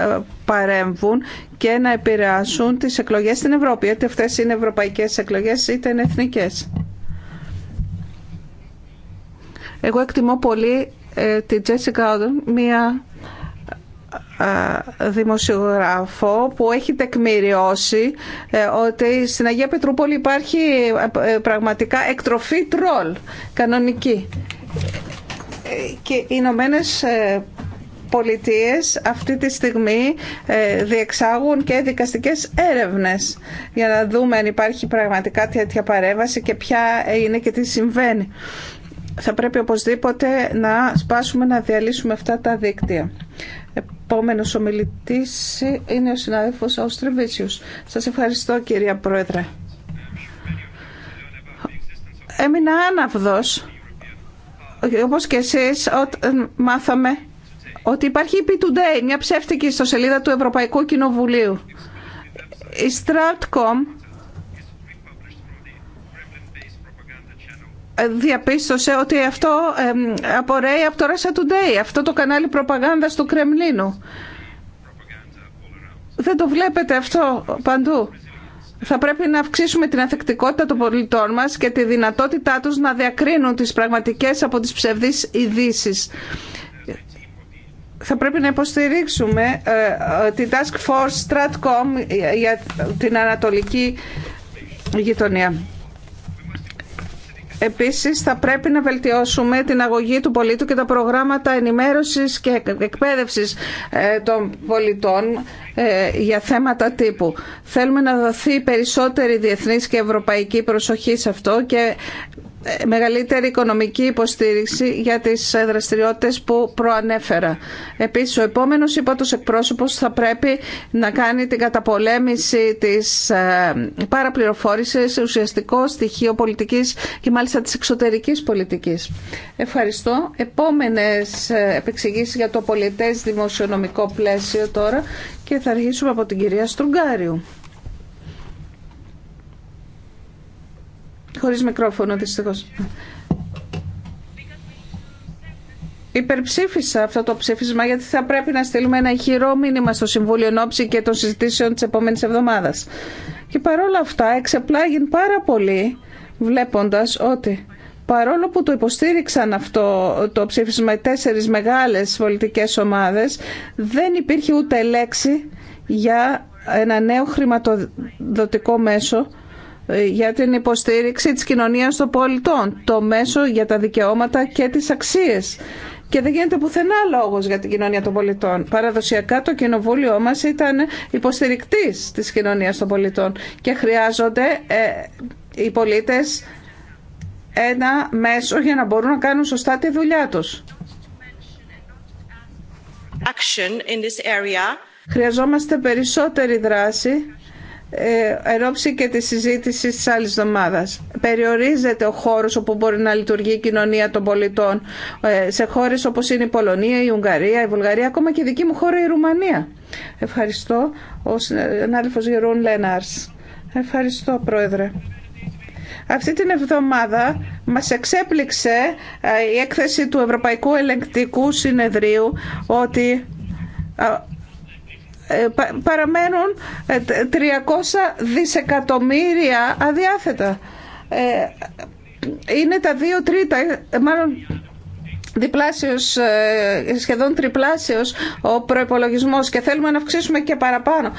ε, παρέμβουν και να επηρεάσουν τις εκλογές στην Ευρώπη, είτε αυτές είναι ευρωπαϊκές εκλογές είτε είναι εθνικές. Εγώ εκτιμώ πολύ ε, την Τζέσικα Όντων, μία ε, δημοσιογράφο που έχει τεκμηριώσει ε, ότι στην Αγία Πετρούπολη υπάρχει πραγματικά εκτροφή τρόλ κανονική και οι Ηνωμένε Πολιτείες αυτή τη στιγμή διεξάγουν και δικαστικές έρευνες για να δούμε αν υπάρχει πραγματικά τέτοια παρέμβαση και ποια είναι και τι συμβαίνει θα πρέπει οπωσδήποτε να σπάσουμε, να διαλύσουμε αυτά τα δίκτυα. Επόμενος ομιλητή είναι ο συνάδελφο Αουστρεβίτσιος. Σας ευχαριστώ κυρία Πρόεδρε. Έμεινα άναυδο, όπως και εσεί, όταν μάθαμε ότι υπάρχει η P2Day, μια ψεύτικη ιστοσελίδα του Ευρωπαϊκού Κοινοβουλίου. Η Stratcom διαπίστωσε ότι αυτό απορρέει από το Russia Today, αυτό το κανάλι προπαγάνδας του Κρεμλίνου. Δεν το βλέπετε αυτό παντού. Θα πρέπει να αυξήσουμε την αθεκτικότητα των πολιτών μας και τη δυνατότητά τους να διακρίνουν τις πραγματικές από τις ψευδείς ειδήσει. Θα πρέπει να υποστηρίξουμε ε, ε, την Task Force Stratcom για την Ανατολική γειτονία. Επίσης θα πρέπει να βελτιώσουμε την αγωγή του πολίτου και τα προγράμματα ενημέρωσης και εκπαίδευσης ε, των πολιτών ε, για θέματα τύπου. Θέλουμε να δοθεί περισσότερη διεθνής και ευρωπαϊκή προσοχή σε αυτό και ε, μεγαλύτερη οικονομική υποστήριξη για τις ε, δραστηριότητες που προανέφερα. Επίσης, ο επόμενος υπότος εκπρόσωπος θα πρέπει να κάνει την καταπολέμηση της ε, παραπληροφόρησης ουσιαστικό στοιχείο πολιτικής και μάλιστα της εξωτερικής πολιτικής. Ευχαριστώ. Επόμενες επεξηγήσεις για το πολιτές δημοσιονομικό πλαίσιο τώρα και θα αρχίσουμε από την κυρία Στρουγκάριου. Χωρίς μικρόφωνο δυστυχώς. Υπερψήφισα αυτό το ψήφισμα γιατί θα πρέπει να στείλουμε ένα ηχηρό μήνυμα στο Συμβούλιο Νόψη και των συζητήσεων της επόμενης εβδομάδας. Και παρόλα αυτά εξεπλάγει πάρα πολύ βλέποντας ότι παρόλο που το υποστήριξαν αυτό το ψήφισμα οι τέσσερις μεγάλες πολιτικές ομάδες δεν υπήρχε ούτε λέξη για ένα νέο χρηματοδοτικό μέσο για την υποστήριξη της κοινωνίας των πολιτών, το μέσο για τα δικαιώματα και τις αξίες. Και δεν γίνεται πουθενά λόγος για την κοινωνία των πολιτών. Παραδοσιακά το κοινοβούλιο μας ήταν υποστηρικτής της κοινωνίας των πολιτών και χρειάζονται ε, οι πολίτες ένα μέσο για να μπορούν να κάνουν σωστά τη δουλειά τους. Χρειαζόμαστε περισσότερη δράση ε, εν και τη συζήτηση τη άλλη εβδομάδα. Περιορίζεται ο χώρο όπου μπορεί να λειτουργεί η κοινωνία των πολιτών ε, σε χώρε όπω είναι η Πολωνία, η Ουγγαρία, η Βουλγαρία, ακόμα και η δική μου χώρα η Ρουμανία. Ευχαριστώ. Ο συνάδελφο Γερούν Λέναρ. Ευχαριστώ, Πρόεδρε. Αυτή την εβδομάδα μας εξέπληξε ε, η έκθεση του Ευρωπαϊκού Ελεγκτικού Συνεδρίου ότι ε, παραμένουν 300 ε, δισεκατομμύρια αδιάθετα. Ε, είναι τα δύο τρίτα, μάλλον διπλάσιος, σχεδόν τριπλάσιος ο προϋπολογισμός και θέλουμε να αυξήσουμε και παραπάνω.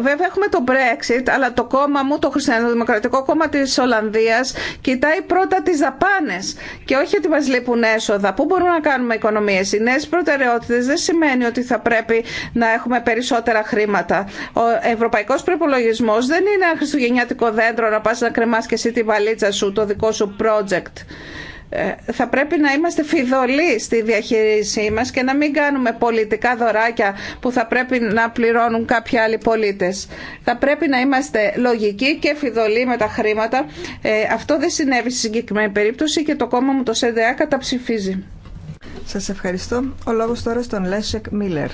Βέβαια έχουμε το Brexit, αλλά το κόμμα μου, το Χριστιανοδημοκρατικό Κόμμα τη Ολλανδία κοιτάει πρώτα τι δαπάνε και όχι ότι μα λείπουν έσοδα. Πού μπορούμε να κάνουμε οικονομίε. Οι νέε προτεραιότητε δεν σημαίνει ότι θα πρέπει να έχουμε περισσότερα χρήματα. Ο ευρωπαϊκό προπολογισμό δεν είναι ένα χριστουγεννιάτικο δέντρο να πά να κρεμά και εσύ τη βαλίτσα σου, το δικό σου project. Ε, θα πρέπει να είμαστε φιδωλοί στη διαχείρισή μας και να μην κάνουμε πολιτικά δωράκια που θα πρέπει να πληρώνουν κάποιοι άλλοι πολίτες. Θα πρέπει να είμαστε λογικοί και φιδωλοί με τα χρήματα. Ε, αυτό δεν συνέβη στη συγκεκριμένη περίπτωση
και το κόμμα μου το ΣΕΔΕΑ καταψηφίζει. Σας ευχαριστώ. Ο λόγος τώρα στον Λέσσεκ Μίλλερ.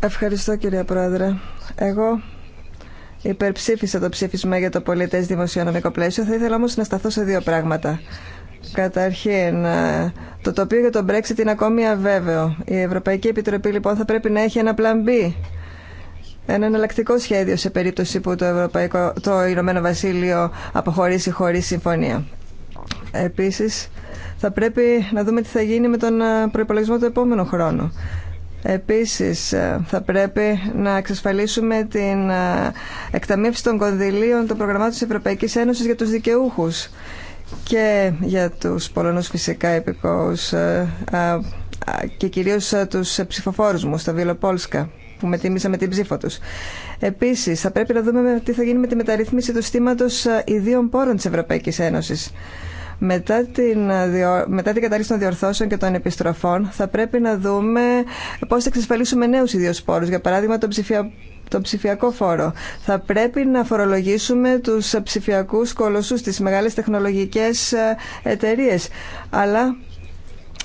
Ευχαριστώ κυρία Πρόεδρε υπερψήφισα το ψήφισμα για το πολιτές δημοσιονομικό πλαίσιο. Θα ήθελα όμως να σταθώ σε δύο πράγματα. Καταρχήν, ε, το τοπίο για τον Brexit είναι ακόμη αβέβαιο. Η Ευρωπαϊκή Επιτροπή λοιπόν θα πρέπει να έχει ένα plan B. Ένα εναλλακτικό σχέδιο σε περίπτωση που το, Ευρωπαϊκό, το Ηνωμένο Βασίλειο αποχωρήσει χωρίς συμφωνία. Επίσης, θα πρέπει να δούμε τι θα γίνει με τον ε, προϋπολογισμό του επόμενου χρόνου. Επίσης ε, θα πρέπει να εξασφαλίσουμε την ε, εκταμίευση των κονδυλίων των προγραμμάτων της Ευρωπαϊκής Ένωσης για τους δικαιούχους και για τους Πολωνούς φυσικά επικούς ε, και κυρίως τους ψηφοφόρους μου στα Βιλοπόλσκα που με με την ψήφο τους. Επίσης θα πρέπει να δούμε τι θα γίνει με τη μεταρρύθμιση του στήματος ιδίων πόρων της Ευρωπαϊκής Ένωσης μετά την, ε, μετά την των διορθώσεων και των επιστροφών θα πρέπει να δούμε πώς θα εξασφαλίσουμε νέους ιδιοσπόρους, για παράδειγμα τον ψηφια το ψηφιακό φόρο. Θα πρέπει να φορολογήσουμε τους ψηφιακούς κολοσσούς, τις μεγάλες τεχνολογικές ε, εταιρείες. Αλλά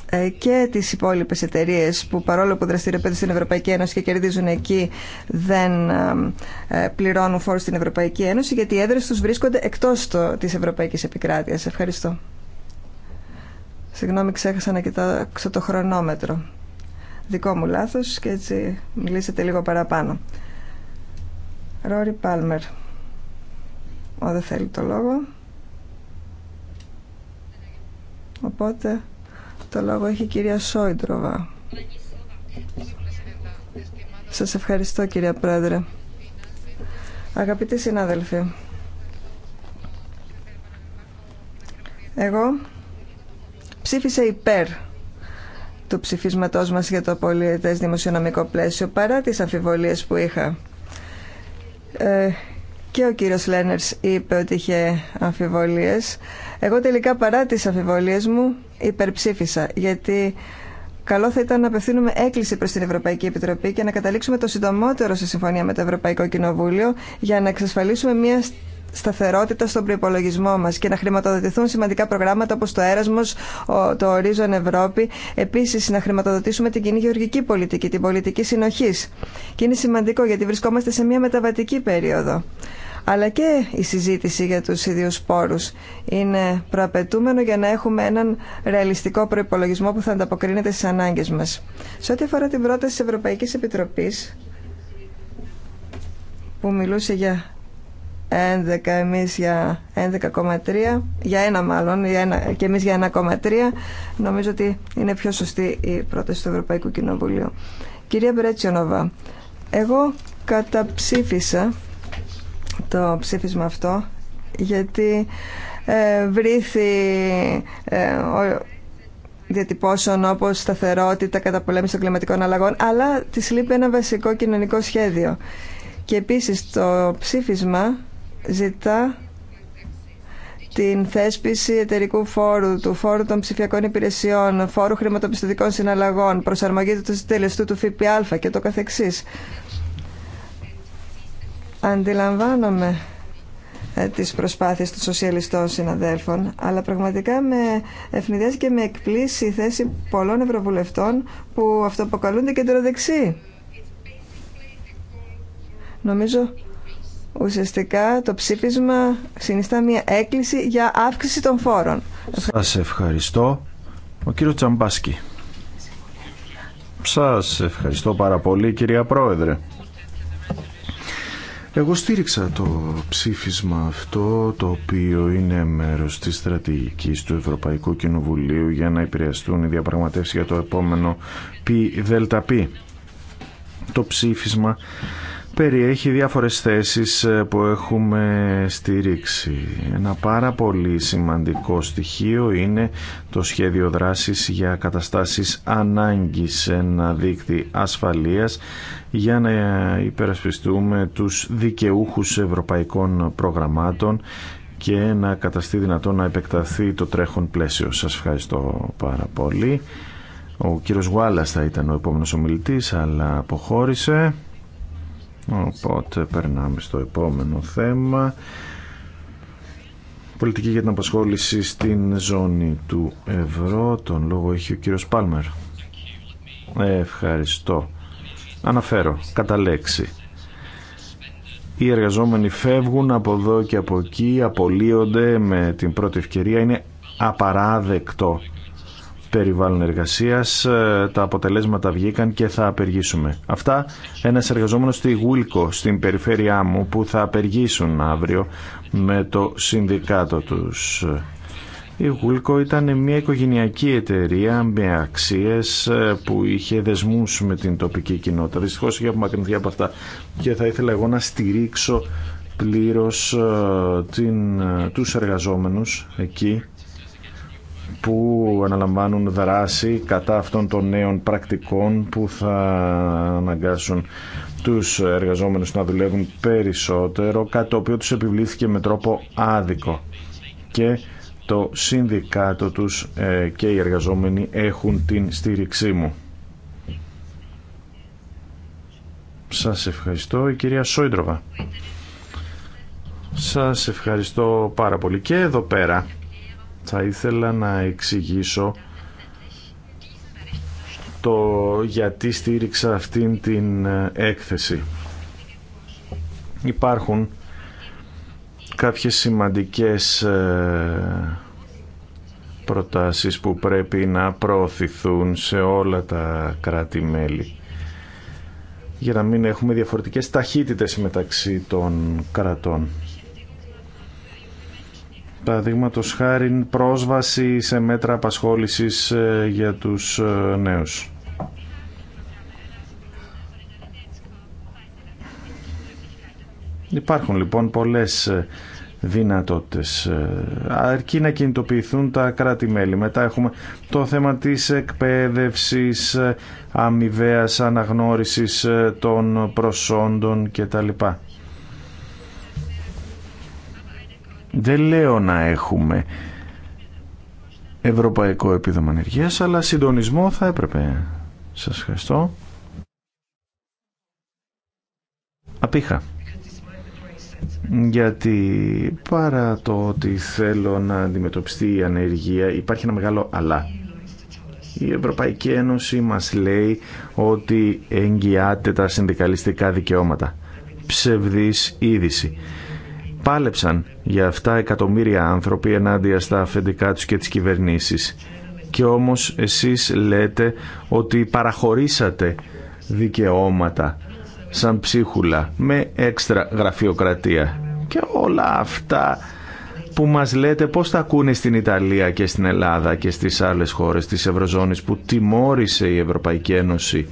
ε, και τι υπόλοιπε εταιρείε που παρόλο που δραστηριοποιούνται στην Ευρωπαϊκή Ένωση και κερδίζουν εκεί δεν ε, ε, πληρώνουν φόρους στην Ευρωπαϊκή Ένωση γιατί οι έδρες τους βρίσκονται εκτός τη της Ευρωπαϊκής Επικράτειας. Ευχαριστώ. Συγγνώμη ξέχασα να κοιτάξω το χρονόμετρο. Δικό μου λάθος και έτσι μιλήσατε λίγο παραπάνω. Ρόρι Πάλμερ. Ο, δεν θέλει το λόγο. Οπότε... Το λόγο έχει η κυρία Σόιντροβα. Σας ευχαριστώ κυρία Πρόεδρε. Αγαπητοί συνάδελφοι, εγώ ψήφισα υπέρ του ψηφίσματός μας για το πολιτες δημοσιονομικό πλαίσιο παρά τις αμφιβολίες που είχα. Ε, και ο κύριος Λένερς είπε ότι είχε αμφιβολίες εγώ τελικά παρά τις αφιβολίες μου υπερψήφισα γιατί καλό θα ήταν να απευθύνουμε έκκληση προς την Ευρωπαϊκή Επιτροπή και να καταλήξουμε το συντομότερο σε συμφωνία με το Ευρωπαϊκό Κοινοβούλιο για να εξασφαλίσουμε μια σταθερότητα στον προπολογισμό μα και να χρηματοδοτηθούν σημαντικά προγράμματα όπω το Έρασμο, το Ορίζον Ευρώπη. Επίση, να χρηματοδοτήσουμε την κοινή γεωργική πολιτική, την πολιτική συνοχή. Και είναι σημαντικό γιατί βρισκόμαστε σε μια μεταβατική περίοδο αλλά και η συζήτηση για τους ίδιους πόρους είναι προαπαιτούμενο για να έχουμε έναν ρεαλιστικό προϋπολογισμό που θα ανταποκρίνεται στις ανάγκες μας. Σε ό,τι αφορά την πρόταση της Ευρωπαϊκής Επιτροπής που μιλούσε για 11, εμείς για 11,3, για ένα μάλλον, και εμείς για 1,3. Νομίζω ότι είναι πιο σωστή η πρόταση του Ευρωπαϊκού Κοινοβουλίου. Κυρία Μπρέτσιονοβα, εγώ καταψήφισα το ψήφισμα αυτό γιατί ε, βρήθη ε, διατυπώσεων όπως σταθερότητα, πολέμηση των κλιματικών αλλαγών, αλλά της λείπει ένα βασικό κοινωνικό σχέδιο. Και επίσης το ψήφισμα ζητά την θέσπιση εταιρικού φόρου, του φόρου των ψηφιακών υπηρεσιών, φόρου χρηματοπιστωτικών συναλλαγών, προσαρμογή του τελεστού του ΦΠΑ και το καθεξής. Αντιλαμβάνομαι ε, τις προσπάθειες των σοσιαλιστών συναδέλφων, αλλά πραγματικά με ευνηδιάζει και με εκπλήσει η θέση πολλών ευρωβουλευτών που αυτοποκαλούνται κεντροδεξί. Νομίζω ουσιαστικά το ψήφισμα συνιστά μια έκκληση για αύξηση των φόρων.
Σας ευχαριστώ. Ο κύριος Τσαμπάσκι. Σας ευχαριστώ πάρα πολύ κυρία Πρόεδρε. Εγώ στήριξα το ψήφισμα αυτό το οποίο είναι μέρος της στρατηγικής του Ευρωπαϊκού Κοινοβουλίου για να επηρεαστούν οι διαπραγματεύσεις για το επόμενο ΠΔΠ. Το ψήφισμα περιέχει διάφορες θέσεις ε, που έχουμε στηρίξει. Ένα πάρα πολύ σημαντικό στοιχείο είναι το σχέδιο δράσης για καταστάσεις ανάγκης ένα δίκτυο ασφαλείας για να υπερασπιστούμε τους δικαιούχους ευρωπαϊκών προγραμμάτων και να καταστεί δυνατό να επεκταθεί το τρέχον πλαίσιο. Σας ευχαριστώ πάρα πολύ. Ο κύριος Γουάλλας θα ήταν ο επόμενος ομιλητής, αλλά αποχώρησε. Οπότε περνάμε στο επόμενο θέμα. Πολιτική για την απασχόληση στην ζώνη του ευρώ. Τον λόγο έχει ο κύριος Πάλμερ. Ευχαριστώ. Αναφέρω κατά λέξη. Οι εργαζόμενοι φεύγουν από εδώ και από εκεί, απολύονται με την πρώτη ευκαιρία. Είναι απαράδεκτο περιβάλλον εργασίας. Ε, τα αποτελέσματα βγήκαν και θα απεργήσουμε. Αυτά ένας εργαζόμενος στη Γουλκο, στην περιφέρειά μου, που θα απεργήσουν αύριο με το συνδικάτο τους. Η Γουλκο ήταν μια οικογενειακή εταιρεία με αξίες ε, που είχε δεσμούς με την τοπική κοινότητα. Δυστυχώς είχε απομακρυνθεί από αυτά και θα ήθελα εγώ να στηρίξω πλήρως ε, την, τους εργαζόμενους εκεί που αναλαμβάνουν δράση κατά αυτών των νέων πρακτικών που θα αναγκάσουν τους εργαζόμενους να δουλεύουν περισσότερο, κάτι το οποίο τους επιβλήθηκε με τρόπο άδικο. Και το συνδικάτο τους ε, και οι εργαζόμενοι έχουν την στήριξή μου. Σας ευχαριστώ η κυρία Σόιντροβα. Σας ευχαριστώ πάρα πολύ και εδώ πέρα θα ήθελα να εξηγήσω το γιατί στήριξα αυτήν την ε, έκθεση. Υπάρχουν κάποιες σημαντικές ε, προτάσεις που πρέπει να προωθηθούν σε όλα τα κράτη-μέλη για να μην έχουμε διαφορετικές ταχύτητες μεταξύ των κρατών παραδείγματο χάρη πρόσβαση σε μέτρα απασχόλησης ε, για τους ε, νέους. Υπάρχουν λοιπόν πολλές ε, δυνατότητες. Αρκεί να κινητοποιηθούν τα κράτη-μέλη. Μετά έχουμε το θέμα της εκπαίδευσης, αμοιβαία αναγνώρισης των προσόντων κτλ. Δεν λέω να έχουμε ευρωπαϊκό επίδομα ανεργία, αλλά συντονισμό θα έπρεπε. Σας ευχαριστώ. Απήχα. Γιατί παρά το ότι θέλω να αντιμετωπιστεί η ανεργία, υπάρχει ένα μεγάλο αλλά. Η Ευρωπαϊκή Ένωση μας λέει ότι εγγυάται τα συνδικαλιστικά δικαιώματα. Ψευδής είδηση. Πάλεψαν για 7 εκατομμύρια άνθρωποι ενάντια στα αφεντικά τους και τις κυβερνήσεις. Και όμως εσείς λέτε ότι παραχωρήσατε δικαιώματα σαν ψίχουλα με έξτρα γραφειοκρατία. Και όλα αυτά που μας λέτε πώς τα ακούνε στην Ιταλία και στην Ελλάδα και στις άλλες χώρες της Ευρωζώνης που τιμώρησε η Ευρωπαϊκή Ένωση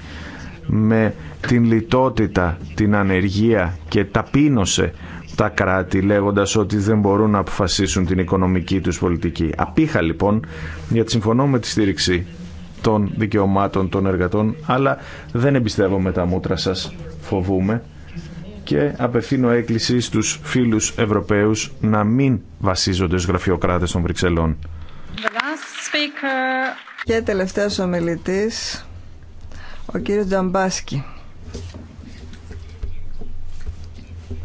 με την λιτότητα, την ανεργία και ταπείνωσε τα κράτη λέγοντας ότι δεν μπορούν να αποφασίσουν την οικονομική τους πολιτική. Απήχα λοιπόν γιατί συμφωνώ με τη στήριξη των δικαιωμάτων των εργατών αλλά δεν εμπιστεύομαι τα μούτρα σας, φοβούμε και απευθύνω έκκληση στους φίλους Ευρωπαίους να μην βασίζονται στους γραφειοκράτες των Βρυξελών.
Και τελευταίος ομιλητής, ο κύριος Τζαμπάσκι.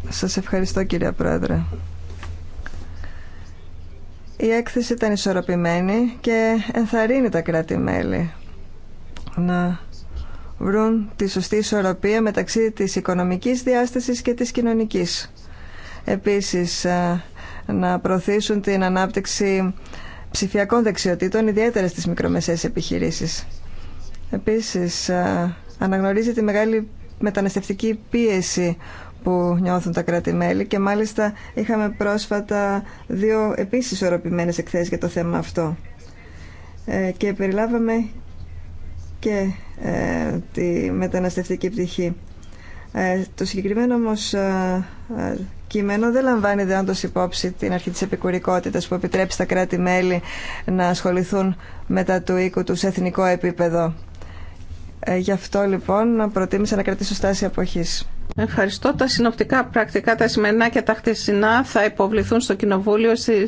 Σας ευχαριστώ κυρία Πρόεδρε. Η έκθεση ήταν ισορροπημένη και ενθαρρύνει τα κράτη-μέλη να βρουν τη σωστή ισορροπία μεταξύ της οικονομικής διάστασης και της κοινωνικής. Επίσης, ε, να προωθήσουν την ανάπτυξη ψηφιακών δεξιοτήτων, ιδιαίτερα στις μικρομεσαίες επιχειρήσεις. Επίσης, ε, αναγνωρίζει τη μεγάλη μεταναστευτική πίεση που νιώθουν τα κράτη-μέλη και μάλιστα είχαμε πρόσφατα δύο επίσης ισορροπημένες εκθέσεις για το θέμα αυτό. Ε, και περιλάβαμε και ε, τη μεταναστευτική πτυχή. Ε, το συγκεκριμένο όμως κείμενο δεν λαμβάνει δεόντω υπόψη την αρχή τη επικουρικότητα που επιτρέπει στα κράτη-μέλη να ασχοληθούν μετά του οίκου του σε εθνικό επίπεδο. γι' αυτό λοιπόν προτίμησα να κρατήσω στάση
αποχής. Ευχαριστώ. Τα συνοπτικά πρακτικά, τα σημερινά και τα χτεσινά θα υποβληθούν στο Κοινοβούλιο στην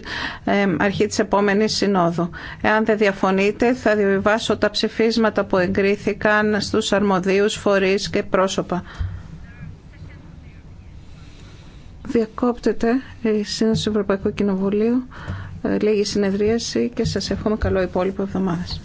αρχή της επόμενης συνόδου. Εάν δεν διαφωνείτε θα διαβιβάσω τα ψηφίσματα που εγκρίθηκαν στους αρμοδίους φορείς και πρόσωπα. Διακόπτεται η Σύνοση του Ευρωπαϊκού Κοινοβουλίου, ε, λίγη συνεδρίαση και σας εύχομαι καλό υπόλοιπο εβδομάδας.